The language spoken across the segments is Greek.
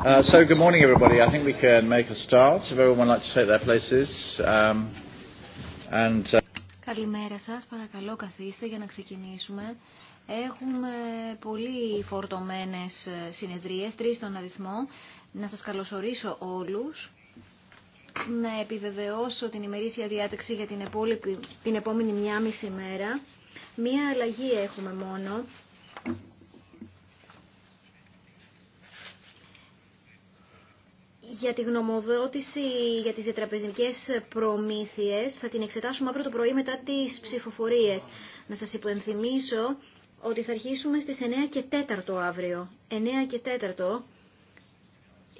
Uh, so good morning, everybody. I think we can make a start. If everyone would like to take their places. Um, and, uh... Καλημέρα σας. Παρακαλώ καθίστε για να ξεκινήσουμε. Έχουμε πολύ φορτωμένες ε, συνεδρίες, τρεις στον αριθμό. Να σας καλωσορίσω όλους. Να επιβεβαιώσω την ημερήσια διάταξη για την, επόλυπη, την επόμενη μία μισή μέρα. Μία αλλαγή έχουμε μόνο για τη γνωμοδότηση για τις διατραπεζικές προμήθειες θα την εξετάσουμε αύριο το πρωί μετά τις ψηφοφορίες. Να σας υπενθυμίσω ότι θα αρχίσουμε στις 9 και 4 αύριο. 9 και 4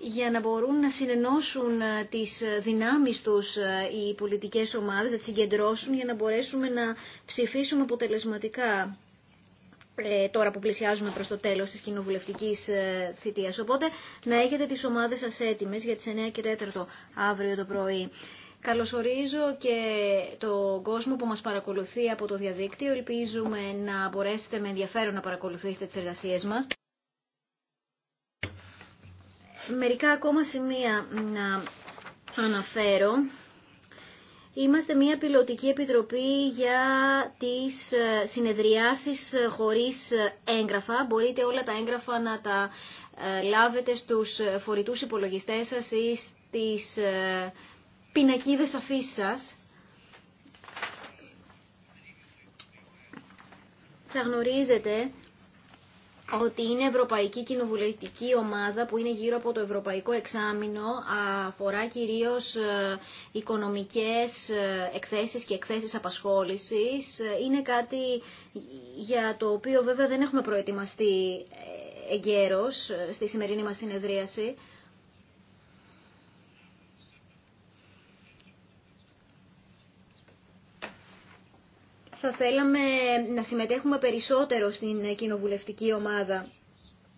για να μπορούν να συνενώσουν ε, τις ε, δυνάμεις τους ε, οι πολιτικές ομάδες, να τις συγκεντρώσουν για να μπορέσουμε να ψηφίσουμε αποτελεσματικά. Ε, τώρα που πλησιάζουμε προς το τέλος της κοινοβουλευτικής ε, θητείας. Οπότε να έχετε τις ομάδες σας έτοιμες για τις 9 και 4 αύριο το πρωί. Καλωσορίζω και τον κόσμο που μας παρακολουθεί από το διαδίκτυο. Ελπίζουμε να μπορέσετε με ενδιαφέρον να παρακολουθήσετε τις εργασίες μας. Μερικά ακόμα σημεία να αναφέρω. Είμαστε μια πιλωτική επιτροπή για τις ε, συνεδριάσεις ε, χωρίς ε, έγγραφα. Μπορείτε όλα τα έγγραφα να τα λάβετε στους φορητούς υπολογιστές σας ή στις πινακίδες αφής σας. Θα γνωρίζετε ότι είναι Ευρωπαϊκή Κοινοβουλευτική Ομάδα που είναι γύρω από το Ευρωπαϊκό Εξάμεινο, αφορά κυρίως ε, οικονομικές ε, εκθέσεις και εκθέσεις απασχόλησης. Ε, είναι κάτι για το οποίο βέβαια δεν έχουμε προετοιμαστεί εγκαίρως στη σημερινή μας συνεδρίαση. θα θέλαμε να συμμετέχουμε περισσότερο στην κοινοβουλευτική ομάδα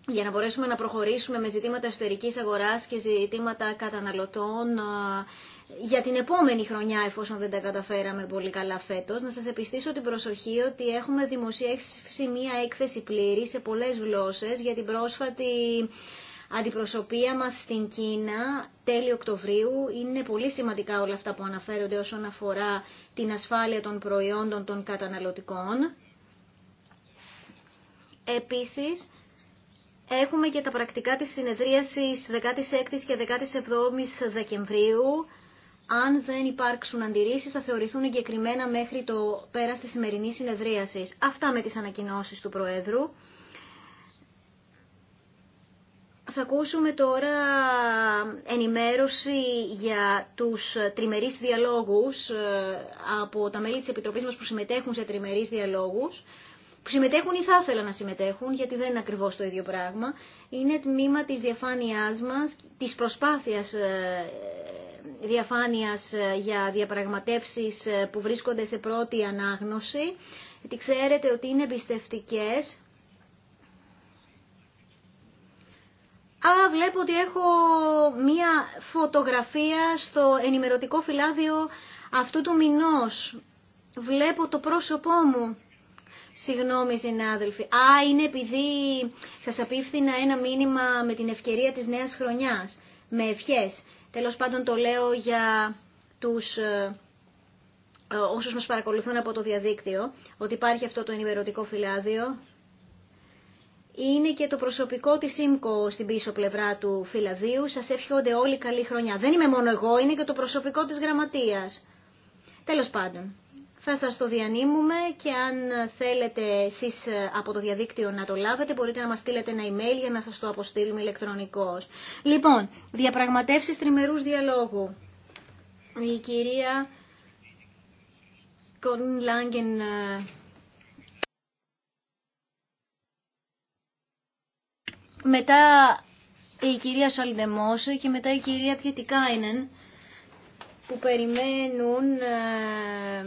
για να μπορέσουμε να προχωρήσουμε με ζητήματα εσωτερικής αγοράς και ζητήματα καταναλωτών για την επόμενη χρονιά, εφόσον δεν τα καταφέραμε πολύ καλά φέτος, να σας επιστήσω την προσοχή ότι έχουμε δημοσιεύσει μία έκθεση πλήρη σε πολλές γλώσσες για την πρόσφατη αντιπροσωπεία μας στην Κίνα τέλη Οκτωβρίου. Είναι πολύ σημαντικά όλα αυτά που αναφέρονται όσον αφορά την ασφάλεια των προϊόντων των καταναλωτικών. Επίσης, έχουμε και τα πρακτικά της συνεδρίασης 16ης και 17ης Δεκεμβρίου. Αν δεν υπάρξουν αντιρρήσεις θα θεωρηθούν εγκεκριμένα μέχρι το πέρας της σημερινής συνεδρίασης. Αυτά με τις ανακοινώσεις του Προέδρου. Θα ακούσουμε τώρα ενημέρωση για τους τριμερείς διαλόγους ε, από τα μέλη της Επιτροπής μας που συμμετέχουν σε τριμερείς διαλόγους. Που συμμετέχουν ή θα ήθελα να συμμετέχουν, γιατί δεν είναι ακριβώς το ίδιο πράγμα. Είναι τμήμα της διαφάνειάς μας, της προσπάθειας ε, διαφάνειας ε, για διαπραγματεύσεις που βρίσκονται σε πρώτη ανάγνωση. Γιατί ξέρετε ότι είναι εμπιστευτικέ. Α, βλέπω ότι έχω μία φωτογραφία στο ενημερωτικό φυλάδιο αυτού του μηνός. Βλέπω το πρόσωπό μου. Συγγνώμη συνάδελφοι. Α, είναι επειδή σας απίφθηνα ένα μήνυμα με την ευκαιρία της νέας χρονιάς. Με ευχές. Τέλος πάντων το λέω για τους ε, ε, όσους μας παρακολουθούν από το διαδίκτυο, ότι υπάρχει αυτό το ενημερωτικό φυλάδιο είναι και το προσωπικό της ΣΥΜΚΟ στην πίσω πλευρά του φυλαδίου. Σας εύχονται όλοι καλή χρονιά. Δεν είμαι μόνο εγώ, είναι και το προσωπικό της γραμματείας. Τέλος πάντων, θα σας το διανύμουμε και αν θέλετε εσείς ε, από το διαδίκτυο να το λάβετε, μπορείτε να μας στείλετε ένα email για να σας το αποστείλουμε ηλεκτρονικώς. Λοιπόν, διαπραγματεύσεις τριμερούς διαλόγου. Η κυρία Κον ε, μετά η κυρία Σαλντεμόσε και μετά η κυρία Πιετικάινεν που περιμένουν ε,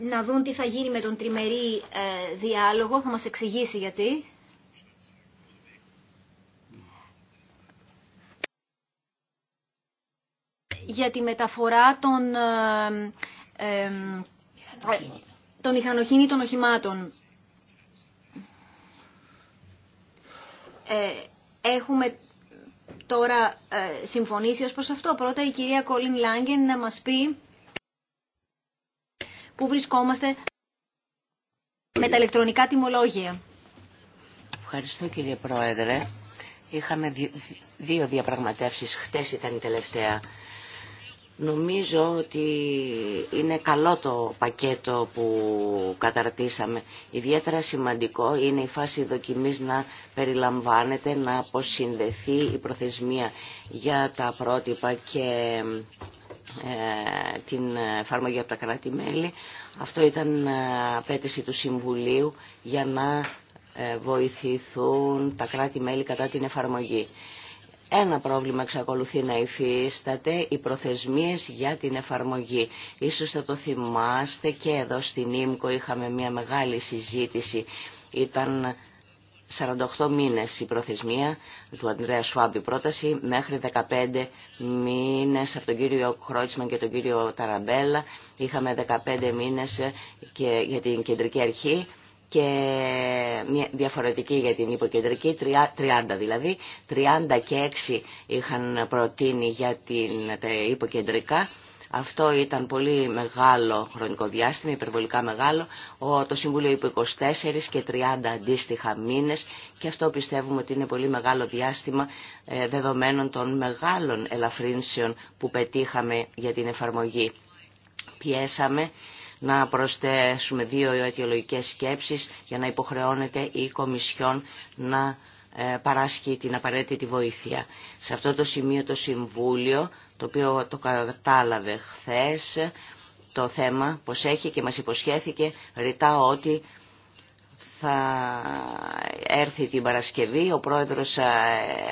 να δουν τι θα γίνει με τον τριμερή ε, διάλογο. Θα μας εξηγήσει γιατί. Για τη μεταφορά των, ε, των οχημάτων. Ε, έχουμε τώρα ε, συμφωνήσει ως προς αυτό. Πρώτα η κυρία Κόλιν Λάγκεν να μας πει πού βρισκόμαστε με τα ηλεκτρονικά τιμολόγια. Ευχαριστώ κύριε Πρόεδρε. Είχαμε δύο διαπραγματεύσεις, χτες ήταν η τελευταία Νομίζω ότι είναι καλό το πακέτο που καταρτήσαμε. Ιδιαίτερα σημαντικό είναι η φάση δοκιμής να περιλαμβάνεται, να αποσυνδεθεί η προθεσμία για τα πρότυπα και ε, την εφαρμογή από τα κράτη-μέλη. Αυτό ήταν ε, απέτηση του Συμβουλίου για να ε, βοηθηθούν τα κράτη-μέλη κατά την εφαρμογή. Ένα πρόβλημα εξακολουθεί να υφίσταται, οι προθεσμίες για την εφαρμογή. Ίσως θα το θυμάστε και εδώ στην ΙΜΚΟ είχαμε μια μεγάλη συζήτηση. Ήταν 48 μήνες η προθεσμία του Αντρέα Σουάμπη πρόταση, μέχρι 15 μήνες από τον κύριο Χρόιτσμαν και τον κύριο Ταραμπέλα. Είχαμε 15 μήνες και για την κεντρική αρχή και μια διαφορετική για την υποκεντρική, 30 δηλαδή. 36 είχαν προτείνει για την τα υποκεντρικά. Αυτό ήταν πολύ μεγάλο χρονικό διάστημα, υπερβολικά μεγάλο. το Συμβούλιο είπε 24 και 30 αντίστοιχα μήνες και αυτό πιστεύουμε ότι είναι πολύ μεγάλο διάστημα ε, δεδομένων των μεγάλων ελαφρύνσεων που πετύχαμε για την εφαρμογή. Πιέσαμε να προσθέσουμε δύο αιτιολογικές σκέψεις για να υποχρεώνεται η Κομισιόν να ε, παράσχει την απαραίτητη βοήθεια. Σε αυτό το σημείο το Συμβούλιο, το οποίο το κατάλαβε χθες, το θέμα πως έχει και μας υποσχέθηκε ρητά ότι θα έρθει την Παρασκευή. Ο πρόεδρος ε,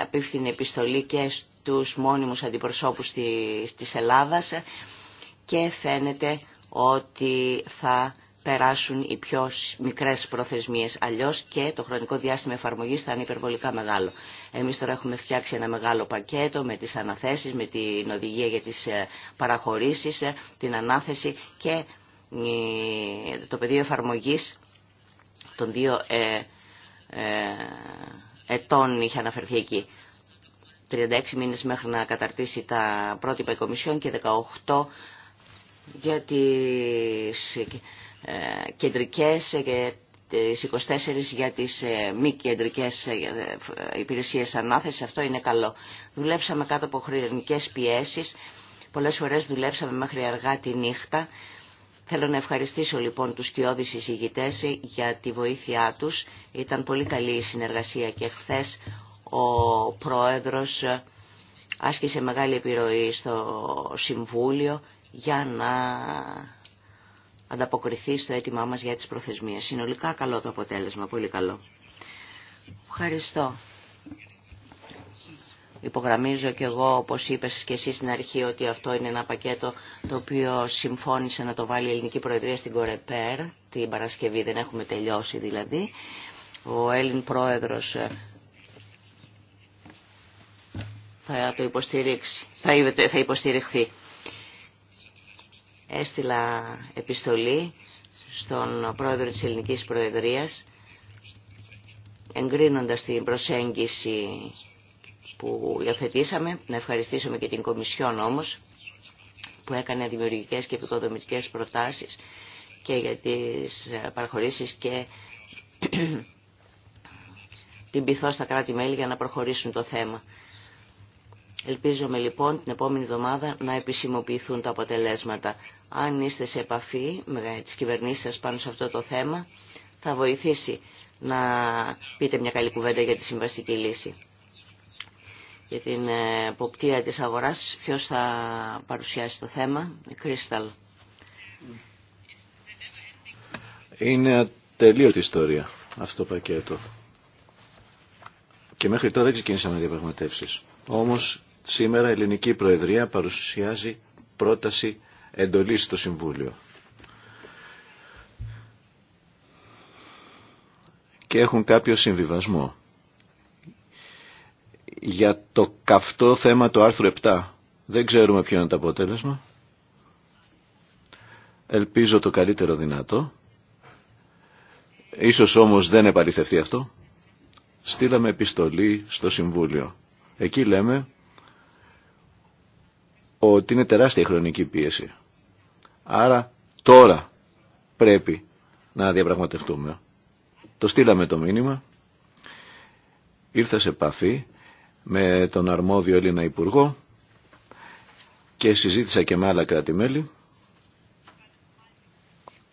απίφθινε επιστολή και στους μόνιμους αντιπροσώπους της Ελλάδας και φαίνεται ότι θα περάσουν οι πιο μικρές προθεσμίες. Αλλιώς και το χρονικό διάστημα εφαρμογής θα είναι υπερβολικά μεγάλο. Εμείς τώρα έχουμε φτιάξει ένα μεγάλο πακέτο με τις αναθέσεις, με την οδηγία για τις ε, παραχωρήσεις, ε, την ανάθεση και ε, το πεδίο εφαρμογής των δύο ετών είχε αναφερθεί εκεί. 36 μήνες μέχρι να καταρτήσει τα πρότυπα η Κομισιόν και 18 για τις ε, κεντρικές ε, και τις 24 για τις ε, μη κεντρικές υπηρεσίες ανάθεσης. Αυτό είναι καλό. Δουλέψαμε κάτω από χρονικές πιέσεις. Πολλές φορές δουλέψαμε μέχρι αργά τη νύχτα. Θέλω να ευχαριστήσω λοιπόν τους κοιόδης εισηγητές για τη βοήθειά τους. Ήταν πολύ καλή η συνεργασία και χθε ο Πρόεδρος άσκησε μεγάλη επιρροή στο Συμβούλιο για να ανταποκριθεί στο αίτημά μας για τις προθεσμίες. Συνολικά καλό το αποτέλεσμα, πολύ καλό. Ευχαριστώ. Υπογραμμίζω και εγώ, όπως είπες και εσύ στην αρχή, ότι αυτό είναι ένα πακέτο το οποίο συμφώνησε να το βάλει η Ελληνική Προεδρία στην Κορεπέρ, την Παρασκευή, δεν έχουμε τελειώσει δηλαδή. Ο Έλλην Πρόεδρος ε, θα υποστηρίξει, θα υποστηριχθεί. Έστειλα επιστολή στον πρόεδρο της Ελληνικής Προεδρίας εγκρίνοντας την προσέγγιση που υιοθετήσαμε. Να ευχαριστήσουμε και την Κομισιόν όμως που έκανε δημιουργικές και επικοδομητικές προτάσεις και για τις παραχωρήσεις και την πειθό στα κράτη-μέλη για να προχωρήσουν το θέμα. Ελπίζομαι λοιπόν την επόμενη εβδομάδα να επισημοποιηθούν τα αποτελέσματα. Αν είστε σε επαφή με τις κυβερνήσεις σας πάνω σε αυτό το θέμα, θα βοηθήσει να πείτε μια καλή κουβέντα για τη συμβαστική λύση. Για την ε, εποπτεία της αγοράς, ποιος θα παρουσιάσει το θέμα, η Κρίσταλ. Είναι τελείωτη ιστορία αυτό το πακέτο. Και μέχρι τώρα δεν ξεκίνησαμε διαπραγματεύσεις. Όμως Σήμερα η Ελληνική Προεδρία παρουσιάζει πρόταση εντολής στο Συμβούλιο. Και έχουν κάποιο συμβιβασμό. Για το καυτό θέμα του άρθρου 7 δεν ξέρουμε ποιο είναι το αποτέλεσμα. Ελπίζω το καλύτερο δυνατό. Ίσως όμως δεν επαληθευτεί αυτό. Στείλαμε επιστολή στο Συμβούλιο. Εκεί λέμε ότι είναι τεράστια η χρονική πίεση. Άρα τώρα πρέπει να διαπραγματευτούμε. Το στείλαμε το μήνυμα. Ήρθα σε επαφή με τον αρμόδιο Έλληνα Υπουργό και συζήτησα και με άλλα κράτη-μέλη.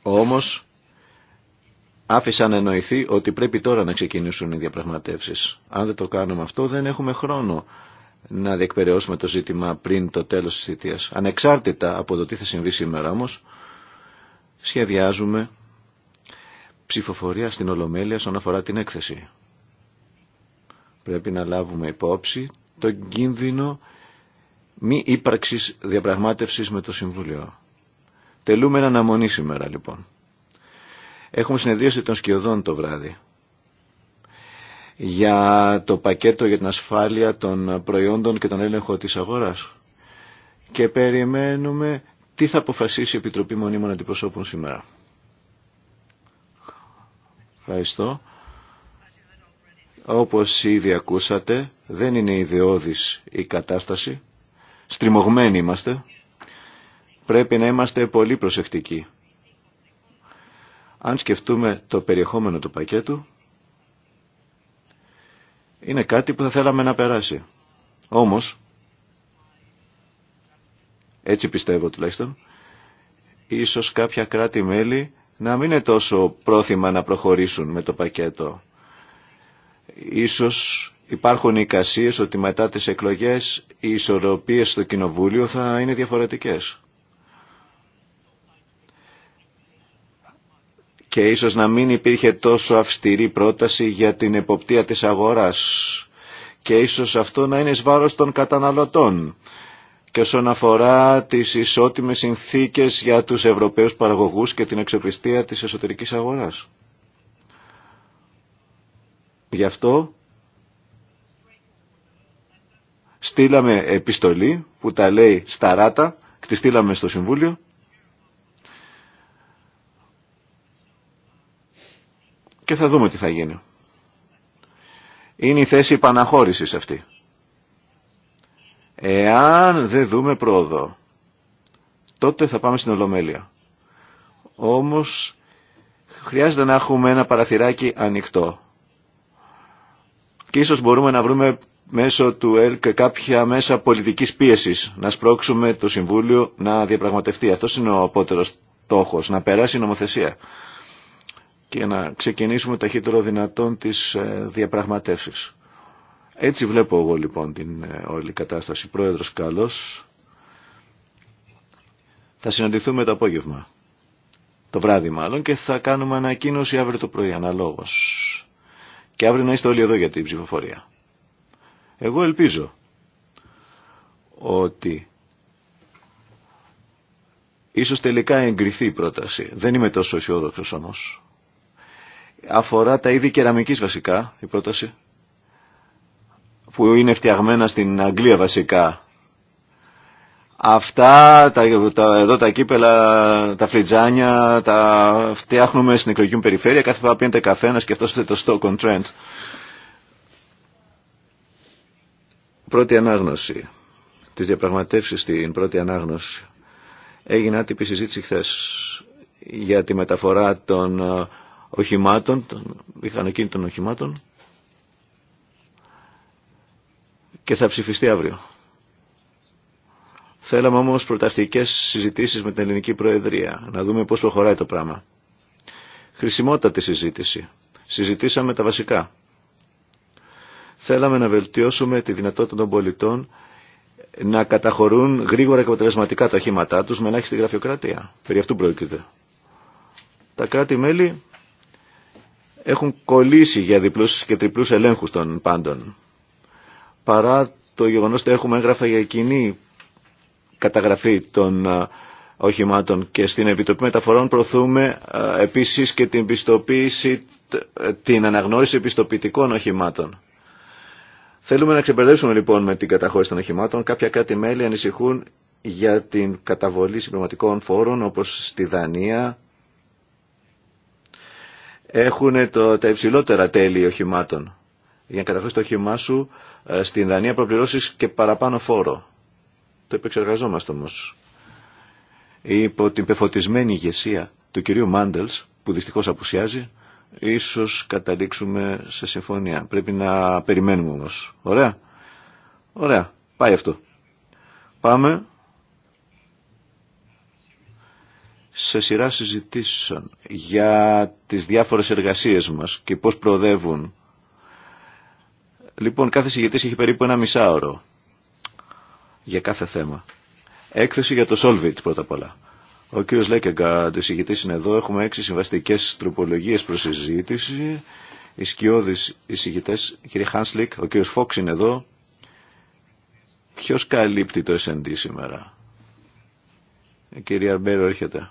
Όμως άφησα να εννοηθεί ότι πρέπει τώρα να ξεκινήσουν οι διαπραγματεύσεις. Αν δεν το κάνουμε αυτό δεν έχουμε χρόνο να διεκπαιρεώσουμε το ζήτημα πριν το τέλος της θητείας. Ανεξάρτητα από το τι θα συμβεί σήμερα όμως, σχεδιάζουμε ψηφοφορία στην Ολομέλεια όσον αφορά την έκθεση. Πρέπει να λάβουμε υπόψη το κίνδυνο μη ύπαρξης διαπραγμάτευσης με το Συμβούλιο. Τελούμε να αναμονή σήμερα λοιπόν. Έχουμε συνεδρίωση των σκιωδών το βράδυ για το πακέτο για την ασφάλεια των προϊόντων και τον έλεγχο της αγοράς. Και περιμένουμε τι θα αποφασίσει η Επιτροπή Μονίμων Αντιπροσώπων σήμερα. Ευχαριστώ. Όπως ήδη ακούσατε, δεν είναι ιδεώδης η κατάσταση. Στριμωγμένοι είμαστε. Πρέπει να είμαστε πολύ προσεκτικοί. Αν σκεφτούμε το περιεχόμενο του πακέτου, είναι κάτι που θα θέλαμε να περάσει. Όμως, έτσι πιστεύω τουλάχιστον, ίσως κάποια κράτη-μέλη να μην είναι τόσο πρόθυμα να προχωρήσουν με το πακέτο. Ίσως υπάρχουν εικασίες ότι μετά τις εκλογές οι ισορροπίες στο Κοινοβούλιο θα είναι διαφορετικές. και ίσως να μην υπήρχε τόσο αυστηρή πρόταση για την εποπτεία της αγοράς και ίσως αυτό να είναι σβάρος των καταναλωτών και όσον αφορά τις ισότιμες συνθήκες για τους Ευρωπαίους παραγωγούς και την εξοπλιστία της εσωτερικής αγοράς. Γι' αυτό στείλαμε επιστολή που τα λέει σταράτα και τη στείλαμε στο Συμβούλιο και θα δούμε τι θα γίνει. Είναι η θέση επαναχώρησης αυτή. Εάν δεν δούμε πρόοδο, τότε θα πάμε στην Ολομέλεια. Όμως χρειάζεται να έχουμε ένα παραθυράκι ανοιχτό. Και ίσως μπορούμε να βρούμε μέσω του ΕΛΚ κάποια μέσα πολιτικής πίεσης, να σπρώξουμε το Συμβούλιο να διαπραγματευτεί. Αυτός είναι ο απότερος στόχος, να περάσει η νομοθεσία και να ξεκινήσουμε ταχύτερο δυνατόν τις ε, διαπραγματεύσεις. Έτσι βλέπω εγώ λοιπόν την ε, όλη κατάσταση. Πρόεδρος Καλός, θα συναντηθούμε το απόγευμα, το βράδυ μάλλον, και θα κάνουμε ανακοίνωση αύριο το πρωί αναλόγως. Και αύριο να είστε όλοι εδώ για την ψηφοφορία. Εγώ ελπίζω ότι ίσως τελικά εγκριθεί η πρόταση. Δεν είμαι τόσο αισιόδοξο όμως αφορά τα είδη κεραμικής βασικά, η πρόταση, που είναι φτιαγμένα στην Αγγλία βασικά. Αυτά, τα, εδώ τα κύπελα, τα φλιτζάνια, τα φτιάχνουμε στην εκλογική μου περιφέρεια, κάθε φορά πίνετε καφέ να σκεφτώσετε το stock on trend. Πρώτη ανάγνωση, της διαπραγματεύσεις στην πρώτη ανάγνωση. Έγινε άτυπη συζήτηση χθε για τη μεταφορά των οχημάτων, των οχημάτων και θα ψηφιστεί αύριο. Θέλαμε όμως προτακτικές συζητήσεις με την ελληνική προεδρία, να δούμε πώς προχωράει το πράγμα. Χρησιμότατη συζήτηση. Συζητήσαμε τα βασικά. Θέλαμε να βελτιώσουμε τη δυνατότητα των πολιτών να καταχωρούν γρήγορα και αποτελεσματικά τα οχήματά τους με ελάχιστη γραφειοκρατία. Περί αυτού πρόκειται. Τα κράτη-μέλη έχουν κολλήσει για διπλούς και τριπλούς ελέγχους των πάντων. Παρά το γεγονός ότι έχουμε έγγραφα για κοινή καταγραφή των ε, οχημάτων και στην Επιτροπή Μεταφορών προωθούμε ε, επίσης και την πιστοποίηση, ε, την αναγνώριση πιστοποιητικών οχημάτων. Θέλουμε να ξεπερδέψουμε λοιπόν με την καταχώρηση των οχημάτων. Κάποια κράτη-μέλη ανησυχούν για την καταβολή συμπληρωματικών φόρων όπως στη Δανία, έχουν το, τα υψηλότερα τέλη οχημάτων. Για να καταφέρεις το όχημά σου ε, στην Δανία προπληρώσεις και παραπάνω φόρο. Το επεξεργαζόμαστε όμως. Υπό την πεφωτισμένη ηγεσία του κυρίου Μάντελς, που δυστυχώ απουσιάζει, ίσως καταλήξουμε σε συμφωνία. Πρέπει να περιμένουμε όμως. Ωραία. Ωραία. Πάει αυτό. Πάμε σε σειρά συζητήσεων για τις διάφορες εργασίες μας και πώς προοδεύουν. Λοιπόν, κάθε συζητήση έχει περίπου ένα μισάωρο για κάθε θέμα. Έκθεση για το Solvit πρώτα απ' όλα. Ο κύριος Λέκεγκαρντ, ο είναι εδώ, έχουμε έξι συμβαστικές τροπολογίες προς συζήτηση. Οι σκιώδεις συγητές, κύριε Χάνσλικ, ο κύριος Φόξ είναι εδώ. Ποιος καλύπτει το S&D σήμερα. Η κυρία Μπέρο έρχεται.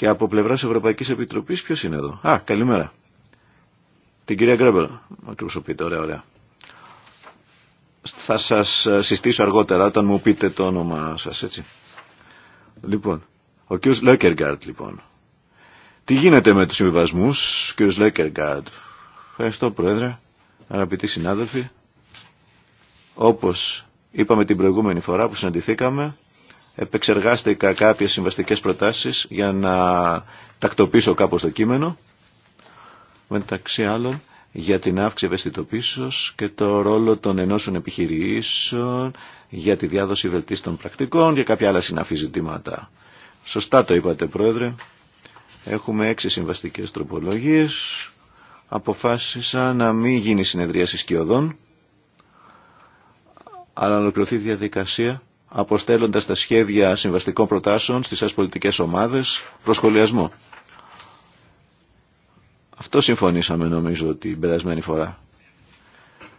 Και από πλευρά Ευρωπαϊκή Επιτροπή ποιο είναι εδώ. Α, καλημέρα. Την κυρία Γκρέμπελ. Μα ωραία, ωραία. Θα σα συστήσω αργότερα όταν μου πείτε το όνομα σα, έτσι. Λοιπόν, ο κύριο Λέκεργαρτ, λοιπόν. Τι γίνεται με του συμβιβασμού, κ. Λέκεργαρτ. Ευχαριστώ, Πρόεδρε, αγαπητοί συνάδελφοι. Όπω είπαμε την προηγούμενη φορά που συναντηθήκαμε, επεξεργάστηκα κάποιες συμβαστικές προτάσεις για να τακτοποιήσω κάπως το κείμενο, μεταξύ άλλων για την αύξηση ευαισθητοποίησης και το ρόλο των ενώσεων επιχειρήσεων για τη διάδοση βελτίστων πρακτικών και κάποια άλλα συναφή ζητήματα. Σωστά το είπατε Πρόεδρε. Έχουμε έξι συμβαστικές τροπολογίες. Αποφάσισα να μην γίνει συνεδρία συσκιωδών αλλά ολοκληρωθεί η διαδικασία αποστέλλοντας τα σχέδια συμβαστικών προτάσεων στις σας ομάδε ομάδες προς σχολιασμό. Αυτό συμφωνήσαμε νομίζω την περασμένη φορά.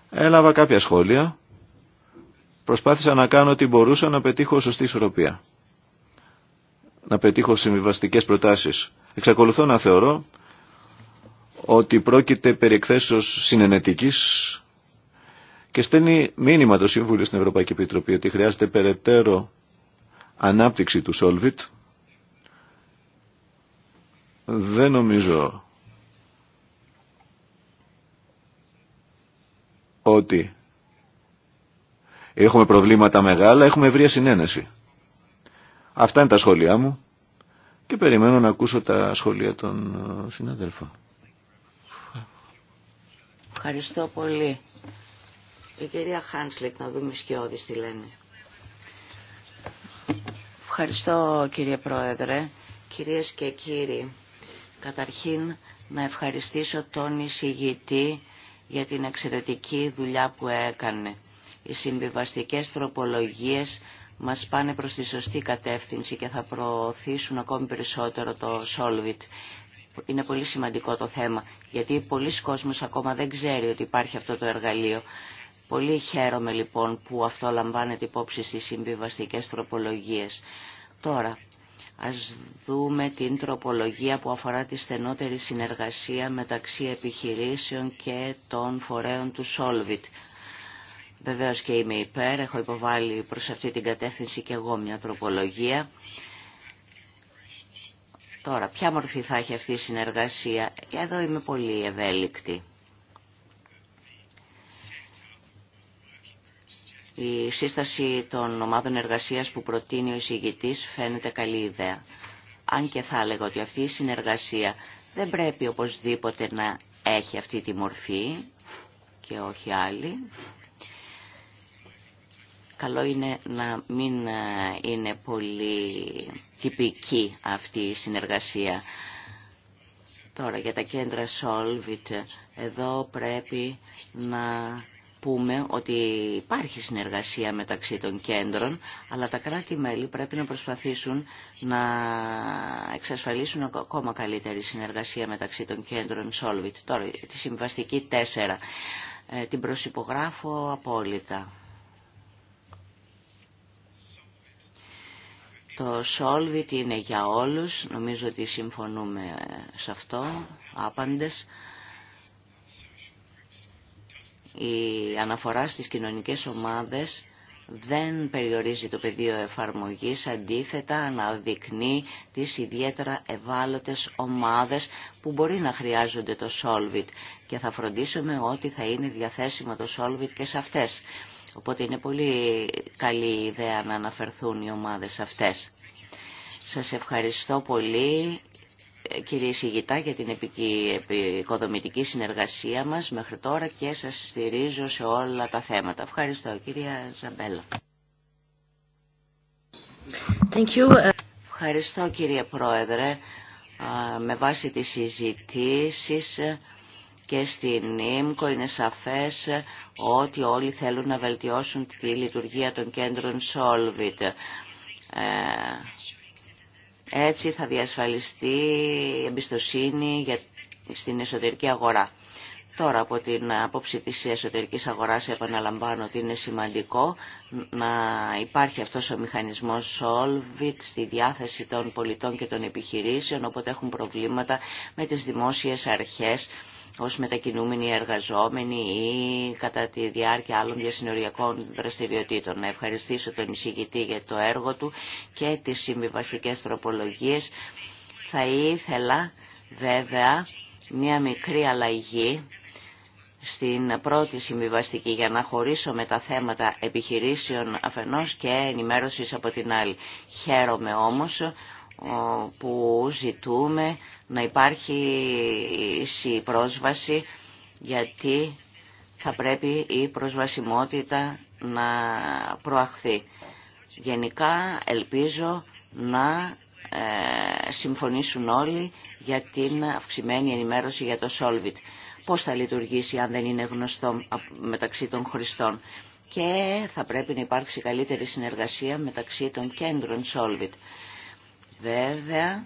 Έλαβα κάποια σχόλια. Προσπάθησα να κάνω ό,τι μπορούσα να πετύχω σωστή ισορροπία. Να πετύχω συμβιβαστικές προτάσεις. Εξακολουθώ να θεωρώ ότι πρόκειται περί εκθέσεως και στέλνει μήνυμα το Σύμβουλιο στην Ευρωπαϊκή Επιτροπή ότι χρειάζεται περαιτέρω ανάπτυξη του Solvit. Δεν νομίζω ότι έχουμε προβλήματα μεγάλα, έχουμε ευρεία συνένεση. Αυτά είναι τα σχόλιά μου και περιμένω να ακούσω τα σχόλια των ε, συναδέλφων. Ευχαριστώ πολύ. Η κυρία Χάνσλικ, να δούμε σκιώδης τι λένε. Ευχαριστώ κύριε Πρόεδρε, κυρίες και κύριοι. Καταρχήν να ευχαριστήσω τον εισηγητή για την εξαιρετική δουλειά που έκανε. Οι συμβιβαστικές τροπολογίες μας πάνε προς τη σωστή κατεύθυνση και θα προωθήσουν ακόμη περισσότερο το Solvit. Είναι πολύ σημαντικό το θέμα, γιατί πολλοί κόσμος ακόμα δεν ξέρει ότι υπάρχει αυτό το εργαλείο. Πολύ χαίρομαι λοιπόν που αυτό λαμβάνεται υπόψη στις συμβιβαστικές τροπολογίες. Τώρα, ας δούμε την τροπολογία που αφορά τη στενότερη συνεργασία μεταξύ επιχειρήσεων και των φορέων του Solvit. Βεβαίως και είμαι υπέρ, έχω υποβάλει προς αυτή την κατεύθυνση και εγώ μια τροπολογία. Τώρα, ποια μορφή θα έχει αυτή η συνεργασία, εδώ είμαι πολύ ευέλικτη. Η σύσταση των ομάδων εργασίας που προτείνει ο εισηγητής φαίνεται καλή ιδέα. Αν και θα έλεγα ότι αυτή η συνεργασία δεν πρέπει οπωσδήποτε να έχει αυτή τη μορφή και όχι άλλη. Καλό είναι να μην ε, είναι πολύ τυπική αυτή η συνεργασία. Τώρα για τα κέντρα Solvit, εδώ πρέπει να πούμε ότι υπάρχει συνεργασία μεταξύ των κέντρων, αλλά τα κράτη-μέλη πρέπει να προσπαθήσουν να εξασφαλίσουν ακόμα καλύτερη συνεργασία μεταξύ των κέντρων Solvit. Τώρα, τη συμβαστική 4. Ε, την προσυπογράφω απόλυτα. Το Solvit είναι για όλους, νομίζω ότι συμφωνούμε σε αυτό, άπαντες. Η αναφορά στις κοινωνικές ομάδες δεν περιορίζει το πεδίο εφαρμογής, αντίθετα αναδεικνύει τις ιδιαίτερα ευάλωτες ομάδες που μπορεί να χρειάζονται το Solvit και θα φροντίσουμε ότι θα είναι διαθέσιμο το Solvit και σε αυτές. Οπότε είναι πολύ καλή ιδέα να αναφερθούν οι ομάδες αυτές. Σας ευχαριστώ πολύ κύριε Σιγητά για την επικοδομητική συνεργασία μας μέχρι τώρα και σας στηρίζω σε όλα τα θέματα. Ευχαριστώ κυρία Ζαμπέλα. Ευχαριστώ κύριε Πρόεδρε. Με βάση τις συζητήσεις και στην ΙΜΚΟ είναι σαφές ότι όλοι θέλουν να βελτιώσουν τη λειτουργία των κέντρων Solvit. Ε, έτσι θα διασφαλιστεί εμπιστοσύνη για, στην εσωτερική αγορά. Τώρα από την άποψη της εσωτερικής αγοράς επαναλαμβάνω ότι είναι σημαντικό να υπάρχει αυτός ο μηχανισμός Solvit στη διάθεση των πολιτών και των επιχειρήσεων όποτε έχουν προβλήματα με τις δημόσιες αρχές ως μετακινούμενοι εργαζόμενοι ή κατά τη διάρκεια άλλων διασυνοριακών δραστηριοτήτων. Να ευχαριστήσω τον εισηγητή για το έργο του και τις συμβιβαστικές τροπολογίες. Θα ήθελα βέβαια μια μικρή αλλαγή στην πρώτη συμβιβαστική για να χωρίσω με τα θέματα επιχειρήσεων αφενός και ενημέρωσης από την άλλη. Χαίρομαι όμως που ζητούμε να υπάρχει η πρόσβαση γιατί θα πρέπει η προσβασιμότητα να προαχθεί. Γενικά ελπίζω να ε, συμφωνήσουν όλοι για την αυξημένη ενημέρωση για το Solvit. Πώς θα λειτουργήσει αν δεν είναι γνωστό μεταξύ των χρηστών. Και θα πρέπει να υπάρξει καλύτερη συνεργασία μεταξύ των κέντρων Solvit. Βέβαια,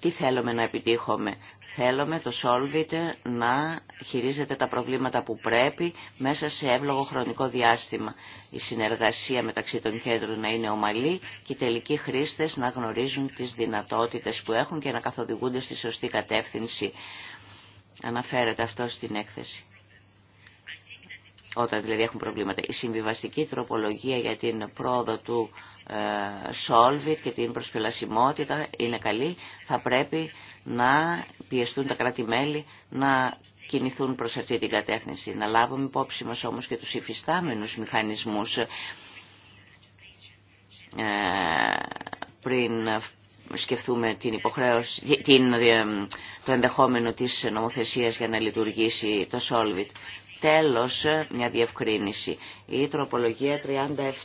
τι θέλουμε να επιτύχουμε. Θέλουμε το Solvit να χειρίζεται τα προβλήματα που πρέπει μέσα σε εύλογο χρονικό διάστημα. Η συνεργασία μεταξύ των κέντρων να είναι ομαλή και οι τελικοί χρήστες να γνωρίζουν τις δυνατότητες που έχουν και να καθοδηγούνται στη σωστή κατεύθυνση. Αναφέρεται αυτό στην έκθεση όταν δηλαδή έχουν προβλήματα. Η συμβιβαστική τροπολογία για την πρόοδο του ε, Solvit και την προσπελασιμότητα είναι καλή. Θα πρέπει να πιεστούν τα κράτη-μέλη να κινηθούν προς αυτή την κατεύθυνση. Να λάβουμε υπόψη μας όμως και τους υφιστάμενους μηχανισμούς ε, πριν σκεφτούμε την υποχρέωση, την, ε, το ενδεχόμενο της νομοθεσίας για να λειτουργήσει το Solvit. Τέλος, μια διευκρίνηση. Η τροπολογία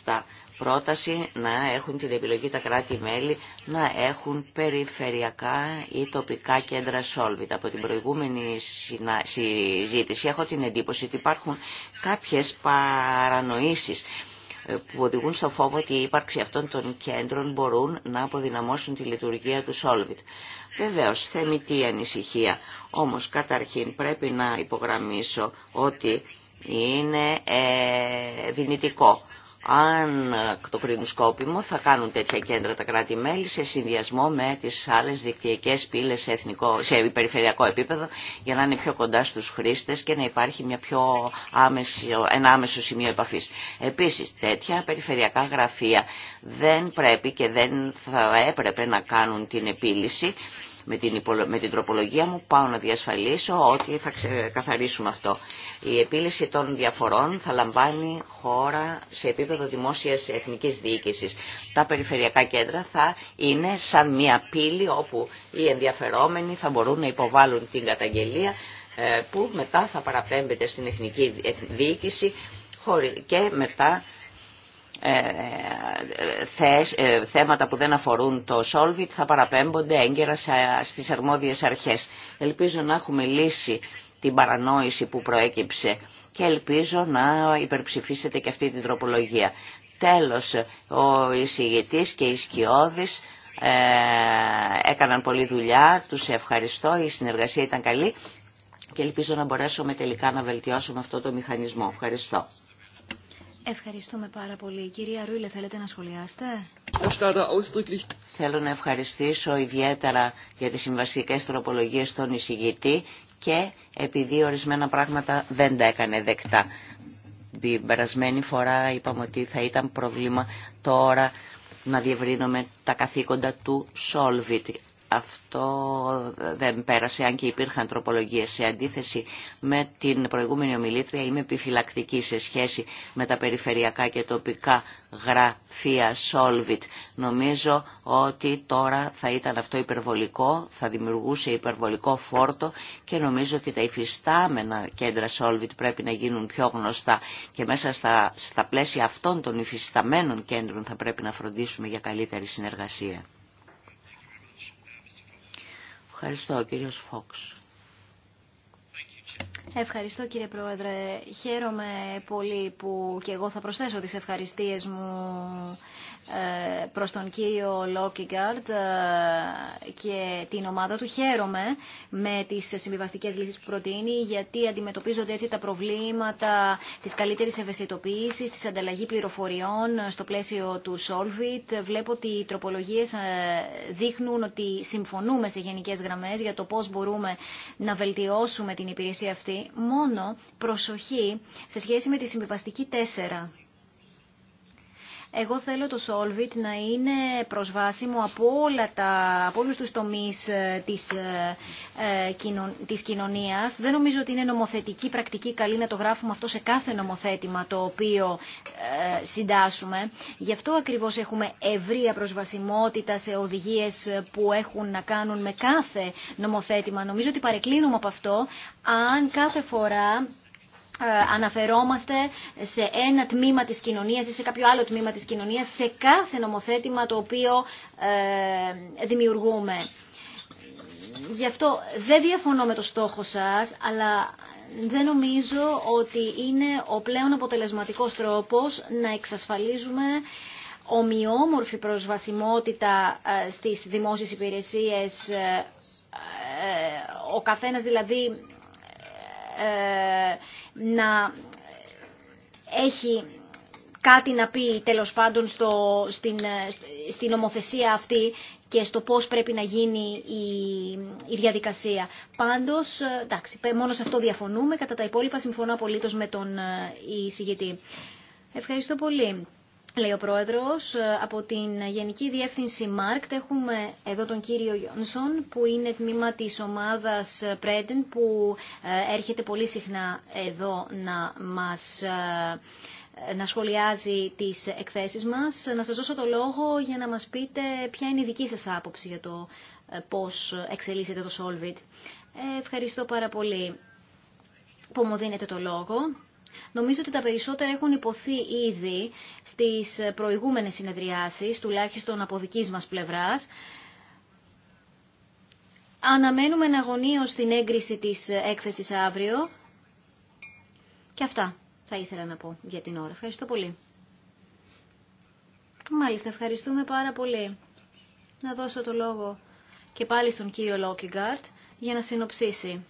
37. Πρόταση να έχουν την επιλογή τα κράτη-μέλη να έχουν περιφερειακά ή τοπικά κέντρα σόλβιτα. Από την προηγούμενη συζήτηση έχω την εντύπωση ότι υπάρχουν κάποιες παρανοήσεις που οδηγούν στο φόβο ότι η ύπαρξη αυτών των κέντρων μπορούν να αποδυναμώσουν τη λειτουργία του Solvit. Βεβαίως, θεμητή ανησυχία. Όμως, καταρχήν πρέπει να υπογραμμίσω ότι είναι ε, δυνητικό αν το κρίνουν σκόπιμο, θα κάνουν τέτοια κέντρα τα κράτη-μέλη σε συνδυασμό με τις άλλες δικτυακές πύλες σε, εθνικό, σε περιφερειακό επίπεδο για να είναι πιο κοντά στους χρήστες και να υπάρχει μια πιο άμεση, ένα άμεσο σημείο επαφής. Επίσης, τέτοια περιφερειακά γραφεία δεν πρέπει και δεν θα έπρεπε να κάνουν την επίλυση με την, με την τροπολογία μου πάω να διασφαλίσω ότι θα ξεκαθαρίσουμε αυτό. Η επίλυση των διαφορών θα λαμβάνει χώρα σε επίπεδο δημόσιας εθνικής διοίκησης. Τα περιφερειακά κέντρα θα είναι σαν μια πύλη όπου οι ενδιαφερόμενοι θα μπορούν να υποβάλουν την καταγγελία ε, που μετά θα παραπέμπεται στην εθνική διοίκηση και μετά ε, ε, ε, θέματα που δεν αφορούν το Solvit θα παραπέμπονται έγκαιρα στις αρμόδιες αρχές. Ελπίζω να έχουμε λύσει την παρανόηση που προέκυψε και ελπίζω να υπερψηφίσετε και αυτή την τροπολογία. Τέλος, ο εισηγητής και οι σκιώδης έκαναν πολλή δουλειά, τους ευχαριστώ, η συνεργασία ήταν καλή και ελπίζω να μπορέσουμε τελικά να βελτιώσουμε αυτό το μηχανισμό. Ευχαριστώ. Ευχαριστούμε πάρα πολύ. Κυρία Ρούιλε, θέλετε να σχολιάστε. Θέλω να ευχαριστήσω ιδιαίτερα για τις συμβαστικές τροπολογίες των εισηγητή και επειδή ορισμένα πράγματα δεν τα έκανε δεκτά. Την περασμένη φορά είπαμε ότι θα ήταν πρόβλημα τώρα να διευρύνουμε τα καθήκοντα του Solvit αυτό δεν πέρασε, αν και υπήρχαν τροπολογίες. Σε αντίθεση με την προηγούμενη ομιλήτρια είμαι επιφυλακτική σε σχέση με τα περιφερειακά και τοπικά γραφεία Solvit. Νομίζω ότι τώρα θα ήταν αυτό υπερβολικό, θα δημιουργούσε υπερβολικό φόρτο και νομίζω ότι τα υφιστάμενα κέντρα Solvit πρέπει να γίνουν πιο γνωστά και μέσα στα, στα πλαίσια αυτών των υφισταμένων κέντρων θα πρέπει να φροντίσουμε για καλύτερη συνεργασία. Ευχαριστώ, Ευχαριστώ κύριε Πρόεδρε. Χαίρομαι πολύ που και εγώ θα προσθέσω τις ευχαριστίες μου ε, προς τον κύριο Λόκιγκαρτ ε, και την ομάδα του. Χαίρομαι με τις συμβιβαστικέ λύσεις που προτείνει γιατί αντιμετωπίζονται έτσι τα προβλήματα της καλύτερης ευαισθητοποίησης, της ανταλλαγή πληροφοριών στο πλαίσιο του Solvit. Βλέπω ότι οι τροπολογίες ε, δείχνουν ότι συμφωνούμε σε γενικές γραμμές για το πώς μπορούμε να βελτιώσουμε την υπηρεσία αυτή. Μόνο προσοχή σε σχέση με τη συμβιβαστική 4 εγώ θέλω το Solvit να είναι προσβάσιμο από, όλα τα, από όλους τους τομείς ε, της, ε, ε, της κοινωνίας. Δεν νομίζω ότι είναι νομοθετική πρακτική καλή να το γράφουμε αυτό σε κάθε νομοθέτημα το οποίο συντάσσουμε. Γι' αυτό ακριβώς έχουμε ευρεία προσβασιμότητα σε οδηγίες που έχουν να κάνουν με κάθε νομοθέτημα. Νομίζω ότι παρεκκλίνουμε από αυτό αν κάθε φορά ε, αναφερόμαστε σε ένα τμήμα της κοινωνίας ή σε κάποιο άλλο τμήμα της κοινωνίας σε κάθε νομοθέτημα το οποίο ε, δημιουργούμε. Γι' αυτό δεν διαφωνώ με το στόχο σας, αλλά δεν νομίζω ότι είναι ο πλέον αποτελεσματικός τρόπος να εξασφαλίζουμε ομοιόμορφη προσβασιμότητα ε, στις δημόσιες υπηρεσίες ο καθένας δηλαδή ε, να έχει κάτι να πει τέλος πάντων στο, στην, ε, στην ομοθεσία αυτή και στο πώς πρέπει να γίνει η, η διαδικασία. Πάντως, ε, εντάξει, μόνο σε αυτό διαφωνούμε, κατά τα υπόλοιπα συμφωνώ απολύτως με τον εισηγητή. Ευχαριστώ πολύ. Λέει ο Πρόεδρος, ε, από την Γενική Διεύθυνση ΜΑΡΚΤ έχουμε εδώ τον κύριο Γιόνσον που είναι τμήμα της ομάδας Πρέντεν που ε, έρχεται πολύ συχνά εδώ να μας ε, να σχολιάζει τις εκθέσεις μας. Να σας δώσω το λόγο για να μας πείτε ποια είναι η δική σας άποψη για το πώς εξελίσσεται το Solvit. Ευχαριστώ πάρα πολύ που μου δίνετε το λόγο. Νομίζω ότι τα περισσότερα έχουν υποθεί ήδη στις προηγούμενες συνεδριάσεις, τουλάχιστον από δικής μας πλευράς. Αναμένουμε εναγωνίως την έγκριση της έκθεσης αύριο. Και αυτά θα ήθελα να πω για την ώρα. Ευχαριστώ πολύ. Μάλιστα, ευχαριστούμε πάρα πολύ. Να δώσω το λόγο και πάλι στον κύριο Λόκιγκαρτ για να συνοψίσει.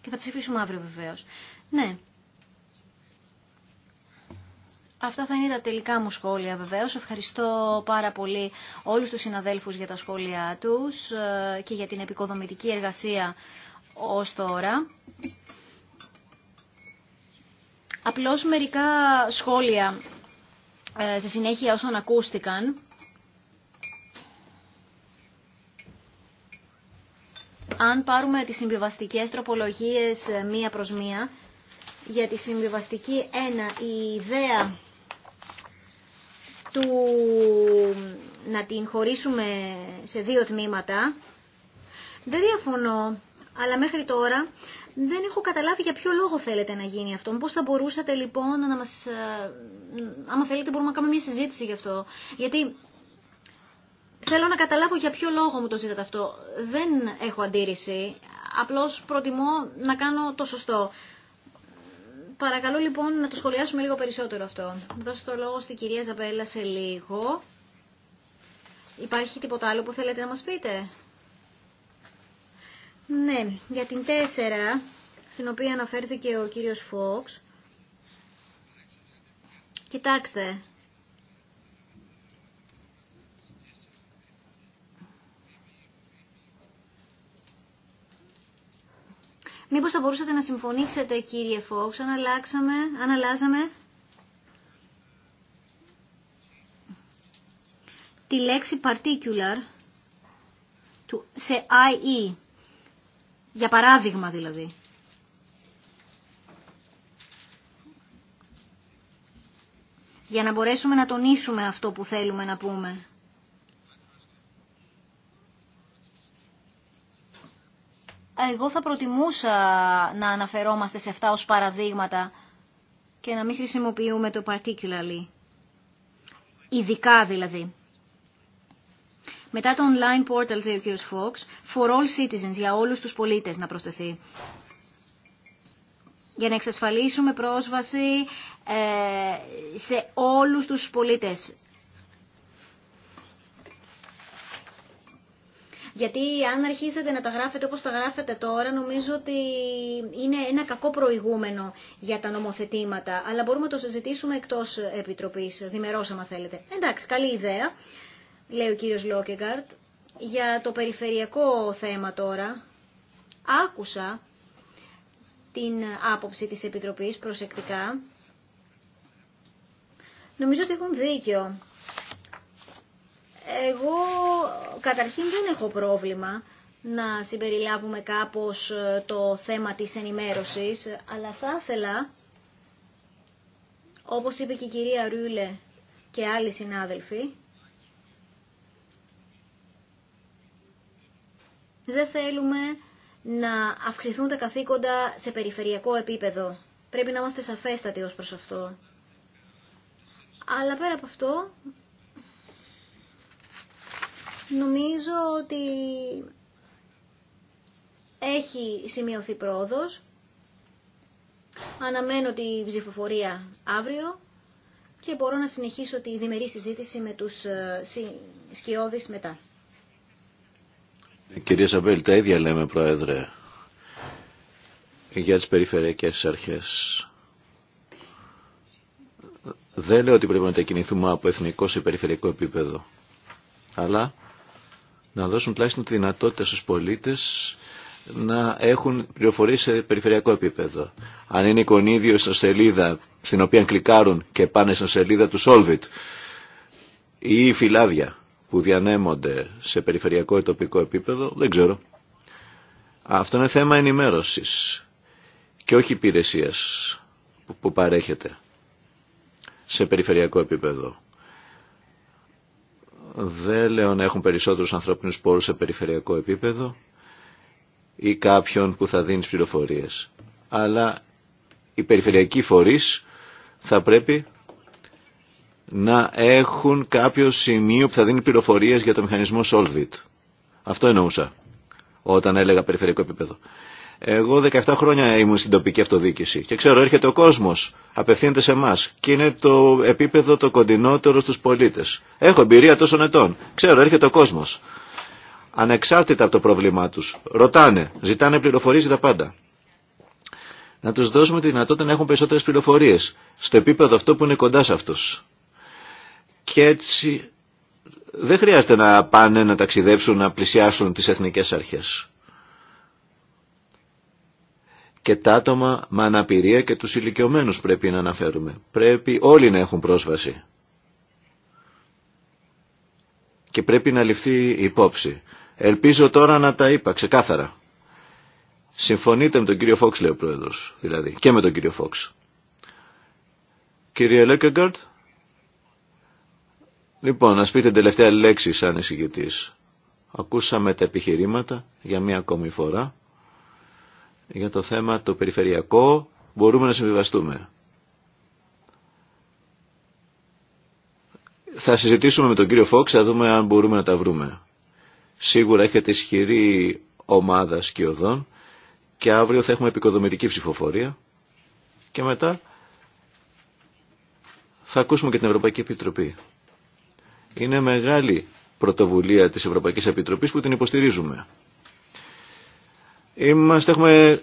Και θα ψηφίσουμε αύριο βεβαίως. Ναι. Αυτά θα είναι τα τελικά μου σχόλια βεβαίως. Ευχαριστώ πάρα πολύ όλους τους συναδέλφους για τα σχόλια τους ε, και για την επικοδομητική εργασία ως τώρα. Απλώς μερικά σχόλια ε, σε συνέχεια όσων ακούστηκαν. Αν πάρουμε τις συμβιβαστικές τροπολογίες ε, μία προς μία, για τη συμβιβαστική ένα η ιδέα του να την χωρίσουμε σε δύο τμήματα. Δεν διαφωνώ, αλλά μέχρι τώρα δεν έχω καταλάβει για ποιο λόγο θέλετε να γίνει αυτό. Πώς θα μπορούσατε λοιπόν να μας... Ε, άμα θέλετε μπορούμε να κάνουμε μια συζήτηση γι' αυτό. Γιατί θέλω να καταλάβω για ποιο λόγο μου το ζητάτε αυτό. Δεν έχω αντίρρηση. Απλώς προτιμώ να κάνω το σωστό. Παρακαλώ λοιπόν να το σχολιάσουμε λίγο περισσότερο αυτό. Δώστε το λόγο στην κυρία Ζαμπέλα σε λίγο. Υπάρχει τίποτα άλλο που θέλετε να μας πείτε. Ναι, για την τέσσερα, στην οποία αναφέρθηκε ο κύριος Φόξ. Κοιτάξτε, Μήπως θα μπορούσατε να συμφωνήσετε κύριε Φόξ, αν, αν αλλάζαμε τη λέξη particular σε IE, για παράδειγμα δηλαδή. Για να μπορέσουμε να τονίσουμε αυτό που θέλουμε να πούμε. εγώ θα προτιμούσα να αναφερόμαστε σε αυτά ως παραδείγματα και να μην χρησιμοποιούμε το particularly. Ειδικά δηλαδή. Μετά το online portal, λέει ο κ. Fox, for all citizens, για όλους τους πολίτες να προσθεθεί. Για να εξασφαλίσουμε πρόσβαση ε, σε όλους τους πολίτες. Γιατί αν αρχίζετε να τα γράφετε όπως τα γράφετε τώρα, νομίζω ότι είναι ένα κακό προηγούμενο για τα νομοθετήματα. Αλλά μπορούμε να το συζητήσουμε εκτός Επιτροπής, διμερώς άμα θέλετε. Εντάξει, καλή ιδέα, λέει ο κύριος Λόκεγκαρτ. Για το περιφερειακό θέμα τώρα, άκουσα την άποψη της Επιτροπής προσεκτικά. Νομίζω ότι έχουν δίκιο. Εγώ καταρχήν δεν έχω πρόβλημα να συμπεριλάβουμε κάπως ε, το θέμα της ενημέρωσης, αλλά θα ήθελα, όπως είπε και η κυρία Ρούλε και άλλοι συνάδελφοι, δεν θέλουμε να αυξηθούν τα καθήκοντα σε περιφερειακό επίπεδο. Πρέπει να είμαστε σαφέστατοι ως προς αυτό. Αλλά πέρα από αυτό, Νομίζω ότι έχει σημειωθεί πρόοδος. Αναμένω τη ψηφοφορία αύριο και μπορώ να συνεχίσω τη διμερή συζήτηση με τους ε, σκιώδεις μετά. Ε, κυρία Σαμπέλ, τα ίδια λέμε, Πρόεδρε, για τις περιφερειακές αρχές. Δεν λέω ότι πρέπει να τα κινηθούμε από εθνικό σε περιφερειακό επίπεδο, αλλά να δώσουν τουλάχιστον τη δυνατότητα στους πολίτες να έχουν πληροφορίες σε περιφερειακό επίπεδο. Αν είναι εικονίδιο στο σελίδα στην οποία κλικάρουν και πάνε στο σελίδα του Solvit ή φυλάδια που διανέμονται σε περιφερειακό ή τοπικό επίπεδο, δεν ξέρω. Αυτό είναι θέμα ενημέρωσης και όχι υπηρεσία που παρέχεται σε περιφερειακό επίπεδο δεν λέω να έχουν περισσότερους ανθρώπινους πόρους σε περιφερειακό επίπεδο ή κάποιον που θα δίνει πληροφορίες. Αλλά οι περιφερειακοί φορείς θα πρέπει να έχουν κάποιο σημείο που θα δίνει πληροφορίες για το μηχανισμό Solvit. Αυτό εννοούσα όταν έλεγα περιφερειακό επίπεδο. Εγώ 17 χρόνια ήμουν στην τοπική αυτοδιοίκηση και ξέρω έρχεται ο κόσμος, απευθύνεται σε εμά και είναι το επίπεδο το κοντινότερο στους πολίτες. Έχω εμπειρία τόσων ετών, ξέρω έρχεται ο κόσμος. Ανεξάρτητα από το πρόβλημά τους, ρωτάνε, ζητάνε πληροφορίες τα πάντα. Να τους δώσουμε τη δυνατότητα να έχουν περισσότερες πληροφορίες στο επίπεδο αυτό που είναι κοντά σε αυτούς. Και έτσι δεν χρειάζεται να πάνε να ταξιδέψουν, να πλησιάσουν τις εθνικές αρχές και τα άτομα με αναπηρία και τους ηλικιωμένους πρέπει να αναφέρουμε. Πρέπει όλοι να έχουν πρόσβαση. Και πρέπει να ληφθεί υπόψη. Ελπίζω τώρα να τα είπα ξεκάθαρα. Συμφωνείτε με τον κύριο Φόξ, λέει ο Πρόεδρος, δηλαδή, και με τον κύριο Φόξ. Κύριε Λέκεγκαρτ, λοιπόν, ας πείτε τελευταία λέξη σαν εισηγητής. Ακούσαμε τα επιχειρήματα για μία ακόμη φορά για το θέμα το περιφερειακό μπορούμε να συμβιβαστούμε. Θα συζητήσουμε με τον κύριο Φόξ, θα δούμε αν μπορούμε να τα βρούμε. Σίγουρα έχετε ισχυρή ομάδα σκιωδών και αύριο θα έχουμε επικοδομητική ψηφοφορία και μετά θα ακούσουμε και την Ευρωπαϊκή Επιτροπή. Είναι μεγάλη πρωτοβουλία της Ευρωπαϊκής Επιτροπής που την υποστηρίζουμε. Είμαστε, έχουμε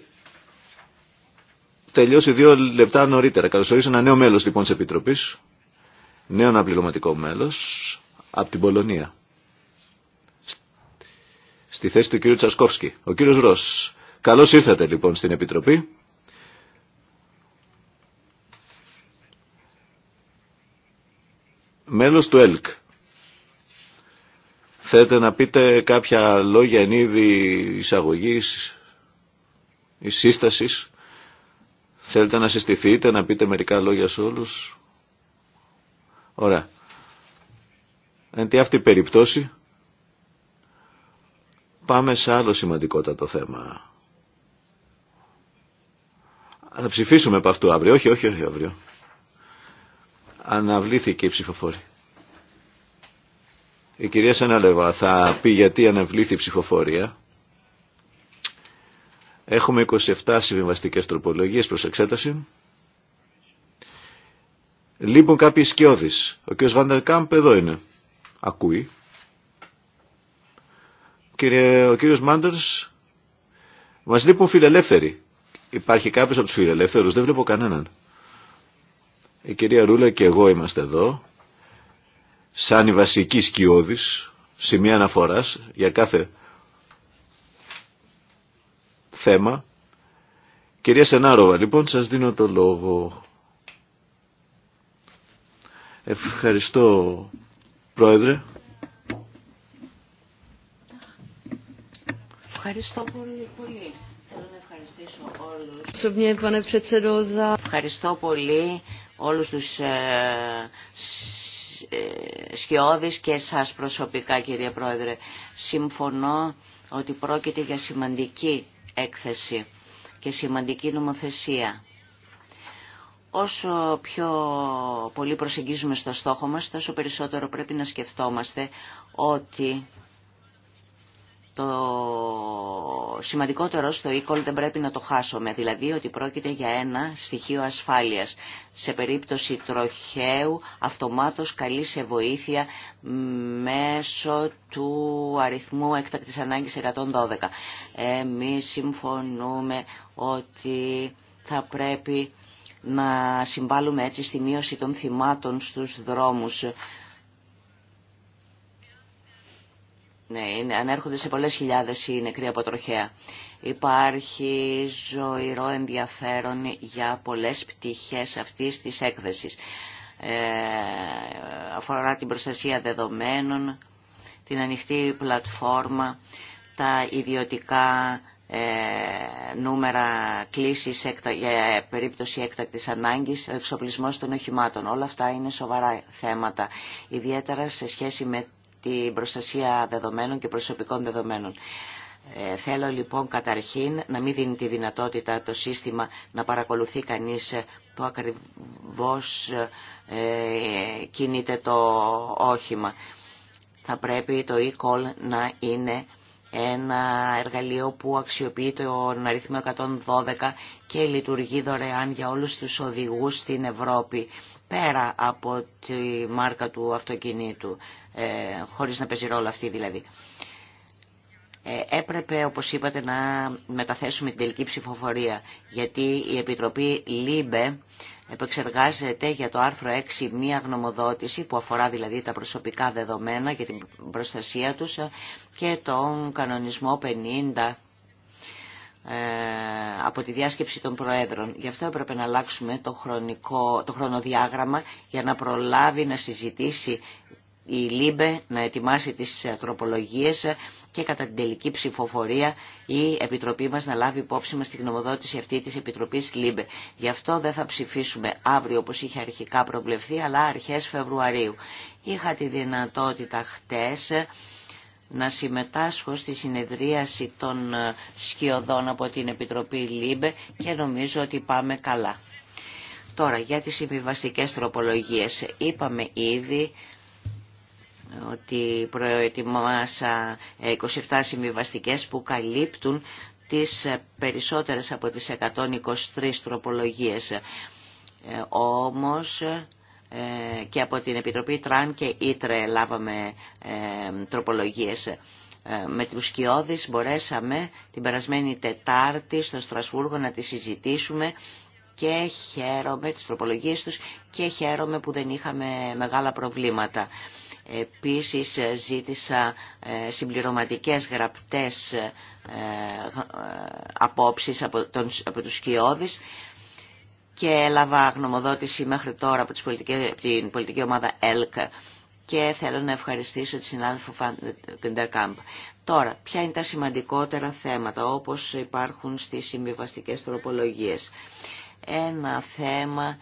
τελειώσει δύο λεπτά νωρίτερα. Καλωσορίζω ένα νέο μέλος λοιπόν της Επιτροπής, νέο αναπληρωματικό μέλος, από την Πολωνία. Στη θέση του κύριου Τσασκόφσκι, ο κύριος Ρος. Καλώς ήρθατε λοιπόν στην Επιτροπή. Μέλος του ΕΛΚ. Θέλετε να πείτε κάποια λόγια εν είδη εισαγωγής η σύσταση. Θέλετε να συστηθείτε, να πείτε μερικά λόγια σε όλους. Ωραία. Εν τη αυτή περιπτώση πάμε σε άλλο σημαντικότατο θέμα. Θα ψηφίσουμε από αυτού αύριο. Όχι, όχι, όχι αύριο. Αναβλήθηκε η ψηφοφόρη. Η κυρία Σαναλεβά θα πει γιατί αναβλήθη η ψηφοφορία. Έχουμε 27 συμβιβαστικές τροπολογίες προς εξέταση. Λείπουν κάποιοι σκιώδεις. Ο κ. Βαντερκάμπ εδώ είναι. Ακούει. Ο κ. Μάντερς. Μας λείπουν φιλελεύθεροι. Υπάρχει κάποιος από τους φιλελεύθερους. Δεν βλέπω κανέναν. Η κυρία Ρούλα και εγώ είμαστε εδώ. Σαν η βασική σκιώδης. Σημεία αναφοράς για κάθε θέμα. Κυρία Σενάροβα, λοιπόν, σας δίνω το λόγο. Ευχαριστώ, Πρόεδρε. Ευχαριστώ πολύ. πολύ. Θέλω να ευχαριστήσω όλους. Ευχαριστώ πολύ όλους τους ε, ε, σκιώδεις και σας προσωπικά, κύριε Πρόεδρε. Συμφωνώ ότι πρόκειται για σημαντική έκθεση και σημαντική νομοθεσία. Όσο πιο πολύ προσεγγίζουμε στο στόχο μας, τόσο περισσότερο πρέπει να σκεφτόμαστε ότι το σημαντικότερο στο e δεν πρέπει να το χάσουμε, δηλαδή ότι πρόκειται για ένα στοιχείο ασφάλειας. Σε περίπτωση τροχαίου, αυτομάτως καλεί σε βοήθεια μέσω του αριθμού έκτακτης ανάγκης 112. Εμείς συμφωνούμε ότι θα πρέπει να συμβάλλουμε έτσι στη μείωση των θυμάτων στους δρόμους Ναι, είναι, ανέρχονται σε πολλές χιλιάδες οι νεκροί από τροχέα. Υπάρχει ζωηρό ενδιαφέρον για πολλές πτυχές αυτής της έκθεσης. Ε, αφορά την προστασία δεδομένων, την ανοιχτή πλατφόρμα, τα ιδιωτικά ε, νούμερα κλήσης για περίπτωση έκτακτης ανάγκης, ο εξοπλισμός των οχημάτων. Όλα αυτά είναι σοβαρά θέματα, ιδιαίτερα σε σχέση με την προστασία δεδομένων και προσωπικών δεδομένων. Ε, θέλω λοιπόν καταρχήν να μην δίνει τη δυνατότητα το σύστημα να παρακολουθεί κανείς το ε, ακριβώς ε, κινείται το όχημα. Θα πρέπει το e-call να είναι ένα εργαλείο που αξιοποιεί τον αριθμό 112 και λειτουργεί δωρεάν για όλους τους οδηγούς στην Ευρώπη πέρα από τη μάρκα του αυτοκινήτου, ε, χωρίς να παίζει ρόλο αυτή δηλαδή. Ε, έπρεπε, όπως είπατε, να μεταθέσουμε την τελική ψηφοφορία, γιατί η Επιτροπή ΛΥΜΠΕ επεξεργάζεται για το άρθρο 6 μία γνωμοδότηση που αφορά δηλαδή τα προσωπικά δεδομένα και την προστασία τους ε, και τον κανονισμό 50 ε, από τη διάσκεψη των Προέδρων. Γι' αυτό έπρεπε να αλλάξουμε το, χρονικό, το χρονοδιάγραμμα για να προλάβει να συζητήσει η ΛΥΜΠΕ να ετοιμάσει τις ε, τροπολογίες ε, και κατά την τελική ψηφοφορία η Επιτροπή μας να λάβει υπόψη μας την γνωμοδότηση αυτή της Επιτροπής ΛΥΜΠΕ. Γι' αυτό δεν θα ψηφίσουμε αύριο όπως είχε αρχικά προβλεφθεί αλλά αρχές Φεβρουαρίου. Είχα τη δυνατότητα χτες να συμμετάσχω στη συνεδρίαση των ε, σκιωδών από την Επιτροπή ΛΥΜΠΕ και νομίζω ότι πάμε καλά. Τώρα για τις συμβιβαστικές τροπολογίες. Είπαμε ήδη ότι προετοιμάσα 27 ε, συμβιβαστικές που καλύπτουν τις ε, περισσότερες από τις 123 τροπολογίες. Όμως ε, και από την Επιτροπή Τραν και Ήτρε λάβαμε ε, τροπολογίες. Ε, με τους Σκιώδης μπορέσαμε την περασμένη Τετάρτη στο Στρασβούργο να τη συζητήσουμε και χαίρομαι τις τροπολογίες τους και χαίρομαι που δεν είχαμε μεγάλα προβλήματα. Επίσης ζήτησα συμπληρωματικές γραπτές απόψεις από, τον, από τους Σκιώδης και έλαβα γνωμοδότηση μέχρι τώρα από την πολιτική ομάδα ΕΛΚ και θέλω να ευχαριστήσω τη συνάδελφο Φαντερκάμπ. Τώρα, ποια είναι τα σημαντικότερα θέματα όπως υπάρχουν στις συμβιβαστικές τροπολογίες. Ένα θέμα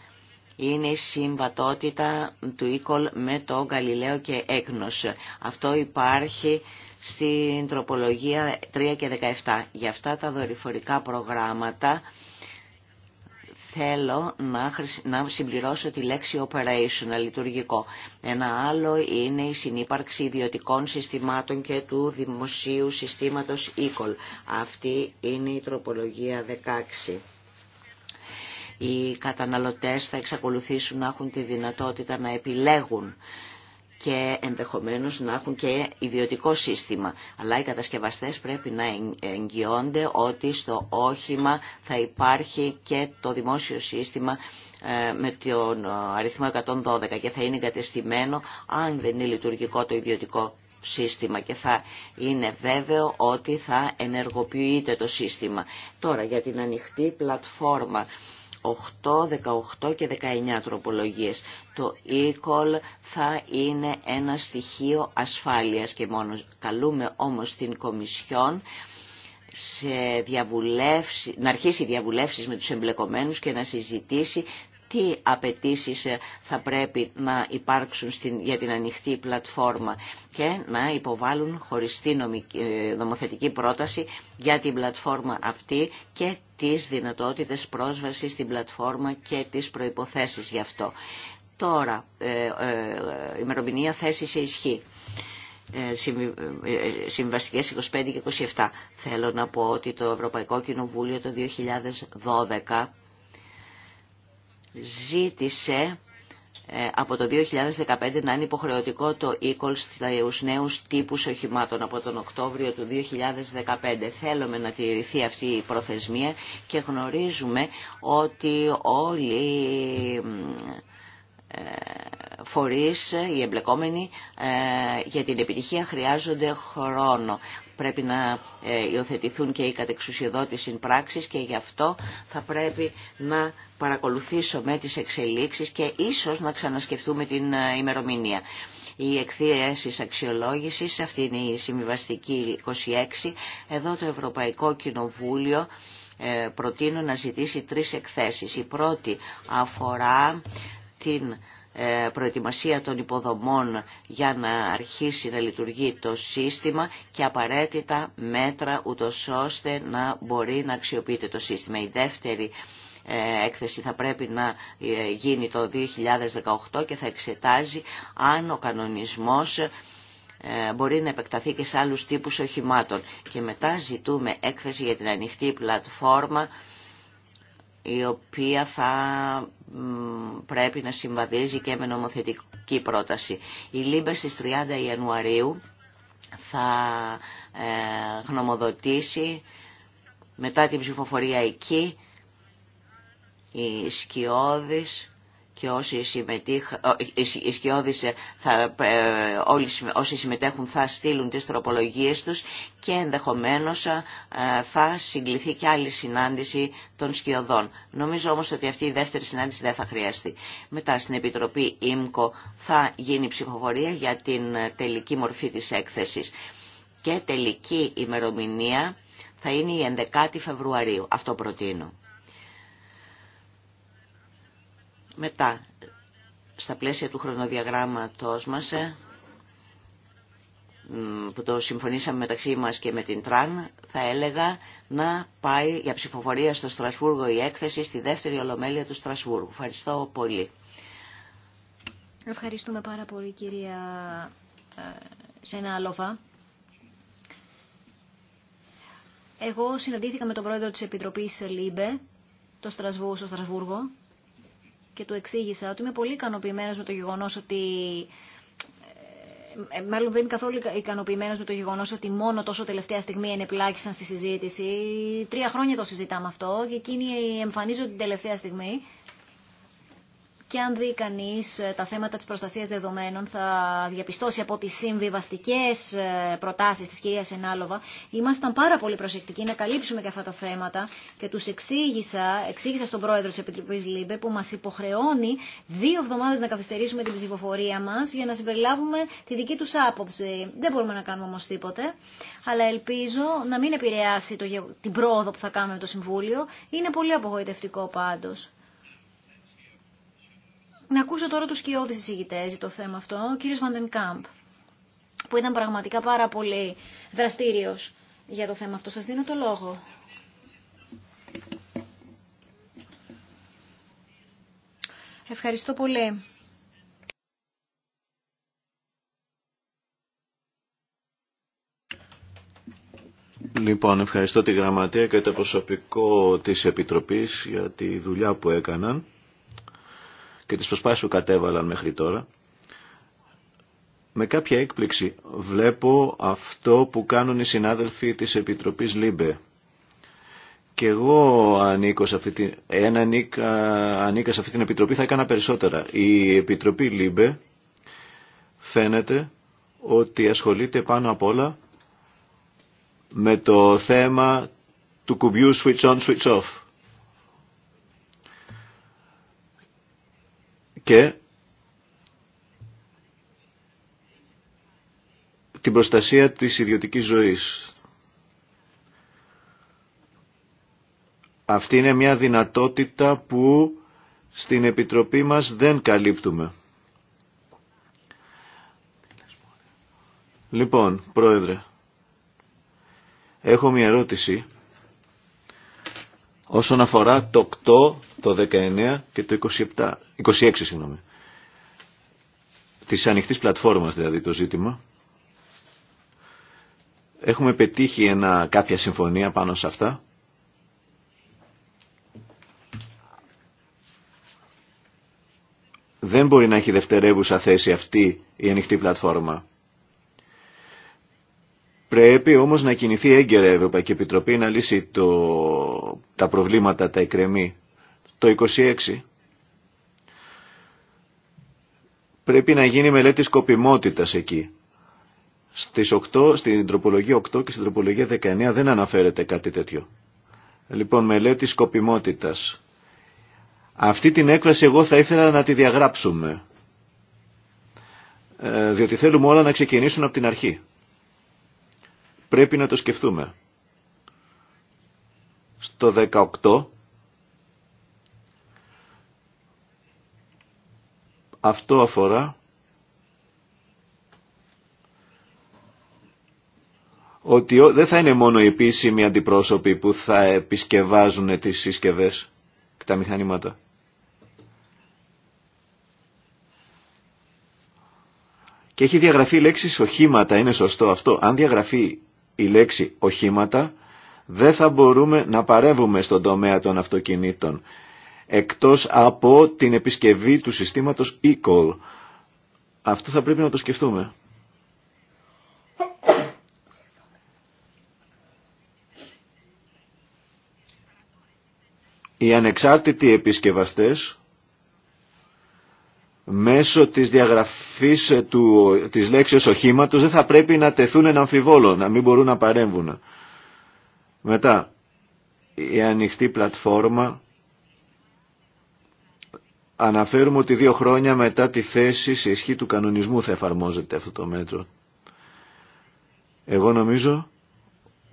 είναι η συμβατότητα του Equal με το Γαλιλαίο και Έκνος. Αυτό υπάρχει στην τροπολογία 3 και 17. Για αυτά τα δορυφορικά προγράμματα θέλω να συμπληρώσω τη λέξη operational, λειτουργικό. Ένα άλλο είναι η συνύπαρξη ιδιωτικών συστημάτων και του δημοσίου συστήματος ECOL. Αυτή είναι η τροπολογία 16. Οι καταναλωτές θα εξακολουθήσουν να έχουν τη δυνατότητα να επιλέγουν και ενδεχομένως να έχουν και ιδιωτικό σύστημα. Αλλά οι κατασκευαστές πρέπει να εγγυώνται ότι στο όχημα θα υπάρχει και το δημόσιο σύστημα ε, με τον ε, αριθμό 112 και θα είναι εγκατεστημένο αν δεν είναι λειτουργικό το ιδιωτικό σύστημα και θα είναι βέβαιο ότι θα ενεργοποιείται το σύστημα. Τώρα για την ανοιχτή πλατφόρμα 8, 18 και 19 τροπολογίες. Το e θα είναι ένα στοιχείο ασφάλειας και μόνο. Καλούμε όμως την Κομισιόν σε να αρχίσει διαβουλεύσεις με τους εμπλεκομένους και να συζητήσει τι απαιτήσει ε, θα πρέπει να υπάρξουν για την ανοιχτή πλατφόρμα και να υποβάλουν χωριστή ε, νομοθετική πρόταση για την πλατφόρμα αυτή και τις δυνατότητες πρόσβασης στην πλατφόρμα και τις προϋποθέσεις γι' αυτό. Τώρα, ε, ημερομηνία θέση σε ισχύ συμβαστικές 25 και 27. Θέλω να πω ότι το Ευρωπαϊκό Κοινοβούλιο το 2012 ζήτησε ε, από το 2015 να είναι υποχρεωτικό το e-call στους νέους τύπους οχημάτων από τον Οκτώβριο του 2015. Θέλουμε να τηρηθεί αυτή η προθεσμία και γνωρίζουμε ότι όλοι ε, φορείς, οι εμπλεκόμενοι ε, για την επιτυχία χρειάζονται χρόνο. Πρέπει να ε, υιοθετηθούν και οι κατεξουσιοδότηση πράξεις και γι' αυτό θα πρέπει να παρακολουθήσουμε τις εξελίξεις και ίσως να ξανασκεφτούμε την ε, ημερομηνία. Οι εκθέσεις αξιολόγησης, αυτή είναι η συμβιβαστική 26, εδώ το Ευρωπαϊκό Κοινοβούλιο προτείνω να ζητήσει τρεις εκθέσεις. Η πρώτη αφορά την ε, προετοιμασία των υποδομών για να αρχίσει να λειτουργεί το σύστημα και απαραίτητα μέτρα ούτως ώστε να μπορεί να αξιοποιείται το σύστημα. Η δεύτερη ε, έκθεση θα πρέπει να ε, γίνει το 2018 και θα εξετάζει αν ο κανονισμός μπορεί να επεκταθεί και σε άλλους τύπους οχημάτων. Και μετά ζητούμε έκθεση για την ανοιχτή πλατφόρμα η οποία θα πρέπει να συμβαδίζει και με νομοθετική πρόταση. Η Λίμπε στις 30 Ιανουαρίου θα ε, γνωμοδοτήσει μετά την ψηφοφορία εκεί οι Σκιώδης και όσοι, ε, θα, ε, όλοι, συμμετέχουν θα στείλουν τις τροπολογίες τους και ενδεχομένως ε, θα συγκληθεί και άλλη συνάντηση των σκιωδών. Νομίζω όμως ότι αυτή η δεύτερη συνάντηση δεν θα χρειαστεί. Μετά στην Επιτροπή ΙΜΚΟ θα γίνει ψηφοφορία για την τελική μορφή της έκθεσης και τελική ημερομηνία θα είναι η 11η Φεβρουαρίου. Αυτό προτείνω. Μετά, στα πλαίσια του χρονοδιαγράμματος μας, ε, που το συμφωνήσαμε μεταξύ μας και με την Τραν, θα έλεγα να πάει για ψηφοφορία στο Στρασβούργο η έκθεση στη δεύτερη ολομέλεια του Στρασβούργου. Ευχαριστώ πολύ. Ευχαριστούμε πάρα πολύ κυρία ε, Άλοφα. Εγώ συναντήθηκα με τον πρόεδρο της Επιτροπής ΛΥΜΠΕ, το Στρασβού, στο Στρασβούργο, και του εξήγησα ότι είμαι πολύ ικανοποιημένο με το γεγονό ότι ε, ε, μάλλον δεν είμαι καθόλου ικανοποιημένο με το γεγονό ότι μόνο τόσο τελευταία στιγμή ενεπλάκησαν στη συζήτηση. Τρία χρόνια το συζητάμε αυτό και εκείνοι εμφανίζονται την τελευταία στιγμή και αν δει κανεί ε, τα θέματα τη προστασία δεδομένων θα διαπιστώσει από τι συμβιβαστικέ ε, προτάσει τη κυρία Ενάλοβα ήμασταν πάρα πολύ προσεκτικοί να καλύψουμε και αυτά τα θέματα και του εξήγησα, εξήγησα στον πρόεδρο τη Επιτροπή ΛΥΜΠΕ που μα υποχρεώνει δύο εβδομάδε να καθυστερήσουμε την ψηφοφορία μα για να συμπεριλάβουμε τη δική του άποψη. Δεν μπορούμε να κάνουμε όμω τίποτε, αλλά ελπίζω να μην επηρεάσει το, την πρόοδο που θα κάνουμε με το Συμβούλιο. Είναι πολύ απογοητευτικό πάντως. Να ακούσω τώρα τους κοιόδης εισηγητές για το θέμα αυτό, ο κύριος Κάμπ που ήταν πραγματικά πάρα πολύ δραστήριος για το θέμα αυτό. Σας δίνω το λόγο. Ευχαριστώ πολύ. Λοιπόν, ευχαριστώ τη Γραμματεία και το προσωπικό της Επιτροπής για τη δουλειά που έκαναν και τις προσπάσεις που κατέβαλαν μέχρι τώρα. Με κάποια έκπληξη βλέπω αυτό που κάνουν οι συνάδελφοι της Επιτροπής ΛΥΜΠΕ. Και εγώ ανήκω σε αυτή ανήκα, ανήκα σε αυτή την Επιτροπή θα έκανα περισσότερα. Η Επιτροπή ΛΥΜΠΕ φαίνεται ότι ασχολείται πάνω απ' όλα με το θέμα του κουμπιού switch on, switch off. και την προστασία της ιδιωτικής ζωής. Αυτή είναι μια δυνατότητα που στην Επιτροπή μας δεν καλύπτουμε. Λοιπόν, Πρόεδρε, έχω μια ερώτηση όσον αφορά το 8, το 19 και το 27, 26 συγγνώμη. Της ανοιχτής πλατφόρμας δηλαδή το ζήτημα. Έχουμε πετύχει ένα, κάποια συμφωνία πάνω σε αυτά. Δεν μπορεί να έχει δευτερεύουσα θέση αυτή η ανοιχτή πλατφόρμα. Πρέπει όμως να κινηθεί έγκαιρα η Ευρωπαϊκή Επιτροπή να λύσει το, τα προβλήματα, τα εκκρεμή. Το 26 πρέπει να γίνει μελέτη σκοπιμότητας εκεί. Στις 8, στην τροπολογία 8 και στην τροπολογία 19 δεν αναφέρεται κάτι τέτοιο. Λοιπόν, μελέτη σκοπιμότητας. Αυτή την έκφραση εγώ θα ήθελα να τη διαγράψουμε. Ε, διότι θέλουμε όλα να ξεκινήσουν από την αρχή. Πρέπει να το σκεφτούμε. Στο 18 αυτό αφορά ότι δεν θα είναι μόνο οι επίσημοι αντιπρόσωποι που θα επισκευάζουν τις συσκευές και τα μηχανήματα. Και έχει διαγραφεί η οχήματα, είναι σωστό αυτό. Αν διαγραφεί η λέξη οχήματα, δεν θα μπορούμε να παρεύουμε στον τομέα των αυτοκινήτων, εκτός από την επισκευή του συστήματος Αυτό θα πρέπει να το σκεφτούμε. Οι ανεξάρτητοι επισκευαστές μέσω της διαγραφής ε, του, της λέξης οχήματος δεν θα πρέπει να τεθούν εν αμφιβόλο, να μην μπορούν να παρέμβουν. Μετά, η ανοιχτή πλατφόρμα αναφέρουμε ότι δύο χρόνια μετά τη θέση σε ισχύ του κανονισμού θα εφαρμόζεται αυτό το μέτρο. Εγώ νομίζω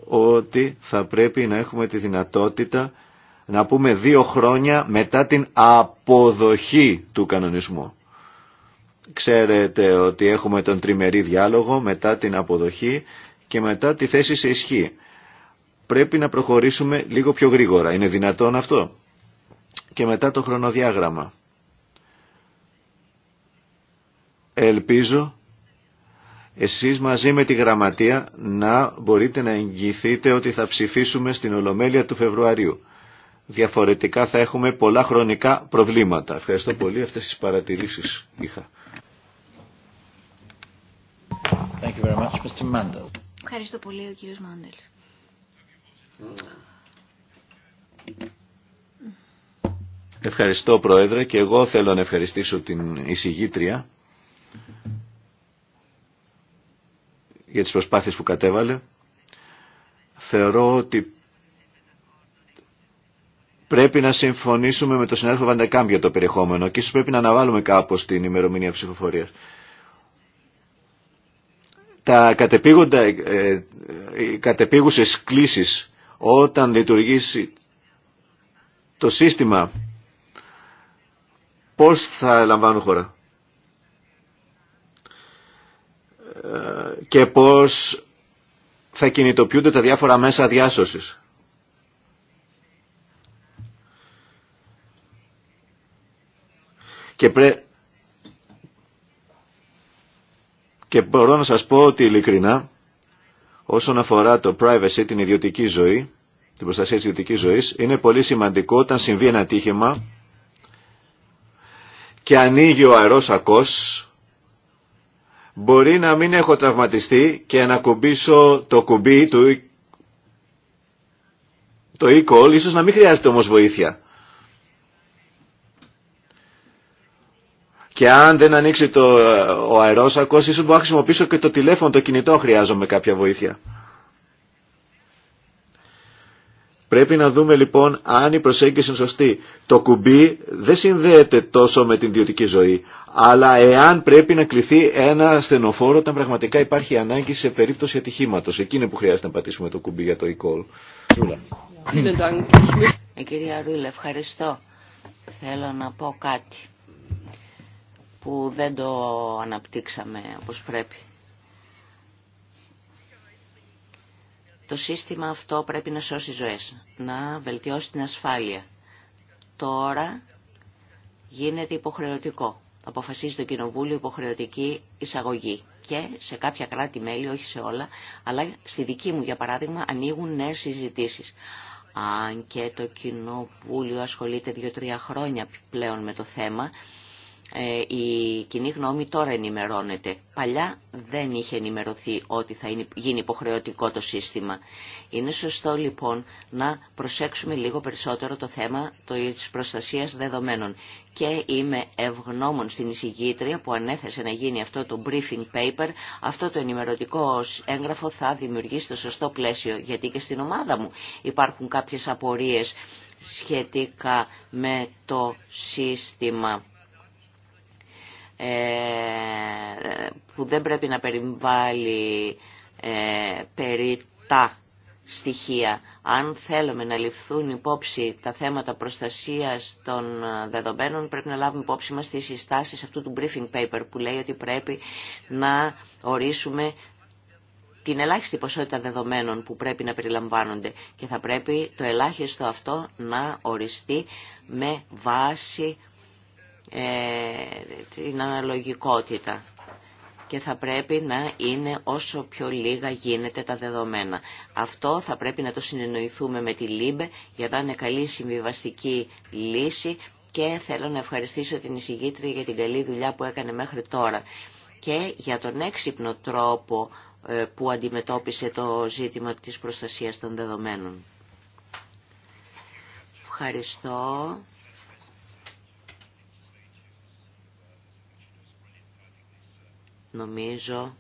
ότι θα πρέπει να έχουμε τη δυνατότητα να πούμε δύο χρόνια μετά την αποδοχή του κανονισμού. Ξέρετε ότι έχουμε τον τριμερή διάλογο μετά την αποδοχή και μετά τη θέση σε ισχύ. Πρέπει να προχωρήσουμε λίγο πιο γρήγορα. Είναι δυνατόν αυτό. Και μετά το χρονοδιάγραμμα. Ελπίζω εσείς μαζί με τη Γραμματεία να μπορείτε να εγγυηθείτε ότι θα ψηφίσουμε στην Ολομέλεια του Φεβρουαρίου. Διαφορετικά θα έχουμε πολλά χρονικά προβλήματα. Ευχαριστώ πολύ. Αυτές τις παρατηρήσεις είχα. Ευχαριστώ πολύ, ο κύριος Μάντελ. Ευχαριστώ, Πρόεδρε, και εγώ θέλω να ευχαριστήσω την εισηγήτρια για τις προσπάθειες που κατέβαλε. Θεωρώ ότι πρέπει να συμφωνήσουμε με τον συνάδελφο Βαντεκάμπ για το περιεχόμενο και ίσως πρέπει να αναβάλουμε κάπως την ημερομηνία ψηφοφορίας τα κατεπήγοντα, ε, ε οι κατεπήγουσες όταν λειτουργήσει το σύστημα πώς θα λαμβάνουν χώρα ε, και πώς θα κινητοποιούνται τα διάφορα μέσα διάσωσης. Και, πρέπει... Και μπορώ να σας πω ότι ειλικρινά, όσον αφορά το privacy, την ιδιωτική ζωή, την προστασία της ιδιωτικής ζωής, είναι πολύ σημαντικό όταν συμβεί ένα τύχημα και ανοίγει ο αερόσακος, μπορεί να μην έχω τραυματιστεί και να κουμπίσω το κουμπί του το call ίσως να μην χρειάζεται όμως βοήθεια. Και αν δεν ανοίξει το, ο αερόσακος, ίσως μπορώ να χρησιμοποιήσω και το τηλέφωνο, το κινητό, χρειάζομαι κάποια βοήθεια. Πρέπει να δούμε λοιπόν αν η προσέγγιση είναι σωστή. Το κουμπί δεν συνδέεται τόσο με την ιδιωτική ζωή, αλλά εάν πρέπει να κληθεί ένα ασθενοφόρο, όταν πραγματικά υπάρχει ανάγκη σε περίπτωση ατυχήματο. Εκείνη που χρειάζεται να πατήσουμε το κουμπί για το e-call. Ρούλα. Ε, κυρία Ρούλε, ευχαριστώ. Θέλω να πω κάτι που δεν το αναπτύξαμε όπως πρέπει. Το σύστημα αυτό πρέπει να σώσει ζωές, να βελτιώσει την ασφάλεια. Τώρα γίνεται υποχρεωτικό. Αποφασίζει το Κοινοβούλιο υποχρεωτική εισαγωγή. Και σε κάποια κράτη-μέλη, όχι σε όλα, αλλά στη δική μου για παράδειγμα ανοίγουν νέες συζητήσεις. Αν και το Κοινοβούλιο ασχολείται δύο-τρία χρόνια πλέον με το θέμα, ε, η κοινή γνώμη τώρα ενημερώνεται. Παλιά δεν είχε ενημερωθεί ότι θα γίνει υποχρεωτικό το σύστημα. Είναι σωστό λοιπόν να προσέξουμε λίγο περισσότερο το θέμα της προστασίας δεδομένων. Και είμαι ευγνώμων στην εισηγήτρια που ανέθεσε να γίνει αυτό το briefing paper. Αυτό το ενημερωτικό έγγραφο θα δημιουργήσει το σωστό πλαίσιο, γιατί και στην ομάδα μου υπάρχουν κάποιες απορίες σχετικά με το σύστημα ε, που δεν πρέπει να περιβάλλει ε, περί τα στοιχεία. Αν θέλουμε να ληφθούν υπόψη τα θέματα προστασίας των ε, δεδομένων, πρέπει να λάβουμε υπόψη μας τις συστάσεις αυτού του briefing paper που λέει ότι πρέπει να ορίσουμε την ελάχιστη ποσότητα δεδομένων που πρέπει να περιλαμβάνονται και θα πρέπει το ελάχιστο αυτό να οριστεί με βάση ε, την αναλογικότητα και θα πρέπει να είναι όσο πιο λίγα γίνεται τα δεδομένα. Αυτό θα πρέπει να το συνεννοηθούμε με τη ΛΥΜΠΕ για να είναι καλή συμβιβαστική λύση και θέλω να ευχαριστήσω την εισηγήτρια για την καλή δουλειά που έκανε μέχρι τώρα και για τον έξυπνο τρόπο ε, που αντιμετώπισε το ζήτημα της προστασίας των δεδομένων. Ευχαριστώ. Νομίζω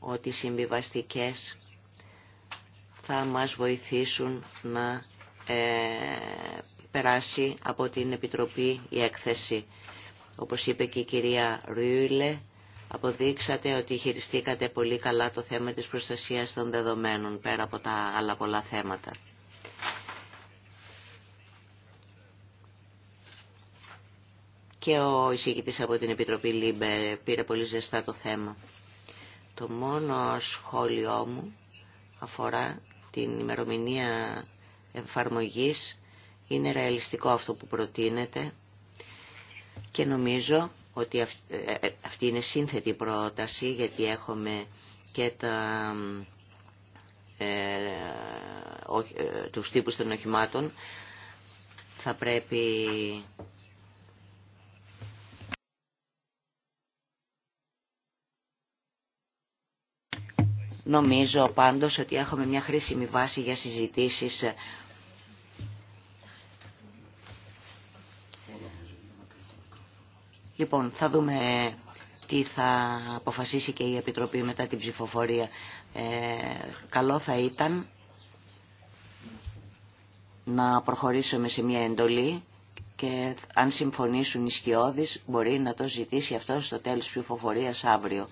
ότι οι συμβιβαστικές θα μας βοηθήσουν να ε, περάσει από την Επιτροπή η έκθεση. Όπως είπε και η κυρία Ρούιλε, αποδείξατε ότι χειριστήκατε πολύ καλά το θέμα της προστασίας των δεδομένων, πέρα από τα άλλα πολλά θέματα. και ο εισηγητής από την Επιτροπή ΛΥΜΠΕ πήρε πολύ ζεστά το θέμα. Το μόνο σχόλιο μου αφορά την ημερομηνία εφαρμογής. Είναι ρεαλιστικό αυτό που προτείνεται και νομίζω ότι ε, ε, αυτή είναι σύνθετη πρόταση γιατί έχουμε και τα, ε, ε τους τύπους των οχημάτων. Θα πρέπει Νομίζω πάντως ότι έχουμε μια χρήσιμη βάση για συζητήσεις Λοιπόν, θα δούμε τι θα αποφασίσει και η Επιτροπή μετά την ψηφοφορία. Ε, καλό θα ήταν να προχωρήσουμε σε μια εντολή και αν συμφωνήσουν οι σκιώδεις μπορεί να το ζητήσει αυτό στο τέλος της ψηφοφορίας αύριο.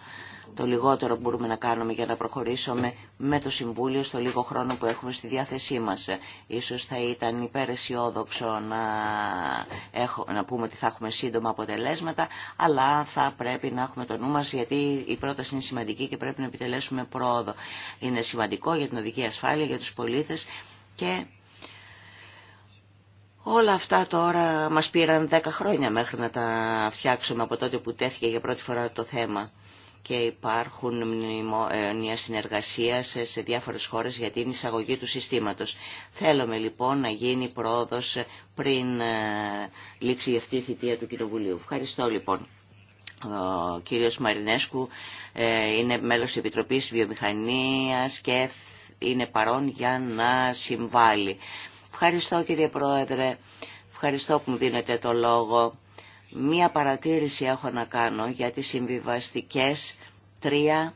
Το λιγότερο μπορούμε να κάνουμε για να προχωρήσουμε με το Συμβούλιο στο λίγο χρόνο που έχουμε στη διάθεσή μας. Ίσως θα ήταν υπεραισιόδοξο να, έχω, να πούμε ότι θα έχουμε σύντομα αποτελέσματα, αλλά θα πρέπει να έχουμε το νου μας γιατί η πρόταση είναι σημαντική και πρέπει να επιτελέσουμε πρόοδο. Είναι σημαντικό για την οδική ασφάλεια, για τους πολίτες και Όλα αυτά τώρα μας πήραν δέκα χρόνια μέχρι να τα φτιάξουμε από τότε που τέθηκε για πρώτη φορά το θέμα και υπάρχουν μνημόνια ε, συνεργασία σε διάφορες χώρες για την εισαγωγή του συστήματος. Θέλουμε λοιπόν να γίνει πρόοδος πριν ε, λήξει αυτή η θητεία του Κοινοβουλίου. Ευχαριστώ λοιπόν. Ο κύριος Μαρινέσκου ε, είναι μέλος της Επιτροπής Βιομηχανίας και είναι παρόν για να συμβάλλει. Ευχαριστώ κύριε Πρόεδρε. Ευχαριστώ που μου δίνετε το λόγο. Μία παρατήρηση έχω να κάνω για τις συμβιβαστικές 3,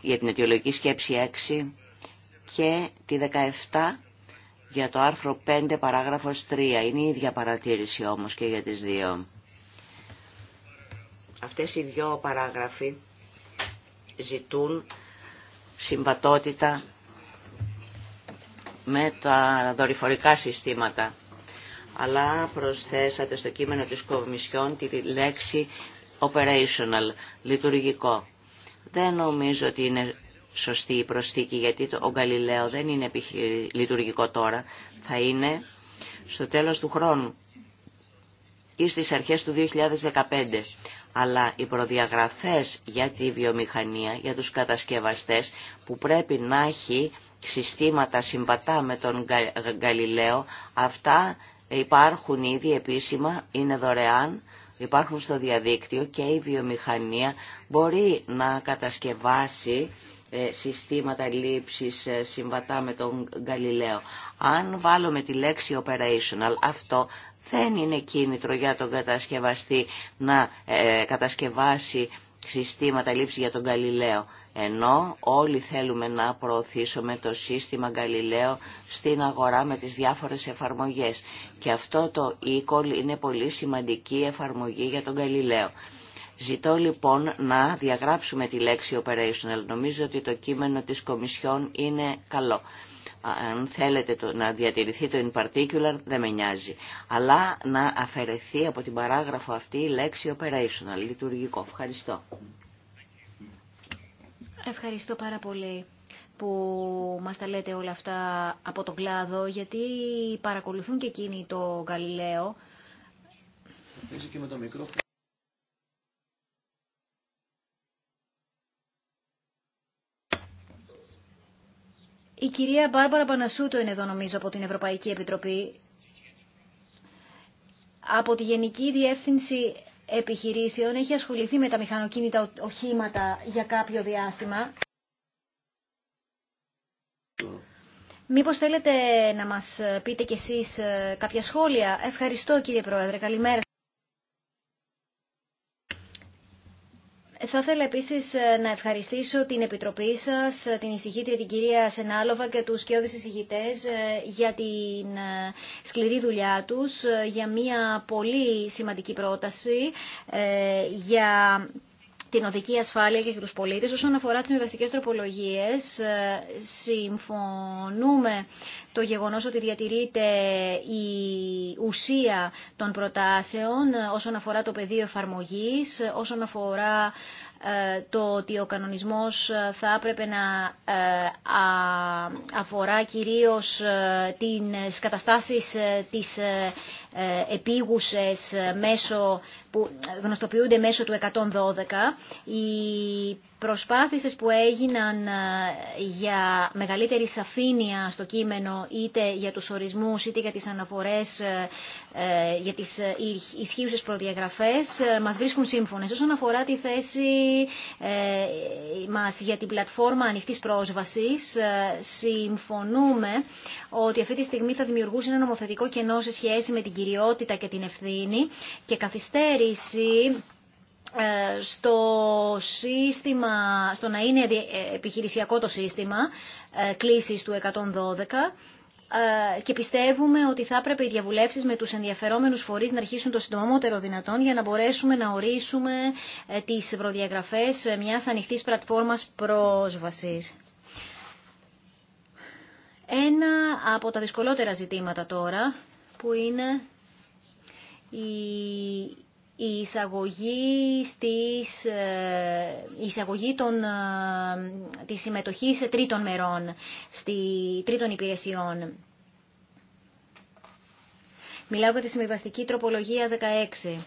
για την αιτιολογική σκέψη 6 και τη 17 για το άρθρο 5 παράγραφος 3. Είναι η ίδια παρατήρηση όμως και για τις δύο. Αυτές οι δυο παράγραφοι ζητούν συμβατότητα με τα δορυφορικά συστήματα. Αλλά προσθέσατε στο κείμενο της Κομισιόν τη λέξη operational, λειτουργικό. Δεν νομίζω ότι είναι σωστή η προσθήκη γιατί το, ο Γκαλιλαίο δεν είναι λειτουργικό τώρα. Θα είναι στο τέλος του χρόνου ή στις αρχές του 2015. Αλλά οι προδιαγραφές για τη βιομηχανία, για τους κατασκευαστές που πρέπει να έχει συστήματα συμβατά με τον Γαλιλαίο, αυτά υπάρχουν ήδη επίσημα, είναι δωρεάν, υπάρχουν στο διαδίκτυο και η βιομηχανία μπορεί να κατασκευάσει ε, συστήματα λήψης ε, συμβατά με τον Γαλιλαίο. Αν βάλουμε τη λέξη operational, αυτό δεν είναι κίνητρο για τον κατασκευαστή να ε, κατασκευάσει συστήματα λήψη για τον Γαλιλαίο. Ενώ όλοι θέλουμε να προωθήσουμε το σύστημα Γαλιλαίο στην αγορά με τις διάφορες εφαρμογές. Και αυτό το e είναι πολύ σημαντική εφαρμογή για τον Γαλιλαίο. Ζητώ λοιπόν να διαγράψουμε τη λέξη operational. Νομίζω ότι το κείμενο της Κομισιόν είναι καλό αν θέλετε το, να διατηρηθεί το in particular δεν με νοιάζει. Αλλά να αφαιρεθεί από την παράγραφο αυτή η λέξη operational, λειτουργικό. Ευχαριστώ. Ευχαριστώ πάρα πολύ που μας τα λέτε όλα αυτά από τον κλάδο, γιατί παρακολουθούν και εκείνοι το Γαλιλαίο. και με το μικρό. Η κυρία Μπάρμπαρα Πανασούτο είναι εδώ νομίζω από την Ευρωπαϊκή Επιτροπή. Από τη Γενική Διεύθυνση Επιχειρήσεων έχει ασχοληθεί με τα μηχανοκίνητα οχήματα για κάποιο διάστημα. Μήπως θέλετε να μας πείτε κι εσείς ε, κάποια σχόλια. Ευχαριστώ κύριε Πρόεδρε. Καλημέρα. Θα ήθελα επίσης ε, να ευχαριστήσω την Επιτροπή σας, ε, την εισηγήτρια την κυρία Σενάλοβα και του σκιώδει εισηγητέ ε, για την σκληρή δουλειά τους, για μια πολύ σημαντική πρόταση, για την οδική ασφάλεια και του πολίτες. Όσον αφορά τις συμβαστικέ τροπολογίες, συμφωνούμε το γεγονός ότι διατηρείται η ουσία των προτάσεων ε, όσον αφορά το πεδίο εφαρμογής, ε, όσον αφορά ε, το ότι ο κανονισμός θα έπρεπε να αφορά κυρίως τις καταστάσεις της επίγουσες μέσω που γνωστοποιούνται μέσω του 112, οι προσπάθειες που έγιναν ε, για μεγαλύτερη σαφήνεια στο κείμενο, είτε για τους ορισμούς, είτε για τις αναφορές, ε, ε, για τις ισχύουσες προδιαγραφές, μας βρίσκουν σύμφωνες. Όσον αφορά τη θέση μας για την πλατφόρμα ανοιχτής πρόσβασης, συμφωνούμε ότι αυτή τη στιγμή θα δημιουργούσε ένα νομοθετικό κενό σε σχέση με την κυριότητα και την ευθύνη και καθυστέρη ε, στο σύστημα, στο να είναι ε, επιχειρησιακό το σύστημα ε, κλήσης του 112 και πιστεύουμε ότι θα έπρεπε οι διαβουλεύσεις με τους ενδιαφερόμενους φορείς να αρχίσουν το συντομότερο δυνατόν για να μπορέσουμε να ορίσουμε τις προδιαγραφές μιας ανοιχτής πλατφόρμας πρόσβασης. Ένα από τα δυσκολότερα ζητήματα τώρα που είναι η η εισαγωγή, στις, ε, η εισαγωγή των, ε, της συμμετοχής σε τρίτων μερών, στη, τρίτων υπηρεσιών. Μιλάω για τη συμβιβαστική τροπολογία 16.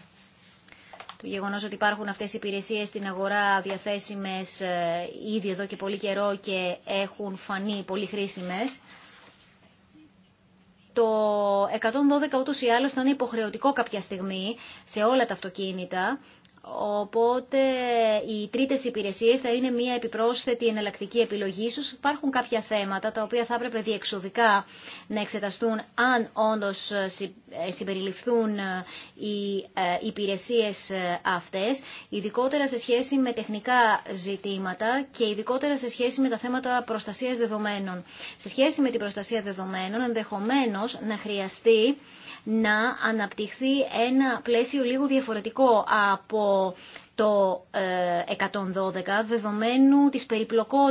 Το γεγονός ότι υπάρχουν αυτές οι υπηρεσίες στην αγορά διαθέσιμες ε, ήδη εδώ και πολύ καιρό και έχουν φανεί πολύ χρήσιμες. Το 112 ούτως ή άλλως θα είναι υποχρεωτικό κάποια στιγμή σε όλα τα αυτοκίνητα Οπότε οι τρίτες υπηρεσίε θα είναι μια επιπρόσθετη εναλλακτική επιλογή. σω υπάρχουν κάποια θέματα τα οποία θα έπρεπε διεξοδικά να εξεταστούν αν όντω ε, ε, συμπεριληφθούν ε, οι υπηρεσίες αυτές, ειδικότερα σε σχέση με τεχνικά ζητήματα και ειδικότερα σε σχέση με τα θέματα προστασίας δεδομένων. Σε σχέση με την προστασία δεδομένων ενδεχομένω να χρειαστεί να αναπτυχθεί ένα πλαίσιο λίγο διαφορετικό από το 112 ε, δεδομένου της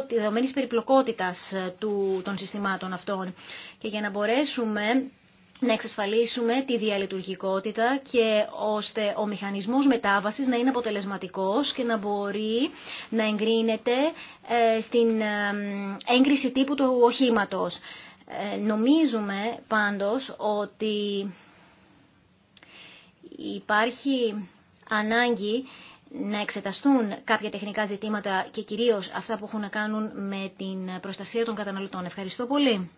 δεδομένης περιπλοκότητας ε, του, των συστημάτων αυτών. Και για να μπορέσουμε να εξασφαλίσουμε τη διαλειτουργικότητα και ώστε ο μηχανισμός μετάβασης να είναι αποτελεσματικός και να μπορεί να εγκρίνεται ε, στην έγκριση τύπου του οχήματος. Νομίζουμε πάντως ότι υπάρχει ανάγκη να εξεταστούν κάποια τεχνικά ζητήματα και κυρίως αυτά που έχουν να κάνουν με την προστασία των καταναλωτών. Ευχαριστώ πολύ.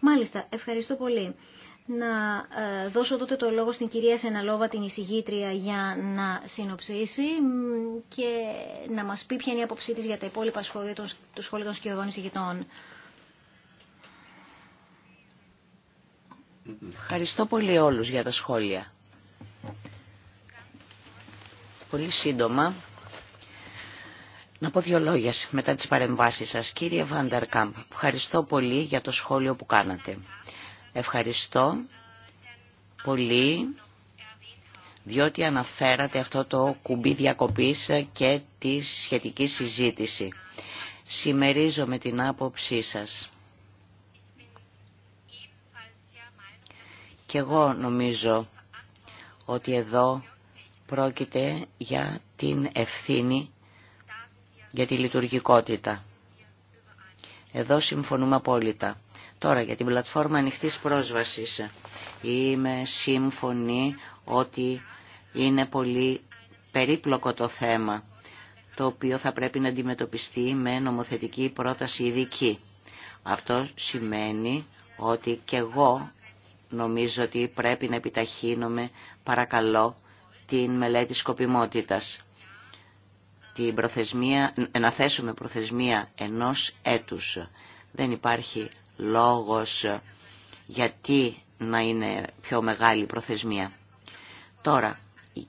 Μάλιστα, ευχαριστώ πολύ. Να ε, δώσω τότε το λόγο στην κυρία Σεναλόβα, την εισηγήτρια, για να συνοψίσει και να μας πει ποια είναι η άποψή της για τα υπόλοιπα σχόλια των, σχόλια των σκιωδών εισηγητών. Ευχαριστώ πολύ όλους για τα σχόλια. Πολύ σύντομα. Να πω δύο λόγια μετά τις παρεμβάσεις σας. Κύριε Βανταρκάμπ, ευχαριστώ πολύ για το σχόλιο που κάνατε. Ευχαριστώ πολύ διότι αναφέρατε αυτό το κουμπί διακοπής και τη σχετική συζήτηση. με την άποψή σας. Και εγώ νομίζω ότι εδώ πρόκειται για την ευθύνη, για τη λειτουργικότητα. Εδώ συμφωνούμε απόλυτα. Τώρα για την πλατφόρμα ανοιχτή πρόσβασης. Είμαι σύμφωνη ότι είναι πολύ περίπλοκο το θέμα, το οποίο θα πρέπει να αντιμετωπιστεί με νομοθετική πρόταση ειδική. Αυτό σημαίνει ότι και εγώ νομίζω ότι πρέπει να επιταχύνουμε παρακαλώ την μελέτη σκοπιμότητας. Την προθεσμία, να θέσουμε προθεσμία ενός έτους. Δεν υπάρχει λόγος γιατί να είναι πιο μεγάλη προθεσμία. Τώρα,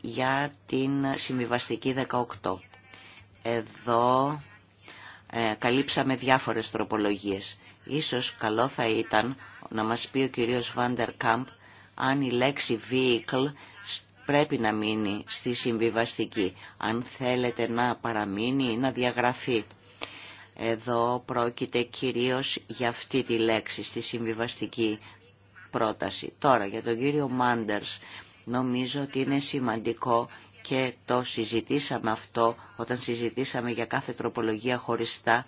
για την συμβιβαστική 18. Εδώ ε, καλύψαμε διάφορες τροπολογίες. Ίσως καλό θα ήταν να μας πει ο κυρίος Βάντερ Κάμπ αν η λέξη vehicle πρέπει να μείνει στη συμβιβαστική, αν θέλετε να παραμείνει ή να διαγραφεί. Εδώ πρόκειται κυρίως για αυτή τη λέξη στη συμβιβαστική πρόταση. Τώρα για τον κύριο Μάντερς νομίζω ότι είναι σημαντικό και το συζητήσαμε αυτό όταν συζητήσαμε για κάθε τροπολογία χωριστά.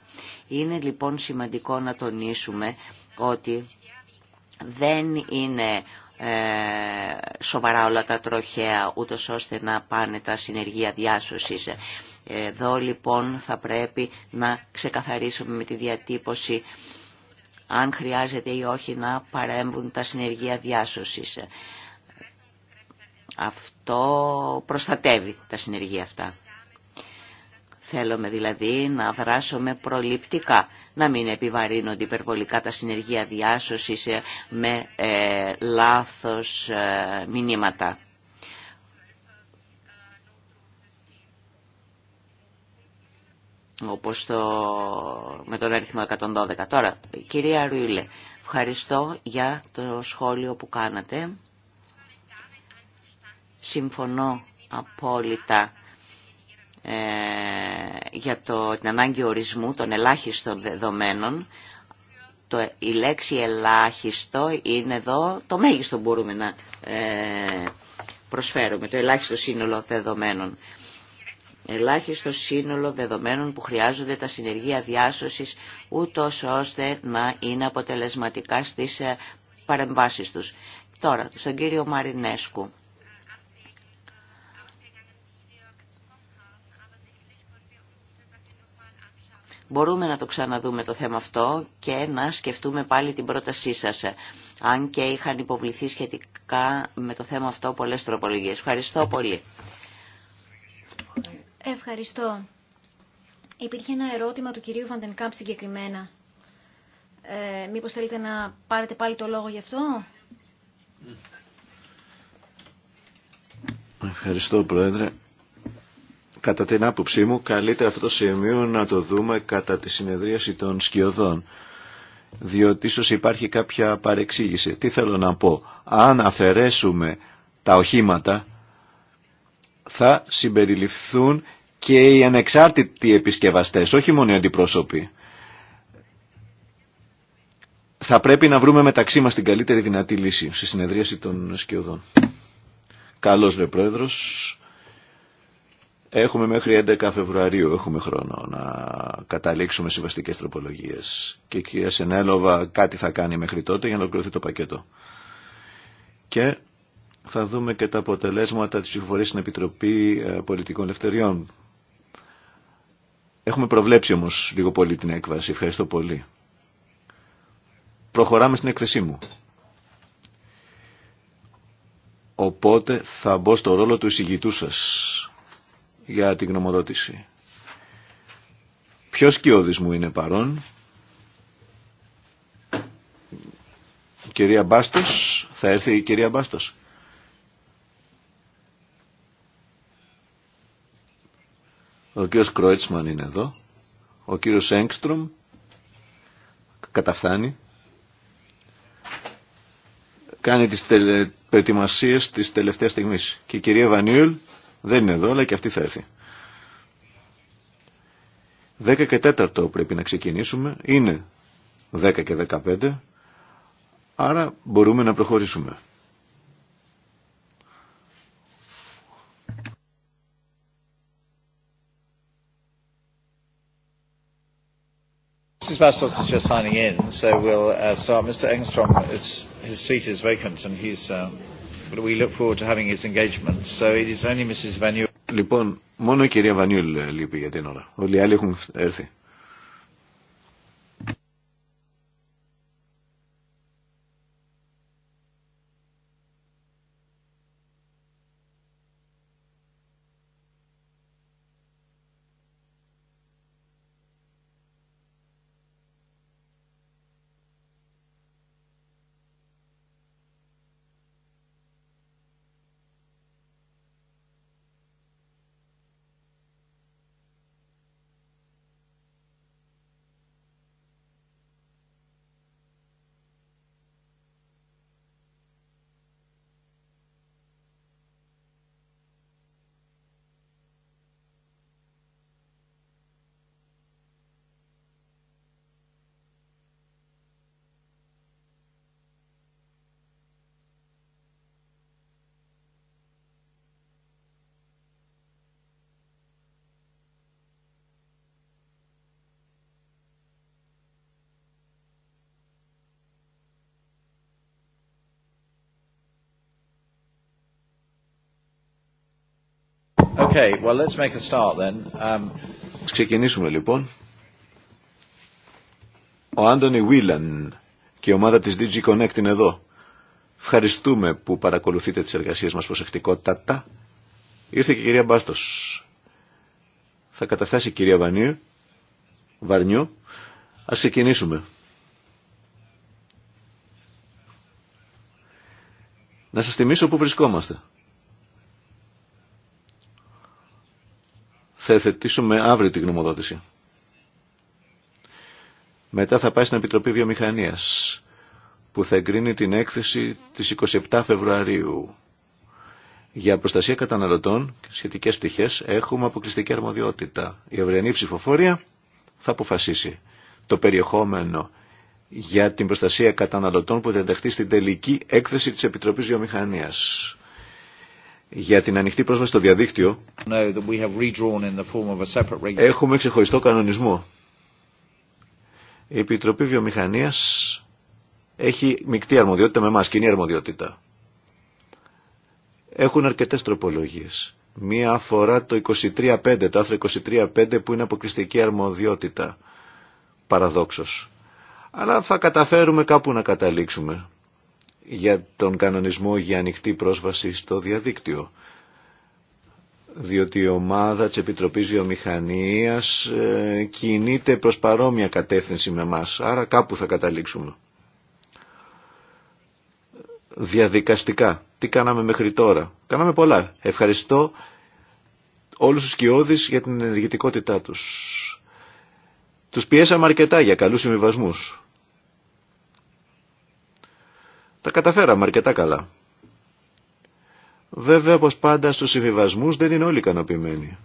Είναι λοιπόν σημαντικό να τονίσουμε ότι δεν είναι ε, σοβαρά όλα τα τροχέα ούτω ώστε να πάνε τα συνεργεία διάσωσης. Εδώ λοιπόν θα πρέπει να ξεκαθαρίσουμε με τη διατύπωση αν χρειάζεται ή όχι να παρέμβουν τα συνεργεία διάσωσης. Αυτό προστατεύει τα συνεργεία αυτά. Θέλουμε δηλαδή να δράσουμε προληπτικά, να μην επιβαρύνονται υπερβολικά τα συνεργεία διάσωσης ε, με ε, λάθος ε, μηνύματα. Όπως το, με τον αριθμό 112. Τώρα, κυρία Ρουίλε, ευχαριστώ για το σχόλιο που κάνατε συμφωνώ απόλυτα ε, για το, την ανάγκη ορισμού των ελάχιστων δεδομένων. Το, η λέξη ελάχιστο είναι εδώ το μέγιστο που μπορούμε να ε, προσφέρουμε, το ελάχιστο σύνολο δεδομένων. Ελάχιστο σύνολο δεδομένων που χρειάζονται τα συνεργεία διάσωσης, ούτω ώστε να είναι αποτελεσματικά στις ε, παρεμβάσεις τους. Τώρα, στον κύριο Μαρινέσκου. Μπορούμε να το ξαναδούμε το θέμα αυτό και να σκεφτούμε πάλι την πρότασή σας. Αν και είχαν υποβληθεί σχετικά με το θέμα αυτό πολλές τροπολογίες. Ευχαριστώ πολύ. Ευχαριστώ. Υπήρχε ένα ερώτημα του κυρίου Βαντενκάμπ συγκεκριμένα. Ε, μήπως θέλετε να πάρετε πάλι το λόγο γι' αυτό. Ευχαριστώ Πρόεδρε κατά την άποψή μου, καλύτερα αυτό το σημείο να το δούμε κατά τη συνεδρίαση των σκιωδών. Διότι ίσως υπάρχει κάποια παρεξήγηση. Τι θέλω να πω. Αν αφαιρέσουμε τα οχήματα, θα συμπεριληφθούν και οι ανεξάρτητοι επισκευαστές, όχι μόνο οι αντιπρόσωποι. Θα πρέπει να βρούμε μεταξύ μας την καλύτερη δυνατή λύση στη συνεδρίαση των σκιωδών. Καλώς, Ρε Πρόεδρος. Έχουμε μέχρι 11 Φεβρουαρίου έχουμε χρόνο να καταλήξουμε συμβαστικές τροπολογίες. Και η κυρία Σενέλοβα κάτι θα κάνει μέχρι τότε για να ολοκληρωθεί το πακέτο. Και θα δούμε και τα αποτελέσματα της ψηφοφορίας στην Επιτροπή ε, Πολιτικών Ελευθεριών. Έχουμε προβλέψει όμως λίγο πολύ την έκβαση. Ευχαριστώ πολύ. Προχωράμε στην έκθεσή μου. Οπότε θα μπω στο ρόλο του εισηγητού σας για την γνωμοδότηση. Ποιος κοιόδης μου είναι παρόν. κυρία Μπάστος, θα έρθει η κυρία Μπάστος. Ο κύριος Κρόιτσμαν είναι εδώ. Ο κύριος Έγκστρομ καταφθάνει. Κάνει τις προετοιμασίες της τελευταίας στιγμής. Και η κυρία Βανίουλ δεν είναι εδώ, αλλά και αυτή θα έρθει. 10 και 4 πρέπει να ξεκινήσουμε. Είναι 10 και 15. Άρα μπορούμε να προχωρήσουμε. Mrs. Bastos is just signing in, so we'll uh, start. Mr. Engstrom, is, his seat is vacant, and he's. Uh... Λοιπόν, μόνο η κυρία Βανιούλ λείπει για την ώρα. Όλοι οι άλλοι έχουν έρθει. Okay, well let's make a start then. Um... Ξεκινήσουμε λοιπόν. Ο Άντωνι Βίλαν και η ομάδα της DG Connect είναι εδώ. Ευχαριστούμε που παρακολουθείτε τις εργασίες μας προσεκτικότατα. Ήρθε και η κυρία Μπάστος. Θα καταθέσει η κυρία Βανίου. Βαρνιού. Ας ξεκινήσουμε. Να σας θυμίσω που βρισκόμαστε. Θα εθετήσουμε αύριο την γνωμοδότηση. Μετά θα πάει στην Επιτροπή Βιομηχανίας που θα εγκρίνει την έκθεση της 27 Φεβρουαρίου. Για προστασία καταναλωτών και σχετικές πτυχές έχουμε αποκλειστική αρμοδιότητα. Η ευρενή ψηφοφορία θα αποφασίσει το περιεχόμενο για την προστασία καταναλωτών που θα ενταχθεί στην τελική έκθεση της Επιτροπής Βιομηχανίας για την ανοιχτή πρόσβαση στο διαδίκτυο έχουμε ξεχωριστό κανονισμό. Η Επιτροπή Βιομηχανίας έχει μεικτή αρμοδιότητα με εμάς, κοινή αρμοδιότητα. Έχουν αρκετές τροπολογίες. Μία αφορά το 23.5, το άρθρο 23.5 που είναι αποκλειστική αρμοδιότητα, παραδόξως. Αλλά θα καταφέρουμε κάπου να καταλήξουμε για τον κανονισμό για ανοιχτή πρόσβαση στο διαδίκτυο. Διότι η ομάδα της Επιτροπής Βιομηχανίας ε, κινείται προς παρόμοια κατεύθυνση με μας, άρα κάπου θα καταλήξουμε. Διαδικαστικά. Τι κάναμε μέχρι τώρα. Κάναμε πολλά. Ευχαριστώ όλους τους κοιόδης για την ενεργητικότητά τους. Τους πιέσαμε αρκετά για καλούς συμβιβασμούς. Τα καταφέραμε αρκετά καλά. Βέβαια, όπως πάντα στους συμβιβασμούς δεν είναι όλοι ικανοποιημένοι.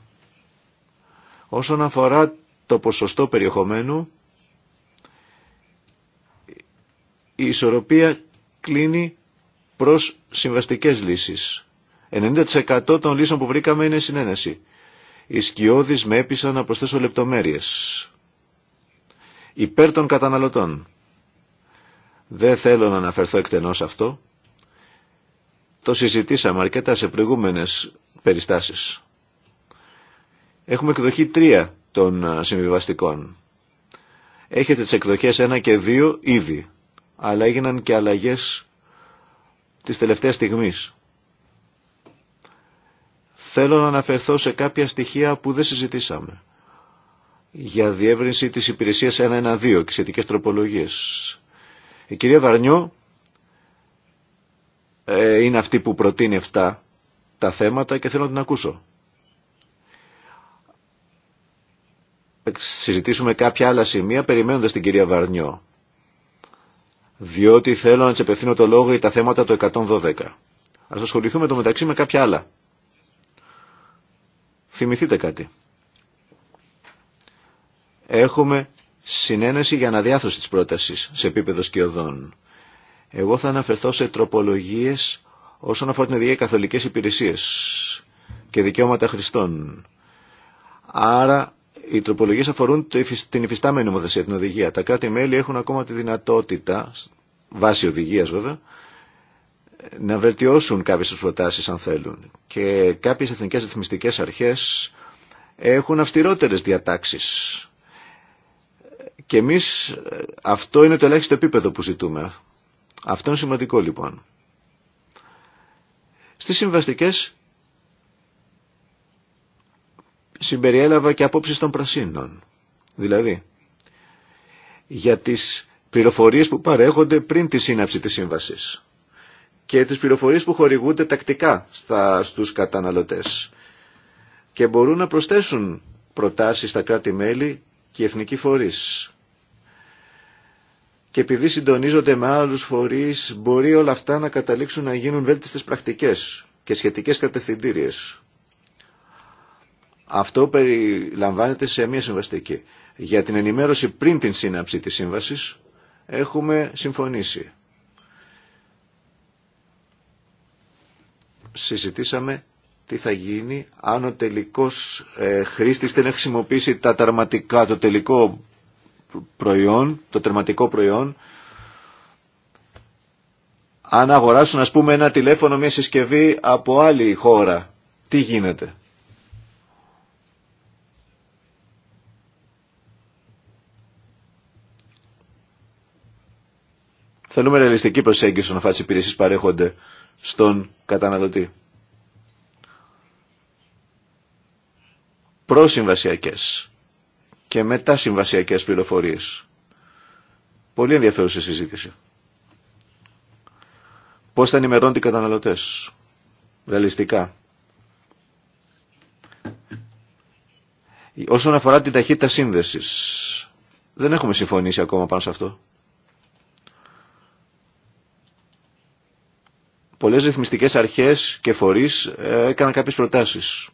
Όσον αφορά το ποσοστό περιεχομένου, η ισορροπία κλείνει προς συμβαστικές λύσεις. 90% των λύσεων που βρήκαμε είναι συνένεση. Οι σκιώδεις με έπεισαν να προσθέσω λεπτομέρειες. Υπέρ των καταναλωτών. Δεν θέλω να αναφερθώ εκτενώς αυτό. Το συζητήσαμε αρκετά σε προηγούμενες περιστάσεις. Έχουμε εκδοχή τρία των συμβιβαστικών. Έχετε τις εκδοχές ένα και δύο ήδη, αλλά έγιναν και αλλαγές της τελευταίας στιγμής. Θέλω να αναφερθώ σε κάποια στοιχεία που δεν συζητήσαμε για διεύρυνση της υπηρεσίας 112 και σχετικές τροπολογίες. Η κυρία Βαρνιό ε, είναι αυτή που προτείνει αυτά τα θέματα και θέλω να την ακούσω. Συζητήσουμε κάποια άλλα σημεία περιμένοντας την κυρία Βαρνιό. Διότι θέλω να της επευθύνω το λόγο για τα θέματα του 112. Ας ασχοληθούμε το μεταξύ με κάποια άλλα. Θυμηθείτε κάτι. Έχουμε συνένεση για αναδιάθρωση της πρότασης σε επίπεδο σκιωδών. Εγώ θα αναφερθώ σε τροπολογίες όσον αφορά την οδηγία καθολικές υπηρεσίες και δικαιώματα χρηστών. Άρα οι τροπολογίες αφορούν την υφιστάμενη νομοθεσία, την οδηγία. Τα κράτη-μέλη έχουν ακόμα τη δυνατότητα, βάσει οδηγίας βέβαια, να βελτιώσουν κάποιες προτάσεις αν θέλουν. Και κάποιες εθνικές ρυθμιστικές αρχές έχουν αυστηρότερες διατάξεις και εμεί ε, αυτό είναι το ελάχιστο επίπεδο που ζητούμε. Αυτό είναι σημαντικό λοιπόν. Στις συμβαστικές συμπεριέλαβα και απόψεις των πρασίνων. Δηλαδή, για τις πληροφορίες που παρέχονται πριν τη σύναψη της σύμβασης και τις πληροφορίες που χορηγούνται τακτικά στα, στους καταναλωτές και μπορούν να προσθέσουν προτάσεις στα κράτη-μέλη και εθνική φορείς και επειδή συντονίζονται με άλλους φορείς μπορεί όλα αυτά να καταλήξουν να γίνουν βέλτιστες πρακτικές και σχετικές κατευθυντήριες. Αυτό περιλαμβάνεται σε μια συμβαστική. Για την ενημέρωση πριν την σύναψη της σύμβασης έχουμε συμφωνήσει. Συζητήσαμε τι θα γίνει αν ο τελικός ε, χρήστης δεν έχει χρησιμοποιήσει τα ταρματικά, το τελικό προϊόν, το τερματικό προϊόν, αν αγοράσουν ας πούμε ένα τηλέφωνο, μια συσκευή από άλλη χώρα, τι γίνεται. Θέλουμε ρεαλιστική προσέγγιση να φάσει υπηρεσίες παρέχονται στον καταναλωτή. Προσυμβασιακές και μετά συμβασιακές πληροφορίες. Πολύ ενδιαφέρουσα συζήτηση. Πώς θα ενημερώνουν οι καταναλωτές. Ρεαλιστικά. Όσον αφορά την ταχύτητα σύνδεσης. Δεν έχουμε συμφωνήσει ακόμα πάνω σε αυτό. Πολλές ρυθμιστικές αρχές και φορείς ε, έκαναν κάποιες προτάσεις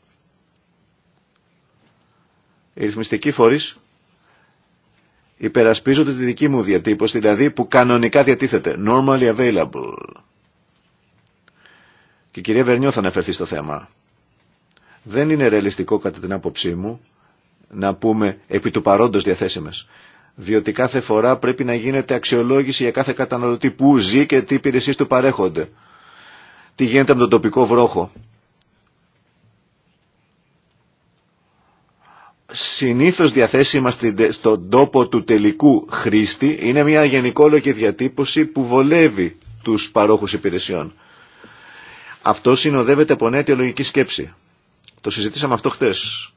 οι ρυθμιστικοί φορείς υπερασπίζονται τη δική μου διατύπωση, δηλαδή που κανονικά διατίθεται. Normally available. Και η κυρία Βερνιό θα αναφερθεί στο θέμα. Δεν είναι ρεαλιστικό κατά την άποψή μου να πούμε επί του παρόντος διαθέσιμες. Διότι κάθε φορά πρέπει να γίνεται αξιολόγηση για κάθε καταναλωτή που ζει και τι υπηρεσίες του παρέχονται. Τι γίνεται με τον τοπικό βρόχο. συνήθως διαθέσιμα στον τόπο του τελικού χρήστη είναι μια γενικόλογη διατύπωση που βολεύει τους παρόχους υπηρεσιών. Αυτό συνοδεύεται από νέα αιτιολογική σκέψη. Το συζητήσαμε αυτό χτες.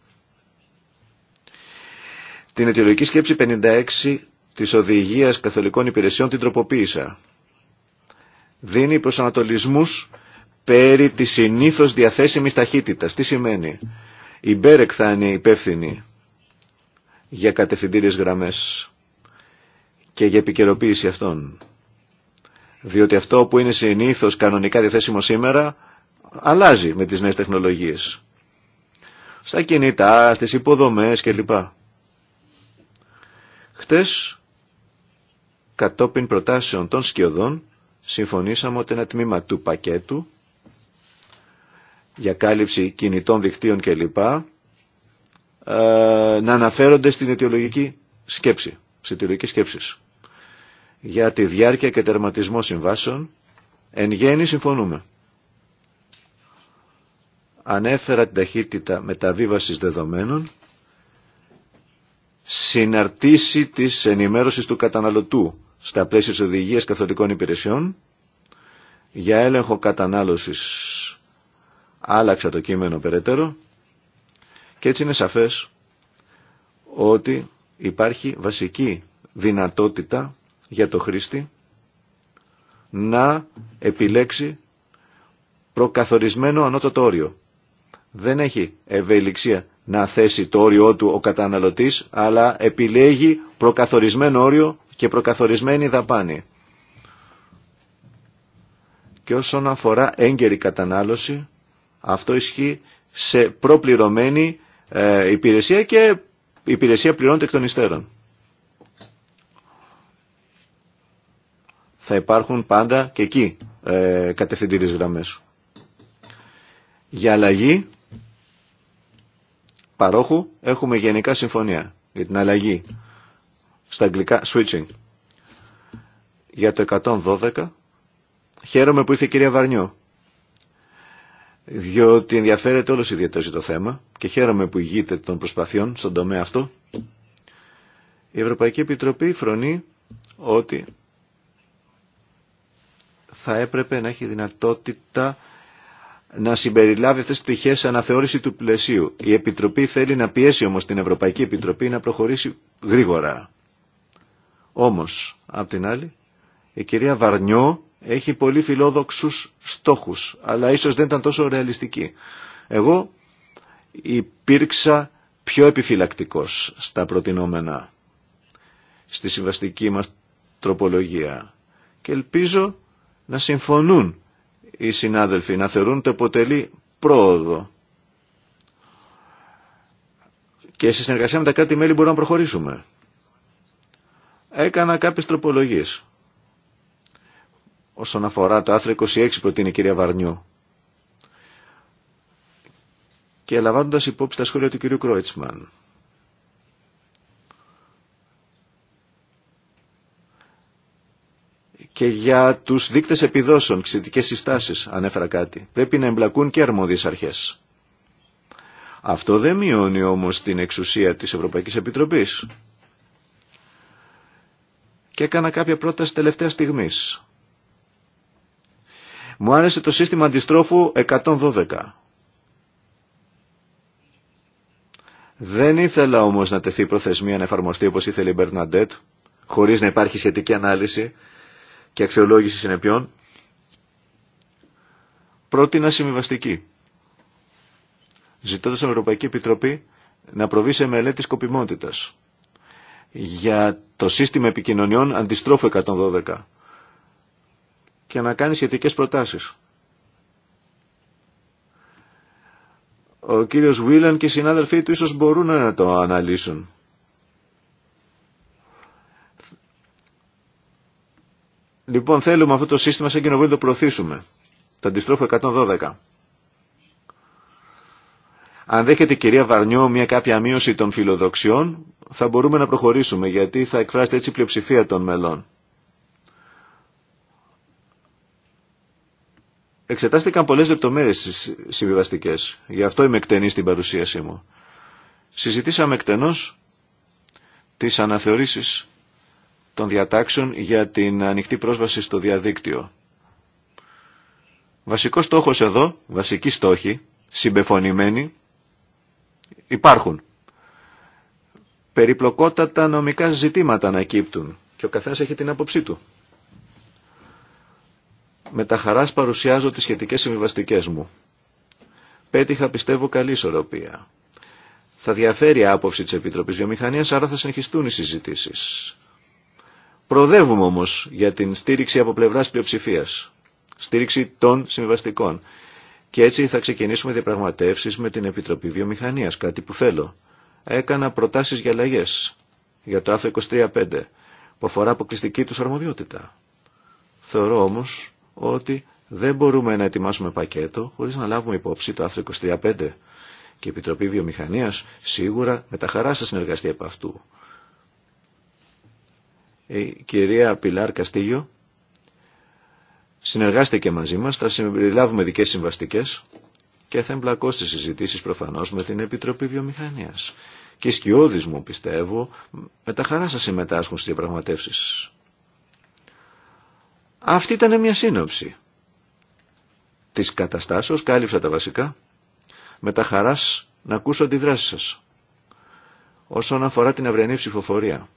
Την αιτιολογική σκέψη 56 της Οδηγίας Καθολικών Υπηρεσιών την τροποποίησα. Δίνει προσανατολισμούς περί της συνήθως διαθέσιμης ταχύτητας. Τι σημαίνει. Η Μπέρεκ θα είναι υπεύθυνη για κατευθυντήριες γραμμές και για επικαιροποίηση αυτών. Διότι αυτό που είναι συνήθως κανονικά διαθέσιμο σήμερα αλλάζει με τις νέες τεχνολογίες. Στα κινητά, στις υποδομές κλπ. Χτες, κατόπιν προτάσεων των σκιωδών, συμφωνήσαμε ότι ένα τμήμα του πακέτου για κάλυψη κινητών δικτύων κλπ. Ε, να αναφέρονται στην αιτιολογική σκέψη, στην αιτιολογική σκέψη. Για τη διάρκεια και τερματισμό συμβάσεων, εν γέννη συμφωνούμε. Ανέφερα την ταχύτητα μεταβίβασης δεδομένων, συναρτήσει της ενημέρωσης του καταναλωτού στα πλαίσια της οδηγίας καθολικών υπηρεσιών για έλεγχο κατανάλωσης Άλλαξα το κείμενο περαιτέρω και έτσι είναι σαφές ότι υπάρχει βασική δυνατότητα για το χρήστη να επιλέξει προκαθορισμένο ανώτατο όριο. Δεν έχει ευελιξία να θέσει το όριό του ο καταναλωτής, αλλά επιλέγει προκαθορισμένο όριο και προκαθορισμένη δαπάνη. Και όσον αφορά έγκαιρη κατανάλωση, αυτό ισχύει σε προπληρωμένη ε, υπηρεσία και υπηρεσία πληρώνεται εκ των υστέρων. Θα υπάρχουν πάντα και εκεί ε, κατευθυντήριες γραμμές. Για αλλαγή παρόχου έχουμε γενικά συμφωνία για την αλλαγή. Στα αγγλικά switching. Για το 112 χαίρομαι που ήρθε η κυρία Βαρνιό διότι ενδιαφέρεται όλος ιδιαίτερος για το θέμα και χαίρομαι που ηγείται των προσπαθειών στον τομέα αυτό. Η Ευρωπαϊκή Επιτροπή φρονεί ότι θα έπρεπε να έχει δυνατότητα να συμπεριλάβει αυτές τις πτυχές αναθεώρηση του πλαισίου. Η Επιτροπή θέλει να πιέσει όμως την Ευρωπαϊκή Επιτροπή να προχωρήσει γρήγορα. Όμως, απ' την άλλη, η κυρία Βαρνιό έχει πολύ φιλόδοξους στόχους, αλλά ίσως δεν ήταν τόσο ρεαλιστική. Εγώ υπήρξα πιο επιφυλακτικός στα προτινόμενα στη συμβαστική μας τροπολογία και ελπίζω να συμφωνούν οι συνάδελφοι, να θεωρούν το αποτελεί πρόοδο. Και στη συνεργασία με τα κράτη-μέλη μπορούμε να προχωρήσουμε. Έκανα κάποιες τροπολογίες όσον αφορά το άθρο 26 προτείνει η κυρία Βαρνιού. Και λαμβάνοντα υπόψη τα σχόλια του κυρίου Κρόιτσμαν. Και για τους δείκτε επιδόσεων, ξητικές συστάσεις, ανέφερα κάτι. Πρέπει να εμπλακούν και αρμόδιες αρχές. Αυτό δεν μειώνει όμως την εξουσία της Ευρωπαϊκής Επιτροπής. Και έκανα κάποια πρόταση τελευταία στιγμής μου άρεσε το σύστημα αντιστρόφου 112. Δεν ήθελα όμως να τεθεί προθεσμία να εφαρμοστεί όπως ήθελε η Μπερναντέτ, χωρίς να υπάρχει σχετική ανάλυση και αξιολόγηση συνεπιών. Πρότεινα συμβιβαστική, ζητώντας την Ευρωπαϊκή Επιτροπή να προβεί σε μελέτη σκοπιμότητας για το σύστημα επικοινωνιών αντιστρόφου 112 και να κάνει σχετικέ προτάσεις. Ο κύριος Βίλαν και οι συνάδελφοί του ίσως μπορούν να το αναλύσουν. Λοιπόν, θέλουμε αυτό το σύστημα σε κοινοβούλιο να το προωθήσουμε. Το αντιστρόφω 112. Αν δέχεται η κυρία Βαρνιό μια κάποια μείωση των φιλοδοξιών, θα μπορούμε να προχωρήσουμε, γιατί θα εκφράζεται έτσι η πλειοψηφία των μελών. Εξετάστηκαν πολλές λεπτομέρειες συμβιβαστικές. Γι' αυτό είμαι εκτενή στην παρουσίασή μου. Συζητήσαμε εκτενώς τις αναθεωρήσεις των διατάξεων για την ανοιχτή πρόσβαση στο διαδίκτυο. Βασικός στόχος εδώ, βασικοί στόχοι, συμπεφωνημένοι, υπάρχουν. Περιπλοκότατα νομικά ζητήματα ανακύπτουν και ο καθένας έχει την άποψή του. Με τα χαράς παρουσιάζω τις σχετικές συμβιβαστικέ μου. Πέτυχα πιστεύω καλή ισορροπία. Θα διαφέρει η άποψη της Επιτροπής Βιομηχανίας, άρα θα συνεχιστούν οι συζητήσεις. Προοδεύουμε όμως για την στήριξη από πλευράς πλειοψηφίας. Στήριξη των συμβιβαστικών. Και έτσι θα ξεκινήσουμε διαπραγματεύσει με την Επιτροπή Βιομηχανίας, κάτι που θέλω. Έκανα προτάσεις για αλλαγέ για το άρθρο 23.5, που αφορά αποκλειστική τους αρμοδιότητα. Θεωρώ όμως ότι δεν μπορούμε να ετοιμάσουμε πακέτο χωρίς να λάβουμε υπόψη το άρθρο 23.5 και η Επιτροπή Βιομηχανίας σίγουρα με τα χαρά θα συνεργαστεί από αυτού. Η κυρία Πιλάρ Καστίγιο και μαζί μας, θα συμπεριλάβουμε δικές συμβαστικές και θα εμπλακώ στις συζητήσεις προφανώς με την Επιτροπή Βιομηχανίας. Και οι μου πιστεύω με τα χαρά σας συμμετάσχουν στις διαπραγματεύσεις. Αυτή ήταν μια σύνοψη της καταστάσεως, κάλυψα τα βασικά, με τα χαράς να ακούσω τη δράση σας. Όσον αφορά την αυριανή ψηφοφορία,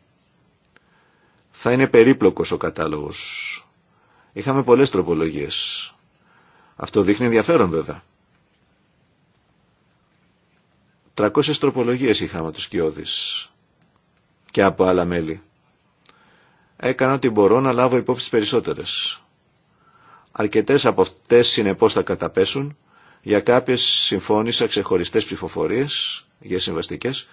θα είναι περίπλοκος ο κατάλογος. Είχαμε πολλές τροπολογίες. Αυτό δείχνει ενδιαφέρον βέβαια. 300 τροπολογίες είχαμε τους Κιώδης και από άλλα μέλη έκανα ότι μπορώ να λάβω υπόψη περισσότερες. Αρκετές από αυτές συνεπώς θα καταπέσουν, για κάποιες συμφώνησα ξεχωριστές ψηφοφορίες για συμβαστικές.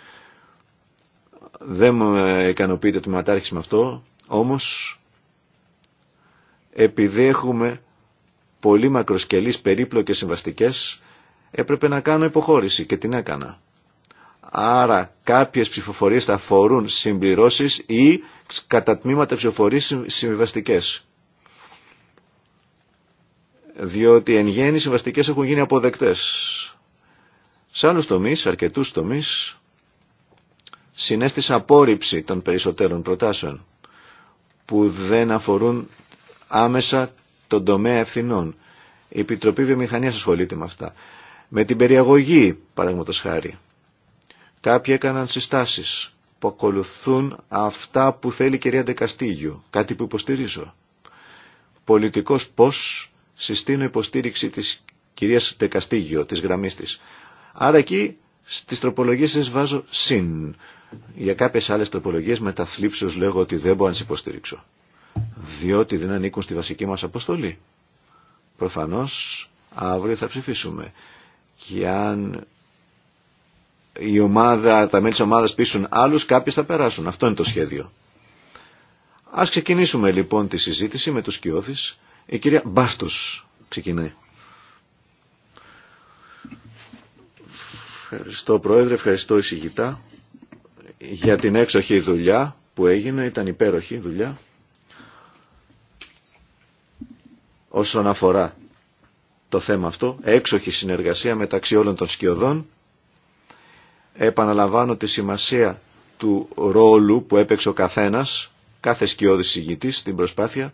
Δεν μου ικανοποιείται ότι με αυτό, όμως επειδή έχουμε πολύ μακροσκελείς περίπλοκες συμβαστικές, έπρεπε να κάνω υποχώρηση και την έκανα. Άρα κάποιες ψηφοφορίες θα αφορούν συμπληρώσεις ή κατά τμήματα ψηφοφορίες συμβιβαστικές. Διότι εν γέννη συμβαστικές έχουν γίνει αποδεκτές. Σε άλλους τομείς, αρκετούς τομείς, συνέστησα απόρριψη των περισσότερων προτάσεων που δεν αφορούν άμεσα τον τομέα ευθυνών. Η Επιτροπή Βιομηχανίας ασχολείται με αυτά. Με την περιαγωγή, παραδείγματος χάρη, Κάποιοι έκαναν συστάσεις που ακολουθούν αυτά που θέλει η κυρία Ντεκαστήγιο, κάτι που υποστηρίζω. Πολιτικός πώς συστήνω υποστήριξη της κυρίας Ντεκαστήγιο, της γραμμής της. Άρα εκεί στις τροπολογίες σας βάζω συν. Για κάποιες άλλες τροπολογίες θλίψους λέγω ότι δεν μπορώ να τι υποστηρίξω. Διότι δεν ανήκουν στη βασική μας αποστολή. Προφανώς αύριο θα ψηφίσουμε. Και αν η ομάδα, τα μέλη της ομάδας πείσουν άλλους, κάποιες θα περάσουν. Αυτό είναι το σχέδιο. Ας ξεκινήσουμε λοιπόν τη συζήτηση με τους Σκιώδης. Η κυρία Μπάστος ξεκινάει. Ευχαριστώ Πρόεδρε, ευχαριστώ εισηγητά για την έξοχη δουλειά που έγινε, ήταν υπέροχη δουλειά. Όσον αφορά το θέμα αυτό, έξοχη συνεργασία μεταξύ όλων των σκιωδών επαναλαμβάνω τη σημασία του ρόλου που έπαιξε ο καθένας, κάθε σκιώδης συγγητής στην προσπάθεια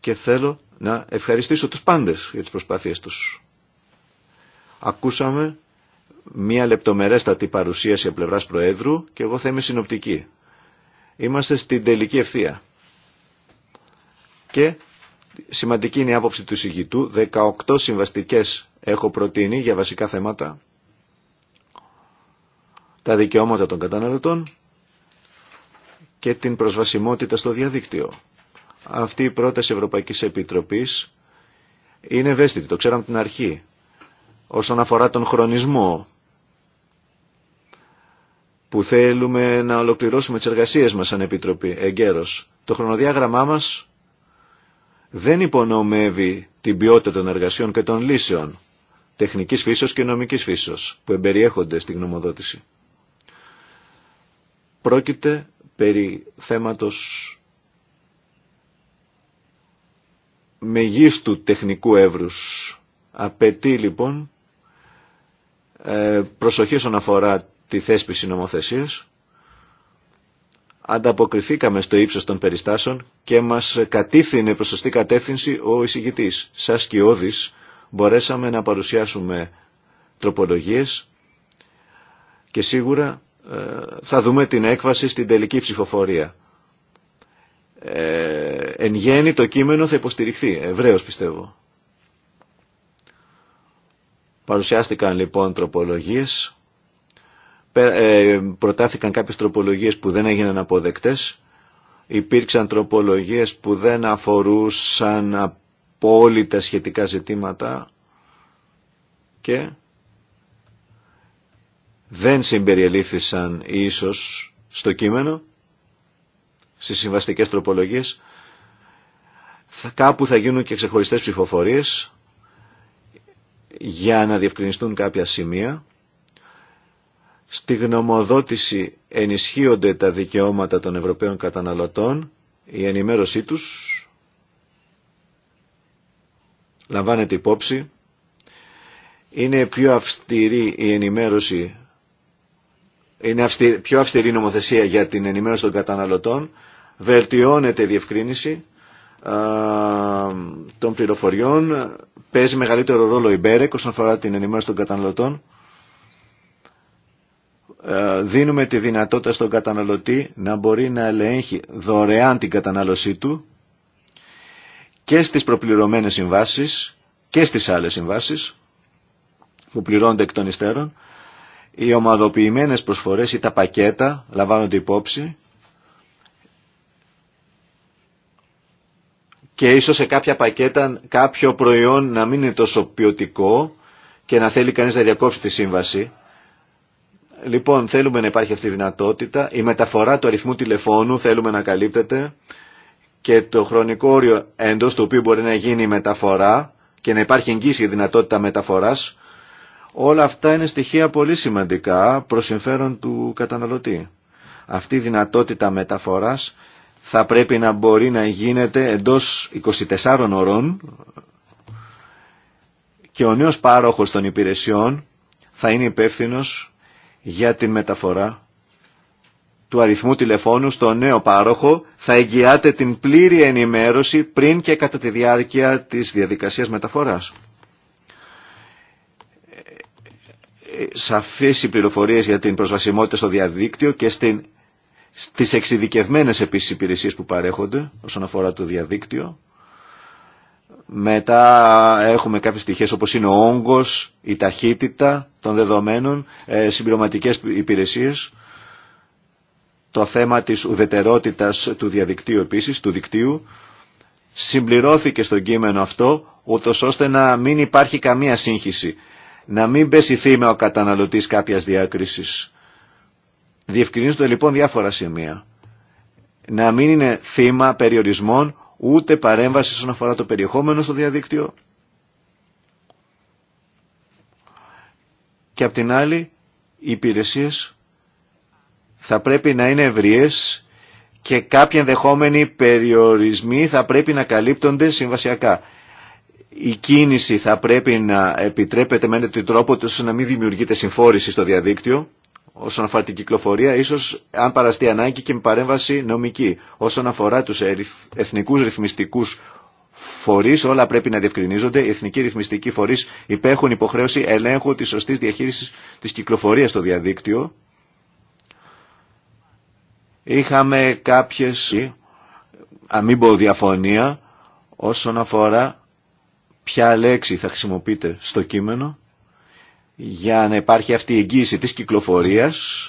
και θέλω να ευχαριστήσω τους πάντες για τις προσπάθειες τους. Ακούσαμε μία λεπτομερέστατη παρουσίαση από πλευράς Προέδρου και εγώ θα είμαι συνοπτική. Είμαστε στην τελική ευθεία. Και Σημαντική είναι η άποψη του συγητού. 18 συμβαστικές έχω προτείνει για βασικά θέματα. Τα δικαιώματα των καταναλωτών και την προσβασιμότητα στο διαδίκτυο. Αυτή η πρόταση Ευρωπαϊκής Επιτροπής είναι ευαίσθητη, το ξέραμε την αρχή, όσον αφορά τον χρονισμό που θέλουμε να ολοκληρώσουμε τις εργασίες μας σαν Επιτροπή, εγκαίρως. Το χρονοδιάγραμμά μας δεν υπονομεύει την ποιότητα των εργασιών και των λύσεων τεχνικής φύσεως και νομικής φύσεως που εμπεριέχονται στη γνωμοδότηση. Πρόκειται περί θέματος μεγίστου τεχνικού εύρους. Απαιτεί λοιπόν ε, προσοχή όσον αφορά τη θέσπιση νομοθεσίας ανταποκριθήκαμε στο ύψο των περιστάσεων και μα κατήφθηνε προ σωστή κατεύθυνση ο εισηγητή. Σαν σκιώδη μπορέσαμε να παρουσιάσουμε τροπολογίες και σίγουρα ε, θα δούμε την έκβαση στην τελική ψηφοφορία. Ε, εν γέννη το κείμενο θα υποστηριχθεί, ευρέως πιστεύω. Παρουσιάστηκαν λοιπόν τροπολογίες ε, προτάθηκαν κάποιες τροπολογίες που δεν έγιναν αποδεκτές. Υπήρξαν τροπολογίες που δεν αφορούσαν απόλυτα σχετικά ζητήματα και δεν συμπεριελήφθησαν ίσως στο κείμενο, στις συμβαστικές τροπολογίες. Κάπου θα γίνουν και ξεχωριστές ψηφοφορίες για να διευκρινιστούν κάποια σημεία Στη γνωμοδότηση ενισχύονται τα δικαιώματα των Ευρωπαίων καταναλωτών, η ενημέρωσή τους λαμβάνεται υπόψη, είναι πιο αυστηρή η ενημέρωση, είναι αυστηρή, πιο αυστηρή νομοθεσία για την ενημέρωση των καταναλωτών, βελτιώνεται η διευκρίνηση α, των πληροφοριών, παίζει μεγαλύτερο ρόλο η Μπέρεκ όσον αφορά την ενημέρωση των καταναλωτών, ε, δίνουμε τη δυνατότητα στον καταναλωτή να μπορεί να ελέγχει δωρεάν την κατανάλωσή του και στις προπληρωμένες συμβάσεις και στις άλλες συμβάσεις που πληρώνονται εκ των υστέρων οι ομαδοποιημένες προσφορές ή τα πακέτα λαμβάνονται υπόψη και ίσως σε κάποια πακέτα κάποιο προϊόν να μην είναι τόσο ποιοτικό και να θέλει κανείς να διακόψει τη σύμβαση Λοιπόν, θέλουμε να υπάρχει αυτή η δυνατότητα. Η μεταφορά του αριθμού τηλεφώνου θέλουμε να καλύπτεται και το χρονικό όριο εντός του οποίου μπορεί να γίνει η μεταφορά και να υπάρχει εγγύηση δυνατότητα μεταφοράς. Όλα αυτά είναι στοιχεία πολύ σημαντικά προ συμφέρον του καταναλωτή. Αυτή η δυνατότητα μεταφοράς θα πρέπει να μπορεί να γίνεται εντό 24 ωρών και ο νέος πάροχος των υπηρεσιών θα είναι υπεύθυνος για την μεταφορά του αριθμού τηλεφώνου στο νέο πάροχο θα εγγυάται την πλήρη ενημέρωση πριν και κατά τη διάρκεια της διαδικασίας μεταφοράς. Ε, σαφείς οι πληροφορίες για την προσβασιμότητα στο διαδίκτυο και στην, στις εξειδικευμένες επίσης υπηρεσίες που παρέχονται όσον αφορά το διαδίκτυο. Μετά έχουμε κάποιες στοιχείες όπως είναι ο όγκος, η ταχύτητα των δεδομένων, ε, συμπληρωματικές υπηρεσίες, το θέμα της ουδετερότητας του διαδικτύου επίσης, του δικτύου, συμπληρώθηκε στο κείμενο αυτό, ούτως ώστε να μην υπάρχει καμία σύγχυση, να μην πέσει θύμα ο καταναλωτής κάποιας διάκρισης. Διευκρινίζονται λοιπόν διάφορα σημεία. Να μην είναι θύμα περιορισμών ούτε παρέμβαση όσον αφορά το περιεχόμενο στο διαδίκτυο. Και απ' την άλλη, οι υπηρεσίες θα πρέπει να είναι ευρείες και κάποιοι ενδεχόμενοι περιορισμοί θα πρέπει να καλύπτονται συμβασιακά. Η κίνηση θα πρέπει να επιτρέπεται με έναν τρόπο ώστε να μην δημιουργείται συμφόρηση στο διαδίκτυο όσον αφορά την κυκλοφορία, ίσως αν παραστεί ανάγκη και με παρέμβαση νομική. Όσον αφορά τους εθνικούς ρυθμιστικούς φορείς, όλα πρέπει να διευκρινίζονται. Οι εθνικοί ρυθμιστικοί φορείς υπέχουν υποχρέωση ελέγχου της σωστής διαχείρισης της κυκλοφορίας στο διαδίκτυο. Είχαμε κάποιες, αμήμπο διαφωνία, όσον αφορά ποια λέξη θα χρησιμοποιείτε στο κείμενο για να υπάρχει αυτή η εγγύηση της κυκλοφορίας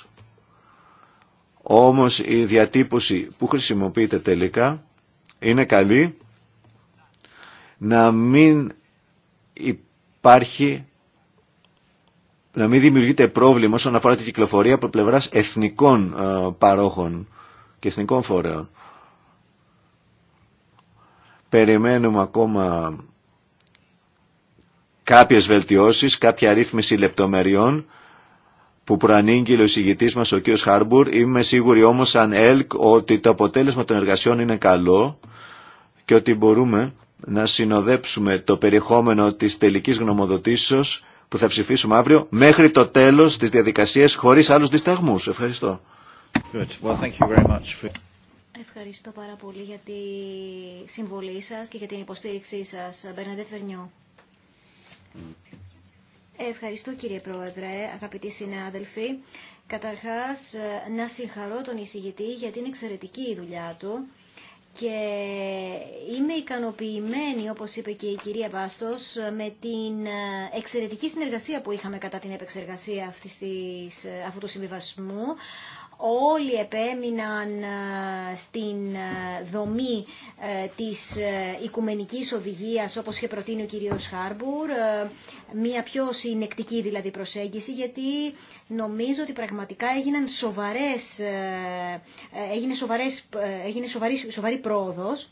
όμως η διατύπωση που χρησιμοποιείται τελικά είναι καλή να μην υπάρχει να μην δημιουργείται πρόβλημα όσον αφορά την κυκλοφορία από πλευράς εθνικών ε, παρόχων και εθνικών φορέων. Περιμένουμε ακόμα κάποιες βελτιώσεις, κάποια ρύθμιση λεπτομεριών που προανήγγειλε ο εισηγητής μας ο κ. Χάρμπουρ. Είμαι σίγουρη όμως σαν ΕΛΚ ότι το αποτέλεσμα των εργασιών είναι καλό και ότι μπορούμε να συνοδέψουμε το περιεχόμενο της τελικής γνωμοδοτήσεως που θα ψηφίσουμε αύριο μέχρι το τέλος της διαδικασίας χωρίς άλλους δισταγμούς. Ευχαριστώ. Well, thank you very much Ευχαριστώ πάρα πολύ για τη συμβολή σας και για την υποστήριξή σας. Μπερναντέτ Βερνιό. Ευχαριστώ κύριε Πρόεδρε, αγαπητοί συνάδελφοι. Καταρχάς, να συγχαρώ τον εισηγητή για την εξαιρετική η δουλειά του και είμαι ικανοποιημένη, όπως είπε και η κυρία Πάστος, με την εξαιρετική συνεργασία που είχαμε κατά την επεξεργασία αυτής της, αυτού του συμβιβασμού όλοι επέμειναν ε, στην ε, δομή ε, της οικουμενικής οδηγίας όπως είχε προτείνει ο κύριος Χάρμπουρ, μια πιο συνεκτική δηλαδή προσέγγιση γιατί νομίζω ότι πραγματικά έγιναν σοβαρές, έγινε, σοβαρές, έγινε σοβαρή, σοβαρή πρόοδος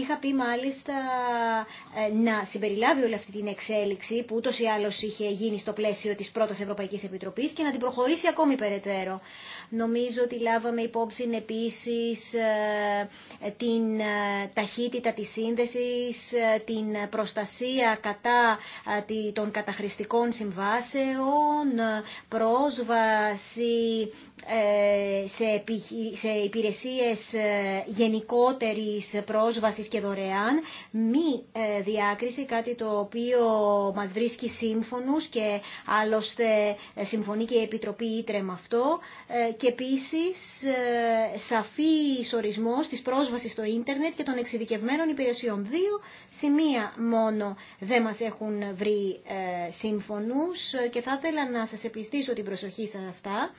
Είχα πει μάλιστα ε, να συμπεριλάβει όλη αυτή την εξέλιξη που ούτως ή άλλως είχε γίνει στο πλαίσιο της πρώτας Ευρωπαϊκής Επιτροπής και να την προχωρήσει ακόμη περαιτέρω. Νομίζω ότι λάβαμε υπόψη επίσης ε, την ε, ταχύτητα της σύνδεσης, ε, την προστασία κατά των καταχρηστικών συμβάσεων, πρόσβαση σε υπηρεσίες γενικότερης πρόσβασης και δωρεάν, μη διάκριση, κάτι το οποίο μας βρίσκει σύμφωνους και άλλωστε συμφωνεί και η Επιτροπή Ήτρε με αυτό και επίσης ε, σαφής ορισμός της πρόσβασης στο ίντερνετ και των εξειδικευμένων υπηρεσιών. Δύο σημεία μόνο δεν μας έχουν βρει ε, σύμφωνους και θα ήθελα να σας επιστήσω την προσοχή σε αυτά.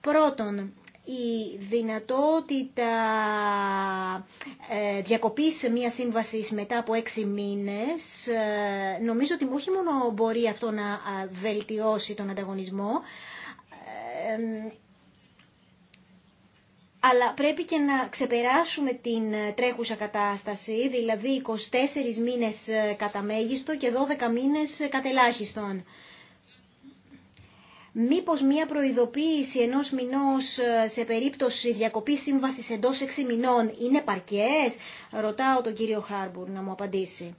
Πρώτον, η δυνατότητα ε, διακοπής μια σύμβαση μετά από έξι μήνες νομίζω ότι όχι μόνο μπορεί αυτό να βελτιώσει τον ανταγωνισμό αλλά πρέπει και να ξεπεράσουμε την ε, τρέχουσα κατάσταση, δηλαδή 24 μήνες ε, κατά μέγιστο και 12 μήνες ε, κατελάχιστον. Μήπως μία προειδοποίηση ενός μηνός σε περίπτωση διακοπής σύμβασης εντός 6 μηνών είναι παρκές, ρωτάω τον κύριο Χάρμπουρ να μου απαντήσει.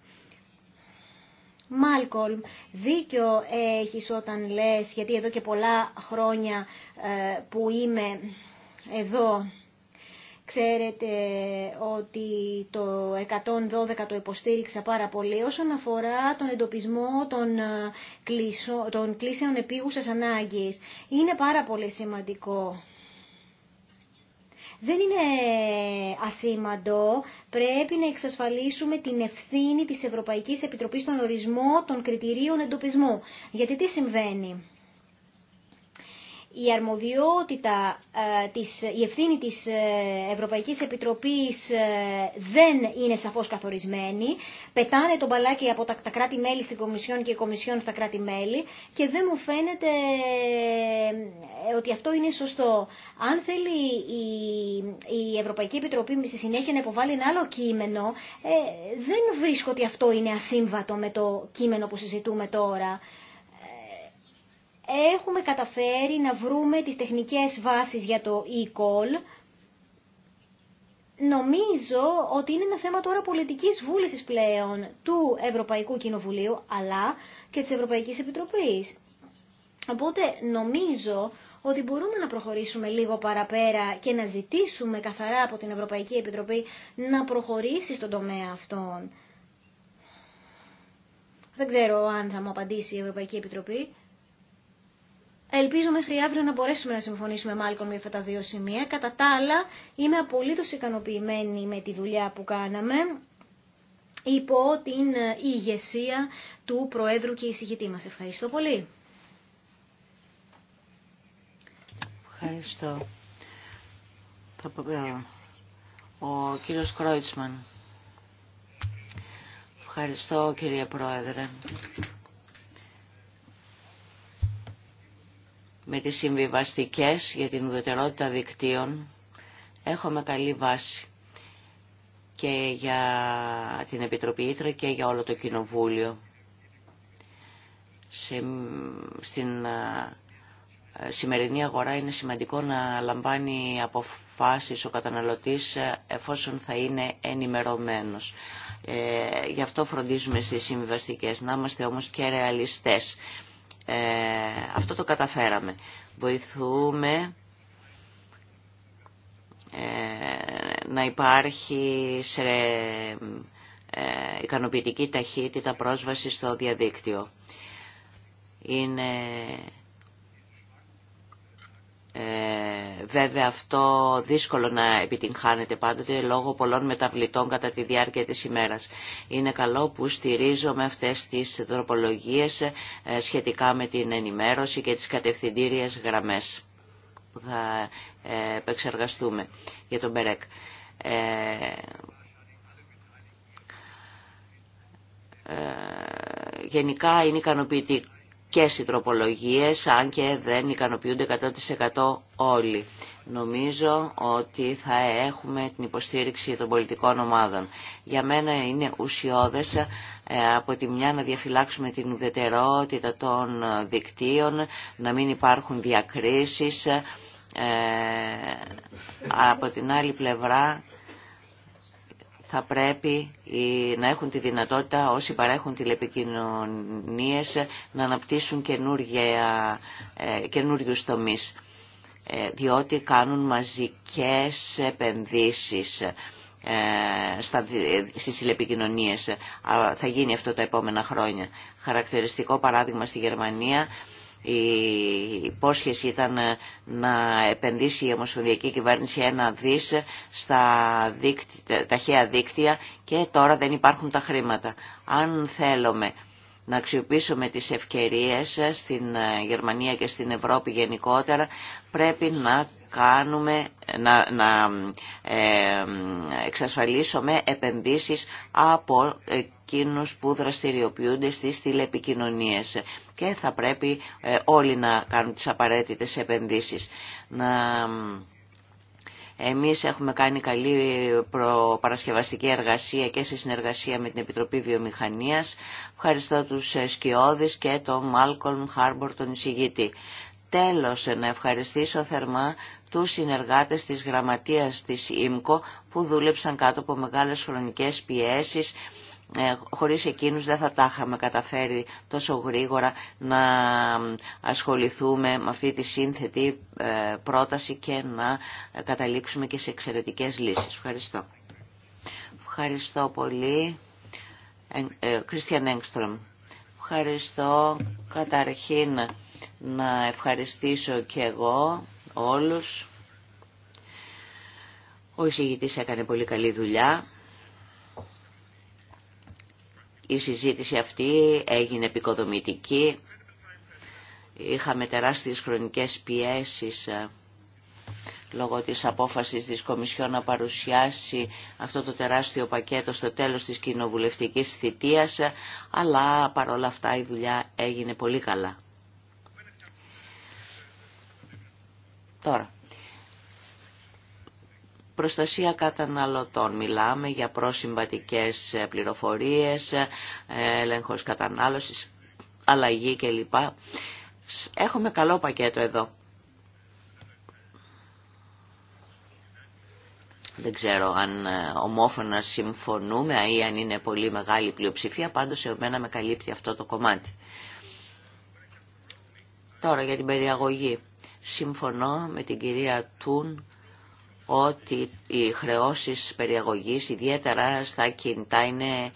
Μάλκολμ, δίκιο έχεις όταν λες, γιατί εδώ και πολλά χρόνια που είμαι εδώ Ξέρετε ότι το 112 το υποστήριξα πάρα πολύ όσον αφορά τον εντοπισμό των, ε, κλεισο, των κλήσεων επίγουσας ανάγκης. Είναι πάρα πολύ σημαντικό. Δεν είναι ασήμαντο, πρέπει να εξασφαλίσουμε την ευθύνη της Ευρωπαϊκής Επιτροπής στον ορισμό των κριτηρίων εντοπισμού. Γιατί τι συμβαίνει η αρμοδιότητα, ε, της, η ευθύνη της ε, Ευρωπαϊκής Επιτροπής ε, δεν είναι σαφώς καθορισμένη. Πετάνε τον μπαλάκι από τα, κράτη-μέλη στην Κομισιόν και η Κομισιόν στα κράτη-μέλη και δεν μου φαίνεται ότι αυτό είναι σωστό. Αν θέλει η, η Ευρωπαϊκή Επιτροπή στη συνέχεια να υποβάλει ένα άλλο κείμενο, δεν βρίσκω ότι αυτό είναι ασύμβατο με το κείμενο που συζητούμε τώρα έχουμε καταφέρει να βρούμε τις τεχνικές βάσεις για το e-call. Νομίζω ότι είναι ένα θέμα τώρα πολιτικής βούλησης πλέον του Ευρωπαϊκού Κοινοβουλίου, αλλά και της Ευρωπαϊκής Επιτροπής. Οπότε νομίζω ότι μπορούμε να προχωρήσουμε λίγο παραπέρα και να ζητήσουμε καθαρά από την Ευρωπαϊκή Επιτροπή να προχωρήσει στον τομέα αυτόν. Δεν ξέρω αν θα μου απαντήσει η Ευρωπαϊκή Επιτροπή. Ελπίζω μέχρι αύριο να μπορέσουμε να συμφωνήσουμε μάλλον με αυτά τα δύο σημεία. Κατά τα άλλα, είμαι απολύτω ικανοποιημένη με τη δουλειά που κάναμε υπό την ηγεσία του Προέδρου και εισηγητή μας. Ευχαριστώ πολύ. Ευχαριστώ. Ε, ο κύριος Κρόιτσμαν. Ευχαριστώ κύριε Πρόεδρε. με τις συμβιβαστικές για την ουδετερότητα δικτύων έχουμε καλή βάση και για την Επιτροπή Ήτρα και για όλο το Κοινοβούλιο. στην σημερινή αγορά είναι σημαντικό να λαμβάνει αποφάσεις ο καταναλωτής ε, εφόσον θα είναι ενημερωμένος. Ε, γι' αυτό φροντίζουμε στις συμβιβαστικές, να είμαστε όμως και ρεαλιστές. Ε, αυτό το καταφέραμε. Βοηθούμε ε, να υπάρχει σε ε, ικανοποιητική ταχύτητα πρόσβαση στο διαδίκτυο. Είναι ε, βέβαια αυτό δύσκολο να επιτυγχάνεται πάντοτε λόγω πολλών μεταβλητών κατά τη διάρκεια της ημέρας. Είναι καλό που στηρίζομαι αυτές τις τροπολογίες ε, σχετικά με την ενημέρωση και τις κατευθυντήριες γραμμές που θα ε, επεξεργαστούμε για τον ΠΕΡΕΚ. Ε, γενικά είναι ικανοποιητικό οι τροπολογίες, αν και δεν ικανοποιούνται 100% όλοι. Νομίζω ότι θα έχουμε την υποστήριξη των πολιτικών ομάδων. Για μένα είναι ουσιώδες ε, από τη μια να διαφυλάξουμε την ουδετερότητα των δικτύων, να μην υπάρχουν διακρίσεις. Ε, από την άλλη πλευρά θα πρέπει να έχουν τη δυνατότητα όσοι παρέχουν τηλεπικοινωνίες να αναπτύσσουν ε, καινούριου τομείς ε, διότι κάνουν μαζικές επενδύσεις ε, στις τηλεπικοινωνίες. Θα γίνει αυτό τα επόμενα χρόνια. Χαρακτηριστικό παράδειγμα στη Γερμανία η υπόσχεση ήταν ε, να επενδύσει η Ομοσπονδιακή Κυβέρνηση ένα δις στα δίκτυα, ταχαία δίκτυα και τώρα δεν υπάρχουν τα χρήματα. Αν θέλουμε να αξιοποιήσουμε τις ευκαιρίες ε, στην ε, Γερμανία και στην Ευρώπη γενικότερα πρέπει να κάνουμε, να, να ε, εξασφαλίσουμε επενδύσεις από εκείνους που δραστηριοποιούνται στις τηλεπικοινωνίες και θα πρέπει ε, όλοι να κάνουν τις απαραίτητες επενδύσεις. Να, εμείς έχουμε κάνει καλή προπαρασκευαστική εργασία και σε συνεργασία με την Επιτροπή Βιομηχανίας. Ευχαριστώ τους ε, Σκιώδης και τον Μάλκολμ Χάρμπορ τον εισηγήτη. Τέλος, να ευχαριστήσω θερμά τους συνεργάτες της γραμματείας της ΙΜΚΟ που δούλεψαν κάτω από μεγάλες χρονικές πιέσεις. Ε, χωρίς εκείνους δεν θα τα είχαμε καταφέρει τόσο γρήγορα να ασχοληθούμε με αυτή τη σύνθετη ε, πρόταση και να καταλήξουμε και σε εξαιρετικές λύσεις. Ευχαριστώ. Ευχαριστώ πολύ. Κρίστιαν ε, Έγκστρομ. Ευχαριστώ καταρχήν να ευχαριστήσω και εγώ όλους. Ο εισηγητής έκανε πολύ καλή δουλειά. Η συζήτηση αυτή έγινε επικοδομητική. Είχαμε τεράστιες χρονικές πιέσεις ε, λόγω της απόφασης της Κομισιόν να παρουσιάσει αυτό το τεράστιο πακέτο στο τέλος της κοινοβουλευτικής θητείας, ε, αλλά παρόλα αυτά η δουλειά έγινε πολύ καλά. Τώρα, προστασία καταναλωτών. Μιλάμε για προσυμβατικές ε, πληροφορίες, ε, έλεγχος κατανάλωσης, αλλαγή κλπ. Έχουμε καλό πακέτο εδώ. Δεν ξέρω αν ε, ομόφωνα συμφωνούμε ή αν είναι πολύ μεγάλη πλειοψηφία, πάντως εμένα με καλύπτει αυτό το κομμάτι. Τώρα για την περιαγωγή. Συμφωνώ με την κυρία Τούν ότι οι χρεώσεις περιαγωγή ιδιαίτερα στα κινητά, είναι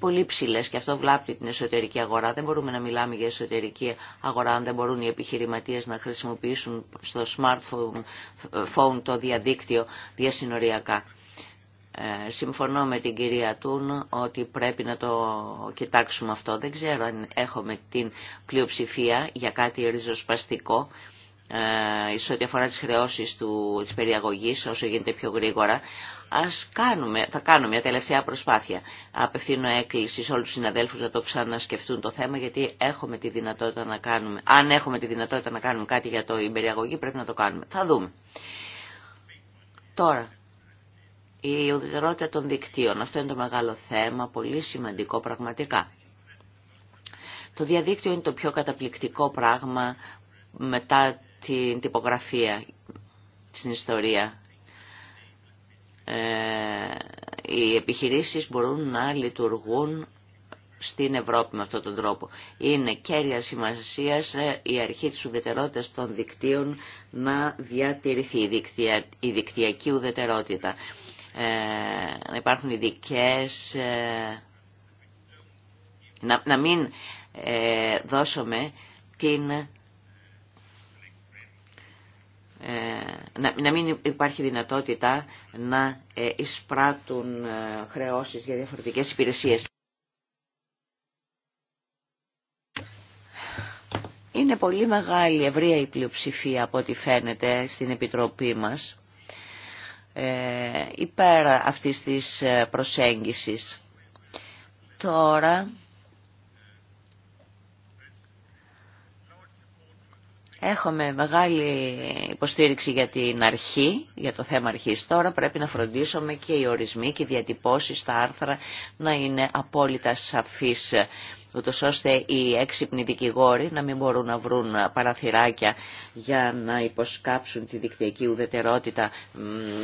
πολύ ψηλές και αυτό βλάπτει την εσωτερική αγορά. Δεν μπορούμε να μιλάμε για εσωτερική αγορά αν δεν μπορούν οι επιχειρηματίες να χρησιμοποιήσουν στο smartphone ε, το διαδίκτυο διασυνοριακά. Ε, συμφωνώ με την κυρία Τούν ότι πρέπει να το κοιτάξουμε αυτό. Δεν ξέρω αν έχουμε την πλειοψηφία για κάτι ριζοσπαστικό σε ό,τι αφορά τις χρεώσεις του, της περιαγωγής όσο γίνεται πιο γρήγορα ας κάνουμε, θα κάνω μια τελευταία προσπάθεια απευθύνω έκκληση σε όλους τους συναδέλφους να το ξανασκεφτούν το θέμα γιατί έχουμε τη δυνατότητα να κάνουμε αν έχουμε τη δυνατότητα να κάνουμε κάτι για το, η περιαγωγή πρέπει να το κάνουμε θα δούμε τώρα η ουδετερότητα των δικτύων, αυτό είναι το μεγάλο θέμα, πολύ σημαντικό πραγματικά. Το διαδίκτυο είναι το πιο καταπληκτικό πράγμα μετά την τυπογραφία στην ιστορία. Ε, οι επιχειρήσεις μπορούν να λειτουργούν στην Ευρώπη με αυτόν τον τρόπο. Είναι κέρια σημασία ε, η αρχή της ουδετερότητας των δικτύων να διατηρηθεί η δικτυακή ουδετερότητα. Ε, να υπάρχουν ειδικέ. Ε, να, να μην ε, δώσουμε την... να, μην υπάρχει δυνατότητα να εισπράττουν χρεώσεις για διαφορετικές υπηρεσίες. Είναι πολύ μεγάλη ευρεία η πλειοψηφία από ό,τι φαίνεται στην Επιτροπή μας ε, υπέρ αυτής της ε, προσέγγισης. Τώρα Έχουμε μεγάλη υποστήριξη για την αρχή, για το θέμα αρχής τώρα. Πρέπει να φροντίσουμε και οι ορισμοί και οι διατυπώσεις στα άρθρα να είναι απόλυτα σαφείς ούτω ώστε οι έξυπνοι δικηγόροι να μην μπορούν να βρουν παραθυράκια για να υποσκάψουν τη δικτυακή ουδετερότητα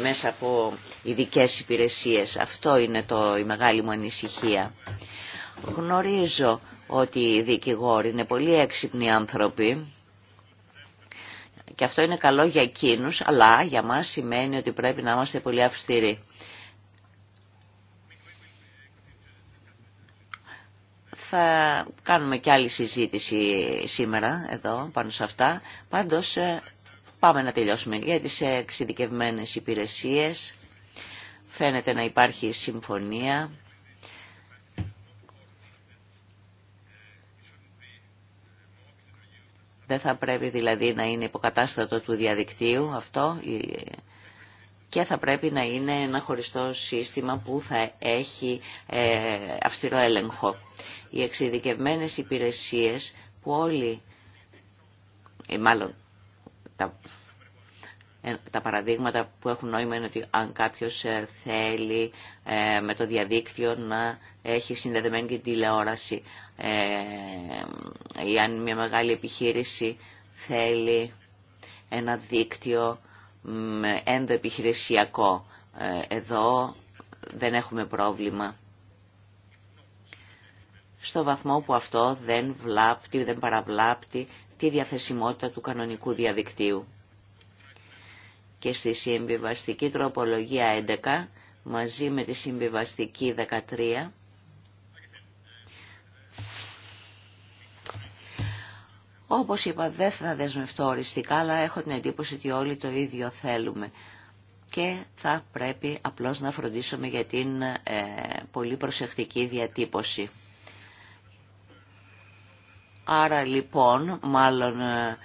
μέσα από ειδικέ υπηρεσίες. Αυτό είναι το, η μεγάλη μου ανησυχία. Γνωρίζω ότι οι δικηγόροι είναι πολύ έξυπνοι άνθρωποι και αυτό είναι καλό για εκείνους, αλλά για μας σημαίνει ότι πρέπει να είμαστε πολύ αυστηροί. Θα κάνουμε και άλλη συζήτηση σήμερα εδώ πάνω σε αυτά. Πάντως ε, πάμε να τελειώσουμε για τις εξειδικευμένες υπηρεσίες. Φαίνεται να υπάρχει συμφωνία Δεν θα πρέπει δηλαδή να είναι υποκατάστατο του διαδικτύου αυτό και θα πρέπει να είναι ένα χωριστό σύστημα που θα έχει ε, αυστηρό έλεγχο. Οι εξειδικευμένες υπηρεσίες που όλοι, μάλλον τα ε, τα παραδείγματα που έχουν νόημα είναι ότι αν κάποιος ε, θέλει ε, με το διαδίκτυο να έχει συνδεδεμένη και τηλεόραση ή αν μια μεγάλη επιχείρηση θέλει ένα δίκτυο ενδοεπιχειρησιακό. Εδώ δεν έχουμε πρόβλημα. Στο βαθμό που αυτό δεν βλάπτει, δεν παραβλάπτει τη διαθεσιμότητα του κανονικού διαδικτύου και στη συμβιβαστική τροπολογία 11 μαζί με τη συμβιβαστική 13 Όπως είπα δεν θα δεσμευτώ οριστικά αλλά έχω την εντύπωση ότι όλοι το ίδιο θέλουμε και θα πρέπει απλώς να φροντίσουμε για την ε, πολύ προσεκτική διατύπωση. Άρα λοιπόν μάλλον ε,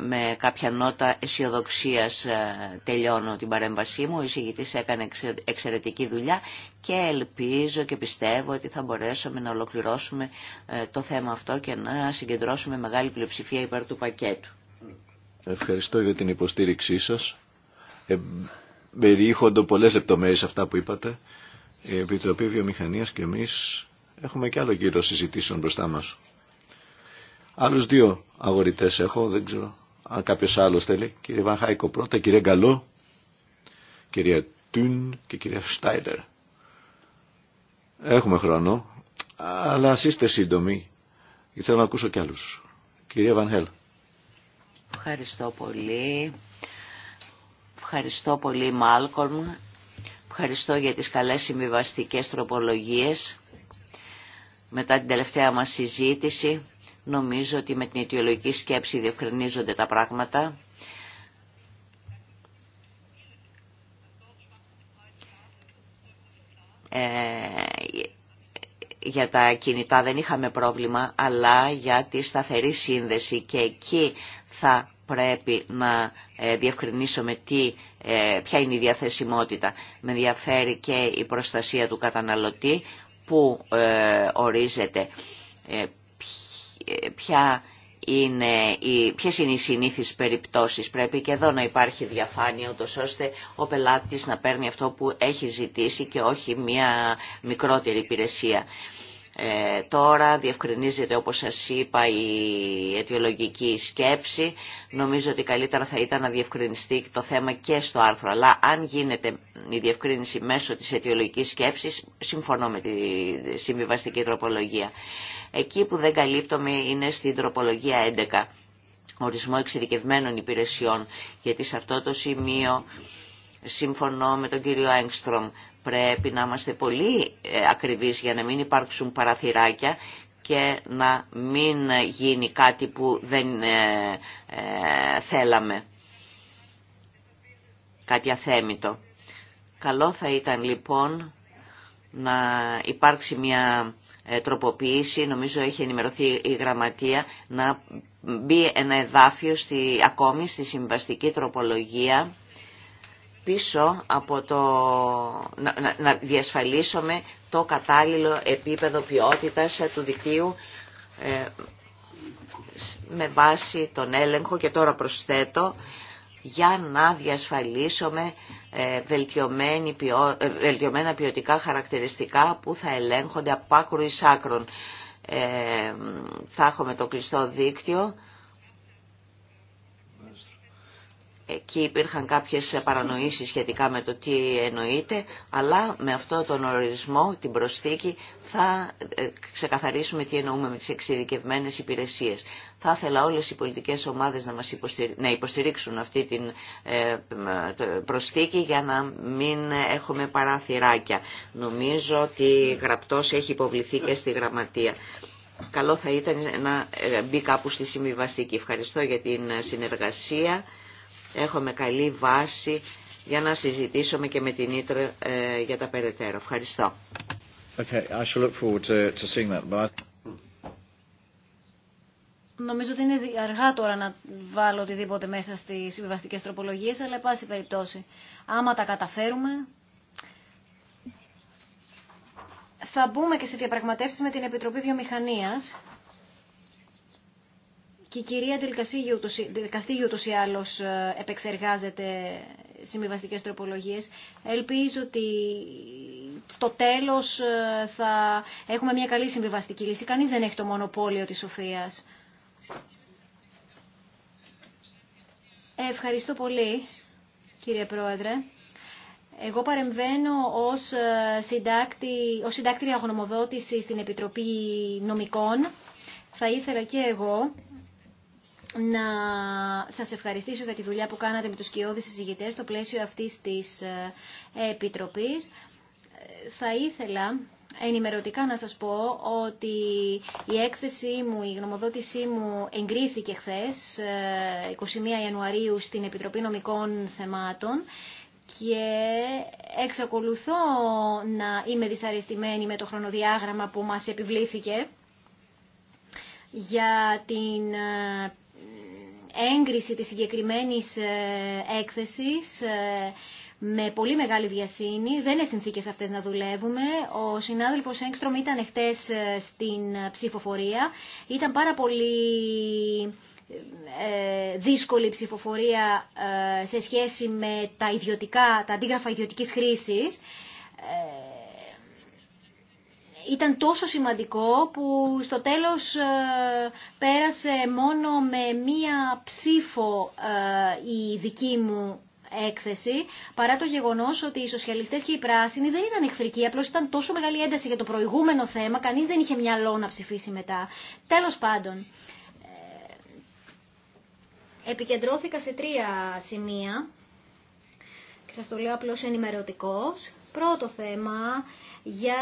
με κάποια νότα αισιοδοξία ε, τελειώνω την παρέμβασή μου. Ο εισηγητής έκανε εξαιρετική δουλειά και ελπίζω και πιστεύω ότι θα μπορέσουμε να ολοκληρώσουμε ε, το θέμα αυτό και να συγκεντρώσουμε μεγάλη πλειοψηφία υπέρ του πακέτου. Ευχαριστώ για την υποστήριξή σα Ε, περιείχονται πολλές λεπτομέρειες αυτά που είπατε. Η Επιτροπή βιομηχανία και εμεί έχουμε και άλλο κύριο συζητήσεων μπροστά μα. Άλλους δύο αγορητές έχω, δεν ξέρω αν κάποιος άλλος θέλει. Κύριε Βανχάικο πρώτα, κύριε Γκαλό, κυρία Τούν και κυρία Στάιντερ. Έχουμε χρόνο, αλλά ας είστε σύντομοι, γιατί θέλω να ακούσω κι άλλους. Κυρία Βανχέλ. Ευχαριστώ πολύ. Ευχαριστώ πολύ Μάλκομ. Ευχαριστώ για τις καλές συμβιβαστικέ τροπολογίες μετά την τελευταία μας συζήτηση. Νομίζω ότι με την αιτιολογική σκέψη διευκρινίζονται τα πράγματα. Ε, για τα κινητά δεν είχαμε πρόβλημα, αλλά για τη σταθερή σύνδεση και εκεί θα πρέπει να ε, διευκρινίσουμε τι, ε, ποια είναι η διαθεσιμότητα. Με ενδιαφέρει και η προστασία του καταναλωτή που ε, ορίζεται ποια είναι, ποιες είναι οι συνήθεις περιπτώσεις. Πρέπει και εδώ να υπάρχει διαφάνεια, ούτως ώστε ο πελάτης να παίρνει αυτό που έχει ζητήσει και όχι μια μικρότερη υπηρεσία. Ε, τώρα διευκρινίζεται όπως σας είπα η αιτιολογική σκέψη. Νομίζω ότι καλύτερα θα ήταν να διευκρινιστεί το θέμα και στο άρθρο. Αλλά αν γίνεται η διευκρίνηση μέσω της αιτιολογικής σκέψης, συμφωνώ με τη συμβιβαστική τροπολογία. Εκεί που δεν καλύπτομαι είναι στην τροπολογία 11 ορισμό εξειδικευμένων υπηρεσιών, γιατί σε αυτό το σημείο Συμφωνώ με τον κύριο Έγκστρομ. Πρέπει να είμαστε πολύ ε, ακριβείς για να μην υπάρξουν παραθυράκια και να μην γίνει κάτι που δεν ε, ε, θέλαμε. Κάτι αθέμητο. Καλό θα ήταν λοιπόν να υπάρξει μια τροποποίηση, νομίζω έχει ενημερωθεί η γραμματεία, να μπει ένα εδάφιο στη, ακόμη στη συμβαστική τροπολογία πίσω από το να, να, να διασφαλίσουμε το κατάλληλο επίπεδο ποιότητας ε, του δικτύου ε, με βάση τον έλεγχο και τώρα προσθέτω για να διασφαλίσουμε ε, ε, βελτιωμένα ποιοτικά χαρακτηριστικά που θα ελέγχονται από άκρου Ε, θα έχουμε το κλειστό δίκτυο Εκεί υπήρχαν κάποιες παρανοήσεις σχετικά με το τι εννοείται, αλλά με αυτό τον ορισμό, την προσθήκη, θα ε, ξεκαθαρίσουμε τι εννοούμε με τις εξειδικευμένες υπηρεσίες. Θα ήθελα όλες οι πολιτικές ομάδες να, μας να υποστηρίξουν αυτή την ε, προσθήκη για να μην έχουμε παράθυράκια. Νομίζω ότι γραπτός έχει υποβληθεί και στη γραμματεία. Καλό θα ήταν να ε, μπει κάπου στη συμβιβαστική. Ευχαριστώ για την συνεργασία έχουμε καλή βάση για να συζητήσουμε και με την Ήτρο ε, για τα περαιτέρω. Ευχαριστώ. Νομίζω ότι είναι αργά τώρα να βάλω οτιδήποτε μέσα στι συμβιβαστικέ τροπολογίε, αλλά πάση περιπτώσει. Άμα τα καταφέρουμε, θα μπούμε και σε διαπραγματεύσει με την Επιτροπή βιομηχανία. Και η κυρία Τελκαστήγη ούτως ή άλλως ε, επεξεργάζεται συμβιβαστικές τροπολογίες. Ελπίζω ότι στο τέλος ε, θα έχουμε μια καλή συμβιβαστική λύση. Κανείς δεν έχει το μονοπόλιο της σοφίας. Ευχαριστώ πολύ, κύριε Πρόεδρε. Εγώ παρεμβαίνω ως, ε, συντάκτη, ως συντάκτρια γνωμοδότηση στην Επιτροπή Νομικών. Θα ήθελα και εγώ να σας ευχαριστήσω για τη δουλειά που κάνατε με τους κοιόδης συζητητές στο πλαίσιο αυτής της ε, Επιτροπής. Θα ήθελα ενημερωτικά να σας πω ότι η έκθεσή μου, η γνωμοδότησή μου εγκρίθηκε χθες, 21 ε, Ιανουαρίου, στην Επιτροπή Νομικών Θεμάτων και εξακολουθώ να είμαι δυσαρεστημένη με το χρονοδιάγραμμα που μας επιβλήθηκε για την ε, έγκριση της συγκεκριμένης ε, έκθεσης ε, με πολύ μεγάλη βιασύνη. Δεν είναι συνθήκε αυτέ να δουλεύουμε. Ο συνάδελφος Έγκστρομ ήταν εχθές ε, στην ψηφοφορία. Ήταν πάρα πολύ δύσκολη ψηφοφορία σε σχέση με τα ιδιωτικά, τα αντίγραφα ιδιωτικής χρήσης ήταν τόσο σημαντικό που στο τέλος ε, πέρασε μόνο με μία ψήφο ε, η δική μου έκθεση, παρά το γεγονός ότι οι σοσιαλιστές και οι πράσινοι δεν ήταν εχθρικοί, απλώς ήταν τόσο μεγάλη ένταση για το προηγούμενο θέμα, κανείς δεν είχε μυαλό να ψηφίσει μετά. Τέλος πάντων, ε, επικεντρώθηκα σε τρία σημεία και σας το λέω απλώς ενημερωτικός. Πρώτο θέμα για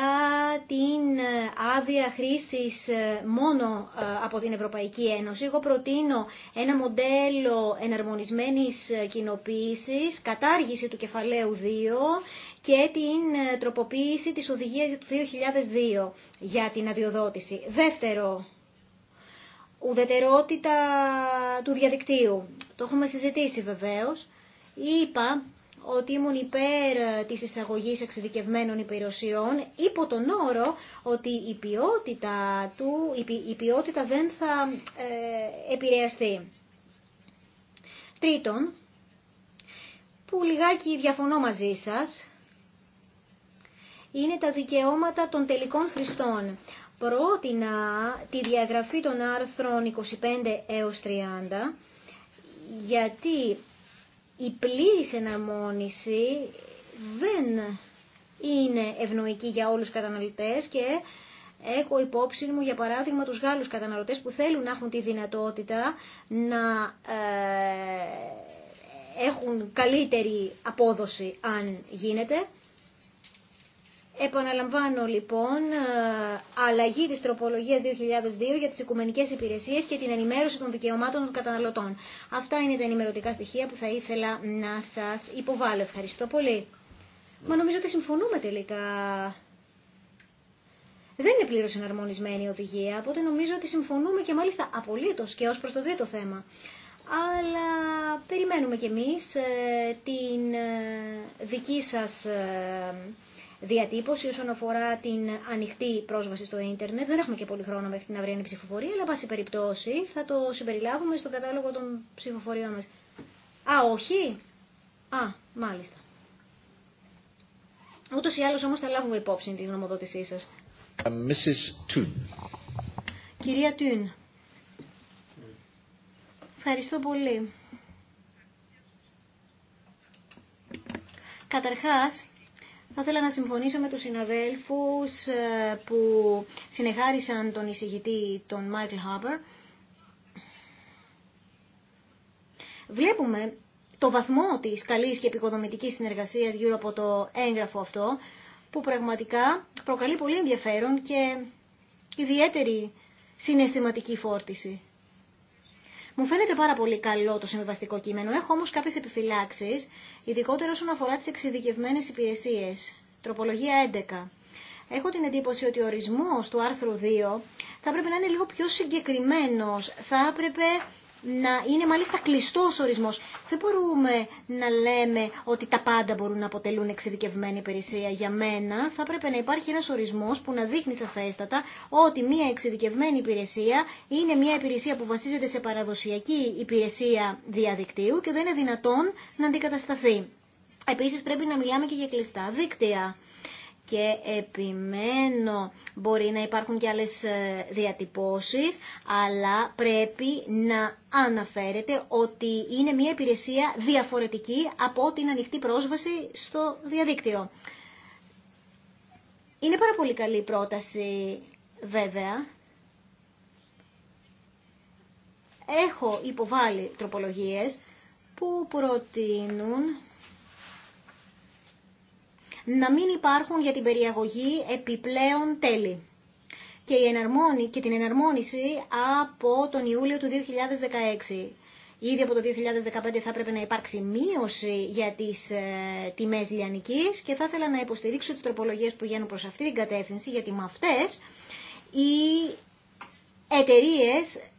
την ε, άδεια χρήσης ε, μόνο ε, από την Ευρωπαϊκή Ένωση. Εγώ προτείνω ένα μοντέλο εναρμονισμένης κοινοποίησης, κατάργηση του κεφαλαίου 2 και την τροποποίηση της οδηγίας του 2002 για την αδειοδότηση. Δεύτερο, ουδετερότητα του διαδικτύου. Το έχουμε συζητήσει βεβαίως. Είπα ότι ήμουν υπέρ ε, της εισαγωγής εξειδικευμένων υπηρεσιών υπό τον όρο ότι η ποιότητα, του, η ποιότητα δεν θα ε, επηρεαστεί. Τρίτον, που λιγάκι διαφωνώ μαζί σας, είναι τα δικαιώματα των τελικών χρηστών. Πρότεινα τη διαγραφή των άρθρων 25 έως 30, γιατί η πλήρης εναρμόνιση δεν είναι ευνοϊκή για όλους τους καταναλωτές και έχω υπόψη μου για παράδειγμα τους Γάλλους καταναλωτές που θέλουν να έχουν τη δυνατότητα να ε, έχουν καλύτερη απόδοση αν γίνεται Επαναλαμβάνω λοιπόν ε, αλλαγή της τροπολογίας 2002 για τις οικουμενικές υπηρεσίες και την ενημέρωση των δικαιωμάτων των καταναλωτών. Αυτά είναι τα ενημερωτικά στοιχεία που θα ήθελα να σας υποβάλω. Ευχαριστώ πολύ. Μα νομίζω ότι συμφωνούμε τελικά. Δεν είναι πλήρω εναρμονισμένη η οδηγία, οπότε νομίζω ότι συμφωνούμε και μάλιστα απολύτως και ως προς το τρίτο θέμα. Αλλά περιμένουμε κι εμείς ε, την ε, δική σας διατύπωση όσον αφορά την ανοιχτή πρόσβαση στο ίντερνετ. Δεν έχουμε και πολύ χρόνο μέχρι την αυριανή ψηφοφορία, αλλά πάση περιπτώσει θα το συμπεριλάβουμε στον κατάλογο των ψηφοφοριών μας. Α, όχι. Α, μάλιστα. Ούτως ή άλλως όμως θα λάβουμε υπόψη την γνωμοδότησή σας. Ε, Κυρία Τούν. Ευχαριστώ πολύ. Καταρχάς, θα ήθελα να συμφωνήσω με τους συναδέλφους ε, που συνεχάρισαν τον εισηγητή τον Μάικλ Χάμπερ. Βλέπουμε το βαθμό της καλής και επικοδομητικής συνεργασίας γύρω από το έγγραφο αυτό, που πραγματικά προκαλεί πολύ ενδιαφέρον και ιδιαίτερη συναισθηματική φόρτιση. Μου φαίνεται πάρα πολύ καλό το συμβιβαστικό κείμενο. Έχω όμω κάποιες επιφυλάξεις, ειδικότερα όσον αφορά τις εξειδικευμένε υπηρεσίε. Τροπολογία 11. Έχω την εντύπωση ότι ο ορισμός του άρθρου 2 θα πρέπει να είναι λίγο πιο συγκεκριμένος. Θα έπρεπε να είναι μάλιστα κλειστός ορισμός. Δεν μπορούμε να λέμε ότι τα πάντα μπορούν να αποτελούν εξειδικευμένη υπηρεσία. Για μένα θα πρέπει να υπάρχει ένας ορισμός που να δείχνει σαφέστατα ότι μια εξειδικευμένη υπηρεσία είναι μια υπηρεσία που βασίζεται σε παραδοσιακή υπηρεσία διαδικτύου και δεν είναι δυνατόν να αντικατασταθεί. Επίσης πρέπει να μιλάμε και για κλειστά δίκτυα και επιμένω μπορεί να υπάρχουν και άλλες ε, διατυπώσεις, αλλά πρέπει να αναφέρεται ότι είναι μια υπηρεσία διαφορετική από την ανοιχτή πρόσβαση στο διαδίκτυο. Είναι πάρα πολύ καλή πρόταση βέβαια. Έχω υποβάλει τροπολογίες που προτείνουν να μην υπάρχουν για την περιαγωγή επιπλέον τέλη και, η την εναρμόνιση από τον Ιούλιο του 2016. Ήδη από το 2015 θα πρέπει να υπάρξει μείωση για τις ε, τιμές λιανικής και θα ήθελα να υποστηρίξω τις τροπολογίες που γίνουν προς αυτή την κατεύθυνση γιατί με αυτές οι εταιρείε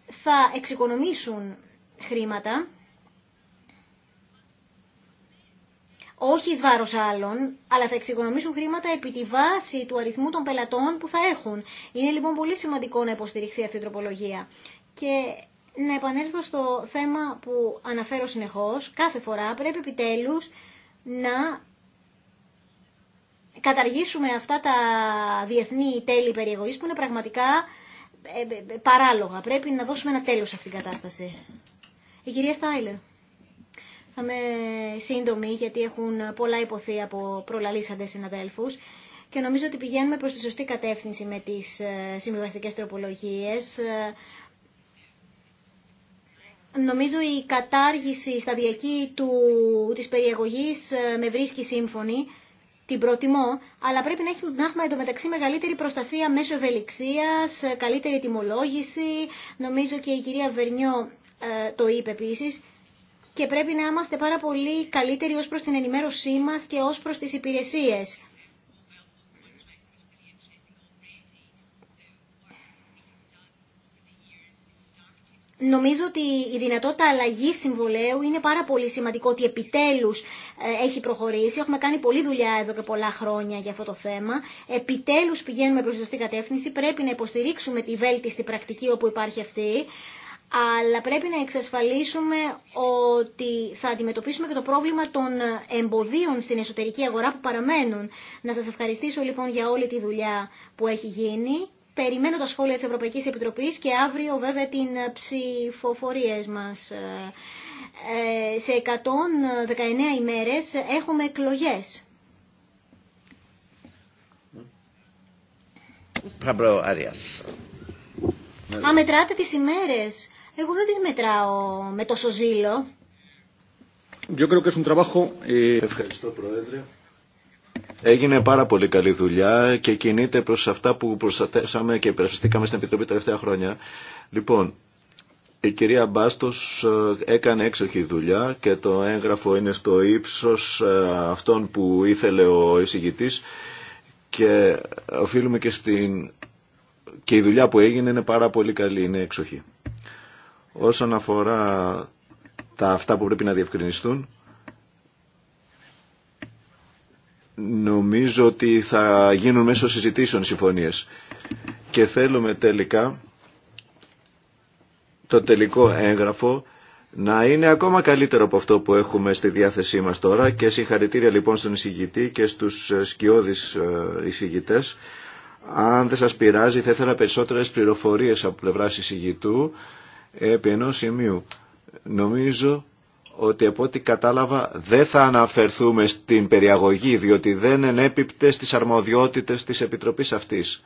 θα εξοικονομήσουν χρήματα όχι εις βάρος άλλων, αλλά θα εξοικονομήσουν χρήματα επί τη βάση του αριθμού των πελατών που θα έχουν. Είναι λοιπόν πολύ σημαντικό να υποστηριχθεί αυτή η τροπολογία. Και να επανέλθω στο θέμα που αναφέρω συνεχώς, κάθε φορά πρέπει επιτέλους να καταργήσουμε αυτά τα διεθνή τέλη περιεγωγής που είναι πραγματικά ε, ε, παράλογα. Πρέπει να δώσουμε ένα τέλος σε αυτήν την κατάσταση. Η κυρία Στάιλερ. Θα είμαι σύντομη γιατί έχουν πολλά υποθεί από προλαλήσαντες συναδέλφους και νομίζω ότι πηγαίνουμε προς τη σωστή κατεύθυνση με τις ε, συμβιβαστικές τροπολογίες. Ε, νομίζω η κατάργηση σταδιακή του, της περιεγωγής ε, με βρίσκει σύμφωνη. Την προτιμώ, αλλά πρέπει να έχουμε, να έχουμε εντωμεταξύ μεγαλύτερη προστασία μέσω ευελιξίας, καλύτερη τιμολόγηση. Νομίζω και η κυρία Βερνιό το είπε επίσης και πρέπει να είμαστε πάρα πολύ καλύτεροι ως προς την ενημέρωσή μας και ως προς τις υπηρεσίες. Νομίζω ότι η δυνατότητα αλλαγή συμβολέου είναι πάρα πολύ σημαντικό ότι επιτέλους ε, έχει προχωρήσει. Έχουμε κάνει πολλή δουλειά εδώ και πολλά χρόνια για αυτό το θέμα. Επιτέλους πηγαίνουμε προς τη σωστή κατεύθυνση. Πρέπει να υποστηρίξουμε τη βέλτιστη πρακτική όπου υπάρχει αυτή αλλά πρέπει να εξασφαλίσουμε ότι θα αντιμετωπίσουμε και το πρόβλημα των εμποδίων στην εσωτερική αγορά που παραμένουν. Να σας ευχαριστήσω λοιπόν για όλη τη δουλειά που έχει γίνει. Περιμένω τα σχόλια της Ευρωπαϊκής Επιτροπής και αύριο βέβαια την ψηφοφορία μας. Ε, σε 119 ημέρες έχουμε εκλογές. Α, μετράτε τις ημέρες εγώ δεν τις μετράω με τόσο ζήλο. Yo creo que es un trabajo... Eh, Ευχαριστώ Πρόεδρε. Έγινε πάρα πολύ καλή δουλειά και κινείται προς αυτά που προστατέσαμε και υπερασπιστήκαμε στην Επιτροπή τα τελευταία χρόνια. Λοιπόν, η κυρία Μπάστος ε, έκανε έξοχη δουλειά και το έγγραφο είναι στο ύψος ε, αυτών που ήθελε ο εισηγητής και οφείλουμε και στην... και η δουλειά που έγινε είναι πάρα πολύ καλή, είναι έξοχη όσον αφορά τα αυτά που πρέπει να διευκρινιστούν. Νομίζω ότι θα γίνουν μέσω συζητήσεων συμφωνίες. Και θέλουμε τελικά το τελικό έγγραφο να είναι ακόμα καλύτερο από αυτό που έχουμε στη διάθεσή μας τώρα και συγχαρητήρια λοιπόν στον εισηγητή και στους ε, σκιώδεις ε, εισηγητέ. Αν δεν σας πειράζει θα ήθελα περισσότερες πληροφορίες από πλευράς εισηγητού επί ενός σημείου. Νομίζω ότι από ό,τι κατάλαβα δεν θα αναφερθούμε στην περιαγωγή διότι δεν ενέπιπτε στις αρμοδιότητες της Επιτροπής αυτής.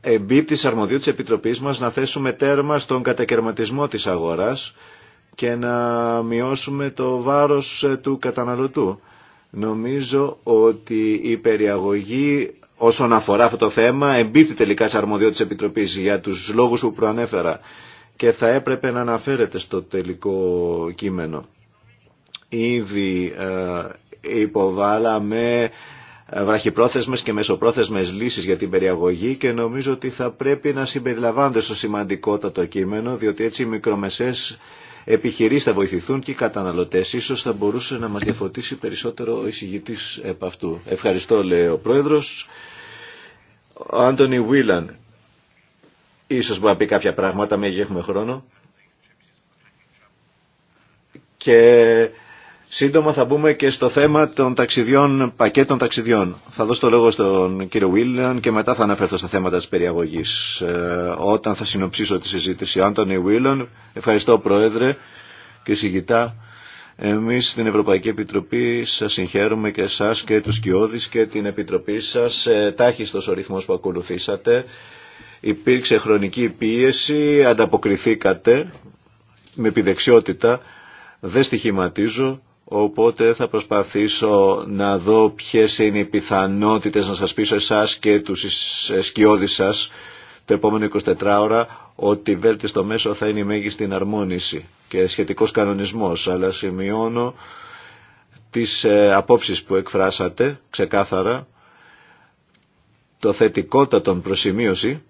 Εμπίπτει στις αρμοδιότητες της Επιτροπής μας να θέσουμε τέρμα στον κατακαιρματισμό της αγοράς και να μειώσουμε το βάρος του καταναλωτού. Νομίζω ότι η περιαγωγή όσον αφορά αυτό το θέμα εμπίπτει τελικά σε αρμοδιότητα της Επιτροπής για τους λόγους που προανέφερα και θα έπρεπε να αναφέρεται στο τελικό κείμενο. Ήδη ε, υποβάλαμε ε, βραχυπρόθεσμες και μεσοπρόθεσμες λύσεις για την περιαγωγή και νομίζω ότι θα πρέπει να συμπεριλαμβάνονται στο σημαντικότατο κείμενο διότι έτσι οι μικρομεσές επιχειρήσει θα βοηθηθούν και οι καταναλωτές. Ίσως θα μπορούσε να μας διαφωτίσει περισσότερο ο εισηγητής επ' αυτού. Ευχαριστώ λέει ο Πρόεδρος. Ο Άντωνι Βίλαν ίσως μπορεί να πει κάποια πράγματα, μέχρι έχουμε χρόνο. Και Σύντομα θα μπούμε και στο θέμα των ταξιδιών, πακέτων ταξιδιών. Θα δώσω το λόγο στον κύριο Βίλαν και μετά θα αναφερθώ στα θέματα της περιαγωγής. Ε, όταν θα συνοψίσω τη συζήτηση. Άντωνη Βίλαν, ευχαριστώ Πρόεδρε και συγκητά. Εμείς στην Ευρωπαϊκή Επιτροπή σας συγχαίρουμε και εσάς και τους Κιώδης και την Επιτροπή σας. Ε, τάχιστος ο ρυθμός που ακολουθήσατε. Υπήρξε χρονική πίεση, ανταποκριθήκατε με επιδεξιότητα. Δεν στοιχηματίζω Οπότε θα προσπαθήσω να δω ποιες είναι οι πιθανότητες να σας πείσω εσάς και τους σκιώδεις σας το επόμενο 24 ώρα ότι βέλτιστο μέσο θα είναι η μέγιστη εναρμόνιση και σχετικός κανονισμός. Αλλά σημειώνω τις ε, απόψεις που εκφράσατε ξεκάθαρα το θετικότατον προσημείωση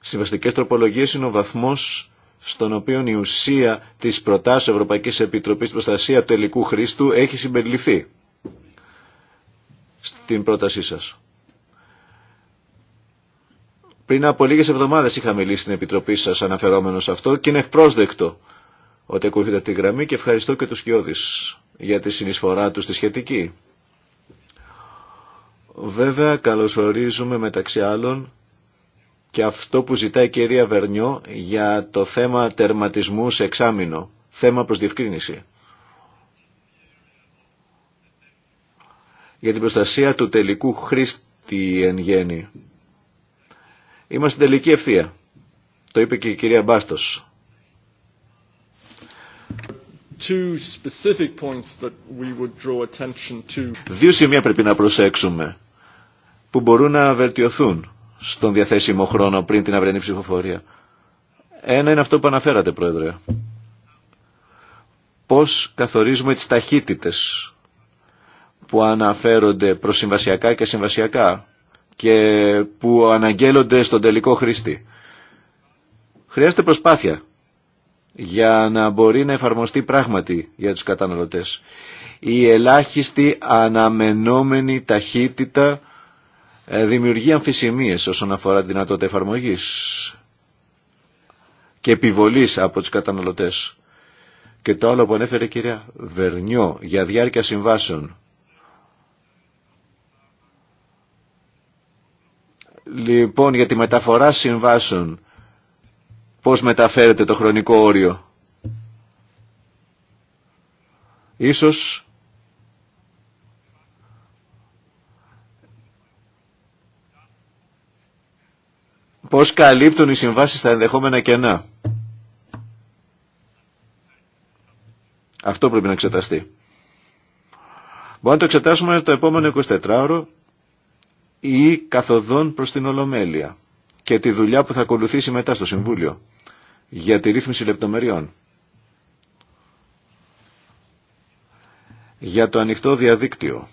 Συμβαστικές τροπολογίες είναι ο βαθμός στον οποίο η ουσία της προτάσεως Ευρωπαϊκής Επιτροπής Προστασία του Ελικού Χρήστου έχει συμπεριληφθεί στην πρότασή σας. Πριν από λίγες εβδομάδες είχα μιλήσει στην Επιτροπή σας αναφερόμενος αυτό και είναι ευπρόσδεκτο ότι αυτή τη γραμμή και ευχαριστώ και τους Κιώδης για τη συνεισφορά τους στη σχετική. Βέβαια καλωσορίζουμε μεταξύ άλλων και αυτό που ζητάει η κυρία Βερνιό για το θέμα τερματισμού σε εξάμεινο. Θέμα προς διευκρίνηση. Για την προστασία του τελικού χρήστη εν γέννη. Είμαστε τελική ευθεία. Το είπε και η κυρία Μπάστος. Δύο σημεία πρέπει να προσέξουμε που μπορούν να βελτιωθούν στον διαθέσιμο χρόνο πριν την αυριανή ψηφοφορία. Ένα είναι αυτό που αναφέρατε, Πρόεδρε. Πώς καθορίζουμε τις ταχύτητες που αναφέρονται προσυμβασιακά και συμβασιακά και που αναγγέλλονται στον τελικό χρήστη. Χρειάζεται προσπάθεια για να μπορεί να εφαρμοστεί πράγματι για τους καταναλωτές. Η ελάχιστη αναμενόμενη ταχύτητα ε, δημιουργεί αμφισημίες όσον αφορά τη δυνατότητα εφαρμογής και επιβολής από τους καταναλωτές. Και το άλλο που ανέφερε η κυρία Βερνιό για διάρκεια συμβάσεων. Λοιπόν, για τη μεταφορά συμβάσεων, πώς μεταφέρεται το χρονικό όριο. Ίσως Πώς καλύπτουν οι συμβάσεις τα ενδεχόμενα κενά. Αυτό πρέπει να εξεταστεί. Μπορεί να το εξετάσουμε το επόμενο 24ωρο ή καθοδόν προς την Ολομέλεια και τη δουλειά που θα ακολουθήσει μετά στο Συμβούλιο για τη ρύθμιση λεπτομεριών. Για το ανοιχτό διαδίκτυο.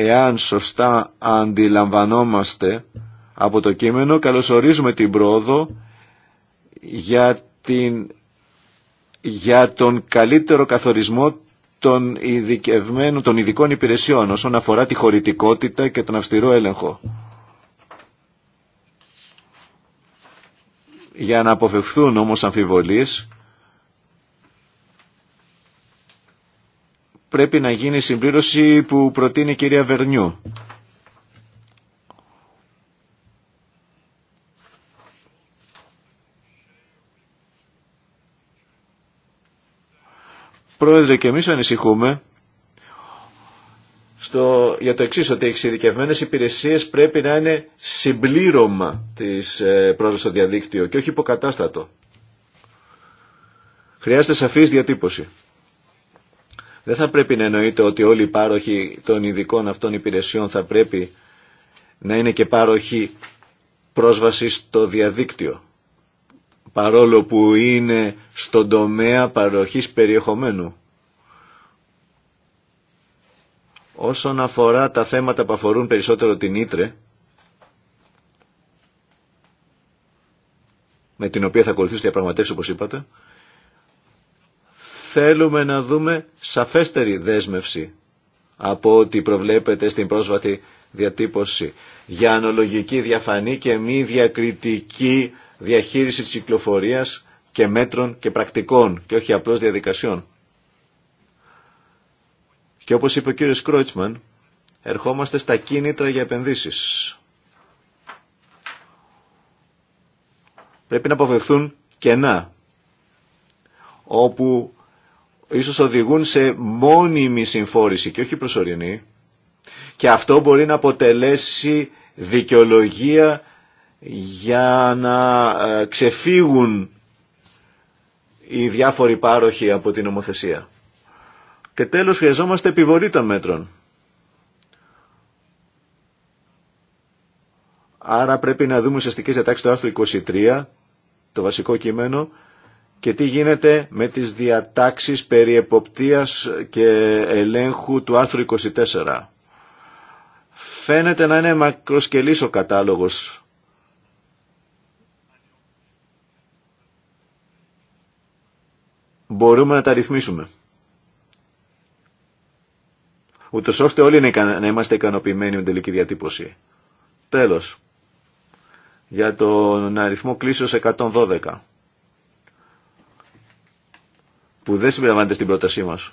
Εάν σωστά αντιλαμβανόμαστε από το κείμενο, καλωσορίζουμε την πρόοδο για, την, για τον καλύτερο καθορισμό των, ειδικευμένων, των ειδικών υπηρεσιών όσον αφορά τη χωρητικότητα και τον αυστηρό έλεγχο. Για να αποφευθούν όμως αμφιβολίες πρέπει να γίνει η συμπλήρωση που προτείνει η κυρία Βερνιού. Πρόεδρε, και εμείς ανησυχούμε στο, για το εξής ότι οι εξειδικευμένες υπηρεσίες πρέπει να είναι συμπλήρωμα της ε, πρόσβασης στο διαδίκτυο και όχι υποκατάστατο. Χρειάζεται σαφής διατύπωση. Δεν θα πρέπει να εννοείται ότι όλοι οι πάροχοι των ειδικών αυτών υπηρεσιών θα πρέπει να είναι και πάροχοι πρόσβαση στο διαδίκτυο. Παρόλο που είναι στον τομέα παροχής περιεχομένου. Όσον αφορά τα θέματα που αφορούν περισσότερο την Ήτρε, με την οποία θα ακολουθήσουν διαπραγματεύσει όπως είπατε, θέλουμε να δούμε σαφέστερη δέσμευση από ό,τι προβλέπεται στην πρόσβατη διατύπωση για ανολογική διαφανή και μη διακριτική διαχείριση της κυκλοφορίας και μέτρων και πρακτικών και όχι απλώς διαδικασιών. Και όπως είπε ο κύριος Κρόιτσμαν, ερχόμαστε στα κίνητρα για επενδύσεις. Πρέπει να αποφευθούν κενά όπου ίσως οδηγούν σε μόνιμη συμφόρηση και όχι προσωρινή και αυτό μπορεί να αποτελέσει δικαιολογία για να ε, ξεφύγουν οι διάφοροι πάροχοι από την ομοθεσία Και τέλος χρειαζόμαστε επιβολή των μέτρων. Άρα πρέπει να δούμε ουσιαστικές διατάξεις του άρθρου 23, το βασικό κείμενο, και τι γίνεται με τις διατάξεις περί εποπτείας και ελέγχου του άρθρου 24. Φαίνεται να είναι μακροσκελής ο κατάλογος. Μπορούμε να τα ρυθμίσουμε. Ούτως ώστε όλοι να είμαστε ικανοποιημένοι με τελική διατύπωση. Τέλος. Για τον αριθμό κλείσεως 112 που δεν συμπεριλαμβάνεται στην πρότασή μας.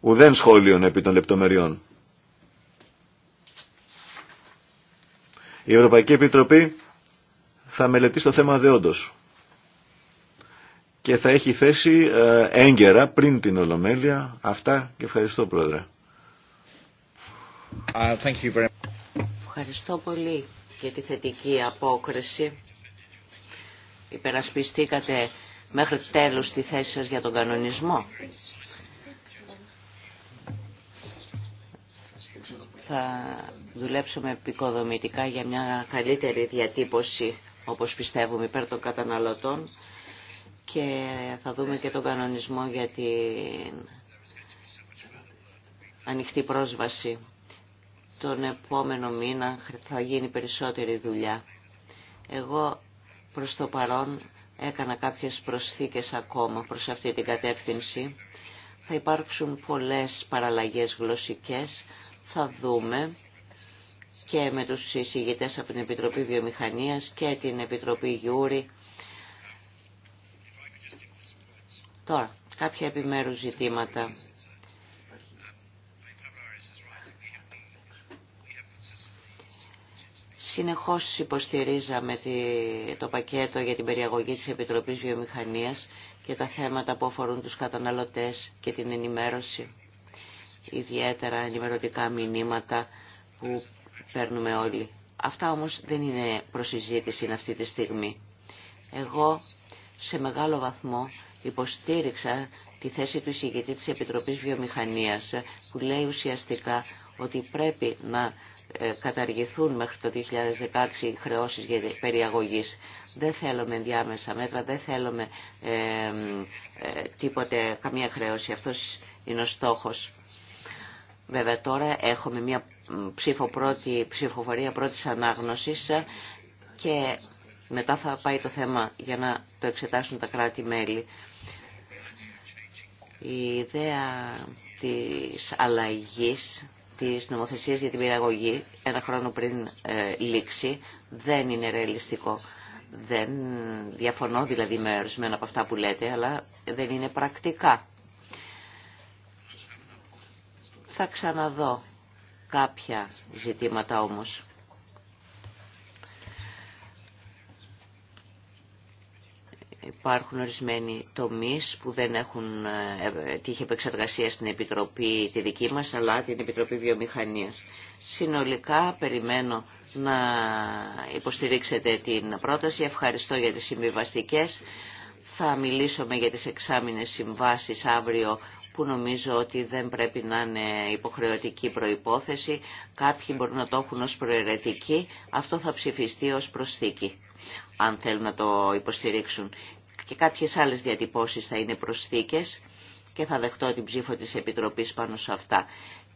Ουδέν σχόλιον επί των λεπτομεριών. Η Ευρωπαϊκή Επιτροπή θα μελετήσει το θέμα δεόντως και θα έχει θέση ε, έγκαιρα πριν την Ολομέλεια. Αυτά και ευχαριστώ Πρόεδρε. Uh, thank you very Ευχαριστώ πολύ για τη θετική απόκριση υπερασπιστήκατε μέχρι τέλους τη θέση σας για τον κανονισμό. Θα δουλέψουμε επικοδομητικά για μια καλύτερη διατύπωση, όπως πιστεύουμε, υπέρ των καταναλωτών και θα δούμε και τον κανονισμό για την ανοιχτή πρόσβαση. Τον επόμενο μήνα θα γίνει περισσότερη δουλειά. Εγώ Προς το παρόν έκανα κάποιες προσθήκες ακόμα προς αυτή την κατεύθυνση. Θα υπάρξουν πολλές παραλλαγές γλωσσικές. Θα δούμε και με τους εισηγητές από την Επιτροπή Βιομηχανίας και την Επιτροπή Γιούρη. Τώρα, κάποια επιμέρους ζητήματα Συνεχώς υποστηρίζαμε το πακέτο για την περιαγωγή της Επιτροπής Βιομηχανίας και τα θέματα που αφορούν τους καταναλωτές και την ενημέρωση, ιδιαίτερα ενημερωτικά μηνύματα που παίρνουμε όλοι. Αυτά όμως δεν είναι προσυζήτηση αυτή τη στιγμή. Εγώ σε μεγάλο βαθμό υποστήριξα τη θέση του εισηγητή της Επιτροπής Βιομηχανίας που λέει ουσιαστικά ότι πρέπει να ε, καταργηθούν μέχρι το 2016 οι χρεώσεις για περιαγωγής. Δεν θέλουμε ενδιάμεσα μέτρα, δεν θέλουμε ε, ε, τίποτε, καμία χρέωση. Αυτός είναι ο στόχος. Βέβαια τώρα έχουμε μια ψήφο πρώτη, ψηφοφορία πρώτης ανάγνωσης και μετά θα πάει το θέμα για να το εξετάσουν τα κράτη-μέλη. Η ιδέα της αλλαγής της νομοθεσίας για την πειραγωγή ένα χρόνο πριν ε, λήξει δεν είναι ρεαλιστικό. Δεν διαφωνώ δηλαδή με ορισμένα από αυτά που λέτε, αλλά δεν είναι πρακτικά. Θα ξαναδώ κάποια ζητήματα όμως. Υπάρχουν ορισμένοι τομείς που δεν έχουν ε, ε, τύχει επεξεργασία στην Επιτροπή τη δική μας, αλλά την Επιτροπή Βιομηχανίας. Συνολικά περιμένω να υποστηρίξετε την πρόταση. Ευχαριστώ για τις συμβιβαστικέ. Θα μιλήσουμε για τις εξάμεινες συμβάσεις αύριο που νομίζω ότι δεν πρέπει να είναι υποχρεωτική προϋπόθεση. Κάποιοι μπορούν να το έχουν ως προαιρετική. Αυτό θα ψηφιστεί ως προσθήκη αν θέλουν να το υποστηρίξουν και κάποιες άλλες διατυπώσεις θα είναι προσθήκες και θα δεχτώ την ψήφο της Επιτροπής πάνω σε αυτά.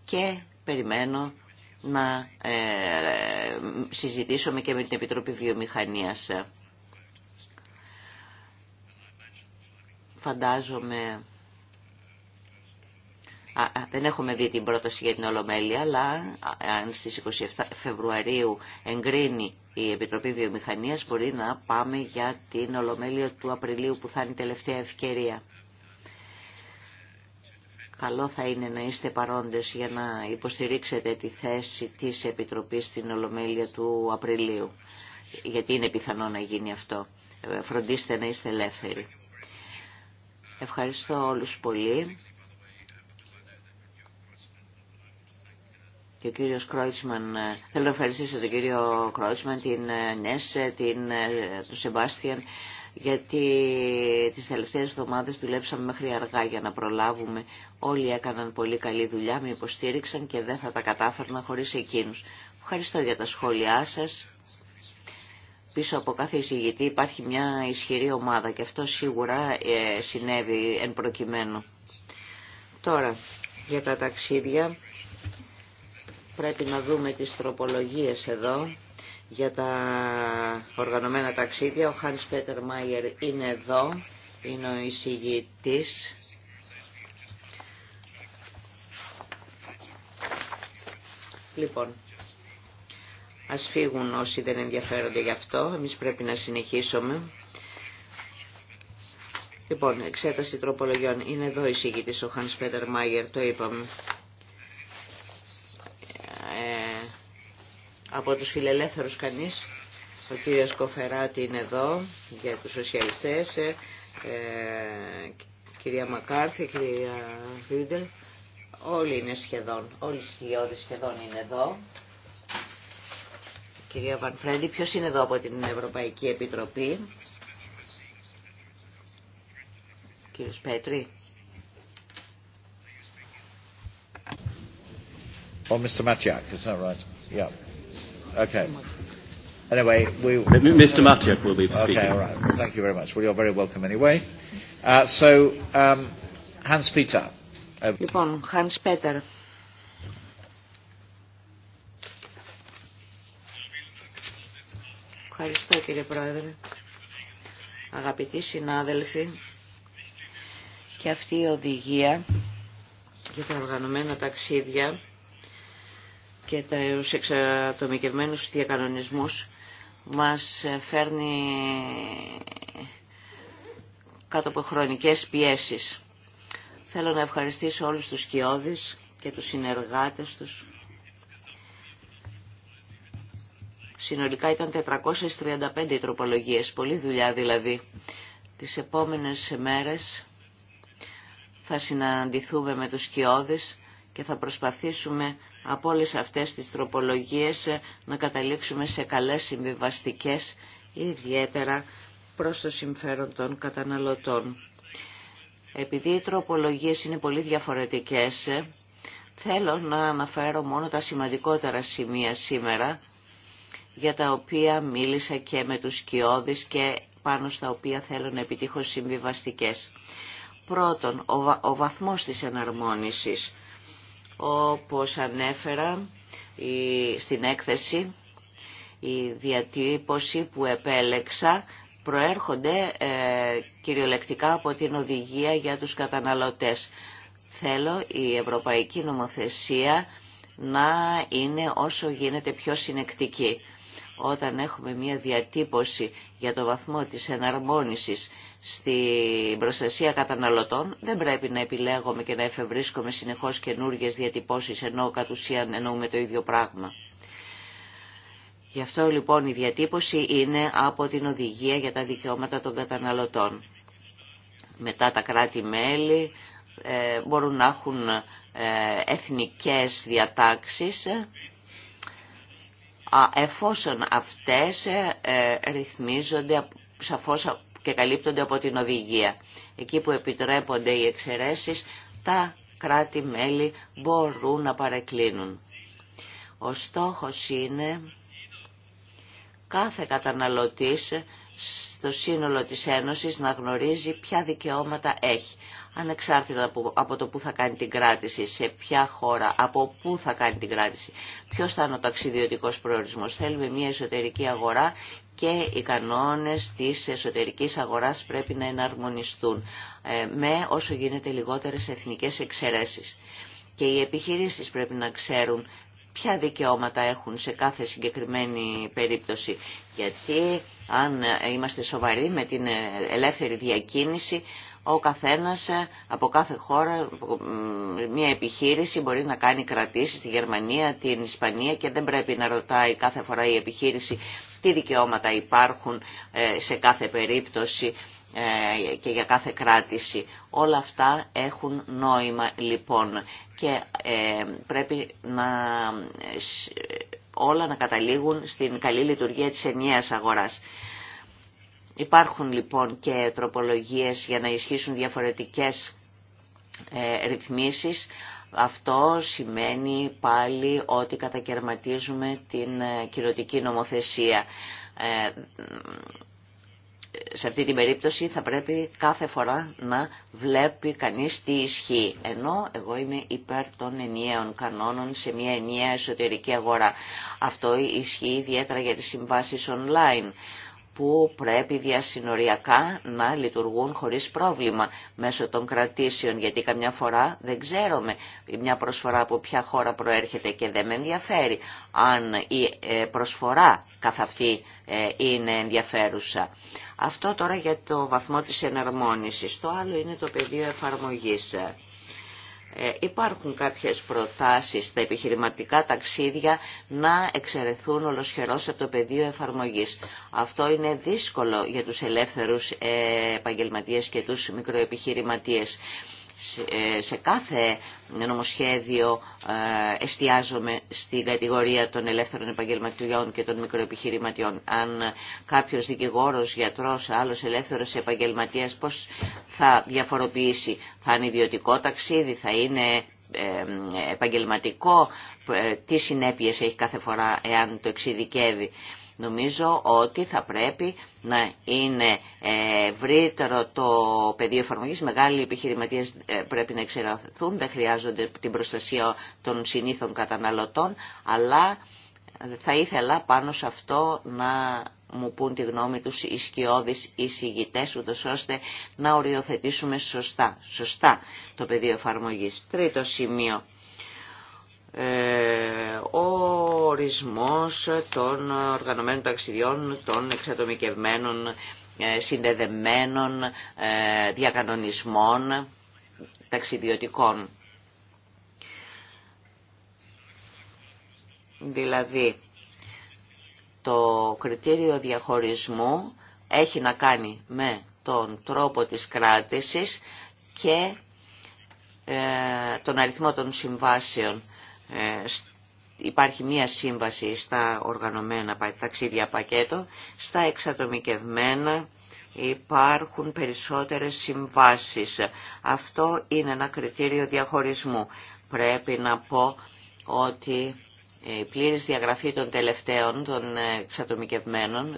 Και περιμένω να ε, συζητήσουμε και με την Επιτροπή Βιομηχανίας. Φαντάζομαι δεν έχουμε δει την πρόταση για την Ολομέλεια, αλλά αν στις 27 Φεβρουαρίου εγκρίνει η Επιτροπή Βιομηχανίας, μπορεί να πάμε για την Ολομέλεια του Απριλίου που θα είναι η τελευταία ευκαιρία. Καλό θα είναι να είστε παρόντες για να υποστηρίξετε τη θέση της Επιτροπής στην Ολομέλεια του Απριλίου, γιατί είναι πιθανό να γίνει αυτό. Ε, φροντίστε να είστε ελεύθεροι. Ευχαριστώ όλους πολύ. και ο κύριος Κρόιτσμαν, ε, θέλω να ευχαριστήσω τον κύριο Κρόιτσμαν, την ε, Νέσε, την, ε, τον Σεμπάστιαν, γιατί τις τελευταίες εβδομάδες δουλέψαμε μέχρι αργά για να προλάβουμε. Όλοι έκαναν πολύ καλή δουλειά, με υποστήριξαν και δεν θα τα κατάφερνα χωρίς εκείνους. Ευχαριστώ για τα σχόλιά σας. Πίσω από κάθε εισηγητή υπάρχει μια ισχυρή ομάδα και αυτό σίγουρα συνέβη εν προκειμένου. Τώρα, για τα ταξίδια Πρέπει να δούμε τις τροπολογίες εδώ για τα οργανωμένα ταξίδια. Ο Χάνς Πέτερ Μάιερ είναι εδώ, είναι ο εισηγητής. Λοιπόν, ας φύγουν όσοι δεν ενδιαφέρονται γι' αυτό, εμείς πρέπει να συνεχίσουμε. Λοιπόν, εξέταση τροπολογιών. Είναι εδώ η εισηγητής ο Χάνς Πέτερ Μάιερ, το είπαμε. Από τους φιλελεύθερους κανείς, ο κύριος Κοφεράτη είναι εδώ για τους σοσιαλιστές, ε, ε κυρία Μακάρθη, κυρία Ζίντελ όλοι είναι σχεδόν, όλοι οι σχεδόν είναι εδώ. Κυρία Βανφρέντη, ποιος είναι εδώ από την Ευρωπαϊκή Επιτροπή. Κύριος Πέτρη. Oh, Mr. Matiak, is that right? Yeah. Okay. Anyway, we... Mr. Matiak will be speaking. Okay, all right. Well, thank you very much. Well, you're very welcome anyway. Uh, so, um, Hans Peter. Λοιπόν, Hans Peter. Ευχαριστώ κύριε Πρόεδρε. Αγαπητοί συνάδελφοι, και αυτή η οδηγία για τα οργανωμένα ταξίδια και τους εξατομικευμένους διακανονισμούς μας φέρνει κάτω από χρονικές πιέσεις. Θέλω να ευχαριστήσω όλους τους σκιώδεις και τους συνεργάτες τους. Συνολικά ήταν 435 οι τροπολογίες, πολλή δουλειά δηλαδή. Τις επόμενες μέρες θα συναντηθούμε με τους σκιώδεις και θα προσπαθήσουμε από όλες αυτές τις τροπολογίες να καταλήξουμε σε καλές συμβιβαστικές ιδιαίτερα προς το συμφέρον των καταναλωτών. Επειδή οι τροπολογίες είναι πολύ διαφορετικές, θέλω να αναφέρω μόνο τα σημαντικότερα σημεία σήμερα, για τα οποία μίλησα και με τους κοιόδης και πάνω στα οποία θέλω να επιτύχω συμβιβαστικές. Πρώτον, ο, βαθμός της εναρμόνισης. Όπως ανέφερα στην έκθεση, η διατύπωση που επέλεξα προέρχονται ε, κυριολεκτικά από την οδηγία για τους καταναλωτές. Θέλω η ευρωπαϊκή νομοθεσία να είναι όσο γίνεται πιο συνεκτική όταν έχουμε μια διατύπωση για το βαθμό της εναρμόνισης στην προστασία καταναλωτών, δεν πρέπει να επιλέγουμε και να εφευρίσκουμε συνεχώς καινούργιε διατυπώσεις ενώ κατ' ουσίαν εννοούμε το ίδιο πράγμα. Γι' αυτό λοιπόν η διατύπωση είναι από την οδηγία για τα δικαιώματα των καταναλωτών. Μετά τα κράτη-μέλη ε, μπορούν να έχουν ε, εθνικές διατάξεις εφόσον αυτές ε, ε, ρυθμίζονται σαφώς και καλύπτονται από την οδηγία. Εκεί που επιτρέπονται οι εξαιρέσεις, τα κράτη-μέλη μπορούν να παρεκκλίνουν. Ο στόχος είναι κάθε καταναλωτής στο σύνολο της Ένωσης να γνωρίζει ποια δικαιώματα έχει. Ανεξάρτητα από το που θα κάνει την κράτηση, σε ποια χώρα, από πού θα κάνει την κράτηση, ποιος θα είναι ο ταξιδιωτικός προορισμός. Θέλουμε μια εσωτερική αγορά και οι κανόνες της εσωτερικής αγοράς πρέπει να εναρμονιστούν ε, με όσο γίνεται λιγότερες εθνικές εξαιρέσεις. Και οι επιχειρήσεις πρέπει να ξέρουν ποια δικαιώματα έχουν σε κάθε συγκεκριμένη περίπτωση. Γιατί αν είμαστε σοβαροί με την ελεύθερη διακίνηση, ο καθένας από κάθε χώρα, μια επιχείρηση μπορεί να κάνει κρατήσεις στη Γερμανία, την Ισπανία και δεν πρέπει να ρωτάει κάθε φορά η επιχείρηση τι δικαιώματα υπάρχουν ε, σε κάθε περίπτωση ε, και για κάθε κράτηση. Όλα αυτά έχουν νόημα λοιπόν και ε, πρέπει να όλα να καταλήγουν στην καλή λειτουργία της ενιαίας αγοράς. Υπάρχουν λοιπόν και τροπολογίες για να ισχύσουν διαφορετικές ε, ρυθμίσεις. Αυτό σημαίνει πάλι ότι κατακαιρματίζουμε την κυρωτική νομοθεσία σε αυτή την περίπτωση θα πρέπει κάθε φορά να βλέπει κανείς τι ισχύει. Ενώ εγώ είμαι υπέρ των ενιαίων κανόνων σε μια ενιαία εσωτερική αγορά. Αυτό ισχύει ιδιαίτερα για τις συμβάσεις online που πρέπει διασυνοριακά να λειτουργούν χωρίς πρόβλημα μέσω των κρατήσεων, γιατί καμιά φορά δεν ξέρουμε μια προσφορά από ποια χώρα προέρχεται και δεν με ενδιαφέρει αν η ε, προσφορά καθ' αυτή ε, είναι ενδιαφέρουσα. Αυτό τώρα για το βαθμό της εναρμόνισης. Το άλλο είναι το πεδίο εφαρμογής. Ε, υπάρχουν κάποιες προτάσεις στα επιχειρηματικά ταξίδια να εξαιρεθούν ολοσχερώς από το πεδίο εφαρμογής. Αυτό είναι δύσκολο για τους ελεύθερους ε, επαγγελματίες και τους μικροεπιχειρηματίες. Ε, σε κάθε νομοσχέδιο ε, εστιάζομαι στην κατηγορία των ελεύθερων επαγγελματιών και των μικροεπιχειρηματιών. Αν κάποιος δικηγόρος, γιατρός, άλλος ελεύθερος επαγγελματίας πώς θα διαφοροποιήσει, θα είναι ιδιωτικό ταξίδι, θα είναι ε, επαγγελματικό, τι συνέπειες έχει κάθε φορά εάν το εξειδικεύει. Νομίζω ότι θα πρέπει να είναι ευρύτερο το πεδίο εφαρμογής. Μεγάλοι επιχειρηματίες ε, πρέπει να εξεραθούν, δεν χρειάζονται την προστασία των συνήθων καταναλωτών, αλλά θα ήθελα πάνω σε αυτό να μου πούν τη γνώμη τους οι σκιώδεις συγητές, ούτως ώστε να οριοθετήσουμε σωστά, σωστά το πεδίο εφαρμογής. Τρίτο σημείο ε, ο ορισμός των οργανωμένων ταξιδιών, των εξατομικευμένων, ε, συνδεδεμένων ε, διακανονισμών ταξιδιωτικών. Δηλαδή, το κριτήριο διαχωρισμού έχει να κάνει με τον τρόπο της κράτησης και τον αριθμό των συμβάσεων ε, υπάρχει μία σύμβαση στα οργανωμένα ταξίδια πακέτο, στα εξατομικευμένα υπάρχουν περισσότερες συμβάσεις. Αυτό είναι ένα κριτήριο διαχωρισμού. Πρέπει να πω ότι η πλήρης διαγραφή των τελευταίων, των εξατομικευμένων,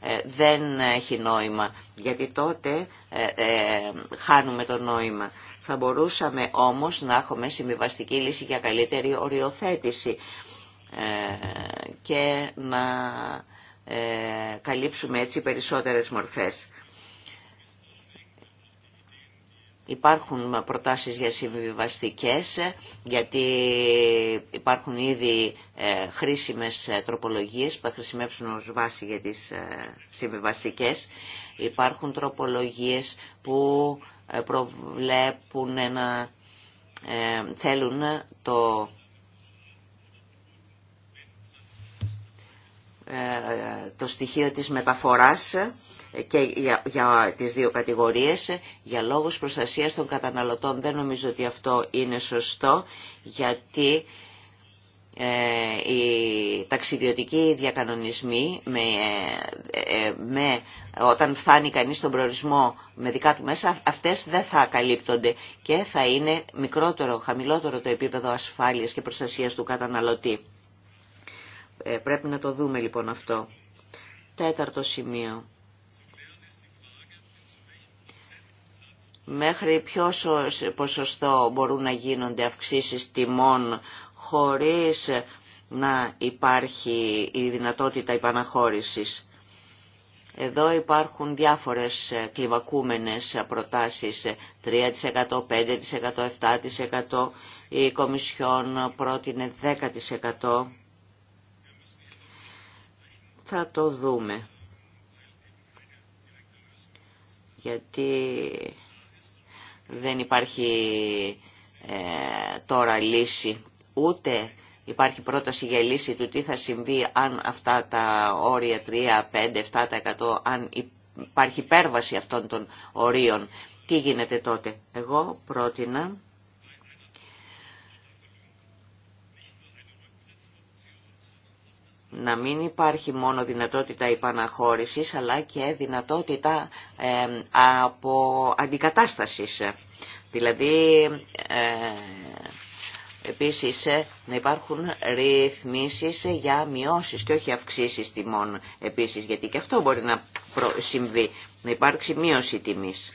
ε, δεν έχει νόημα, γιατί τότε ε, ε, χάνουμε το νόημα. Θα μπορούσαμε όμως να έχουμε συμβιβαστική λύση για καλύτερη οριοθέτηση και να καλύψουμε έτσι περισσότερες μορφές. Υπάρχουν προτάσεις για συμβιβαστικές, γιατί υπάρχουν ήδη ε, χρήσιμες ε, τροπολογίες που θα χρησιμεύσουν ως βάση για τις ε, συμβιβαστικές. Υπάρχουν τροπολογίες που προβλέπουν ένα, θέλουν το το στοιχείο της μεταφοράς και για, για τις δύο κατηγορίες για λόγους προστασίας των καταναλωτών δεν νομίζω ότι αυτό είναι σωστό γιατί ε, οι ταξιδιωτικοί διακανονισμοί με, ε, ε, με, όταν φτάνει κανείς στον προορισμό με δικά του μέσα αυτές δεν θα καλύπτονται και θα είναι μικρότερο, χαμηλότερο το επίπεδο ασφάλειας και προστασίας του καταναλωτή. Ε, πρέπει να το δούμε λοιπόν αυτό. Τέταρτο σημείο. μέχρι ποιο ποσοστό μπορούν να γίνονται αυξήσεις τιμών χωρίς να υπάρχει η δυνατότητα υπαναχώρησης. Εδώ υπάρχουν διάφορες κλιμακούμενες προτάσεις, 3%, 5%, 7%, η Κομισιόν πρότεινε 10%. Θα το δούμε. Γιατί δεν υπάρχει ε, τώρα λύση ούτε υπάρχει πρόταση για λύση του τι θα συμβεί αν αυτά τα όρια 3, 5, 7% αν υπάρχει υπέρβαση αυτών των ορίων. Τι γίνεται τότε. Εγώ πρότεινα να μην υπάρχει μόνο δυνατότητα υπαναχώρησης αλλά και δυνατότητα από αντικατάστασης. Δηλαδή, ε, επίσης, ε, να υπάρχουν ρυθμίσεις για μειώσεις και όχι αυξήσεις τιμών επίσης, γιατί και αυτό μπορεί να συμβεί, να υπάρξει μείωση τιμής.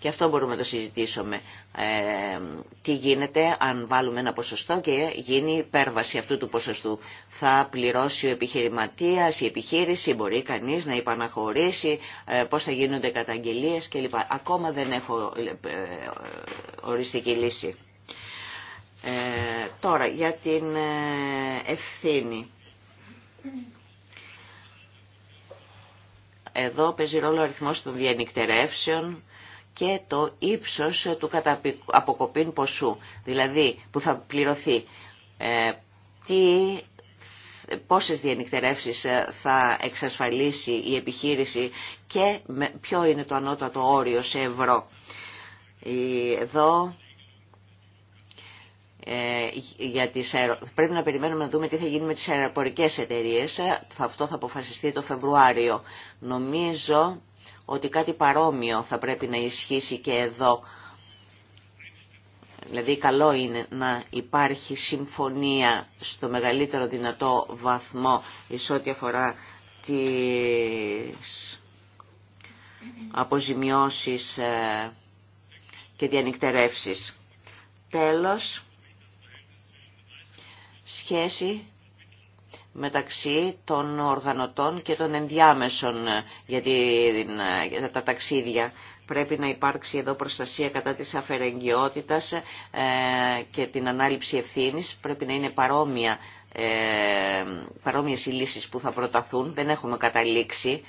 Και αυτό μπορούμε να το συζητήσουμε. Ε, τι γίνεται αν βάλουμε ένα ποσοστό και γίνει υπέρβαση αυτού του ποσοστού. Θα πληρώσει ο επιχειρηματίας, η επιχείρηση, μπορεί κανείς να υπαναχωρήσει, ε, πώς θα γίνονται καταγγελίες κλπ. Ακόμα δεν έχω ε, ε, οριστική λύση. Τώρα, για την ευθύνη. Εδώ παίζει ρόλο ο αριθμός των διανυκτερεύσεων και το ύψος του αποκοπήν ποσού, δηλαδή που θα πληρωθεί. Ε, τι, πόσες διενυκτερεύσεις ε, θα εξασφαλίσει η επιχείρηση και ποιο είναι το ανώτατο όριο σε ευρώ. Εδώ ε, για τις πρέπει να περιμένουμε να δούμε τι θα γίνει με τις αεροπορικές εταιρείες. Αυτό θα αποφασιστεί το Φεβρουάριο. Νομίζω ότι κάτι παρόμοιο θα πρέπει να ισχύσει και εδώ. Δηλαδή καλό είναι να υπάρχει συμφωνία στο μεγαλύτερο δυνατό βαθμό εις ό,τι αφορά τις αποζημιώσεις ε, και διανυκτερεύσεις. Τέλος, σχέση μεταξύ των οργανωτών και των ενδιάμεσων για ε, τα ταξίδια. Πρέπει να υπάρξει εδώ προστασία κατά της αφαιρεγγιότητας ε, και την ανάληψη ευθύνης. Πρέπει να είναι παρόμοια, ε, παρόμοιες οι λύσεις που θα προταθούν. Δεν έχουμε καταλήξει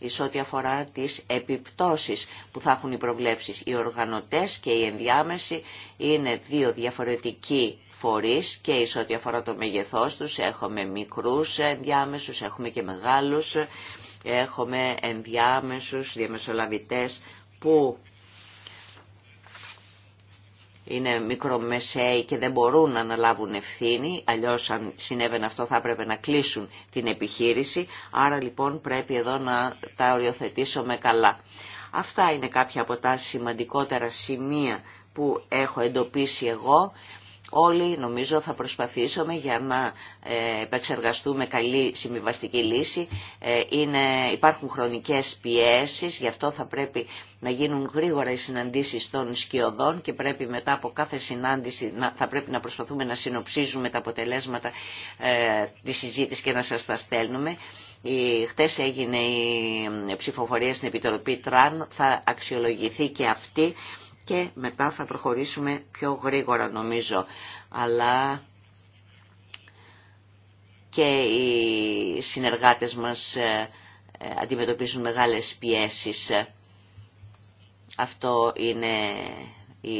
εις ό,τι αφορά τις επιπτώσεις που θα έχουν οι προβλέψεις. Οι οργανωτές και οι ενδιάμεση είναι δύο διαφορετικοί φορείς και εις ό,τι αφορά το μεγεθός τους έχουμε μικρούς ενδιάμεσους, έχουμε και μεγάλους, έχουμε ενδιάμεσους διαμεσολαβητές που είναι μικρομεσαίοι και δεν μπορούν να αναλάβουν ευθύνη, αλλιώς αν συνέβαινε αυτό θα έπρεπε να κλείσουν την επιχείρηση, άρα λοιπόν πρέπει εδώ να τα οριοθετήσουμε καλά. Αυτά είναι κάποια από τα σημαντικότερα σημεία που έχω εντοπίσει εγώ Όλοι νομίζω θα προσπαθήσουμε για να ε, επεξεργαστούμε καλή συμβιβαστική λύση. Ε, είναι, υπάρχουν χρονικές πιέσεις, γι' αυτό θα πρέπει να γίνουν γρήγορα οι συναντήσεις των σκιωδών και πρέπει μετά από κάθε συνάντηση να, θα πρέπει να προσπαθούμε να συνοψίζουμε τα αποτελέσματα ε, της συζήτησης και να σας τα στέλνουμε. Η, χτες έγινε η ε, ψηφοφορία στην Επιτροπή Τραν, θα αξιολογηθεί και αυτή και μετά θα προχωρήσουμε πιο γρήγορα νομίζω. Αλλά και οι συνεργάτες μας ε, ε, αντιμετωπίζουν μεγάλες πιέσεις. Αυτό είναι η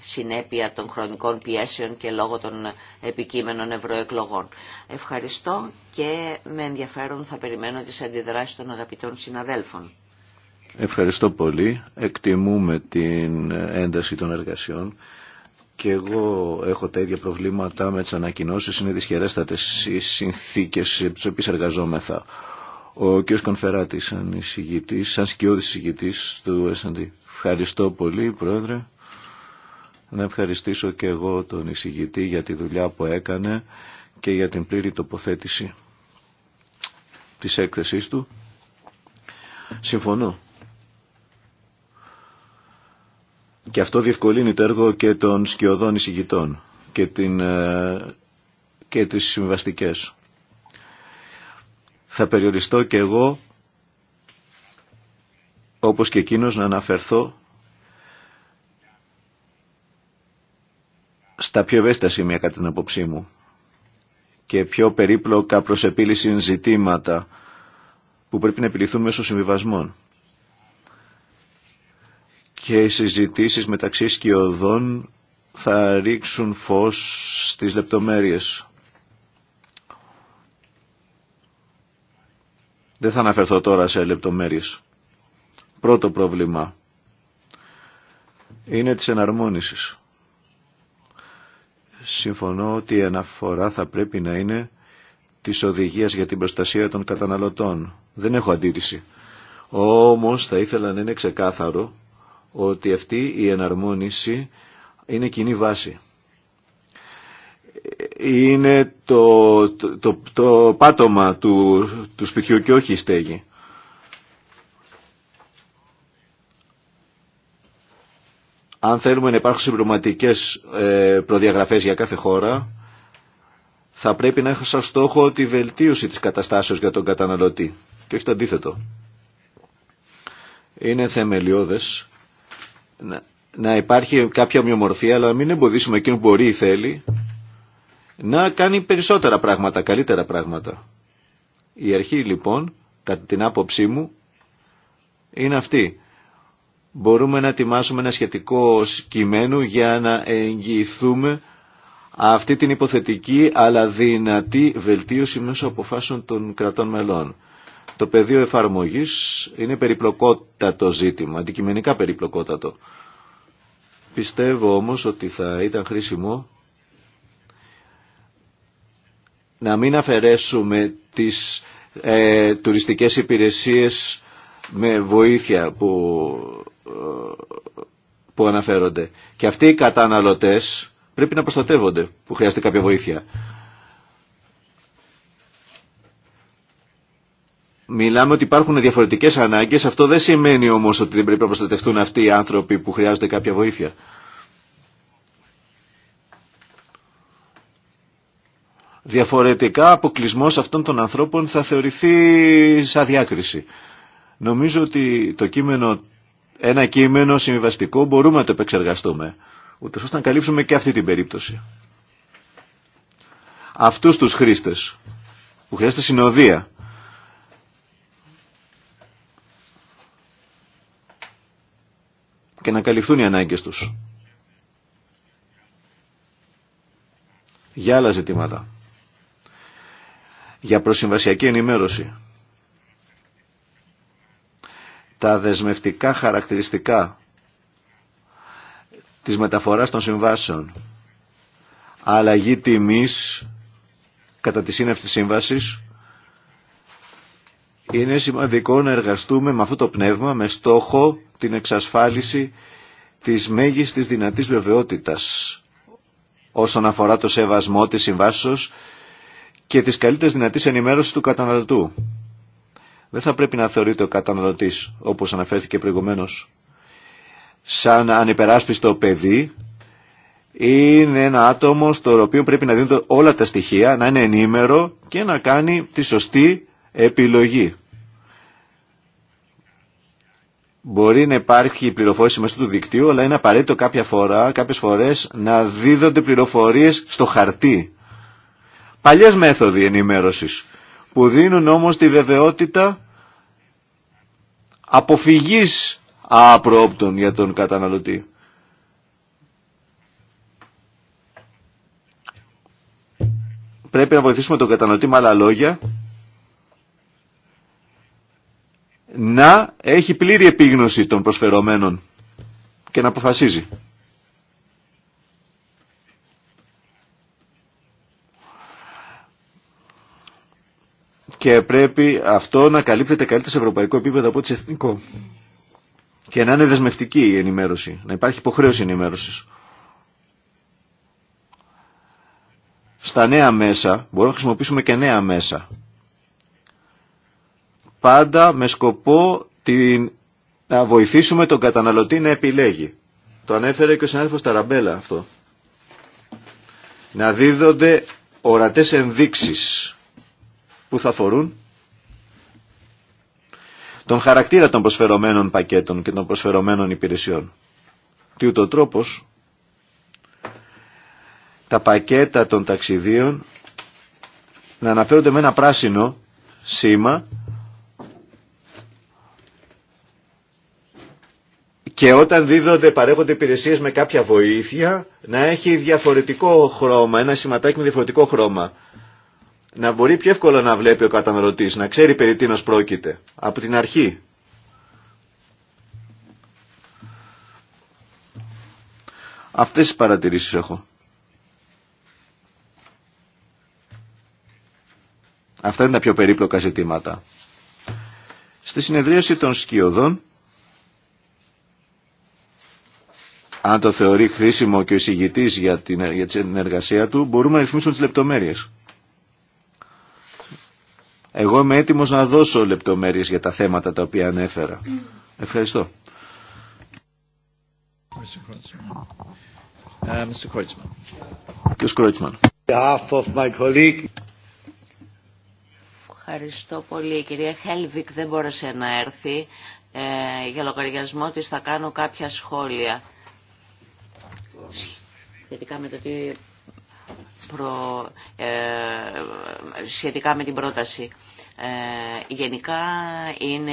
συνέπεια των χρονικών πιέσεων και λόγω των επικείμενων ευρωεκλογών. Ευχαριστώ και με ενδιαφέρον θα περιμένω τις αντιδράσεις των αγαπητών συναδέλφων. Ευχαριστώ πολύ. Εκτιμούμε την ένταση των εργασιών και εγώ έχω τα ίδια προβλήματα με τις ανακοινώσεις. Είναι δυσχερέστατες οι συνθήκες στις οποίες εργαζόμεθα. Ο κ. Κονφεράτης, σαν εισηγητής, σαν σκιώδης εισηγητής του S&D. Ευχαριστώ πολύ, Πρόεδρε. Να ευχαριστήσω και εγώ τον εισηγητή για τη δουλειά που έκανε και για την πλήρη τοποθέτηση της έκθεσής του. Συμφωνώ Και αυτό διευκολύνει το έργο και των σκιωδών εισηγητών και, την, ε, και τις συμβαστικές. Θα περιοριστώ και εγώ, όπως και εκείνος, να αναφερθώ στα πιο ευαίσθητα σημεία κατά την απόψή μου και πιο περίπλοκα προς επίλυση ζητήματα που πρέπει να επιληθούν μέσω συμβιβασμών και οι συζητήσεις μεταξύ σκιωδών θα ρίξουν φως στις λεπτομέρειες. Δεν θα αναφερθώ τώρα σε λεπτομέρειες. Πρώτο πρόβλημα είναι της εναρμόνισης. Συμφωνώ ότι η αναφορά θα πρέπει να είναι της οδηγίας για την προστασία των καταναλωτών. Δεν έχω αντίρρηση. Όμως θα ήθελα να είναι ξεκάθαρο ότι αυτή η εναρμόνιση είναι κοινή βάση. Είναι το, το, το, πάτωμα του, του σπιτιού και όχι η στέγη. Αν θέλουμε να υπάρχουν συμπληρωματικέ ε, προδιαγραφές για κάθε χώρα, θα πρέπει να έχω σαν στόχο τη βελτίωση της καταστάσεως για τον καταναλωτή και όχι το αντίθετο. Είναι θεμελιώδες να υπάρχει κάποια ομοιομορφία, αλλά μην εμποδίσουμε εκείνο που μπορεί ή θέλει να κάνει περισσότερα πράγματα, καλύτερα πράγματα. Η αρχή λοιπόν, κατά την άποψή μου, είναι αυτή. Μπορούμε να ετοιμάσουμε ένα σχετικό κειμένο για να εγγυηθούμε αυτή την υποθετική αλλά δυνατή βελτίωση μέσω αποφάσεων των κρατών μελών. Το πεδίο εφαρμογής είναι περιπλοκότατο ζήτημα, αντικειμενικά περιπλοκότατο. Πιστεύω όμως ότι θα ήταν χρήσιμο να μην αφαιρέσουμε τις ε, τουριστικές υπηρεσίες με βοήθεια που, ε, που αναφέρονται. Και αυτοί οι καταναλωτές πρέπει να προστατεύονται που χρειάζεται κάποια βοήθεια. Μιλάμε ότι υπάρχουν διαφορετικές ανάγκες, αυτό δεν σημαίνει όμως ότι δεν πρέπει να προστατευτούν αυτοί οι άνθρωποι που χρειάζονται κάποια βοήθεια. Διαφορετικά αποκλεισμό αυτών των ανθρώπων θα θεωρηθεί σαν διάκριση. Νομίζω ότι το κείμενο, ένα κείμενο συμβιβαστικό μπορούμε να το επεξεργαστούμε, ούτω ώστε να καλύψουμε και αυτή την περίπτωση. Αυτούς τους χρήστες που χρειάζεται συνοδεία και να καλυφθούν οι ανάγκες τους. Για άλλα ζητήματα. Για προσυμβασιακή ενημέρωση. Τα δεσμευτικά χαρακτηριστικά της μεταφοράς των συμβάσεων. Αλλαγή τιμής κατά τη σύνευση της σύμβασης είναι σημαντικό να εργαστούμε με αυτό το πνεύμα με στόχο την εξασφάλιση της μέγιστης δυνατής βεβαιότητας όσον αφορά το σεβασμό της συμβάσεως και της καλύτερης δυνατής ενημέρωσης του καταναλωτού. Δεν θα πρέπει να θεωρείται ο καταναλωτής, όπως αναφέρθηκε προηγουμένως, σαν ανυπεράσπιστο παιδί, είναι ένα άτομο στο οποίο πρέπει να δίνονται όλα τα στοιχεία, να είναι ενήμερο και να κάνει τη σωστή επιλογή. Μπορεί να υπάρχει πληροφόρηση μέσα του δικτύου, αλλά είναι απαραίτητο κάποια φορά, κάποιες φορές, να δίδονται πληροφορίες στο χαρτί. Παλιές μέθοδοι ενημέρωσης, που δίνουν όμως τη βεβαιότητα αποφυγής απρόπτων για τον καταναλωτή. Πρέπει να βοηθήσουμε τον καταναλωτή με άλλα λόγια να έχει πλήρη επίγνωση των προσφερομένων και να αποφασίζει. Και πρέπει αυτό να καλύπτεται καλύτερα σε ευρωπαϊκό επίπεδο από ό,τι σε εθνικό. Και να είναι δεσμευτική η ενημέρωση, να υπάρχει υποχρέωση ενημέρωσης. Στα νέα μέσα, μπορούμε να χρησιμοποιήσουμε και νέα μέσα πάντα με σκοπό την, να βοηθήσουμε τον καταναλωτή να επιλέγει. Το ανέφερε και ο συνάδελφος Ταραμπέλα αυτό. Να δίδονται ορατές ενδείξεις που θα αφορούν τον χαρακτήρα των προσφερωμένων πακέτων και των προσφερωμένων υπηρεσιών. Τι ούτω τρόπος τα πακέτα των ταξιδίων να αναφέρονται με ένα πράσινο σήμα και όταν δίδονται, παρέχονται υπηρεσίε με κάποια βοήθεια, να έχει διαφορετικό χρώμα, ένα σηματάκι με διαφορετικό χρώμα. Να μπορεί πιο εύκολα να βλέπει ο καταναλωτή, να ξέρει περί τίνο πρόκειται. Από την αρχή. Αυτές τις παρατηρήσεις έχω. Αυτά είναι τα πιο περίπλοκα ζητήματα. Στη συνεδρίαση των σκιωδών αν το θεωρεί χρήσιμο και ο εισηγητής για την, για την εργασία του, μπορούμε να ρυθμίσουμε τις λεπτομέρειες. Εγώ είμαι έτοιμος να δώσω λεπτομέρειες για τα θέματα τα οποία ανέφερα. Ευχαριστώ. Ε, Ευχαριστώ πολύ. Η κυρία Χέλβικ δεν μπόρεσε να έρθει. Ε, για λογαριασμό της θα κάνω κάποια σχόλια σχετικά με το προ, ε, σχετικά με την πρόταση. Ε, γενικά είναι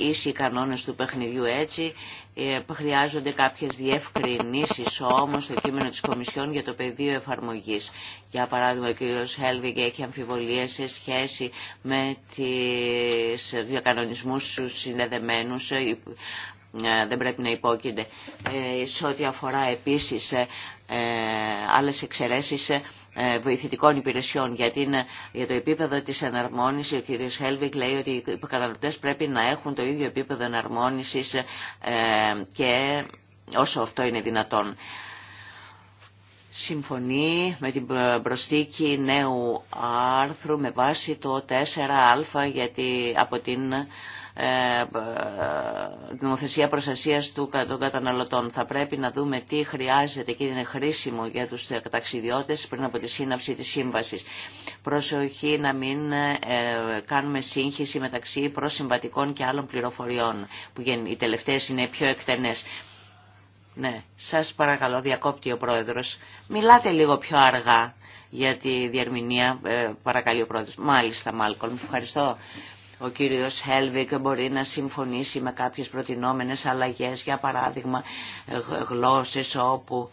ίσοι οι κανόνες του παιχνιδιού έτσι, ε, χρειάζονται κάποιες διευκρινήσεις όμως στο κείμενο της Κομισιόν για το πεδίο εφαρμογής. Για παράδειγμα, ο κ. Χέλβιγκ έχει αμφιβολίες σε σχέση με τις διακανονισμούς συνδεδεμένους ε, ε, δεν πρέπει να υπόκεινται. Ε, σε ό,τι αφορά επίσης ε, άλλες εξαιρέσεις βοηθητικών υπηρεσιών γιατί για το επίπεδο της εναρμόνισης ο κ. Χέλβικ λέει ότι οι καταναλωτές πρέπει να έχουν το ίδιο επίπεδο εναρμόνισης και όσο αυτό είναι δυνατόν. Συμφωνεί με την προσθήκη νέου άρθρου με βάση το 4α γιατί από την ε, ε, νομοθεσία προστασία των καταναλωτών. Θα πρέπει να δούμε τι χρειάζεται και είναι χρήσιμο για τους ταξιδιώτες πριν από τη σύναψη της σύμβασης. Προσοχή να μην ε, κάνουμε σύγχυση μεταξύ προσυμβατικών και άλλων πληροφοριών, που οι τελευταίες είναι πιο εκτενές. Ναι, σας παρακαλώ, διακόπτει ο πρόεδρος. Μιλάτε λίγο πιο αργά για τη διερμηνία, παρακαλεί ο πρόεδρος. Μάλιστα, Μάλκολμ, ευχαριστώ ο κύριος Χέλβικ μπορεί να συμφωνήσει με κάποιες προτινόμενες αλλαγές, για παράδειγμα γλώσσες όπου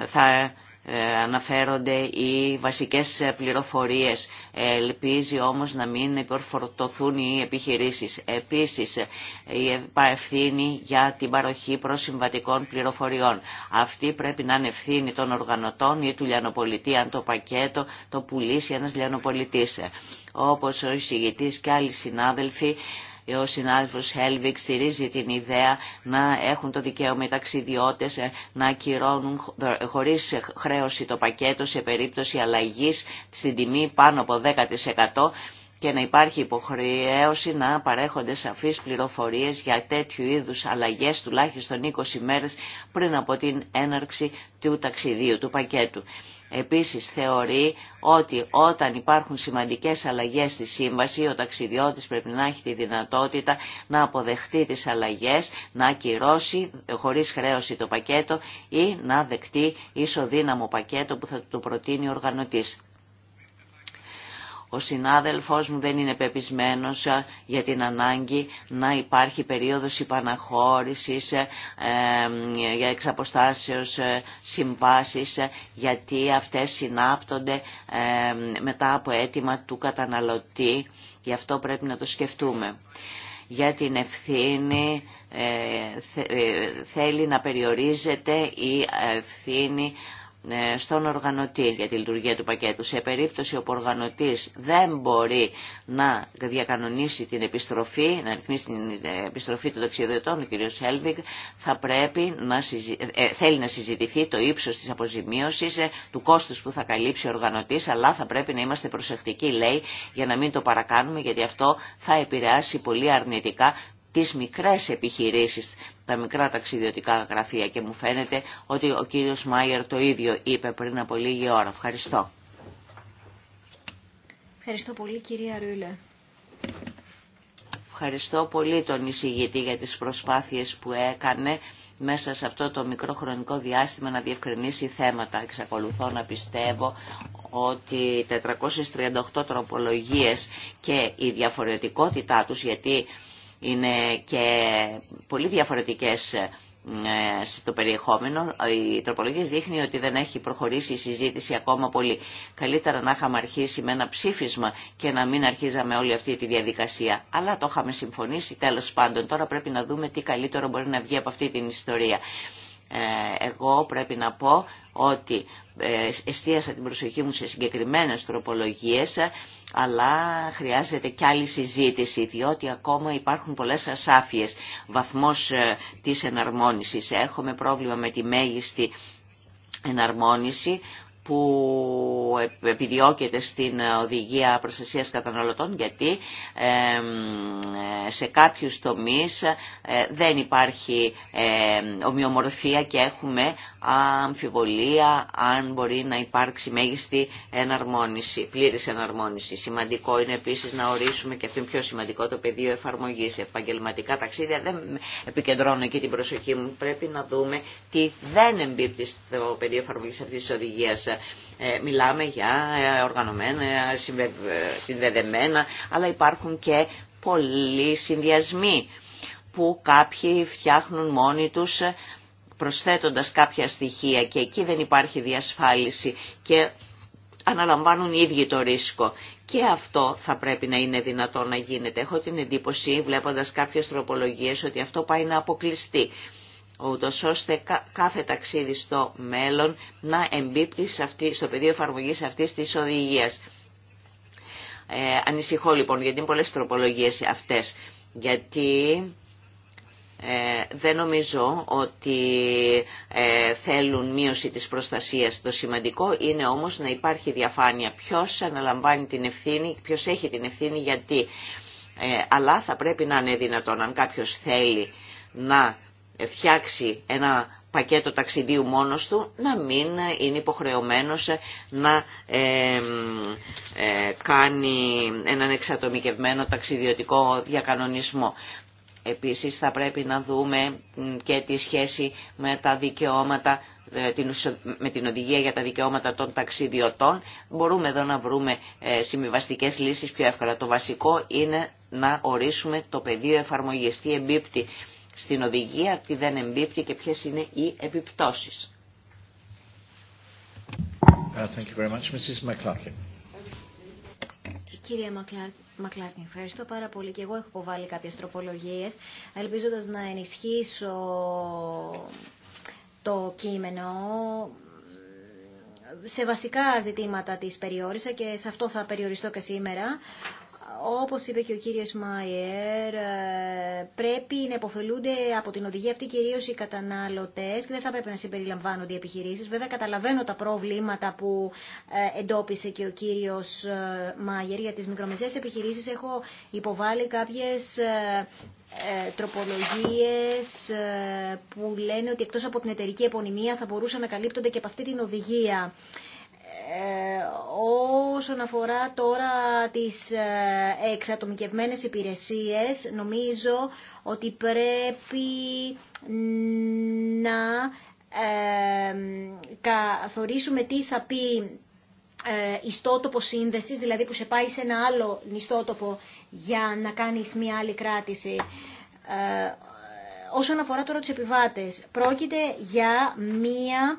ε, θα ε, αναφέρονται οι βασικές πληροφορίες. Ελπίζει όμως να μην υπερφορτωθούν οι επιχειρήσεις. Επίσης, η ευθύνη για την παροχή προσυμβατικών πληροφοριών. Αυτή πρέπει να είναι ευθύνη των οργανωτών ή του λιανοπολιτή, αν το πακέτο το πουλήσει ένας λιανοπολιτής. Όπως ο εισηγητής και άλλοι συνάδελφοι, ε, ο συνάδελφος Χέλβικ στηρίζει την ιδέα να έχουν το δικαίωμα οι ταξιδιώτες ε, να ακυρώνουν χωρίς χρέωση το πακέτο σε περίπτωση αλλαγής στην τιμή πάνω από 10% και να υπάρχει υποχρέωση να παρέχονται σαφείς πληροφορίες για τέτοιου είδους αλλαγές τουλάχιστον 20 μέρες πριν από την έναρξη του ταξιδίου, του πακέτου. Επίσης θεωρεί ότι όταν υπάρχουν σημαντικές αλλαγές στη σύμβαση, ο ταξιδιώτης πρέπει να έχει τη δυνατότητα να αποδεχτεί τις αλλαγές, να ακυρώσει χωρίς χρέωση το πακέτο ή να δεχτεί ισοδύναμο πακέτο που θα του προτείνει ο οργανωτής. Ο συνάδελφός μου δεν είναι πεπισμένος ε, για την ανάγκη να υπάρχει περίοδος υπαναχώρησης ε, για εξαποστάσεως ε, συμβάσεις γιατί αυτές συνάπτονται μετά από αίτημα του καταναλωτή. Γι' αυτό πρέπει να το σκεφτούμε. Για την ευθύνη θέλει να περιορίζεται η ευθύνη ε, στον οργανωτή για τη λειτουργία του πακέτου. Σε περίπτωση όπου ο οργανωτής δεν μπορεί να διακανονίσει την επιστροφή, να ρυθμίσει την ε, επιστροφή των ταξιδιωτών, ο κ. Σέλβιγκ θα πρέπει να ε, θέλει να συζητηθεί το ύψος της αποζημίωσης, του κόστους που θα καλύψει ο οργανωτής, αλλά θα πρέπει να είμαστε προσεκτικοί, λέει, για να μην το παρακάνουμε, γιατί αυτό θα επηρεάσει πολύ αρνητικά τις μικρές επιχειρήσεις, τα μικρά ταξιδιωτικά γραφεία και μου φαίνεται ότι ο κύριος Μάιερ το ίδιο είπε πριν από λίγη ώρα. Ευχαριστώ. Ευχαριστώ πολύ κυρία Ρούλε. Ευχαριστώ πολύ τον εισηγητή για τις προσπάθειες που έκανε μέσα σε αυτό το μικρό χρονικό διάστημα να διευκρινίσει θέματα. Εξακολουθώ να πιστεύω ότι 438 τροπολογίες και η διαφορετικότητά τους, γιατί είναι και πολύ διαφορετικές ε, στο περιεχόμενο. Η τροπολογία δείχνει ότι δεν έχει προχωρήσει η συζήτηση ακόμα πολύ. Καλύτερα να είχαμε αρχίσει με ένα ψήφισμα και να μην αρχίζαμε όλη αυτή τη διαδικασία. Αλλά το είχαμε συμφωνήσει τέλος πάντων. Τώρα πρέπει να δούμε τι καλύτερο μπορεί να βγει από αυτή την ιστορία. Ε, εγώ πρέπει να πω ότι ε, εστίασα την προσοχή μου σε συγκεκριμένες τροπολογίες αλλά χρειάζεται κι άλλη συζήτηση διότι ακόμα υπάρχουν πολλές ασάφειες βαθμός ε, της εναρμόνισης. Έχουμε πρόβλημα με τη μέγιστη εναρμόνιση που επιδιώκεται στην οδηγία προστασίας καταναλωτών γιατί σε κάποιους τομείς ε, δεν υπάρχει ε, ομοιομορφία και έχουμε αμφιβολία αν μπορεί να υπάρξει μέγιστη εναρμόνιση, πλήρης εναρμόνιση. Σημαντικό είναι επίσης να ορίσουμε και αυτό είναι πιο σημαντικό το πεδίο εφαρμογής. Επαγγελματικά ταξίδια δεν επικεντρώνω εκεί την προσοχή μου. Πρέπει να δούμε τι δεν εμπίπτει στο πεδίο εφαρμογής αυτής της οδηγίας ε, μιλάμε για ε, οργανωμένα, ε, συνδεδεμένα, αλλά υπάρχουν και πολλοί συνδυασμοί που κάποιοι φτιάχνουν μόνοι τους προσθέτοντας κάποια στοιχεία και εκεί δεν υπάρχει διασφάλιση και αναλαμβάνουν οι ίδιοι το ρίσκο. Και αυτό θα πρέπει να είναι δυνατό να γίνεται. Έχω την εντύπωση, βλέποντας κάποιες τροπολογίες, ότι αυτό πάει να αποκλειστεί ούτως ώστε κάθε ταξίδι στο μέλλον να εμπίπτει αυτή, στο πεδίο εφαρμογής αυτής της οδηγίας. Ε, ανησυχώ λοιπόν γιατί είναι πολλές τροπολογίες αυτές. Γιατί ε, δεν νομίζω ότι ε, θέλουν μείωση της προστασίας. Το σημαντικό είναι όμως να υπάρχει διαφάνεια. Ποιος αναλαμβάνει την ευθύνη, ποιος έχει την ευθύνη γιατί. Ε, αλλά θα πρέπει να είναι δυνατόν αν κάποιος θέλει να φτιάξει ένα πακέτο ταξιδίου μόνος του να μην είναι υποχρεωμένος να ε, κάνει έναν εξατομικευμένο ταξιδιωτικό διακανονισμό. Επίσης θα πρέπει να δούμε και τη σχέση με τα δικαιώματα, ε, με την οδηγία για τα δικαιώματα των ταξιδιωτών. Μπορούμε εδώ να βρούμε ε, συμβιβαστικέ λύσεις πιο εύκολα. Το βασικό είναι να ορίσουμε το πεδίο εφαρμογής, τι στην οδηγία, τι δεν εμπίπτει και ποιες είναι οι επιπτώσεις. Uh, thank you very much, Mrs. Κύριε Μακλάρτιν, ευχαριστώ πάρα πολύ και εγώ έχω υποβάλει κάποιες τροπολογίες, ελπίζοντας να ενισχύσω το κείμενο σε βασικά ζητήματα της περιόρισα και σε αυτό θα περιοριστώ και σήμερα όπως είπε και ο κύριος Μάιερ, ε, πρέπει να υποφελούνται από την οδηγία αυτή κυρίως οι κατανάλωτες και δεν θα πρέπει να συμπεριλαμβάνονται οι επιχειρήσεις. Βέβαια καταλαβαίνω τα προβλήματα που ε, εντόπισε και ο κύριος ε, Μάιερ για τις μικρομεσαίες επιχειρήσεις. Έχω υποβάλει κάποιες τροπολογίες που λένε ότι εκτός από την εταιρική επωνυμία θα μπορούσαν να καλύπτονται και από αυτή την οδηγία. Ε, όσον αφορά τώρα τις ε, εξατομικευμένες υπηρεσίες, νομίζω ότι πρέπει να καθορίσουμε τι θα πει ε, ιστότοπο σύνδεσης, δηλαδή που σε πάει σε ένα άλλο ιστότοπο για να κάνεις μία άλλη κράτηση. Όσον αφορά τώρα τους επιβάτες, πρόκειται για μία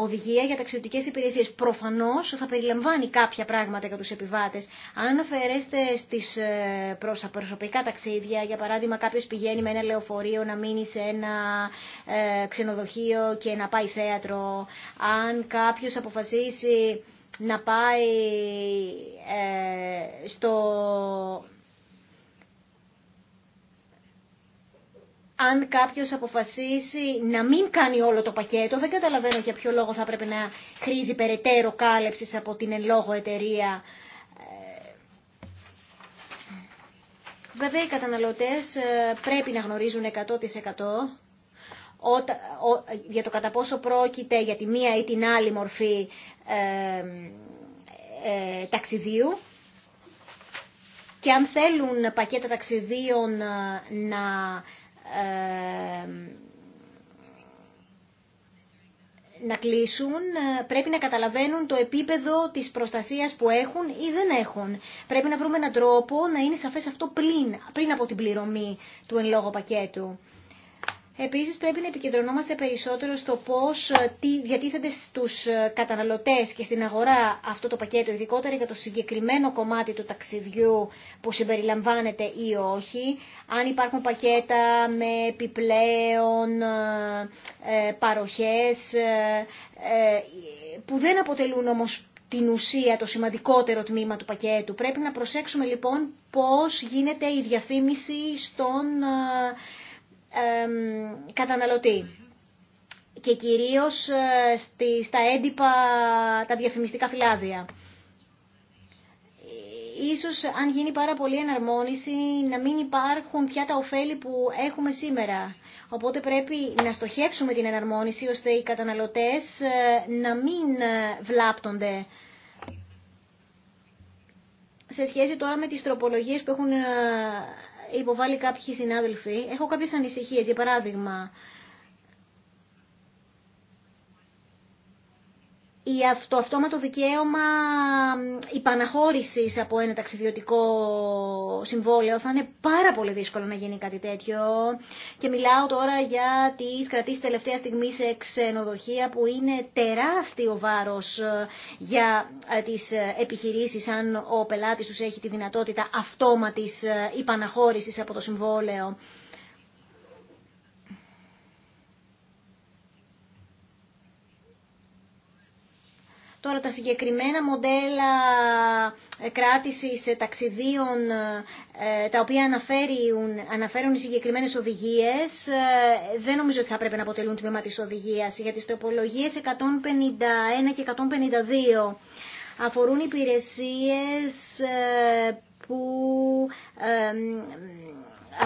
οδηγία για ταξιδιωτικέ υπηρεσίες. Προφανώς θα περιλαμβάνει κάποια πράγματα για του επιβάτες. Αν αναφερέστε στις ε, προσωπικά ταξίδια, για παράδειγμα κάποιο πηγαίνει με ένα λεωφορείο να μείνει σε ένα ε, ξενοδοχείο και να πάει θέατρο, αν κάποιο αποφασίσει να πάει ε, στο αν κάποιο αποφασίσει να μην κάνει όλο το πακέτο, δεν καταλαβαίνω για ποιο λόγο θα πρέπει να χρήζει περαιτέρω κάλεψης από την εν λόγω εταιρεία. Ε, βέβαια οι καταναλωτές ε, πρέπει να γνωρίζουν 100% για το κατά πόσο πρόκειται για τη μία ή την άλλη μορφή ε, ταξιδίου και αν θέλουν πακέτα ταξιδίων να να κλείσουν πρέπει να καταλαβαίνουν το επίπεδο της προστασίας που έχουν ή δεν έχουν. Πρέπει να βρούμε έναν τρόπο να είναι σαφές αυτό πριν, πριν από την πληρωμή του εν λόγω πακέτου. Επίσης πρέπει να επικεντρωνόμαστε περισσότερο στο πώς ε, τι διατίθεται στους ε, καταναλωτές και στην αγορά αυτό το πακέτο, ειδικότερα για το συγκεκριμένο κομμάτι του ταξιδιού που συμπεριλαμβάνεται ή όχι, αν υπάρχουν πακέτα με επιπλέον ε, παροχές που δεν αποτελούν όμω την ουσία, το σημαντικότερο τμήμα του πακέτου. Πρέπει να προσέξουμε λοιπόν πώς γίνεται η διαφήμιση στον καταναλωτή και κυρίως ε, στα έντυπα τα διαφημιστικά φυλάδια. Ίσως αν γίνει πάρα πολύ εναρμόνιση να μην υπάρχουν πια τα ωφέλη που έχουμε σήμερα. Οπότε πρέπει να στοχεύσουμε την εναρμόνιση ώστε οι καταναλωτές ε, να μην ε, βλάπτονται. Σε σχέση τώρα με τις τροπολογίες που έχουν υποβάλει κάποιοι συνάδελφοι, έχω κάποιες ανησυχίες. Για παράδειγμα, η, το αυτόματο δικαίωμα υπαναχώρησης από ένα ταξιδιωτικό συμβόλαιο θα είναι πάρα πολύ δύσκολο να γίνει κάτι τέτοιο και μιλάω τώρα για τις κρατήσεις τελευταία στιγμή σε ξενοδοχεία που είναι τεράστιο βάρος ε, για ε, τις ε, επιχειρήσεις αν ο πελάτης τους έχει τη δυνατότητα αυτόματης υπαναχώρησης από το συμβόλαιο. Τώρα τα συγκεκριμένα μοντέλα ε, κράτησης ε, ταξιδίων ε, τα οποία αναφέρουν, αναφέρουν οι συγκεκριμένες οδηγίες δεν νομίζω ότι θα πρέπει να αποτελούν τμήμα της οδηγίας για τις τροπολογίες 151 και 152 αφορούν υπηρεσίες που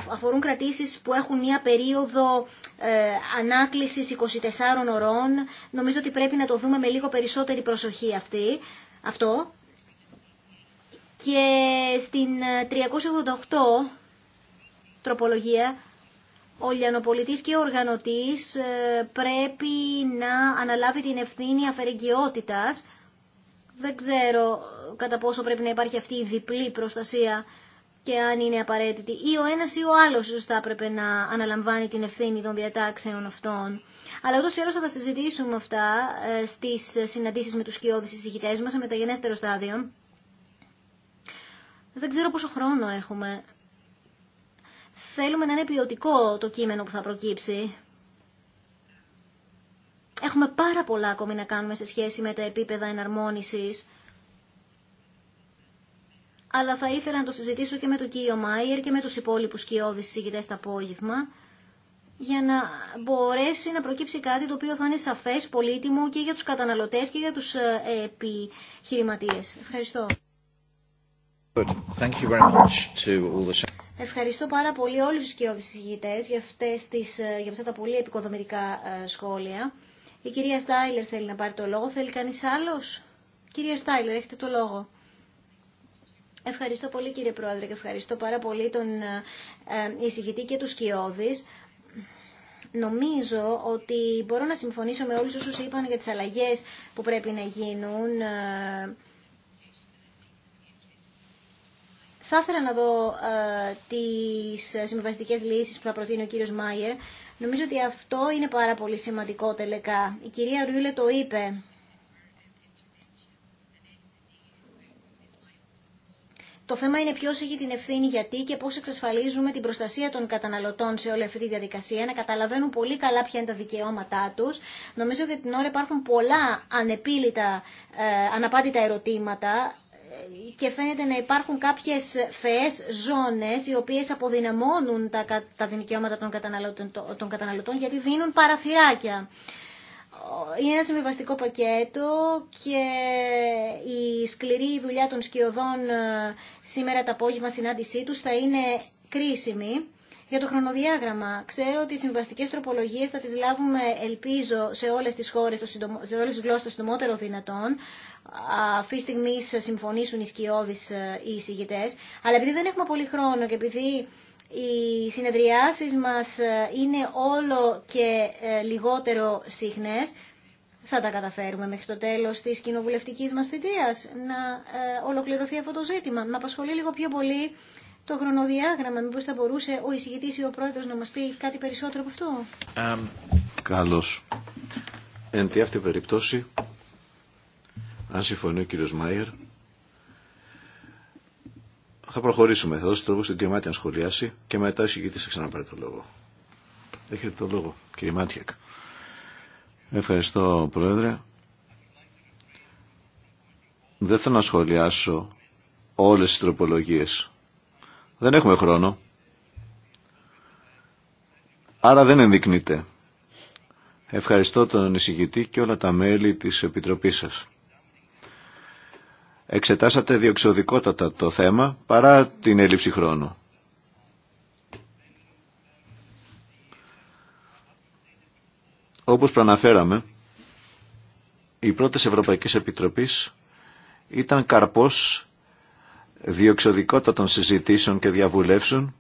αφορούν κρατήσεις που έχουν μια περίοδο ε, ανάκλησης 24 ωρών. Νομίζω ότι πρέπει να το δούμε με λίγο περισσότερη προσοχή αυτή, αυτό. Και στην 388 ε, τροπολογία ο λιανοπολιτής και ο οργανωτής ε, πρέπει να αναλάβει την ευθύνη αφαιρεγγιότητας. Δεν ξέρω κατά πόσο πρέπει να υπάρχει αυτή η διπλή προστασία και αν είναι απαραίτητη ή ο ένας ή ο άλλος θα έπρεπε να αναλαμβάνει την ευθύνη των διατάξεων αυτών. Αλλά ούτως ή άλλως θα τα συζητήσουμε αυτά ε, στις συναντήσεις με τους σκιώδεις εισηγητές μας σε μεταγενέστερο στάδιο. Δεν ξέρω πόσο χρόνο έχουμε. Θέλουμε να είναι ποιοτικό το κείμενο που θα προκύψει. Έχουμε πάρα πολλά ακόμη να κάνουμε σε σχέση με τα επίπεδα εναρμόνισης αλλά θα ήθελα να το συζητήσω και με τον κύριο Μάιερ και με τους υπόλοιπους κοιόδης συζητητές το απόγευμα, για να μπορέσει να προκύψει κάτι το οποίο θα είναι σαφές, πολύτιμο και για τους καταναλωτές και για τους ε, επιχειρηματίες. Ευχαριστώ. Thank you very much to all the... Ευχαριστώ πάρα πολύ όλους τους κοιόδης συζητητές για, αυτές τις, ε, για αυτά τα πολύ επικοδομητικά ε, σχόλια. Η κυρία Στάιλερ θέλει να πάρει το λόγο. Θέλει κανείς άλλος? Κυρία Στάιλερ, έχετε το λόγο. Ευχαριστώ πολύ κύριε Πρόεδρε και ευχαριστώ πάρα πολύ τον ε, ε, εισηγητή και τους Σκιώδης. Νομίζω ότι μπορώ να συμφωνήσω με όλους όσους είπαν για τις αλλαγές που πρέπει να γίνουν. Ε, θα ήθελα να δω τις συμβαστικές λύσεις που θα προτείνει ο κύριος Μάιερ. Νομίζω ότι αυτό είναι πάρα πολύ σημαντικό τελικά. Η κυρία Ριούλε το είπε. Το θέμα είναι ποιο έχει την ευθύνη γιατί και πώ εξασφαλίζουμε την προστασία των καταναλωτών σε όλη αυτή τη διαδικασία, να καταλαβαίνουν πολύ καλά ποια είναι τα δικαιώματά του. Νομίζω ότι την ώρα υπάρχουν πολλά ανεπίλητα, ε, αναπάντητα ερωτήματα ε, και φαίνεται να υπάρχουν κάποιες φαιές ζώνες οι οποίες αποδυναμώνουν τα, τα δικαιώματα των καταναλωτών, των καταναλωτών γιατί δίνουν παραθυράκια είναι ένα συμβιβαστικό πακέτο και η σκληρή δουλειά των σκιωδών ε, σήμερα τα απόγευμα συνάντησή τους θα είναι κρίσιμη. Για το χρονοδιάγραμμα, ξέρω ότι οι συμβαστικέ τροπολογίε θα τι λάβουμε, ελπίζω, σε όλε τι χώρε, σε όλε τι γλώσσε το συντομότερο δυνατόν. Αυτή τη στιγμή συμφωνήσουν οι σκιώδει ε, οι εισηγητέ. Αλλά επειδή δεν έχουμε πολύ χρόνο και επειδή οι συνεδριάσεις μας ε, είναι όλο και ε, λιγότερο συχνές. Θα τα καταφέρουμε μέχρι το τέλος της κοινοβουλευτικής μας θητείας να ε, ολοκληρωθεί αυτό το ζήτημα. Με απασχολεί λίγο πιο πολύ το χρονοδιάγραμμα. Μήπως θα μπορούσε ο εισηγητής ή ο πρόεδρος να μας πει κάτι περισσότερο από αυτό. καλώς. Εν τη αυτή περίπτωση, αν συμφωνεί ο κύριος Μάιερ, θα προχωρήσουμε. Θα δώσω το λόγο στον κύριο Μάτια να σχολιάσει και μετά ο συγκεκριτής θα ξαναπάρει το λόγο. Έχετε το λόγο, κύριε Μάτιακ. Ευχαριστώ, Πρόεδρε. Δεν θέλω να σχολιάσω όλες τις τροπολογίες. Δεν έχουμε χρόνο. Άρα δεν ενδεικνύεται. Ευχαριστώ τον εισηγητή και όλα τα μέλη της Επιτροπής σας εξετάσατε διεξοδικότατα το θέμα παρά την έλλειψη χρόνου. Όπως προαναφέραμε, οι πρώτες Ευρωπαϊκής Επιτροπής ήταν καρπός διεξοδικότατων συζητήσεων και διαβουλεύσεων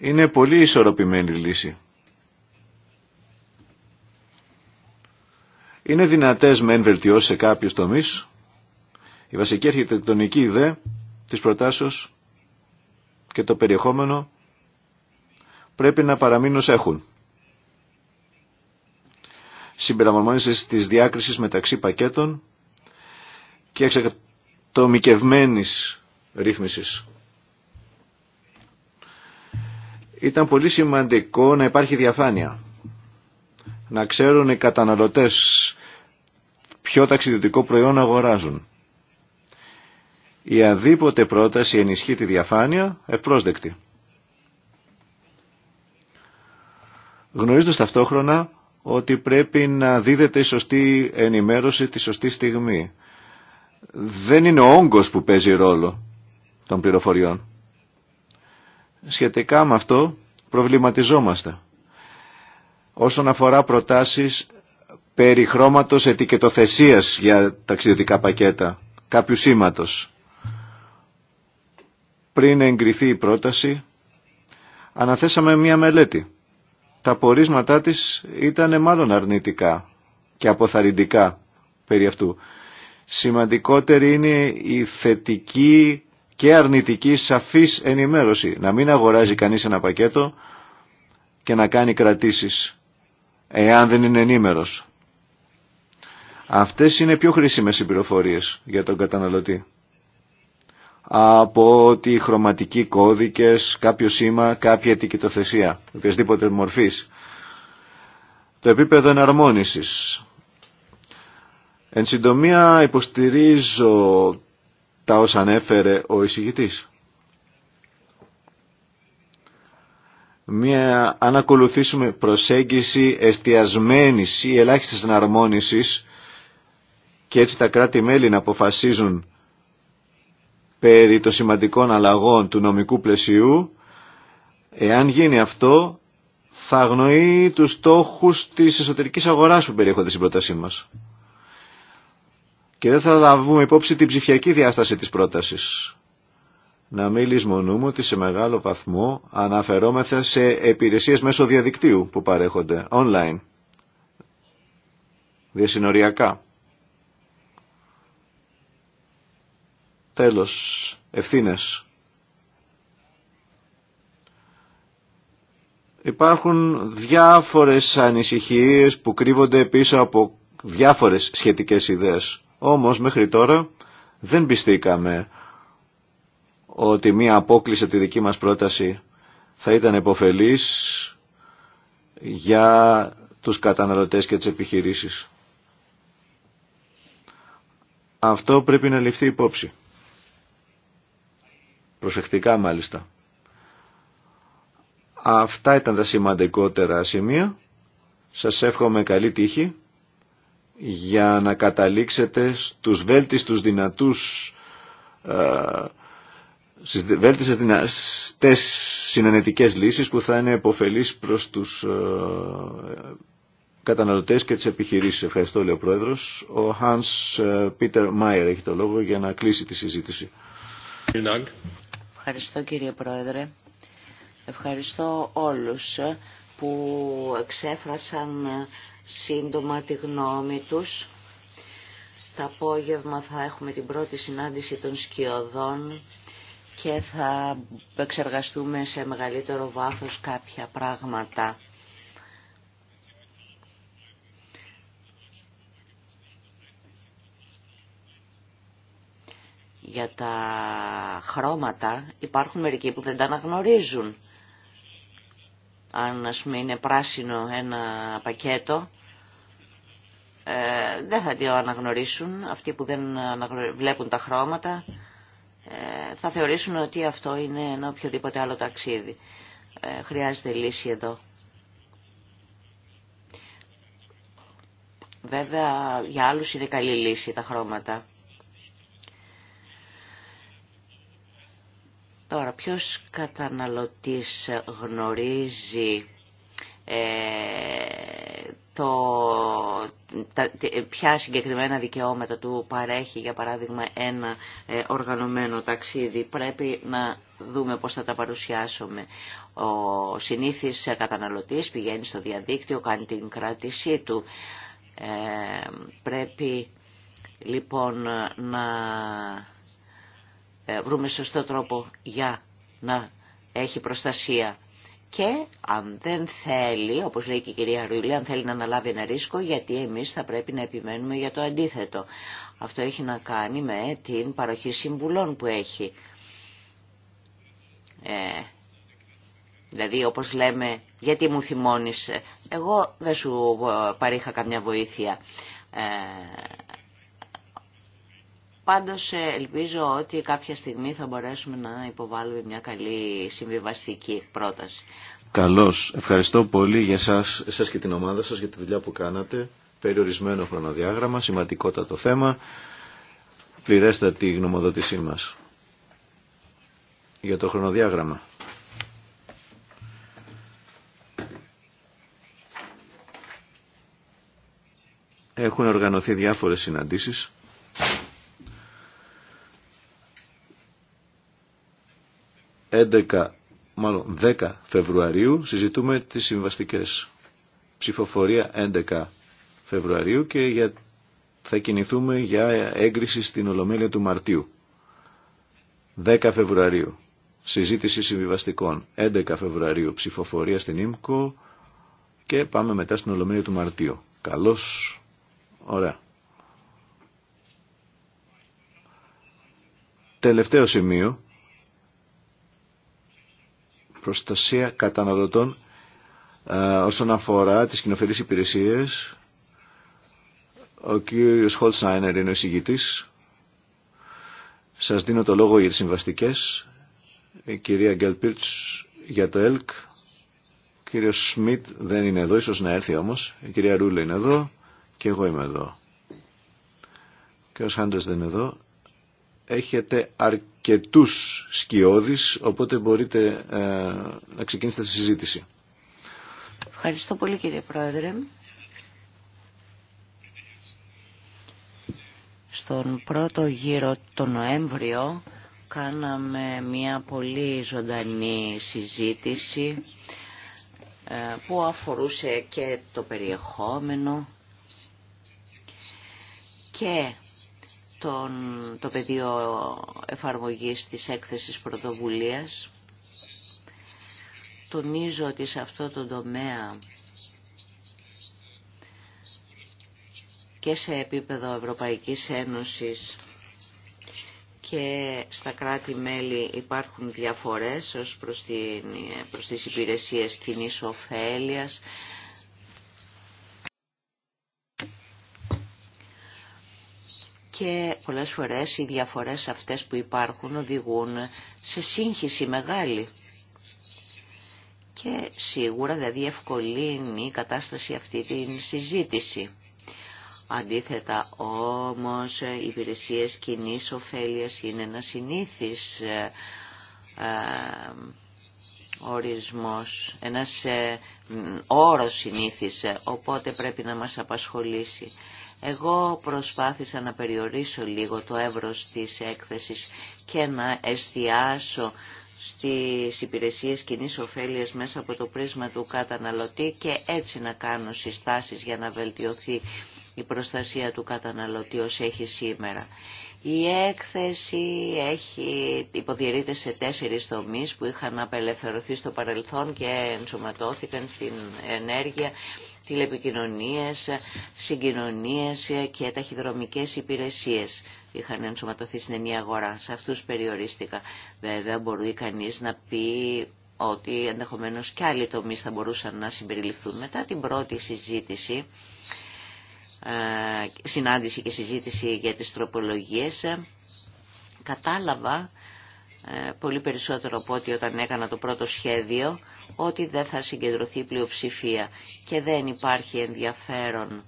Είναι πολύ ισορροπημένη λύση. Είναι δυνατές με βελτιώσει σε κάποιους τομείς. Η βασική αρχιτεκτονική ιδέα της προτάσεως και το περιεχόμενο πρέπει να παραμείνουν έχουν. Συμπεραμονμόνησης της διάκρισης μεταξύ πακέτων και εξατομικευμένης ρύθμισης. Ήταν πολύ σημαντικό να υπάρχει διαφάνεια να ξέρουν οι καταναλωτές ποιο ταξιδιωτικό προϊόν αγοράζουν. Η αδίποτε πρόταση ενισχύει τη διαφάνεια ευπρόσδεκτη. Γνωρίζοντας ταυτόχρονα ότι πρέπει να δίδεται η σωστή ενημέρωση τη σωστή στιγμή. Δεν είναι ο όγκος που παίζει ρόλο των πληροφοριών. Σχετικά με αυτό προβληματιζόμαστε όσον αφορά προτάσεις περί χρώματος ετικετοθεσίας για ταξιδιωτικά πακέτα, κάποιου σήματος. Πριν εγκριθεί η πρόταση, αναθέσαμε μία μελέτη. Τα πορίσματά της ήταν μάλλον αρνητικά και αποθαρρυντικά περί αυτού. Σημαντικότερη είναι η θετική και αρνητική σαφής ενημέρωση. Να μην αγοράζει κανείς ένα πακέτο και να κάνει κρατήσεις εάν δεν είναι ενήμερος. Αυτές είναι πιο χρήσιμες οι πληροφορίες για τον καταναλωτή. Από ότι χρωματικοί κώδικες, κάποιο σήμα, κάποια ετικητοθεσία, οποιασδήποτε μορφής. Το επίπεδο εναρμόνισης. Εν συντομία υποστηρίζω τα όσα ανέφερε ο εισηγητής. μια, αν ακολουθήσουμε προσέγγιση εστιασμένης ή ελάχιστης εναρμόνισης και έτσι τα κράτη-μέλη να αποφασίζουν περί των σημαντικών αλλαγών του νομικού πλαισιού, εάν γίνει αυτό θα αγνοεί τους στόχους της εσωτερικής αγοράς που περιέχονται στην πρότασή μας. Και δεν θα λάβουμε υπόψη την ψηφιακή διάσταση της πρότασης να μην λησμονούμε ότι σε μεγάλο βαθμό αναφερόμεθα σε υπηρεσίες μέσω διαδικτύου που παρέχονται online, διασυνοριακά. Τέλος, ευθύνες. Υπάρχουν διάφορες ανησυχίες που κρύβονται πίσω από διάφορες σχετικές ιδέες. Όμως μέχρι τώρα δεν πιστήκαμε ότι μία απόκληση από τη δική μας πρόταση θα ήταν επωφελής για τους καταναλωτές και τις επιχειρήσεις. Αυτό πρέπει να ληφθεί υπόψη. Προσεκτικά μάλιστα. Αυτά ήταν τα σημαντικότερα σημεία. Σας εύχομαι καλή τύχη για να καταλήξετε στους βέλτιστους δυνατούς ε, στις βέλτιστες δυνατές συνενετικές λύσεις που θα είναι επωφελείς προς τους ε, καταναλωτές και τις επιχειρήσεις. Ευχαριστώ, λέει ο Πρόεδρος. Ο Hans ε, Peter Mayer έχει το λόγο για να κλείσει τη συζήτηση. Ευχαριστώ κύριε Πρόεδρε. Ευχαριστώ όλους ε, που εξέφρασαν σύντομα τη γνώμη τους. Τα απόγευμα θα έχουμε την πρώτη συνάντηση των σκιωδών και θα εξεργαστούμε σε μεγαλύτερο βάθος κάποια πράγματα. Για τα χρώματα υπάρχουν μερικοί που δεν τα αναγνωρίζουν. Αν ας πούμε είναι πράσινο ένα πακέτο, ε, δεν θα το αναγνωρίσουν αυτοί που δεν βλέπουν τα χρώματα. Ε, θα θεωρήσουν ότι αυτό είναι ένα οποιοδήποτε άλλο ταξίδι. Ε, χρειάζεται λύση εδώ. Βέβαια για άλλους είναι καλή λύση τα χρώματα. Τώρα, ποιος καταναλωτής γνωρίζει ε, το ποια συγκεκριμένα δικαιώματα του παρέχει για παράδειγμα ένα ε, οργανωμένο ταξίδι. Πρέπει να δούμε πώς θα τα παρουσιάσουμε. Ο συνήθις ε, καταναλωτής πηγαίνει στο διαδίκτυο, κάνει την κράτησή του. Ε, πρέπει λοιπόν να βρούμε σωστό τρόπο για να έχει προστασία και αν δεν θέλει, όπως λέει και η κυρία Ρουλή, αν θέλει να αναλάβει ένα ρίσκο, γιατί εμείς θα πρέπει να επιμένουμε για το αντίθετο. Αυτό έχει να κάνει με την παροχή συμβουλών που έχει. Ε, δηλαδή, όπως λέμε, γιατί μου θυμώνεις, ε, εγώ δεν σου ε, παρήχα καμιά βοήθεια. Πάντως ε, ελπίζω ότι κάποια στιγμή θα μπορέσουμε να υποβάλουμε μια καλή συμβιβαστική πρόταση. Καλώς. Ευχαριστώ πολύ για σας, εσάς και την ομάδα σας για τη δουλειά που κάνατε. Περιορισμένο χρονοδιάγραμμα, σημαντικότατο θέμα. Πληρέστατη γνωμοδότησή μας για το χρονοδιάγραμμα. Έχουν οργανωθεί διάφορες συναντήσεις. 11, μάλλον 10 Φεβρουαρίου συζητούμε τις συμβαστικές. Ψηφοφορία 11 Φεβρουαρίου και για... θα κινηθούμε για έγκριση στην Ολομέλεια του Μαρτίου. 10 Φεβρουαρίου. Συζήτηση συμβιβαστικών. 11 Φεβρουαρίου ψηφοφορία στην ΙΜΚΟ και πάμε μετά στην Ολομέλεια του Μαρτίου. Καλώς. Ωραία. Τελευταίο σημείο προστασία καταναλωτών ε, όσον αφορά τις κοινοφελείς υπηρεσίες. Ο κύριος Χολτσάινερ είναι ο εισηγητής. Σας δίνω το λόγο για τις συμβαστικές. Η κυρία Γκέλπιρτς για το ΕΛΚ. Ο κύριος Σμιτ δεν είναι εδώ, ίσως να έρθει όμως. Η κυρία Ρούλε είναι εδώ και εγώ είμαι εδώ. Ο κύριος Χάντες δεν είναι εδώ έχετε αρκετούς σκιώδεις, οπότε μπορείτε ε, να ξεκινήσετε τη συζήτηση. Ευχαριστώ πολύ κύριε Πρόεδρε. Στον πρώτο γύρο τον Νοέμβριο κάναμε μια πολύ ζωντανή συζήτηση ε, που αφορούσε και το περιεχόμενο και τον, το πεδίο εφαρμογής της έκθεσης πρωτοβουλίας. Τονίζω ότι σε αυτό το τομέα και σε επίπεδο Ευρωπαϊκής Ένωσης και στα κράτη-μέλη υπάρχουν διαφορές ως προς, την, προς τις υπηρεσίες κοινής ωφέλειας, και πολλές φορές οι διαφορές αυτές που υπάρχουν οδηγούν σε σύγχυση μεγάλη. Και σίγουρα δεν διευκολύνει η κατάσταση αυτή την συζήτηση. Αντίθετα όμως οι υπηρεσίες κοινή ωφέλειας είναι ένα συνήθις ε, ε, ορισμός, ένας ε, όρος συνήθισε, οπότε πρέπει να μας απασχολήσει. Εγώ προσπάθησα να περιορίσω λίγο το εύρος της έκθεσης και να εστιάσω στις υπηρεσίες κοινή ωφέλεια μέσα από το πρίσμα του καταναλωτή και έτσι να κάνω συστάσεις για να βελτιωθεί η προστασία του καταναλωτή ως έχει σήμερα. Η έκθεση έχει υποδιαιρείται σε τέσσερις τομείς που είχαν απελευθερωθεί στο παρελθόν και ενσωματώθηκαν στην ενέργεια, τηλεπικοινωνίες, συγκοινωνίες και ταχυδρομικές υπηρεσίες είχαν ενσωματωθεί στην ενιαία αγορά. Σε αυτούς περιορίστηκα. Βέβαια μπορεί κανείς να πει ότι ενδεχομένως και άλλοι τομείς θα μπορούσαν να συμπεριληφθούν. Μετά την πρώτη συζήτηση ε, συνάντηση και συζήτηση για τις τροπολογίες κατάλαβα ε, πολύ περισσότερο από ό,τι όταν έκανα το πρώτο σχέδιο ότι δεν θα συγκεντρωθεί πλειοψηφία και δεν υπάρχει ενδιαφέρον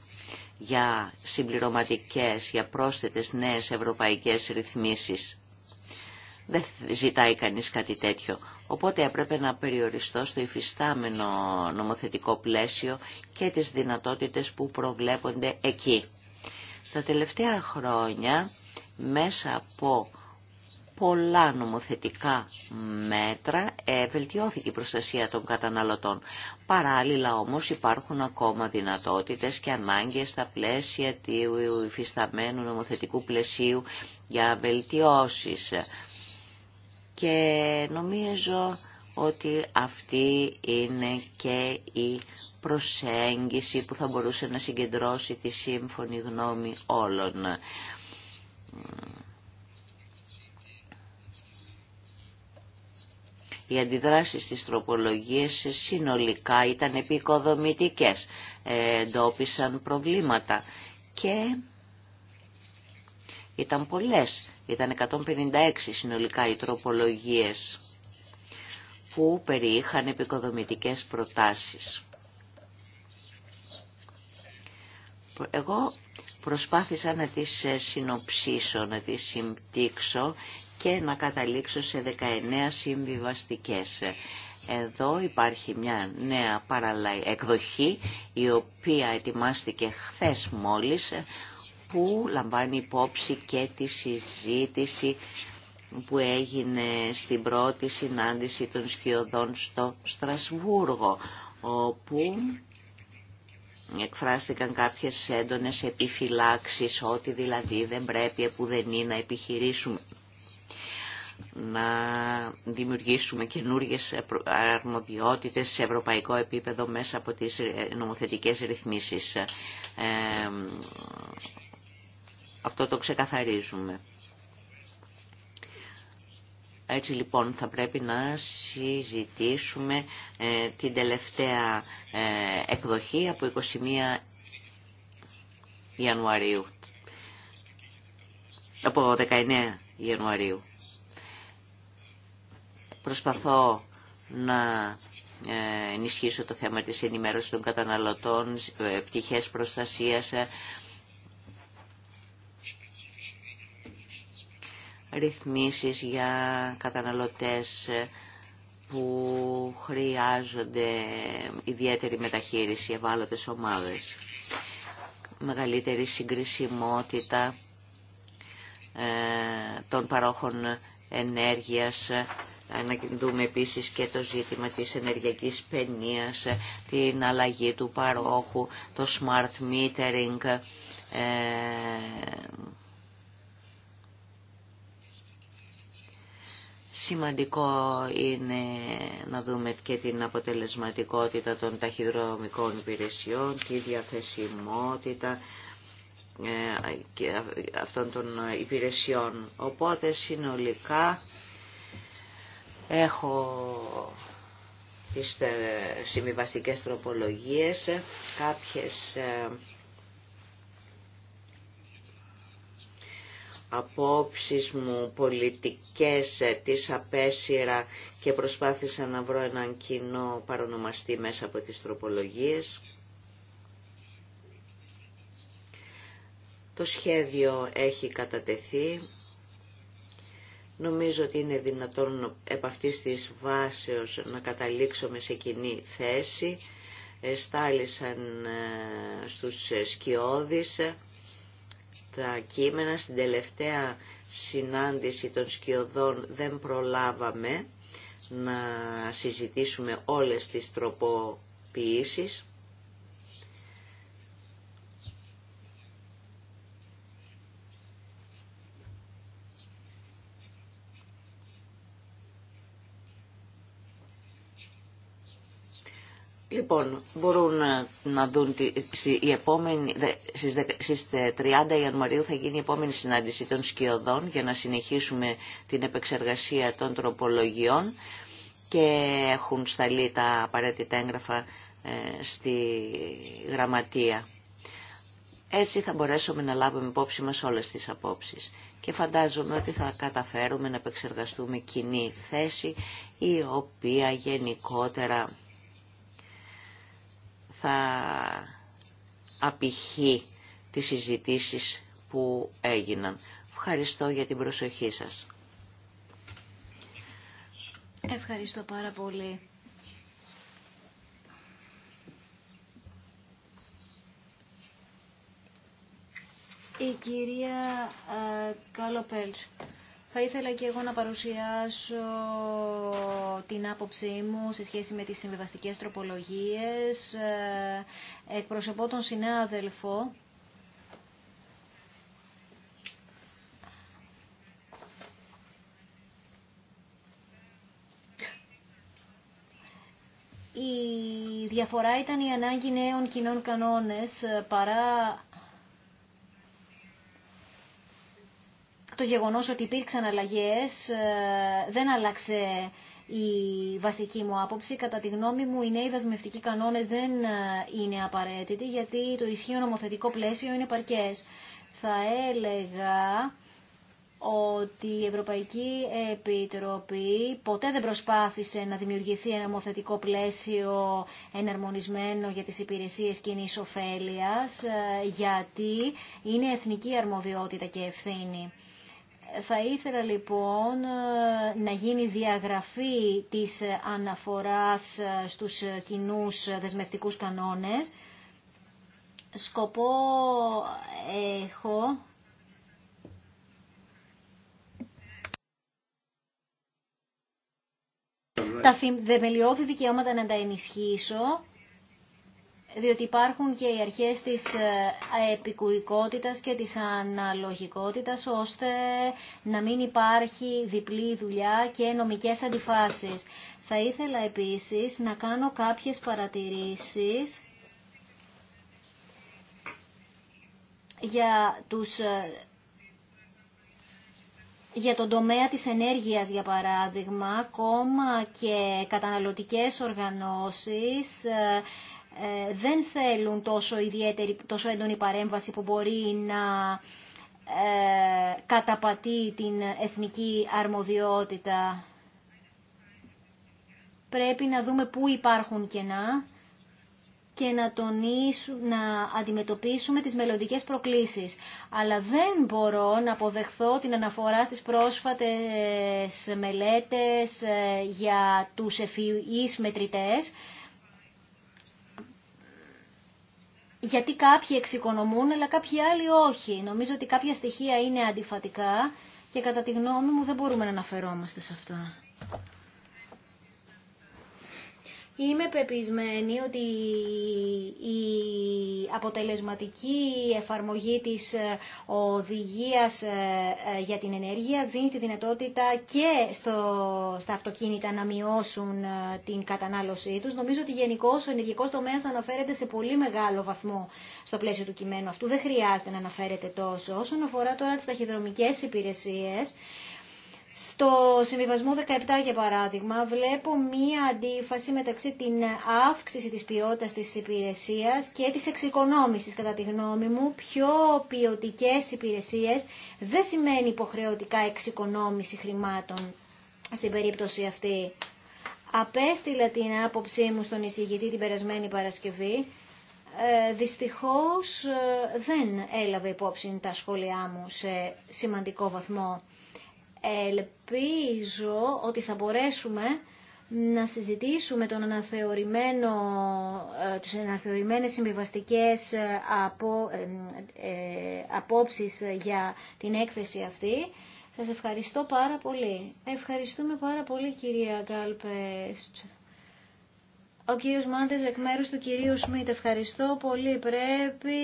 για συμπληρωματικές, για πρόσθετες νέες ευρωπαϊκές ρυθμίσεις. Δεν ζητάει κανείς κάτι τέτοιο. Οπότε έπρεπε να περιοριστώ στο υφιστάμενο νομοθετικό πλαίσιο και τις δυνατότητες που προβλέπονται εκεί. Τα τελευταία χρόνια μέσα από πολλά νομοθετικά μέτρα ε, βελτιώθηκε η προστασία των καταναλωτών. Παράλληλα όμως υπάρχουν ακόμα δυνατότητες και ανάγκες στα πλαίσια του υφισταμένου νομοθετικού πλαισίου για βελτιώσεις και νομίζω ότι αυτή είναι και η προσέγγιση που θα μπορούσε να συγκεντρώσει τη σύμφωνη γνώμη όλων. Οι αντιδράσεις στις τροπολογίες συνολικά ήταν επικοδομητικές, ε, εντόπισαν προβλήματα και ήταν πολλές, ήταν 156 συνολικά οι τροπολογίες που περιείχαν επικοδομητικές προτάσεις. Εγώ προσπάθησα να τις συνοψίσω, να τις συμπτύξω και να καταλήξω σε 19 συμβιβαστικές. Εδώ υπάρχει μια νέα παραλα... εκδοχή η οποία ετοιμάστηκε χθες μόλις που λαμβάνει υπόψη και τη συζήτηση που έγινε στην πρώτη συνάντηση των σκιωδών στο Στρασβούργο, όπου εκφράστηκαν κάποιες έντονες επιφυλάξεις ότι δηλαδή δεν πρέπει που δεν είναι να επιχειρήσουμε να δημιουργήσουμε καινούργιες αρμοδιότητες σε ευρωπαϊκό επίπεδο μέσα από τις νομοθετικές ρυθμίσεις. Ε, αυτό το ξεκαθαρίζουμε. Έτσι λοιπόν θα πρέπει να συζητήσουμε ε, την τελευταία ε, εκδοχή από 21 Ιανουαρίου, από 19 Ιανουαρίου. Προσπαθώ να ε, ενισχύσω το θέμα της ενημέρωσης των καταναλωτών, πτυχές προστασίας, ρυθμίσεις για καταναλωτές ε, που χρειάζονται ιδιαίτερη μεταχείριση, ευάλωτες ομάδες, μεγαλύτερη συγκρισιμότητα ε, των παρόχων ενέργειας, ε, να δούμε επίσης και το ζήτημα της ενεργειακής παινίας, την αλλαγή του παρόχου, το smart metering, Σημαντικό είναι να δούμε και την αποτελεσματικότητα των ταχυδρομικών υπηρεσιών, τη διαθεσιμότητα ε, αυτών των υπηρεσιών. Οπότε συνολικά έχω τις συμβιβαστικές τροπολογίες, κάποιες ε, απόψεις μου πολιτικές ε, τις απέσυρα και προσπάθησα να βρω έναν κοινό παρονομαστή μέσα από τις τροπολογίες. Το σχέδιο έχει κατατεθεί. Νομίζω ότι είναι δυνατόν επ' αυτής της βάσεως να καταλήξουμε σε κοινή θέση. Στάλησαν ε, στους σκιώδεις τα κείμενα στην τελευταία συνάντηση των σκιωδών δεν προλάβαμε να συζητήσουμε όλες τις τροποποιήσεις Λοιπόν, μπορούν να δουν η επόμενη, στις 30 Ιανουαρίου θα γίνει η επόμενη συνάντηση των σκιωδών για να συνεχίσουμε την επεξεργασία των τροπολογιών και έχουν σταλεί τα απαραίτητα έγγραφα ε, στη γραμματεία. Έτσι θα μπορέσουμε να λάβουμε υπόψη μας όλες τις απόψεις. Και φαντάζομαι ότι θα καταφέρουμε να επεξεργαστούμε κοινή θέση η οποία γενικότερα θα απηχεί τις συζητήσεις που έγιναν. Ευχαριστώ για την προσοχή σας. Ευχαριστώ πάρα πολύ. Η κυρία ε, Καλοπέλτς. Θα ήθελα και εγώ να παρουσιάσω την άποψή μου σε σχέση με τις συμβιβαστικές τροπολογίες. Ε, εκπροσωπώ τον συνάδελφο Η διαφορά ήταν η ανάγκη νέων κοινών κανόνες παρά το γεγονός ότι υπήρξαν αλλαγές ε, δεν άλλαξε η βασική μου άποψη. Κατά τη γνώμη μου, οι νέοι δασμευτικοί κανόνες δεν ε, είναι απαραίτητοι, γιατί το ισχύον νομοθετικό πλαίσιο είναι παρκές. Θα έλεγα ότι η Ευρωπαϊκή Επιτροπή ποτέ δεν προσπάθησε να δημιουργηθεί ένα νομοθετικό πλαίσιο εναρμονισμένο για τις υπηρεσίες κοινή ωφέλεια, ε, γιατί είναι εθνική αρμοδιότητα και ευθύνη. Θα ήθελα λοιπόν να γίνει διαγραφή της αναφοράς στους κοινούς δεσμευτικούς κανόνες. Σκοπό έχω τα θεμελιώδη δικαιώματα να τα ενισχύσω διότι υπάρχουν και οι αρχές της ε, επικουρικότητας και της αναλογικότητας, ώστε να μην υπάρχει διπλή δουλειά και νομικές αντιφάσεις. Θα ήθελα επίσης να κάνω κάποιες παρατηρήσεις για τους ε, για τον τομέα της ενέργειας, για παράδειγμα, ακόμα και καταναλωτικές οργανώσεις ε, ε, δεν θέλουν τόσο, ιδιαίτερη, τόσο έντονη παρέμβαση που μπορεί να ε, καταπατεί την εθνική αρμοδιότητα. Πρέπει να δούμε πού υπάρχουν κενά και να, να αντιμετωπίσουμε τις μελλοντικέ προκλήσεις. Αλλά δεν μπορώ να αποδεχθώ την αναφορά στις πρόσφατες μελέτες ε, για τους ευφυείς μετρητές, γιατί κάποιοι εξοικονομούν αλλά κάποιοι άλλοι όχι. Νομίζω ότι κάποια στοιχεία είναι αντιφατικά και κατά τη γνώμη μου δεν μπορούμε να αναφερόμαστε σε αυτά. Είμαι πεπισμένη ότι η αποτελεσματική εφαρμογή της ε, οδηγίας ε, ε, για την ενέργεια δίνει τη δυνατότητα και στο, στα αυτοκίνητα να μειώσουν την κατανάλωσή τους. Νομίζω ότι γενικώ ο ενεργειακός τομέας αναφέρεται σε πολύ μεγάλο βαθμό στο πλαίσιο του κειμένου αυτού. Δεν χρειάζεται να αναφέρεται τόσο. Όσον αφορά τώρα τις ταχυδρομικές υπηρεσίες, στο συμβιβασμό 17, για παράδειγμα, βλέπω μία αντίφαση μεταξύ την αύξηση της ποιότητας της υπηρεσίας και της εξοικονόμησης, κατά τη γνώμη μου. Πιο ποιοτικέ υπηρεσίες δεν σημαίνει υποχρεωτικά εξοικονόμηση χρημάτων στην περίπτωση αυτή. Απέστειλα την άποψή μου στον εισηγητή την περασμένη Παρασκευή. Ε, δυστυχώς ε, δεν έλαβε υπόψη τα σχόλιά μου σε σημαντικό βαθμό ελπίζω ότι θα μπορέσουμε να συζητήσουμε τον αναθεωρημένο, ε, τις αναθεωρημένες συμβιβαστικές ε, από, ε, απόψεις για την έκθεση αυτή. Σας ευχαριστώ πάρα πολύ. Ευχαριστούμε πάρα πολύ κυρία Γκάλπεστ. Ο κύριος Μάντες εκ μέρους του κυρίου Σμιτ. Ευχαριστώ πολύ. Πρέπει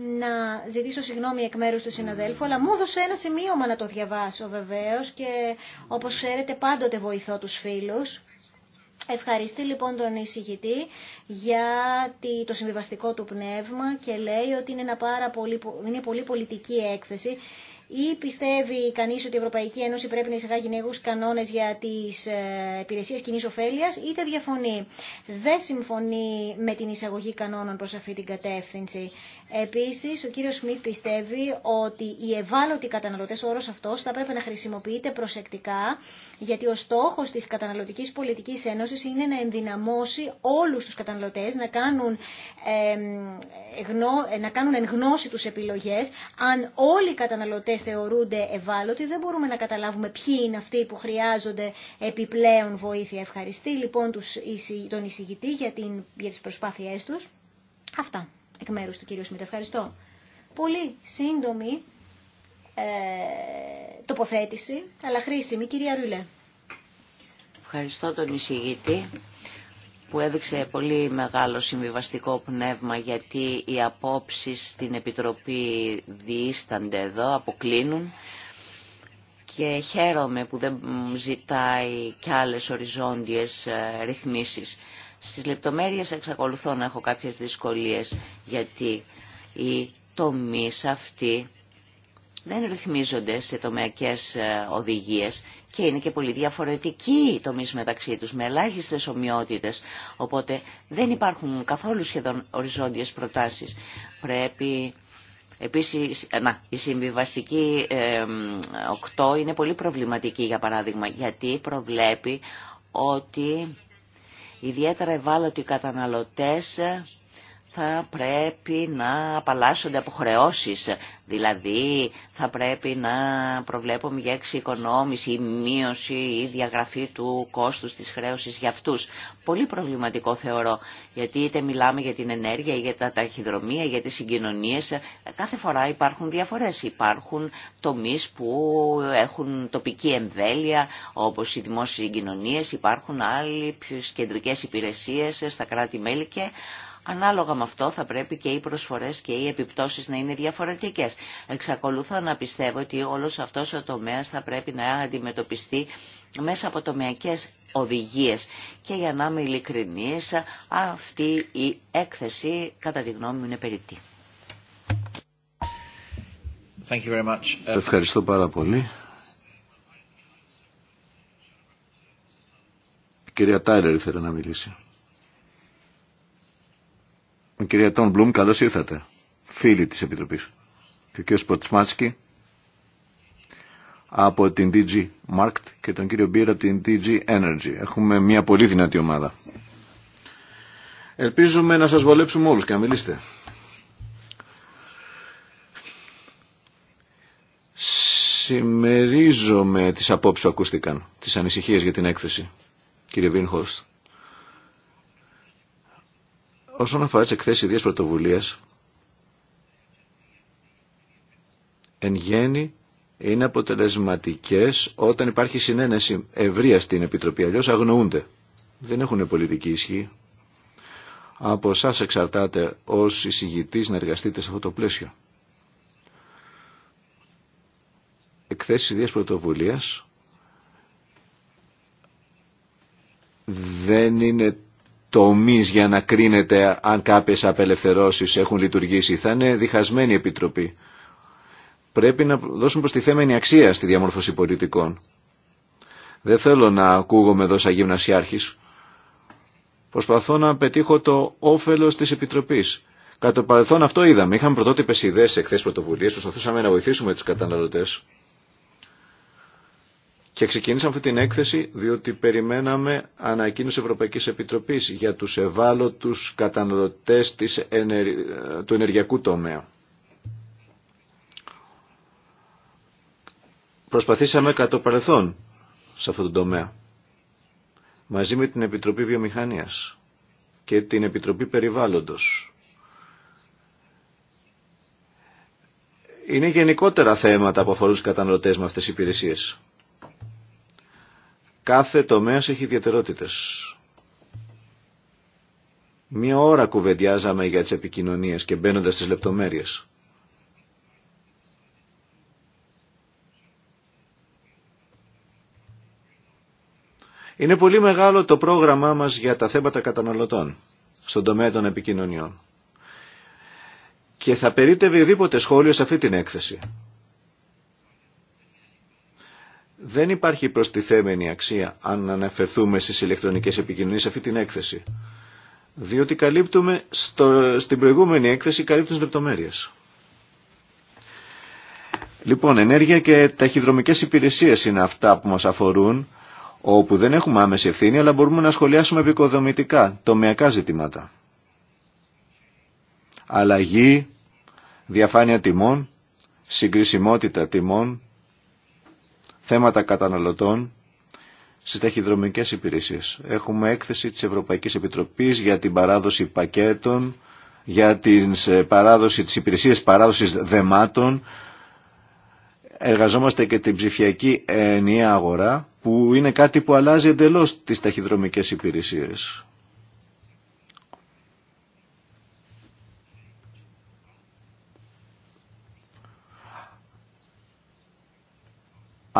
να ζητήσω συγγνώμη εκ μέρους του συναδέλφου, αλλά μου έδωσε ένα σημείωμα να το διαβάσω βεβαίως και όπως ξέρετε πάντοτε βοηθώ τους φίλους. Ευχαριστεί λοιπόν τον εισηγητή για το συμβιβαστικό του πνεύμα και λέει ότι είναι, ένα πάρα πολύ, είναι πολύ πολιτική έκθεση ή πιστεύει κανεί ότι η πιστευει κανεις οτι Ένωση πρέπει να εισαγάγει νέους κανόνε για τι ε, υπηρεσίε κοινή ωφέλεια, είτε διαφωνεί. Δεν συμφωνεί με την εισαγωγή κανόνων προς αυτή την κατεύθυνση. Επίση, ο κύριο Σμιτ πιστεύει ότι οι ευάλωτοι καταναλωτέ, ο όρος αυτός, θα πρέπει να χρησιμοποιείται προσεκτικά, γιατί ο στόχο τη καταναλωτική πολιτική Ένωση είναι να ενδυναμώσει όλου του καταναλωτέ να κάνουν, ε, γνώ, να κάνουν εν γνώση τους επιλογές. Αν όλοι οι καταναλωτές θεωρούνται ευάλωτοι, δεν μπορούμε να καταλάβουμε ποιοι είναι αυτοί που χρειάζονται επιπλέον βοήθεια. Ευχαριστή λοιπόν τον εισηγητή για, την, για τις προσπάθειές τους. Αυτά εκ μέρου του κύριου Σμιτ. Ευχαριστώ. Πολύ σύντομη ε, τοποθέτηση, αλλά χρήσιμη. Κυρία Ρουλέ. Ευχαριστώ τον εισηγητή που έδειξε πολύ μεγάλο συμβιβαστικό πνεύμα γιατί οι απόψεις στην Επιτροπή διήστανται εδώ, αποκλίνουν και χαίρομαι που δεν ζητάει κι άλλες οριζόντιες ε, ρυθμίσεις. Στις λεπτομέρειες εξακολουθώ να έχω κάποιες δυσκολίες γιατί οι τομείς αυτοί δεν ρυθμίζονται σε τομεακές ε, οδηγίες και είναι και πολύ διαφορετικοί οι τομείς μεταξύ τους με ελάχιστες ομοιότητες οπότε δεν υπάρχουν καθόλου σχεδόν οριζόντιες προτάσεις πρέπει Επίσης, ε, να, η συμβιβαστική 8 είναι πολύ προβληματική, για παράδειγμα, γιατί προβλέπει ότι ιδιαίτερα ευάλωτοι καταναλωτές θα πρέπει να απαλλάσσονται από χρεώσει. Δηλαδή θα πρέπει να προβλέπουμε για εξοικονόμηση ή μείωση ή διαγραφή του κόστους της χρέωσης για αυτούς. Πολύ προβληματικό θεωρώ, γιατί είτε μιλάμε για την ενέργεια, για τα ταχυδρομεία, για τις συγκοινωνίες, κάθε φορά υπάρχουν διαφορές. Υπάρχουν τομείς που έχουν τοπική εμβέλεια, όπως οι δημόσιες συγκοινωνίες, υπάρχουν άλλοι κεντρικές υπηρεσίες στα κράτη-μέλη και Ανάλογα με αυτό θα πρέπει και οι προσφορές και οι επιπτώσεις να είναι διαφορετικές. Εξακολουθώ να πιστεύω ότι όλος αυτός ο τομέας θα πρέπει να αντιμετωπιστεί μέσα από τομεακές οδηγίες. Και για να είμαι ειλικρινής, αυτή η έκθεση κατά τη γνώμη μου είναι περίπτη. Ευχαριστώ πάρα πολύ. Η κυρία Τάιλερ ήθελε να μιλήσει. Ο κυρία Τόν Μπλουμ, καλώ ήρθατε. Φίλη της Επιτροπής. Και ο κύριος Ποτσμάτσκι από την DG Markt και τον κύριο Μπίρα από την DG Energy. Έχουμε μια πολύ δυνατή ομάδα. Ελπίζουμε να σας βολέψουμε όλους και να μιλήσετε. Σημερίζομαι τις απόψεις που ακούστηκαν, τις ανησυχίες για την έκθεση, κύριε Βίνχος. Όσον αφορά τι εκθέσει ιδίας πρωτοβουλία, εν γέννη είναι αποτελεσματικές όταν υπάρχει συνένεση ευρεία στην Επιτροπή. Αλλιώς αγνοούνται. Δεν έχουν πολιτική ισχύ. Από εσά εξαρτάται ως εισηγητής να εργαστείτε σε αυτό το πλαίσιο. Εκθέσεις ιδίας πρωτοβουλίας δεν είναι τομείς για να κρίνεται αν κάποιες απελευθερώσεις έχουν λειτουργήσει. Θα είναι διχασμένη Επιτροπή. Πρέπει να δώσουν θέμενη αξία στη διαμόρφωση πολιτικών. Δεν θέλω να ακούγομαι εδώ σαν γυμνασιάρχης. Προσπαθώ να πετύχω το όφελος της Επιτροπής. Κατά το παρελθόν αυτό είδαμε. Είχαμε πρωτότυπες ιδέες σε εκθέσεις πρωτοβουλίες, προσπαθούσαμε να βοηθήσουμε τους καταναλωτές. Και ξεκινήσαμε αυτή την έκθεση διότι περιμέναμε ανακοίνωση Ευρωπαϊκής Επιτροπής για τους ευάλωτους καταναλωτές της του ενεργειακού τομέα. Προσπαθήσαμε κατ' το παρελθόν σε αυτόν τον τομέα μαζί με την Επιτροπή Βιομηχανίας και την Επιτροπή Περιβάλλοντος. Είναι γενικότερα θέματα που αφορούν τους καταναλωτές με αυτές τις υπηρεσίες. Κάθε τομέας έχει ιδιαιτερότητες. Μία ώρα κουβεντιάζαμε για τις επικοινωνίες και μπαίνοντας στις λεπτομέρειες. Είναι πολύ μεγάλο το πρόγραμμά μας για τα θέματα καταναλωτών στον τομέα των επικοινωνιών. Και θα περίτευε οδήποτε σχόλιο σε αυτή την έκθεση. Δεν υπάρχει προστιθέμενη αξία αν αναφερθούμε στις ηλεκτρονικές επικοινωνίες σε αυτή την έκθεση. Διότι καλύπτουμε, στο, στην προηγούμενη έκθεση καλύπτουν λεπτομέρειες. Λοιπόν, ενέργεια και ταχυδρομικές υπηρεσίες είναι αυτά που μας αφορούν, όπου δεν έχουμε άμεση ευθύνη, αλλά μπορούμε να σχολιάσουμε επικοδομητικά, τομεακά ζητήματα. Αλλαγή, διαφάνεια τιμών, συγκρισιμότητα τιμών, θέματα καταναλωτών στις ταχυδρομικές υπηρεσίες. Έχουμε έκθεση της Ευρωπαϊκής Επιτροπής για την παράδοση πακέτων, για την ε, παράδοση της υπηρεσίας παράδοσης δεμάτων. Εργαζόμαστε και την ψηφιακή ενιαία αγορά που είναι κάτι που αλλάζει εντελώς τις ταχυδρομικές υπηρεσίες.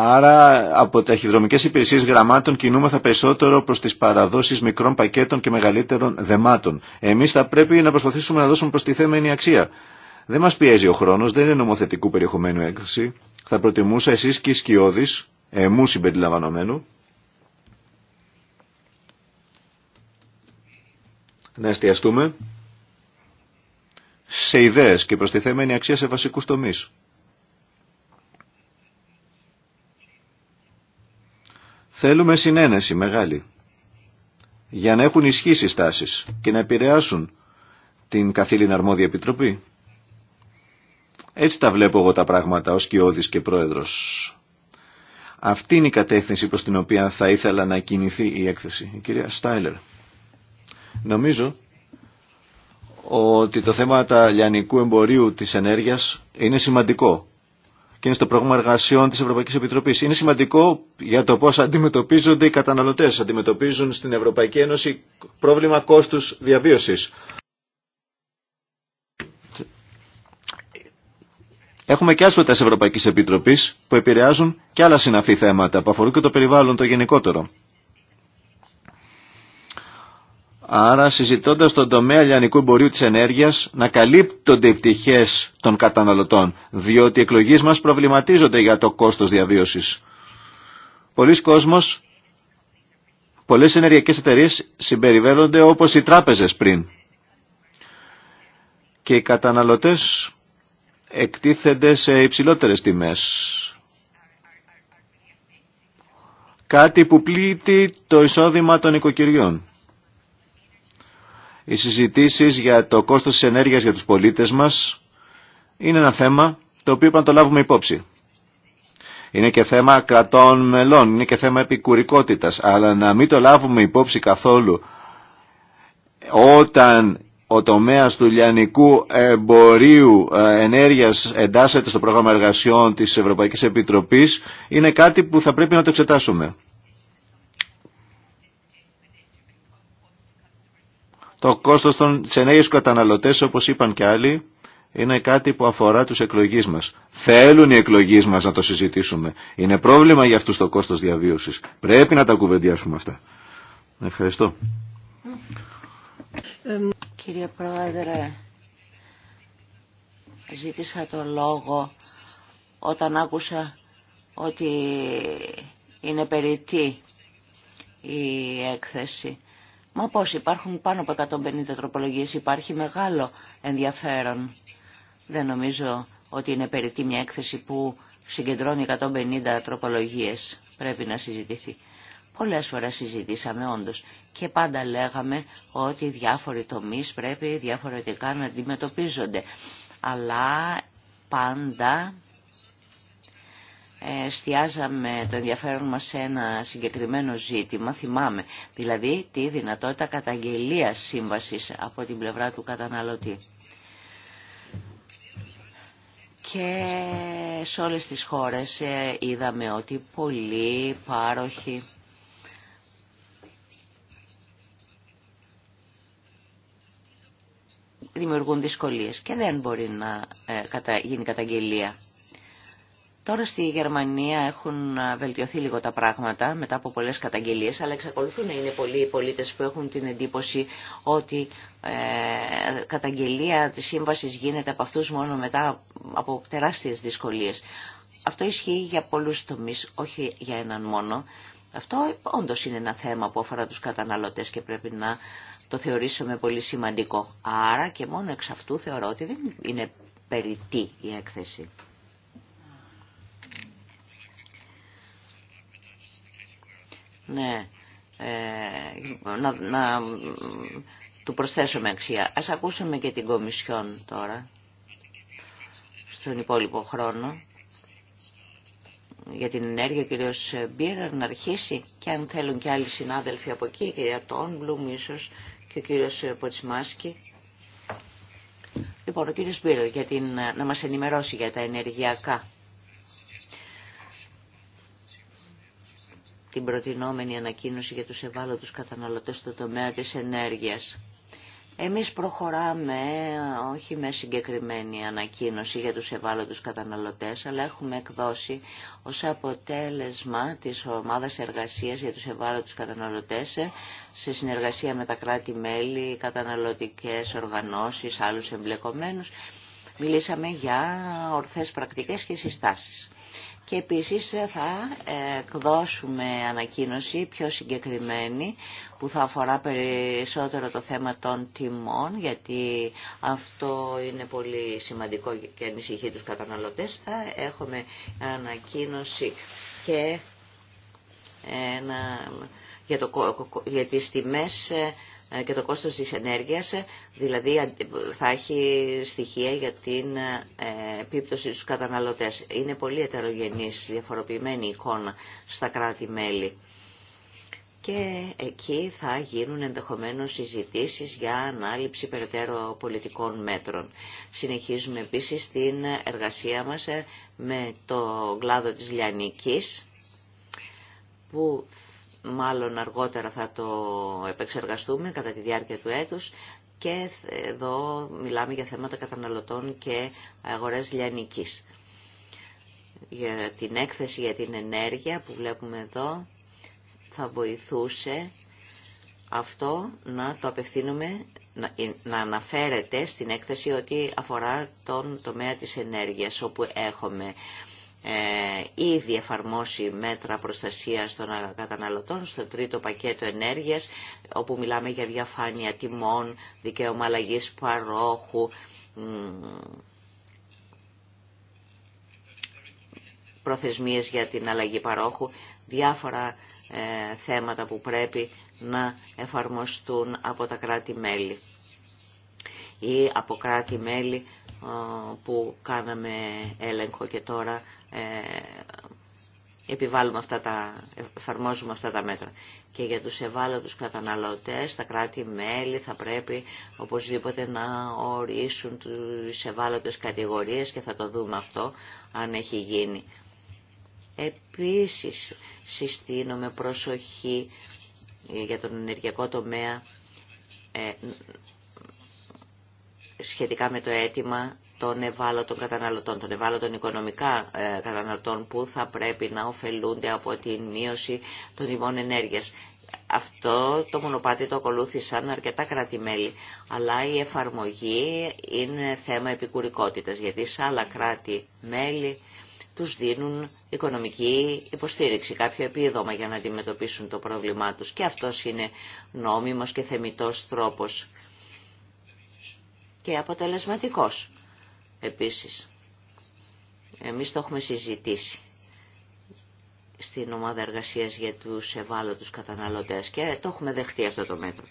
Άρα από ταχυδρομικές υπηρεσίες γραμμάτων κινούμεθα περισσότερο προς τις παραδόσεις μικρών πακέτων και μεγαλύτερων δεμάτων. Εμείς θα πρέπει να προσπαθήσουμε να δώσουμε προστιθέμενη αξία. Δεν μας πιέζει ο χρόνος, δεν είναι νομοθετικού περιεχομένου έκθεση. Θα προτιμούσα εσείς και οι σκιώδεις, εμού συμπεριλαμβανομένου, να εστιαστούμε σε ιδέες και θέμενη αξία σε βασικούς τομείς. Θέλουμε συνένεση μεγάλη για να έχουν ισχύσει στάσεις και να επηρεάσουν την καθήλυνα αρμόδια επιτροπή. Έτσι τα βλέπω εγώ τα πράγματα ως κοιόδης και πρόεδρος. Αυτή είναι η κατεύθυνση προς την οποία θα ήθελα να κινηθεί η έκθεση. Η κυρία Στάιλερ. Νομίζω ότι το θέμα τα λιανικού εμπορίου της ενέργειας είναι σημαντικό και είναι στο πρόγραμμα εργασιών της Ευρωπαϊκής Επιτροπής. Είναι σημαντικό για το πώς αντιμετωπίζονται οι καταναλωτές. Αντιμετωπίζουν στην Ευρωπαϊκή Ένωση πρόβλημα κόστους διαβίωσης. Έχουμε και άσπρετα Ευρωπαϊκής Επιτροπής που επηρεάζουν και άλλα συναφή θέματα που αφορούν και το περιβάλλον το γενικότερο. Άρα συζητώντας τον τομέα λιανικού εμπορίου της ενέργειας να καλύπτονται οι πτυχές των καταναλωτών, διότι οι εκλογείς μας προβληματίζονται για το κόστος διαβίωσης. Πολλοί κόσμος, πολλές ενεργειακές εταιρείες συμπεριβαίνονται όπως οι τράπεζες πριν. Και οι καταναλωτές εκτίθενται σε υψηλότερες τιμές κάτι που πλήττει το εισόδημα των οικοκυριών. Οι συζητήσεις για το κόστος της ενέργειας για τους πολίτες μας είναι ένα θέμα το οποίο πρέπει να το λάβουμε υπόψη. Είναι και θέμα κρατών μελών, είναι και θέμα επικουρικότητας, αλλά να μην το λάβουμε υπόψη καθόλου όταν ο τομέας του λιανικού εμπορίου ε, ενέργειας εντάσσεται στο πρόγραμμα εργασιών της Ευρωπαϊκής Επιτροπής είναι κάτι που θα πρέπει να το εξετάσουμε. Το κόστος των ενέργειες καταναλωτές, όπως είπαν και άλλοι, είναι κάτι που αφορά τους εκλογείς μας. Θέλουν οι εκλογείς μας να το συζητήσουμε. Είναι πρόβλημα για αυτούς το κόστος διαβίωσης. Πρέπει να τα κουβεντιάσουμε αυτά. Ευχαριστώ. Κύριε Πρόεδρε, ζήτησα το λόγο όταν άκουσα ότι είναι περιττή η έκθεση. Μα πώς υπάρχουν πάνω από 150 τροπολογίες, υπάρχει μεγάλο ενδιαφέρον. Δεν νομίζω ότι είναι περιττή μια έκθεση που συγκεντρώνει 150 τροπολογίες. Πρέπει να συζητηθεί. Πολλές φορές συζητήσαμε όντως και πάντα λέγαμε ότι διάφοροι τομείς πρέπει διαφορετικά να αντιμετωπίζονται. Αλλά πάντα Στιάζαμε το ενδιαφέρον μας σε ένα συγκεκριμένο ζήτημα, θυμάμαι, δηλαδή τη δυνατότητα καταγγελίας σύμβασης από την πλευρά του καταναλωτή. Και σε όλες τις χώρες ε, είδαμε ότι πολλοί πάροχοι δημιουργούν δυσκολίες και δεν μπορεί να ε, γίνει καταγγελία Τώρα στη Γερμανία έχουν βελτιωθεί λίγο τα πράγματα μετά από πολλές καταγγελίες, αλλά εξακολουθούν να είναι πολλοί οι πολίτες που έχουν την εντύπωση ότι ε, καταγγελία της σύμβασης γίνεται από αυτούς μόνο μετά από τεράστιες δυσκολίες. Αυτό ισχύει για πολλούς τομείς, όχι για έναν μόνο. Αυτό όντως είναι ένα θέμα που αφορά τους καταναλωτές και πρέπει να το θεωρήσουμε πολύ σημαντικό. Άρα και μόνο εξ αυτού θεωρώ ότι δεν είναι περιττή η έκθεση. Ναι, ε, να, του προσθέσουμε αξία. Ας ακούσουμε και την Κομισιόν τώρα, στον υπόλοιπο χρόνο, για την ενέργεια ο κύριος Μπίρερ να αρχίσει και αν θέλουν και άλλοι συνάδελφοι από εκεί, για Τόν, Τόνμπλουμ ίσως και ο κύριος Ποτσμάσκι. Λοιπόν, ο κύριος Μπίρερ την, να μας ενημερώσει για τα ενεργειακά την προτινόμενη ανακοίνωση για τους ευάλωτους καταναλωτές στο τομέα της ενέργειας. Εμείς προχωράμε όχι με συγκεκριμένη ανακοίνωση για τους ευάλωτους καταναλωτές, αλλά έχουμε εκδώσει ως αποτέλεσμα της ομάδας εργασίας για τους ευάλωτους καταναλωτές σε συνεργασία με τα κράτη-μέλη, καταναλωτικές οργανώσεις, άλλους εμπλεκομένους. Μιλήσαμε για ορθές πρακτικές και συστάσεις και επίσης θα εκδώσουμε ανακοίνωση πιο συγκεκριμένη που θα αφορά περισσότερο το θέμα των τιμών γιατί αυτό είναι πολύ σημαντικό και ανησυχεί τους καταναλωτές. Θα έχουμε ανακοίνωση και ένα, για, το, για τις τιμές ε, και το κόστος της ενέργειας, ε, δηλαδή θα έχει στοιχεία για την ε, επίπτωση στους καταναλωτές. Είναι πολύ ετερογενής, διαφοροποιημένη εικόνα στα κράτη-μέλη. Και εκεί θα γίνουν ενδεχομένως συζητήσεις για ανάληψη περαιτέρω πολιτικών μέτρων. Συνεχίζουμε επίσης την εργασία μας με το κλάδο της Λιανικής, που μάλλον αργότερα θα το επεξεργαστούμε κατά τη διάρκεια του έτους και εδώ μιλάμε για θέματα καταναλωτών και αγορές λιανικής. Για την έκθεση για την ενέργεια που βλέπουμε εδώ θα βοηθούσε αυτό να το απευθύνουμε, να αναφέρεται στην έκθεση ότι αφορά τον τομέα της ενέργειας όπου έχουμε ε, ήδη εφαρμόσει μέτρα προστασίας των καταναλωτών στο τρίτο πακέτο ενέργειας όπου μιλάμε για διαφάνεια τιμών, δικαίωμα αλλαγή παρόχου, προθεσμίες για την αλλαγή παρόχου, διάφορα ε, θέματα που πρέπει να εφαρμοστούν από τα κράτη-μέλη ή από κράτη-μέλη που κάναμε έλεγχο και τώρα ε, επιβάλλουμε αυτά τα, εφαρμόζουμε αυτά τα μέτρα. Και για τους ευάλωτους καταναλωτές, τα κράτη-μέλη θα πρέπει οπωσδήποτε να ορίσουν τις ευάλωτες κατηγορίες και θα το δούμε αυτό αν έχει γίνει. Επίσης συστήνω με προσοχή για τον ενεργειακό τομέα ε, σχετικά με το αίτημα των ευάλωτων καταναλωτών, των ευάλωτων οικονομικά ε, καταναλωτών που θα πρέπει να ωφελούνται από την μείωση των τιμών ενέργειας. Αυτό το μονοπάτι το ακολούθησαν αρκετά κράτη-μέλη, αλλά η εφαρμογή είναι θέμα επικουρικότητας, γιατί σε άλλα κράτη-μέλη τους δίνουν οικονομική υποστήριξη, κάποιο επίδομα για να αντιμετωπίσουν το πρόβλημά τους. Και αυτός είναι νόμιμος και θεμητός τρόπος και αποτελεσματικός επίσης. Εμείς το έχουμε συζητήσει στην ομάδα εργασίας για τους ευάλωτους καταναλωτές και το έχουμε δεχτεί αυτό το μέτρο.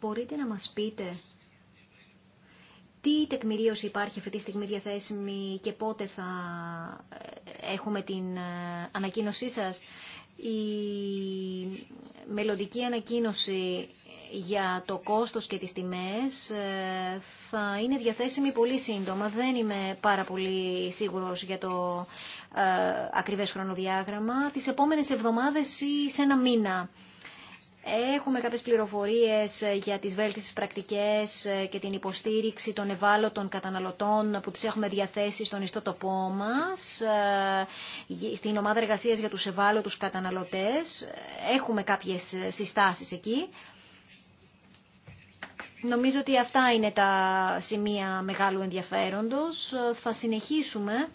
Μπορείτε να μας πείτε τι τεκμηρίωση υπάρχει αυτή τη στιγμή διαθέσιμη και πότε θα ε, έχουμε την ε, ανακοίνωσή σας η μελλοντική ανακοίνωση για το κόστος και τις τιμές ε, θα είναι διαθέσιμη πολύ σύντομα. Δεν είμαι πάρα πολύ σίγουρος για το ε, ακριβές χρονοδιάγραμμα. Τις επόμενες εβδομάδες ή σε ένα μήνα. Έχουμε κάποιες πληροφορίες ε, για τις βέλτιστες πρακτικές ε, και την υποστήριξη των ευάλωτων καταναλωτών που τις έχουμε διαθέσει στον ιστότοπό μας, ε, στην ομάδα εργασίας για τους ευάλωτους καταναλωτές. Έχουμε κάποιες συστάσεις εκεί. Νομίζω ότι αυτά είναι τα σημεία μεγάλου ενδιαφέροντος. Θα συνεχίσουμε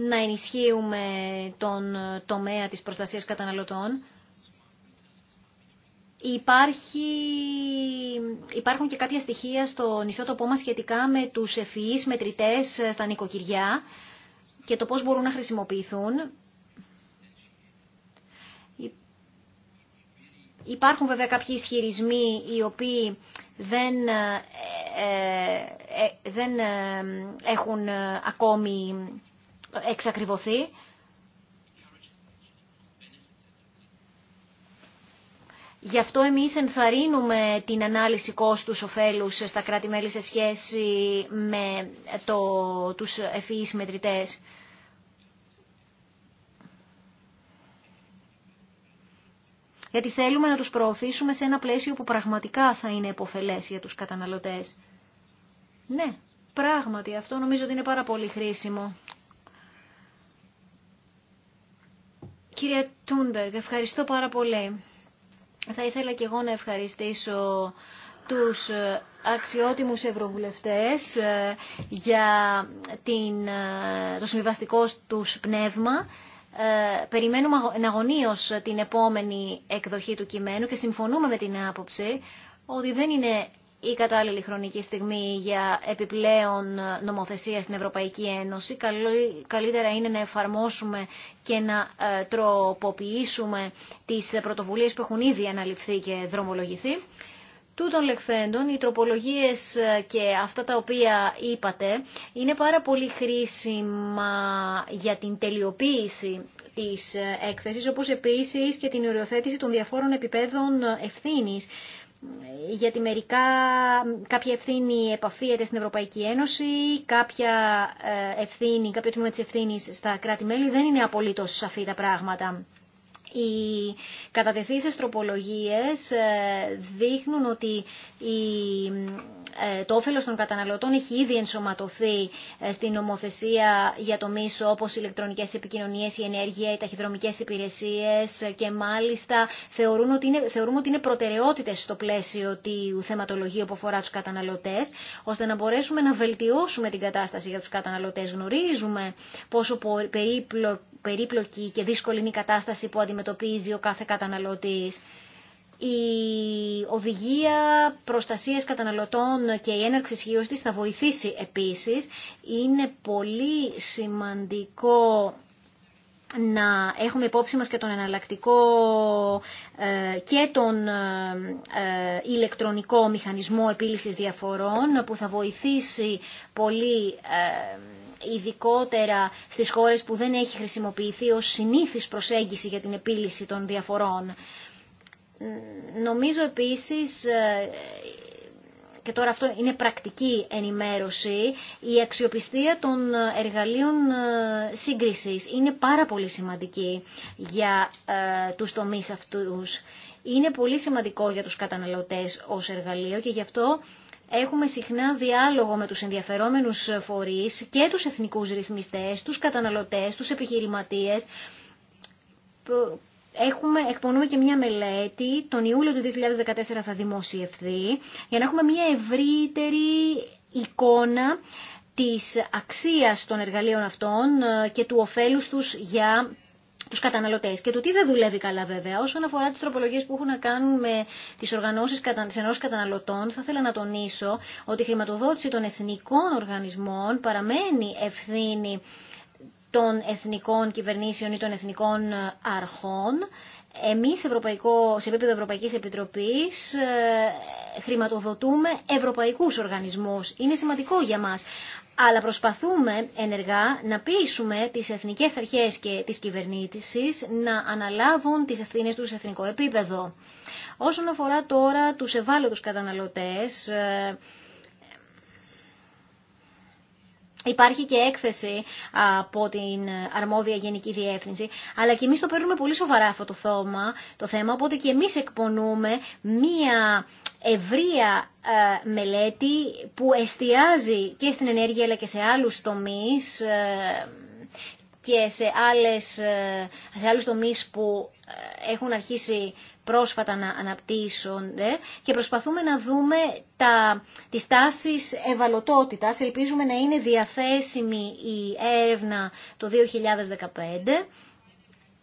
να ενισχύουμε τον τομέα της προστασίας καταναλωτών. Υπάρχει, υπάρχουν και κάποια στοιχεία στο νησότοπό μας σχετικά με τους ευφυείς μετρητές στα νοικοκυριά και το πώς μπορούν να χρησιμοποιηθούν. Υπάρχουν βέβαια κάποιοι ισχυρισμοί οι οποίοι δεν, ε, ε, ε, δεν έχουν ακόμη εξακριβωθεί. Γι' αυτό εμείς ενθαρρύνουμε την ανάλυση κόστους κόστους-οφέλους στα κράτη-μέλη σε σχέση με το, τους ευφυείς μετρητές. Γιατί θέλουμε να τους προωθήσουμε σε ένα πλαίσιο που πραγματικά θα είναι επωφελές για τους καταναλωτές. Ναι, πράγματι, αυτό νομίζω ότι είναι πάρα πολύ χρήσιμο. Κύριε Τούνμπεργκ, ευχαριστώ πάρα πολύ. Θα ήθελα και εγώ να ευχαριστήσω τους ε, αξιότιμους ευρωβουλευτές ε, για την, ε, το συμβιβαστικό τους πνεύμα. Περιμένουμε αγωνίως την επόμενη εκδοχή του κειμένου και συμφωνούμε με την άποψη ότι δεν είναι η κατάλληλη χρονική στιγμή για επιπλέον νομοθεσία στην Ευρωπαϊκή Ένωση. Καλύτερα είναι να εφαρμόσουμε και να ε, τροποποιήσουμε τις πρωτοβουλίες που έχουν ήδη αναλυφθεί και δρομολογηθεί. Τούτων λεχθέντων, οι τροπολογίες ε, και αυτά τα οποία είπατε είναι πάρα πολύ χρήσιμα για την τελειοποίηση της ε, έκθεσης, όπως επίσης και την οριοθέτηση των διαφόρων επιπέδων ευθύνης γιατί μερικά κάποια ευθύνη επαφίεται στην Ευρωπαϊκή Ένωση, κάποια ε, ευθύνη, κάποιο τμήμα της ευθύνης στα κράτη-μέλη δεν είναι απολύτως σαφή τα πράγματα. Οι κατατεθείς τροπολογίες ε, δείχνουν ότι ε, το όφελος των καταναλωτών έχει ήδη ενσωματωθεί ε, στην νομοθεσία για το μίσο όπως οι ηλεκτρονικές επικοινωνίες, η ενέργεια, οι ταχυδρομικές υπηρεσίες και μάλιστα θεωρούν ότι είναι, θεωρούμε ότι είναι προτεραιότητες στο πλαίσιο του θεματολογίου που αφορά τους καταναλωτές ώστε να μπορέσουμε να βελτιώσουμε την κατάσταση για τους καταναλωτές. Γνωρίζουμε πόσο περίπλοκο περίπλοκη και δύσκολη είναι η κατάσταση που αντιμετωπίζει ο κάθε καταναλωτής. Η οδηγία προστασίας καταναλωτών και η έναρξη ισχύω της θα βοηθήσει επίσης. Είναι πολύ σημαντικό να έχουμε υπόψη μας και τον εναλλακτικό ε, και τον ε, ε, ηλεκτρονικό μηχανισμό επίλυσης διαφορών που θα βοηθήσει πολύ ειδικότερα στις χώρες που δεν έχει χρησιμοποιηθεί ως συνήθις προσέγγιση για την επίλυση των διαφορών. Νομίζω επίσης ε, και τώρα αυτό είναι πρακτική ενημέρωση, η αξιοπιστία των εργαλείων ε, σύγκρισης είναι πάρα πολύ σημαντική για ε, τους τομείς αυτούς. Είναι πολύ σημαντικό για τους καταναλωτές ως εργαλείο και γι' αυτό Έχουμε συχνά διάλογο με τους ενδιαφερόμενους φορείς και τους εθνικούς ρυθμιστές, τους καταναλωτές, τους επιχειρηματίες. Έχουμε, εκπονούμε και μια μελέτη, τον Ιούλιο του 2014 θα δημοσιευθεί, για να έχουμε μια ευρύτερη εικόνα της αξίας των εργαλείων αυτών ε, και του ωφέλους τους για τους καταναλωτές και το τι δεν δουλεύει καλά βέβαια. Όσον αφορά τις τροπολογίες που έχουν να κάνουν με τις οργανώσεις τις καταναλωτών, θα ήθελα να τονίσω ότι η χρηματοδότηση των εθνικών οργανισμών παραμένει ευθύνη των εθνικών κυβερνήσεων ή των εθνικών ε, αρχών. Εμείς ευρωπαϊκό, σε επίπεδο Ευρωπαϊκής Επιτροπής ε, χρηματοδοτούμε ευρωπαϊκούς οργανισμούς. Είναι σημαντικό για μας αλλά προσπαθούμε ενεργά να πείσουμε τις εθνικές αρχές και τις κυβερνήσεις να αναλάβουν τις ευθύνες τους σε εθνικό επίπεδο. Όσον αφορά τώρα τους ευάλωτους καταναλωτές, ε, Υπάρχει και έκθεση από την αρμόδια Γενική Διεύθυνση, αλλά και εμείς το παίρνουμε πολύ σοβαρά αυτό το, θέμα, το θέμα, οπότε και εμείς εκπονούμε μία ευρεία μελέτη που εστιάζει και στην ενέργεια αλλά και σε άλλους τομείς και σε, άλλες, σε άλλους τομείς που έχουν αρχίσει πρόσφατα να αναπτύσσονται και προσπαθούμε να δούμε τα, τις τάσεις ευαλωτότητας. Ελπίζουμε να είναι διαθέσιμη η έρευνα το 2015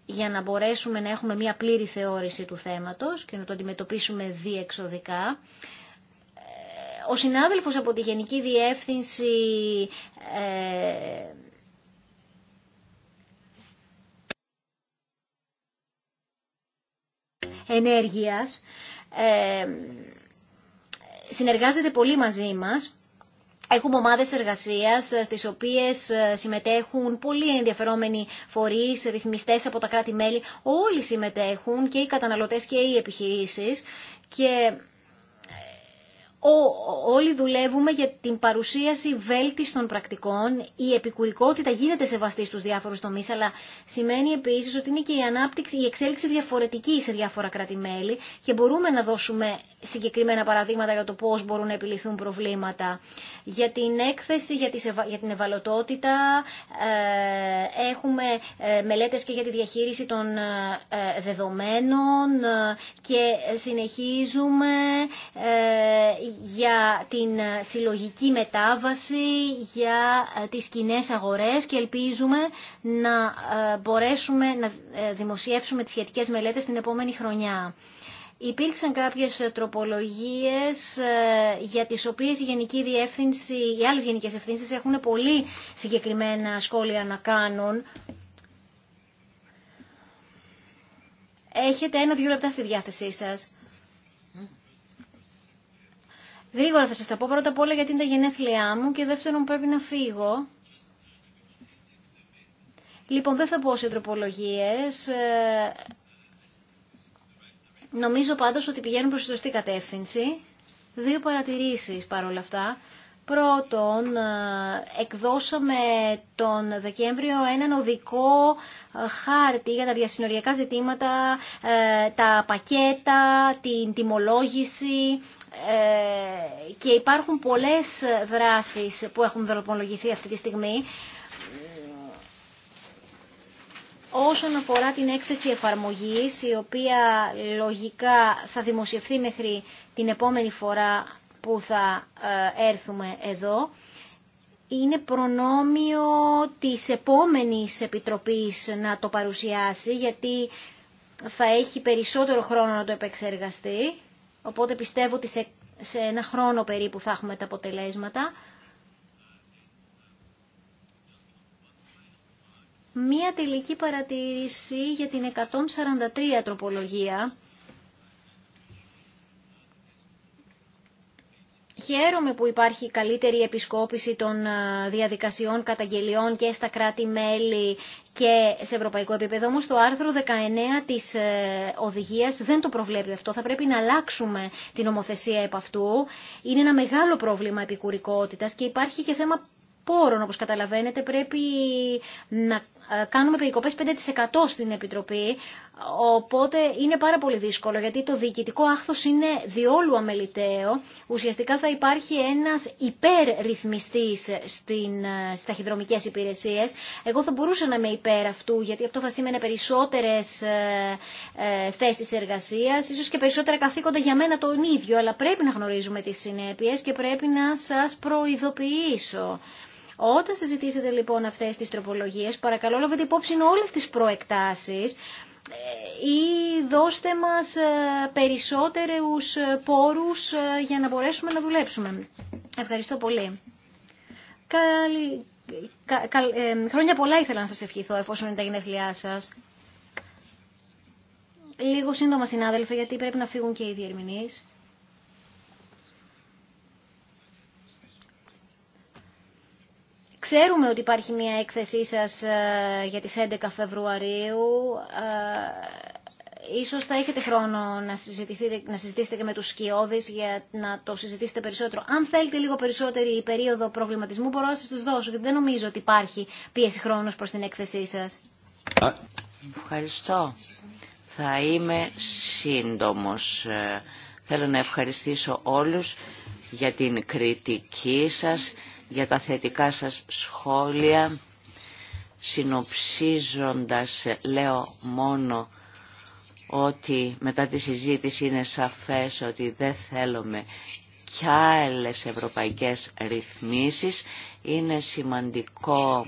για να μπορέσουμε να έχουμε μια πλήρη θεώρηση του θέματος και να το αντιμετωπίσουμε διεξοδικά. Ε, ο συνάδελφος από τη Γενική Διεύθυνση ε, ενέργειας ε, συνεργάζεται πολύ μαζί μας. Έχουμε ομάδες εργασίας ε, στις οποίες ε, συμμετέχουν πολύ ενδιαφερόμενοι φορείς, ρυθμιστές από τα κράτη-μέλη. Όλοι συμμετέχουν και οι καταναλωτές και οι επιχειρήσεις και όλοι δουλεύουμε για την παρουσίαση βέλτιστων πρακτικών. Η επικουρικότητα γίνεται σεβαστή στους διάφορους τομείς, αλλά σημαίνει επίσης ότι είναι και η ανάπτυξη, η εξέλιξη διαφορετική σε διάφορα κράτη-μέλη και μπορούμε να δώσουμε συγκεκριμένα παραδείγματα για το πώς μπορούν να επιληθούν προβλήματα. Για την έκθεση, για την ευαλωτότητα, ε, έχουμε ε, μελέτες και για τη διαχείριση των ε, δεδομένων και συνεχίζουμε για την ε, συλλογική μετάβαση, για ε, τις κοινέ αγορές και ελπίζουμε να ε, μπορέσουμε να δημοσιεύσουμε τις σχετικές μελέτες την επόμενη χρονιά. Υπήρξαν κάποιες τροπολογίες για τις οποίες η Γενική Διεύθυνση, οι άλλες γενικές ευθύνσεις έχουν πολύ συγκεκριμένα σχόλια να κάνουν. Έχετε ένα-δύο λεπτά στη διάθεσή σας. Γρήγορα θα σας τα πω πρώτα απ' όλα γιατί είναι τα γενέθλιά μου και δεύτερον πρέπει να φύγω. Λοιπόν, δεν θα πω σε τροπολογίες. Ε, νομίζω πάντως ότι πηγαίνουν προς τη σωστή κατεύθυνση. Δύο παρατηρήσεις παρόλα αυτά. Πρώτον, ε, εκδώσαμε τον Δεκέμβριο έναν οδικό ε, χάρτη για τα διασυνοριακά ζητήματα, τα πακέτα, την τιμολόγηση. Ε, και υπάρχουν πολλές δράσεις που έχουν δολοπολογηθεί αυτή τη στιγμή. Όσον αφορά την έκθεση εφαρμογής, η οποία λογικά θα δημοσιευθεί μέχρι την επόμενη φορά που θα ε, έρθουμε εδώ, είναι προνόμιο της επόμενης επιτροπής να το παρουσιάσει, γιατί θα έχει περισσότερο χρόνο να το επεξεργαστεί. Οπότε πιστεύω ότι σε, σε ένα χρόνο περίπου θα έχουμε τα αποτελέσματα. Μία τελική παρατήρηση για την 143 τροπολογία Χαίρομαι που υπάρχει καλύτερη επισκόπηση των ε, διαδικασιών καταγγελιών και στα κράτη-μέλη και σε ευρωπαϊκό επίπεδο. Όμως το άρθρο 19 της ε, οδηγίας δεν το προβλέπει αυτό. Θα πρέπει να αλλάξουμε την ομοθεσία επ' αυτού. Είναι ένα μεγάλο πρόβλημα επικουρικότητας και υπάρχει και θέμα πόρων. Όπως καταλαβαίνετε πρέπει να ε, κάνουμε περικοπές 5% στην Επιτροπή, οπότε είναι πάρα πολύ δύσκολο, γιατί το διοικητικό άχθος είναι διόλου αμεληταίο. Ουσιαστικά θα υπάρχει ένας υπερρυθμιστής στην, ε, στις ταχυδρομικές υπηρεσίες. Εγώ θα μπορούσα να είμαι υπέρ αυτού, γιατί αυτό θα σήμαινε περισσότερες ε, ε, θέσεις εργασίας, ίσως και περισσότερα καθήκοντα για μένα τον ίδιο, αλλά πρέπει να γνωρίζουμε τις συνέπειες και πρέπει να σας προειδοποιήσω. Όταν συζητήσετε λοιπόν αυτές τις τροπολογίες, παρακαλώ λάβετε υπόψη όλες τις προεκτάσεις ε, ή δώστε μας ε, περισσότερους ε, πόρους για να μπορέσουμε να δουλέψουμε. Ευχαριστώ πολύ. Καλή... Κα... χρόνια πολλά ήθελα να σας ευχηθώ εφόσον είναι τα γενέθλιά σας. Λίγο σύντομα συνάδελφοι γιατί πρέπει να φύγουν και οι διερμηνείς. Ξέρουμε ότι υπάρχει μια έκθεσή σας ε, για τις 11 Φεβρουαρίου. Ε, ίσως θα έχετε χρόνο να, να συζητήσετε και με τους σκιώδεις για να το συζητήσετε περισσότερο. Αν θέλετε λίγο περισσότερη περίοδο προβληματισμού μπορώ να σας δώσω, γιατί δεν νομίζω ότι υπάρχει πίεση χρόνος προς την έκθεσή σας. Ευχαριστώ. Θα είμαι σύντομος. Ε, θέλω να ευχαριστήσω όλους για την κριτική σας για τα θετικά σας σχόλια. Συνοψίζοντας, λέω μόνο ότι μετά τη συζήτηση είναι σαφές ότι δεν θέλουμε κι άλλες ευρωπαϊκές ρυθμίσεις. Είναι σημαντικό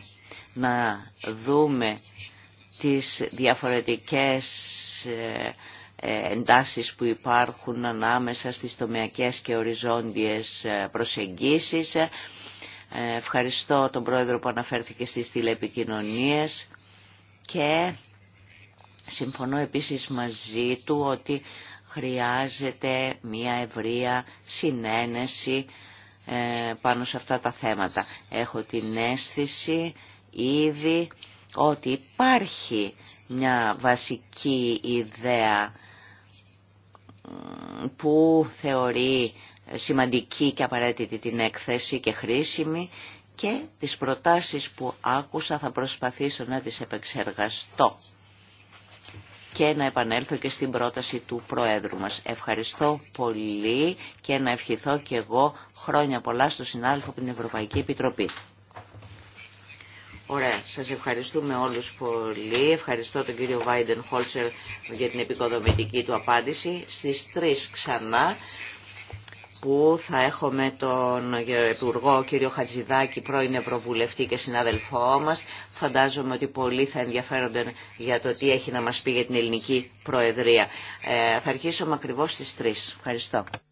να δούμε τις διαφορετικές ε, εντάσεις που υπάρχουν ανάμεσα στις τομεακές και οριζόντιες ε, προσεγγίσεις ε, ευχαριστώ τον πρόεδρο που αναφέρθηκε στις τηλεπικοινωνίες και συμφωνώ επίσης μαζί του ότι χρειάζεται μια ευρεία συνένεση ε, πάνω σε αυτά τα θέματα. Έχω την αίσθηση ήδη ότι υπάρχει μια βασική ιδέα που θεωρεί σημαντική και απαραίτητη την έκθεση και χρήσιμη και τις προτάσεις που άκουσα θα προσπαθήσω να τις επεξεργαστώ και να επανέλθω και στην πρόταση του Προέδρου μας. Ευχαριστώ πολύ και να ευχηθώ και εγώ χρόνια πολλά στο συνάδελφο από την Ευρωπαϊκή Επιτροπή. Ωραία, σας ευχαριστούμε όλους πολύ. Ευχαριστώ τον κύριο Βάιντεν Χόλτσερ για την επικοδομητική του απάντηση. Στις 3 ξανά που θα έχουμε τον Υπουργό κύριο Χατζηδάκη, πρώην Ευρωβουλευτή και συνάδελφό μας. Φαντάζομαι ότι πολλοί θα ενδιαφέρονται για το τι έχει να μας πει για την ελληνική Προεδρία. Ε, θα αρχίσουμε ακριβώς στις 3. Ευχαριστώ.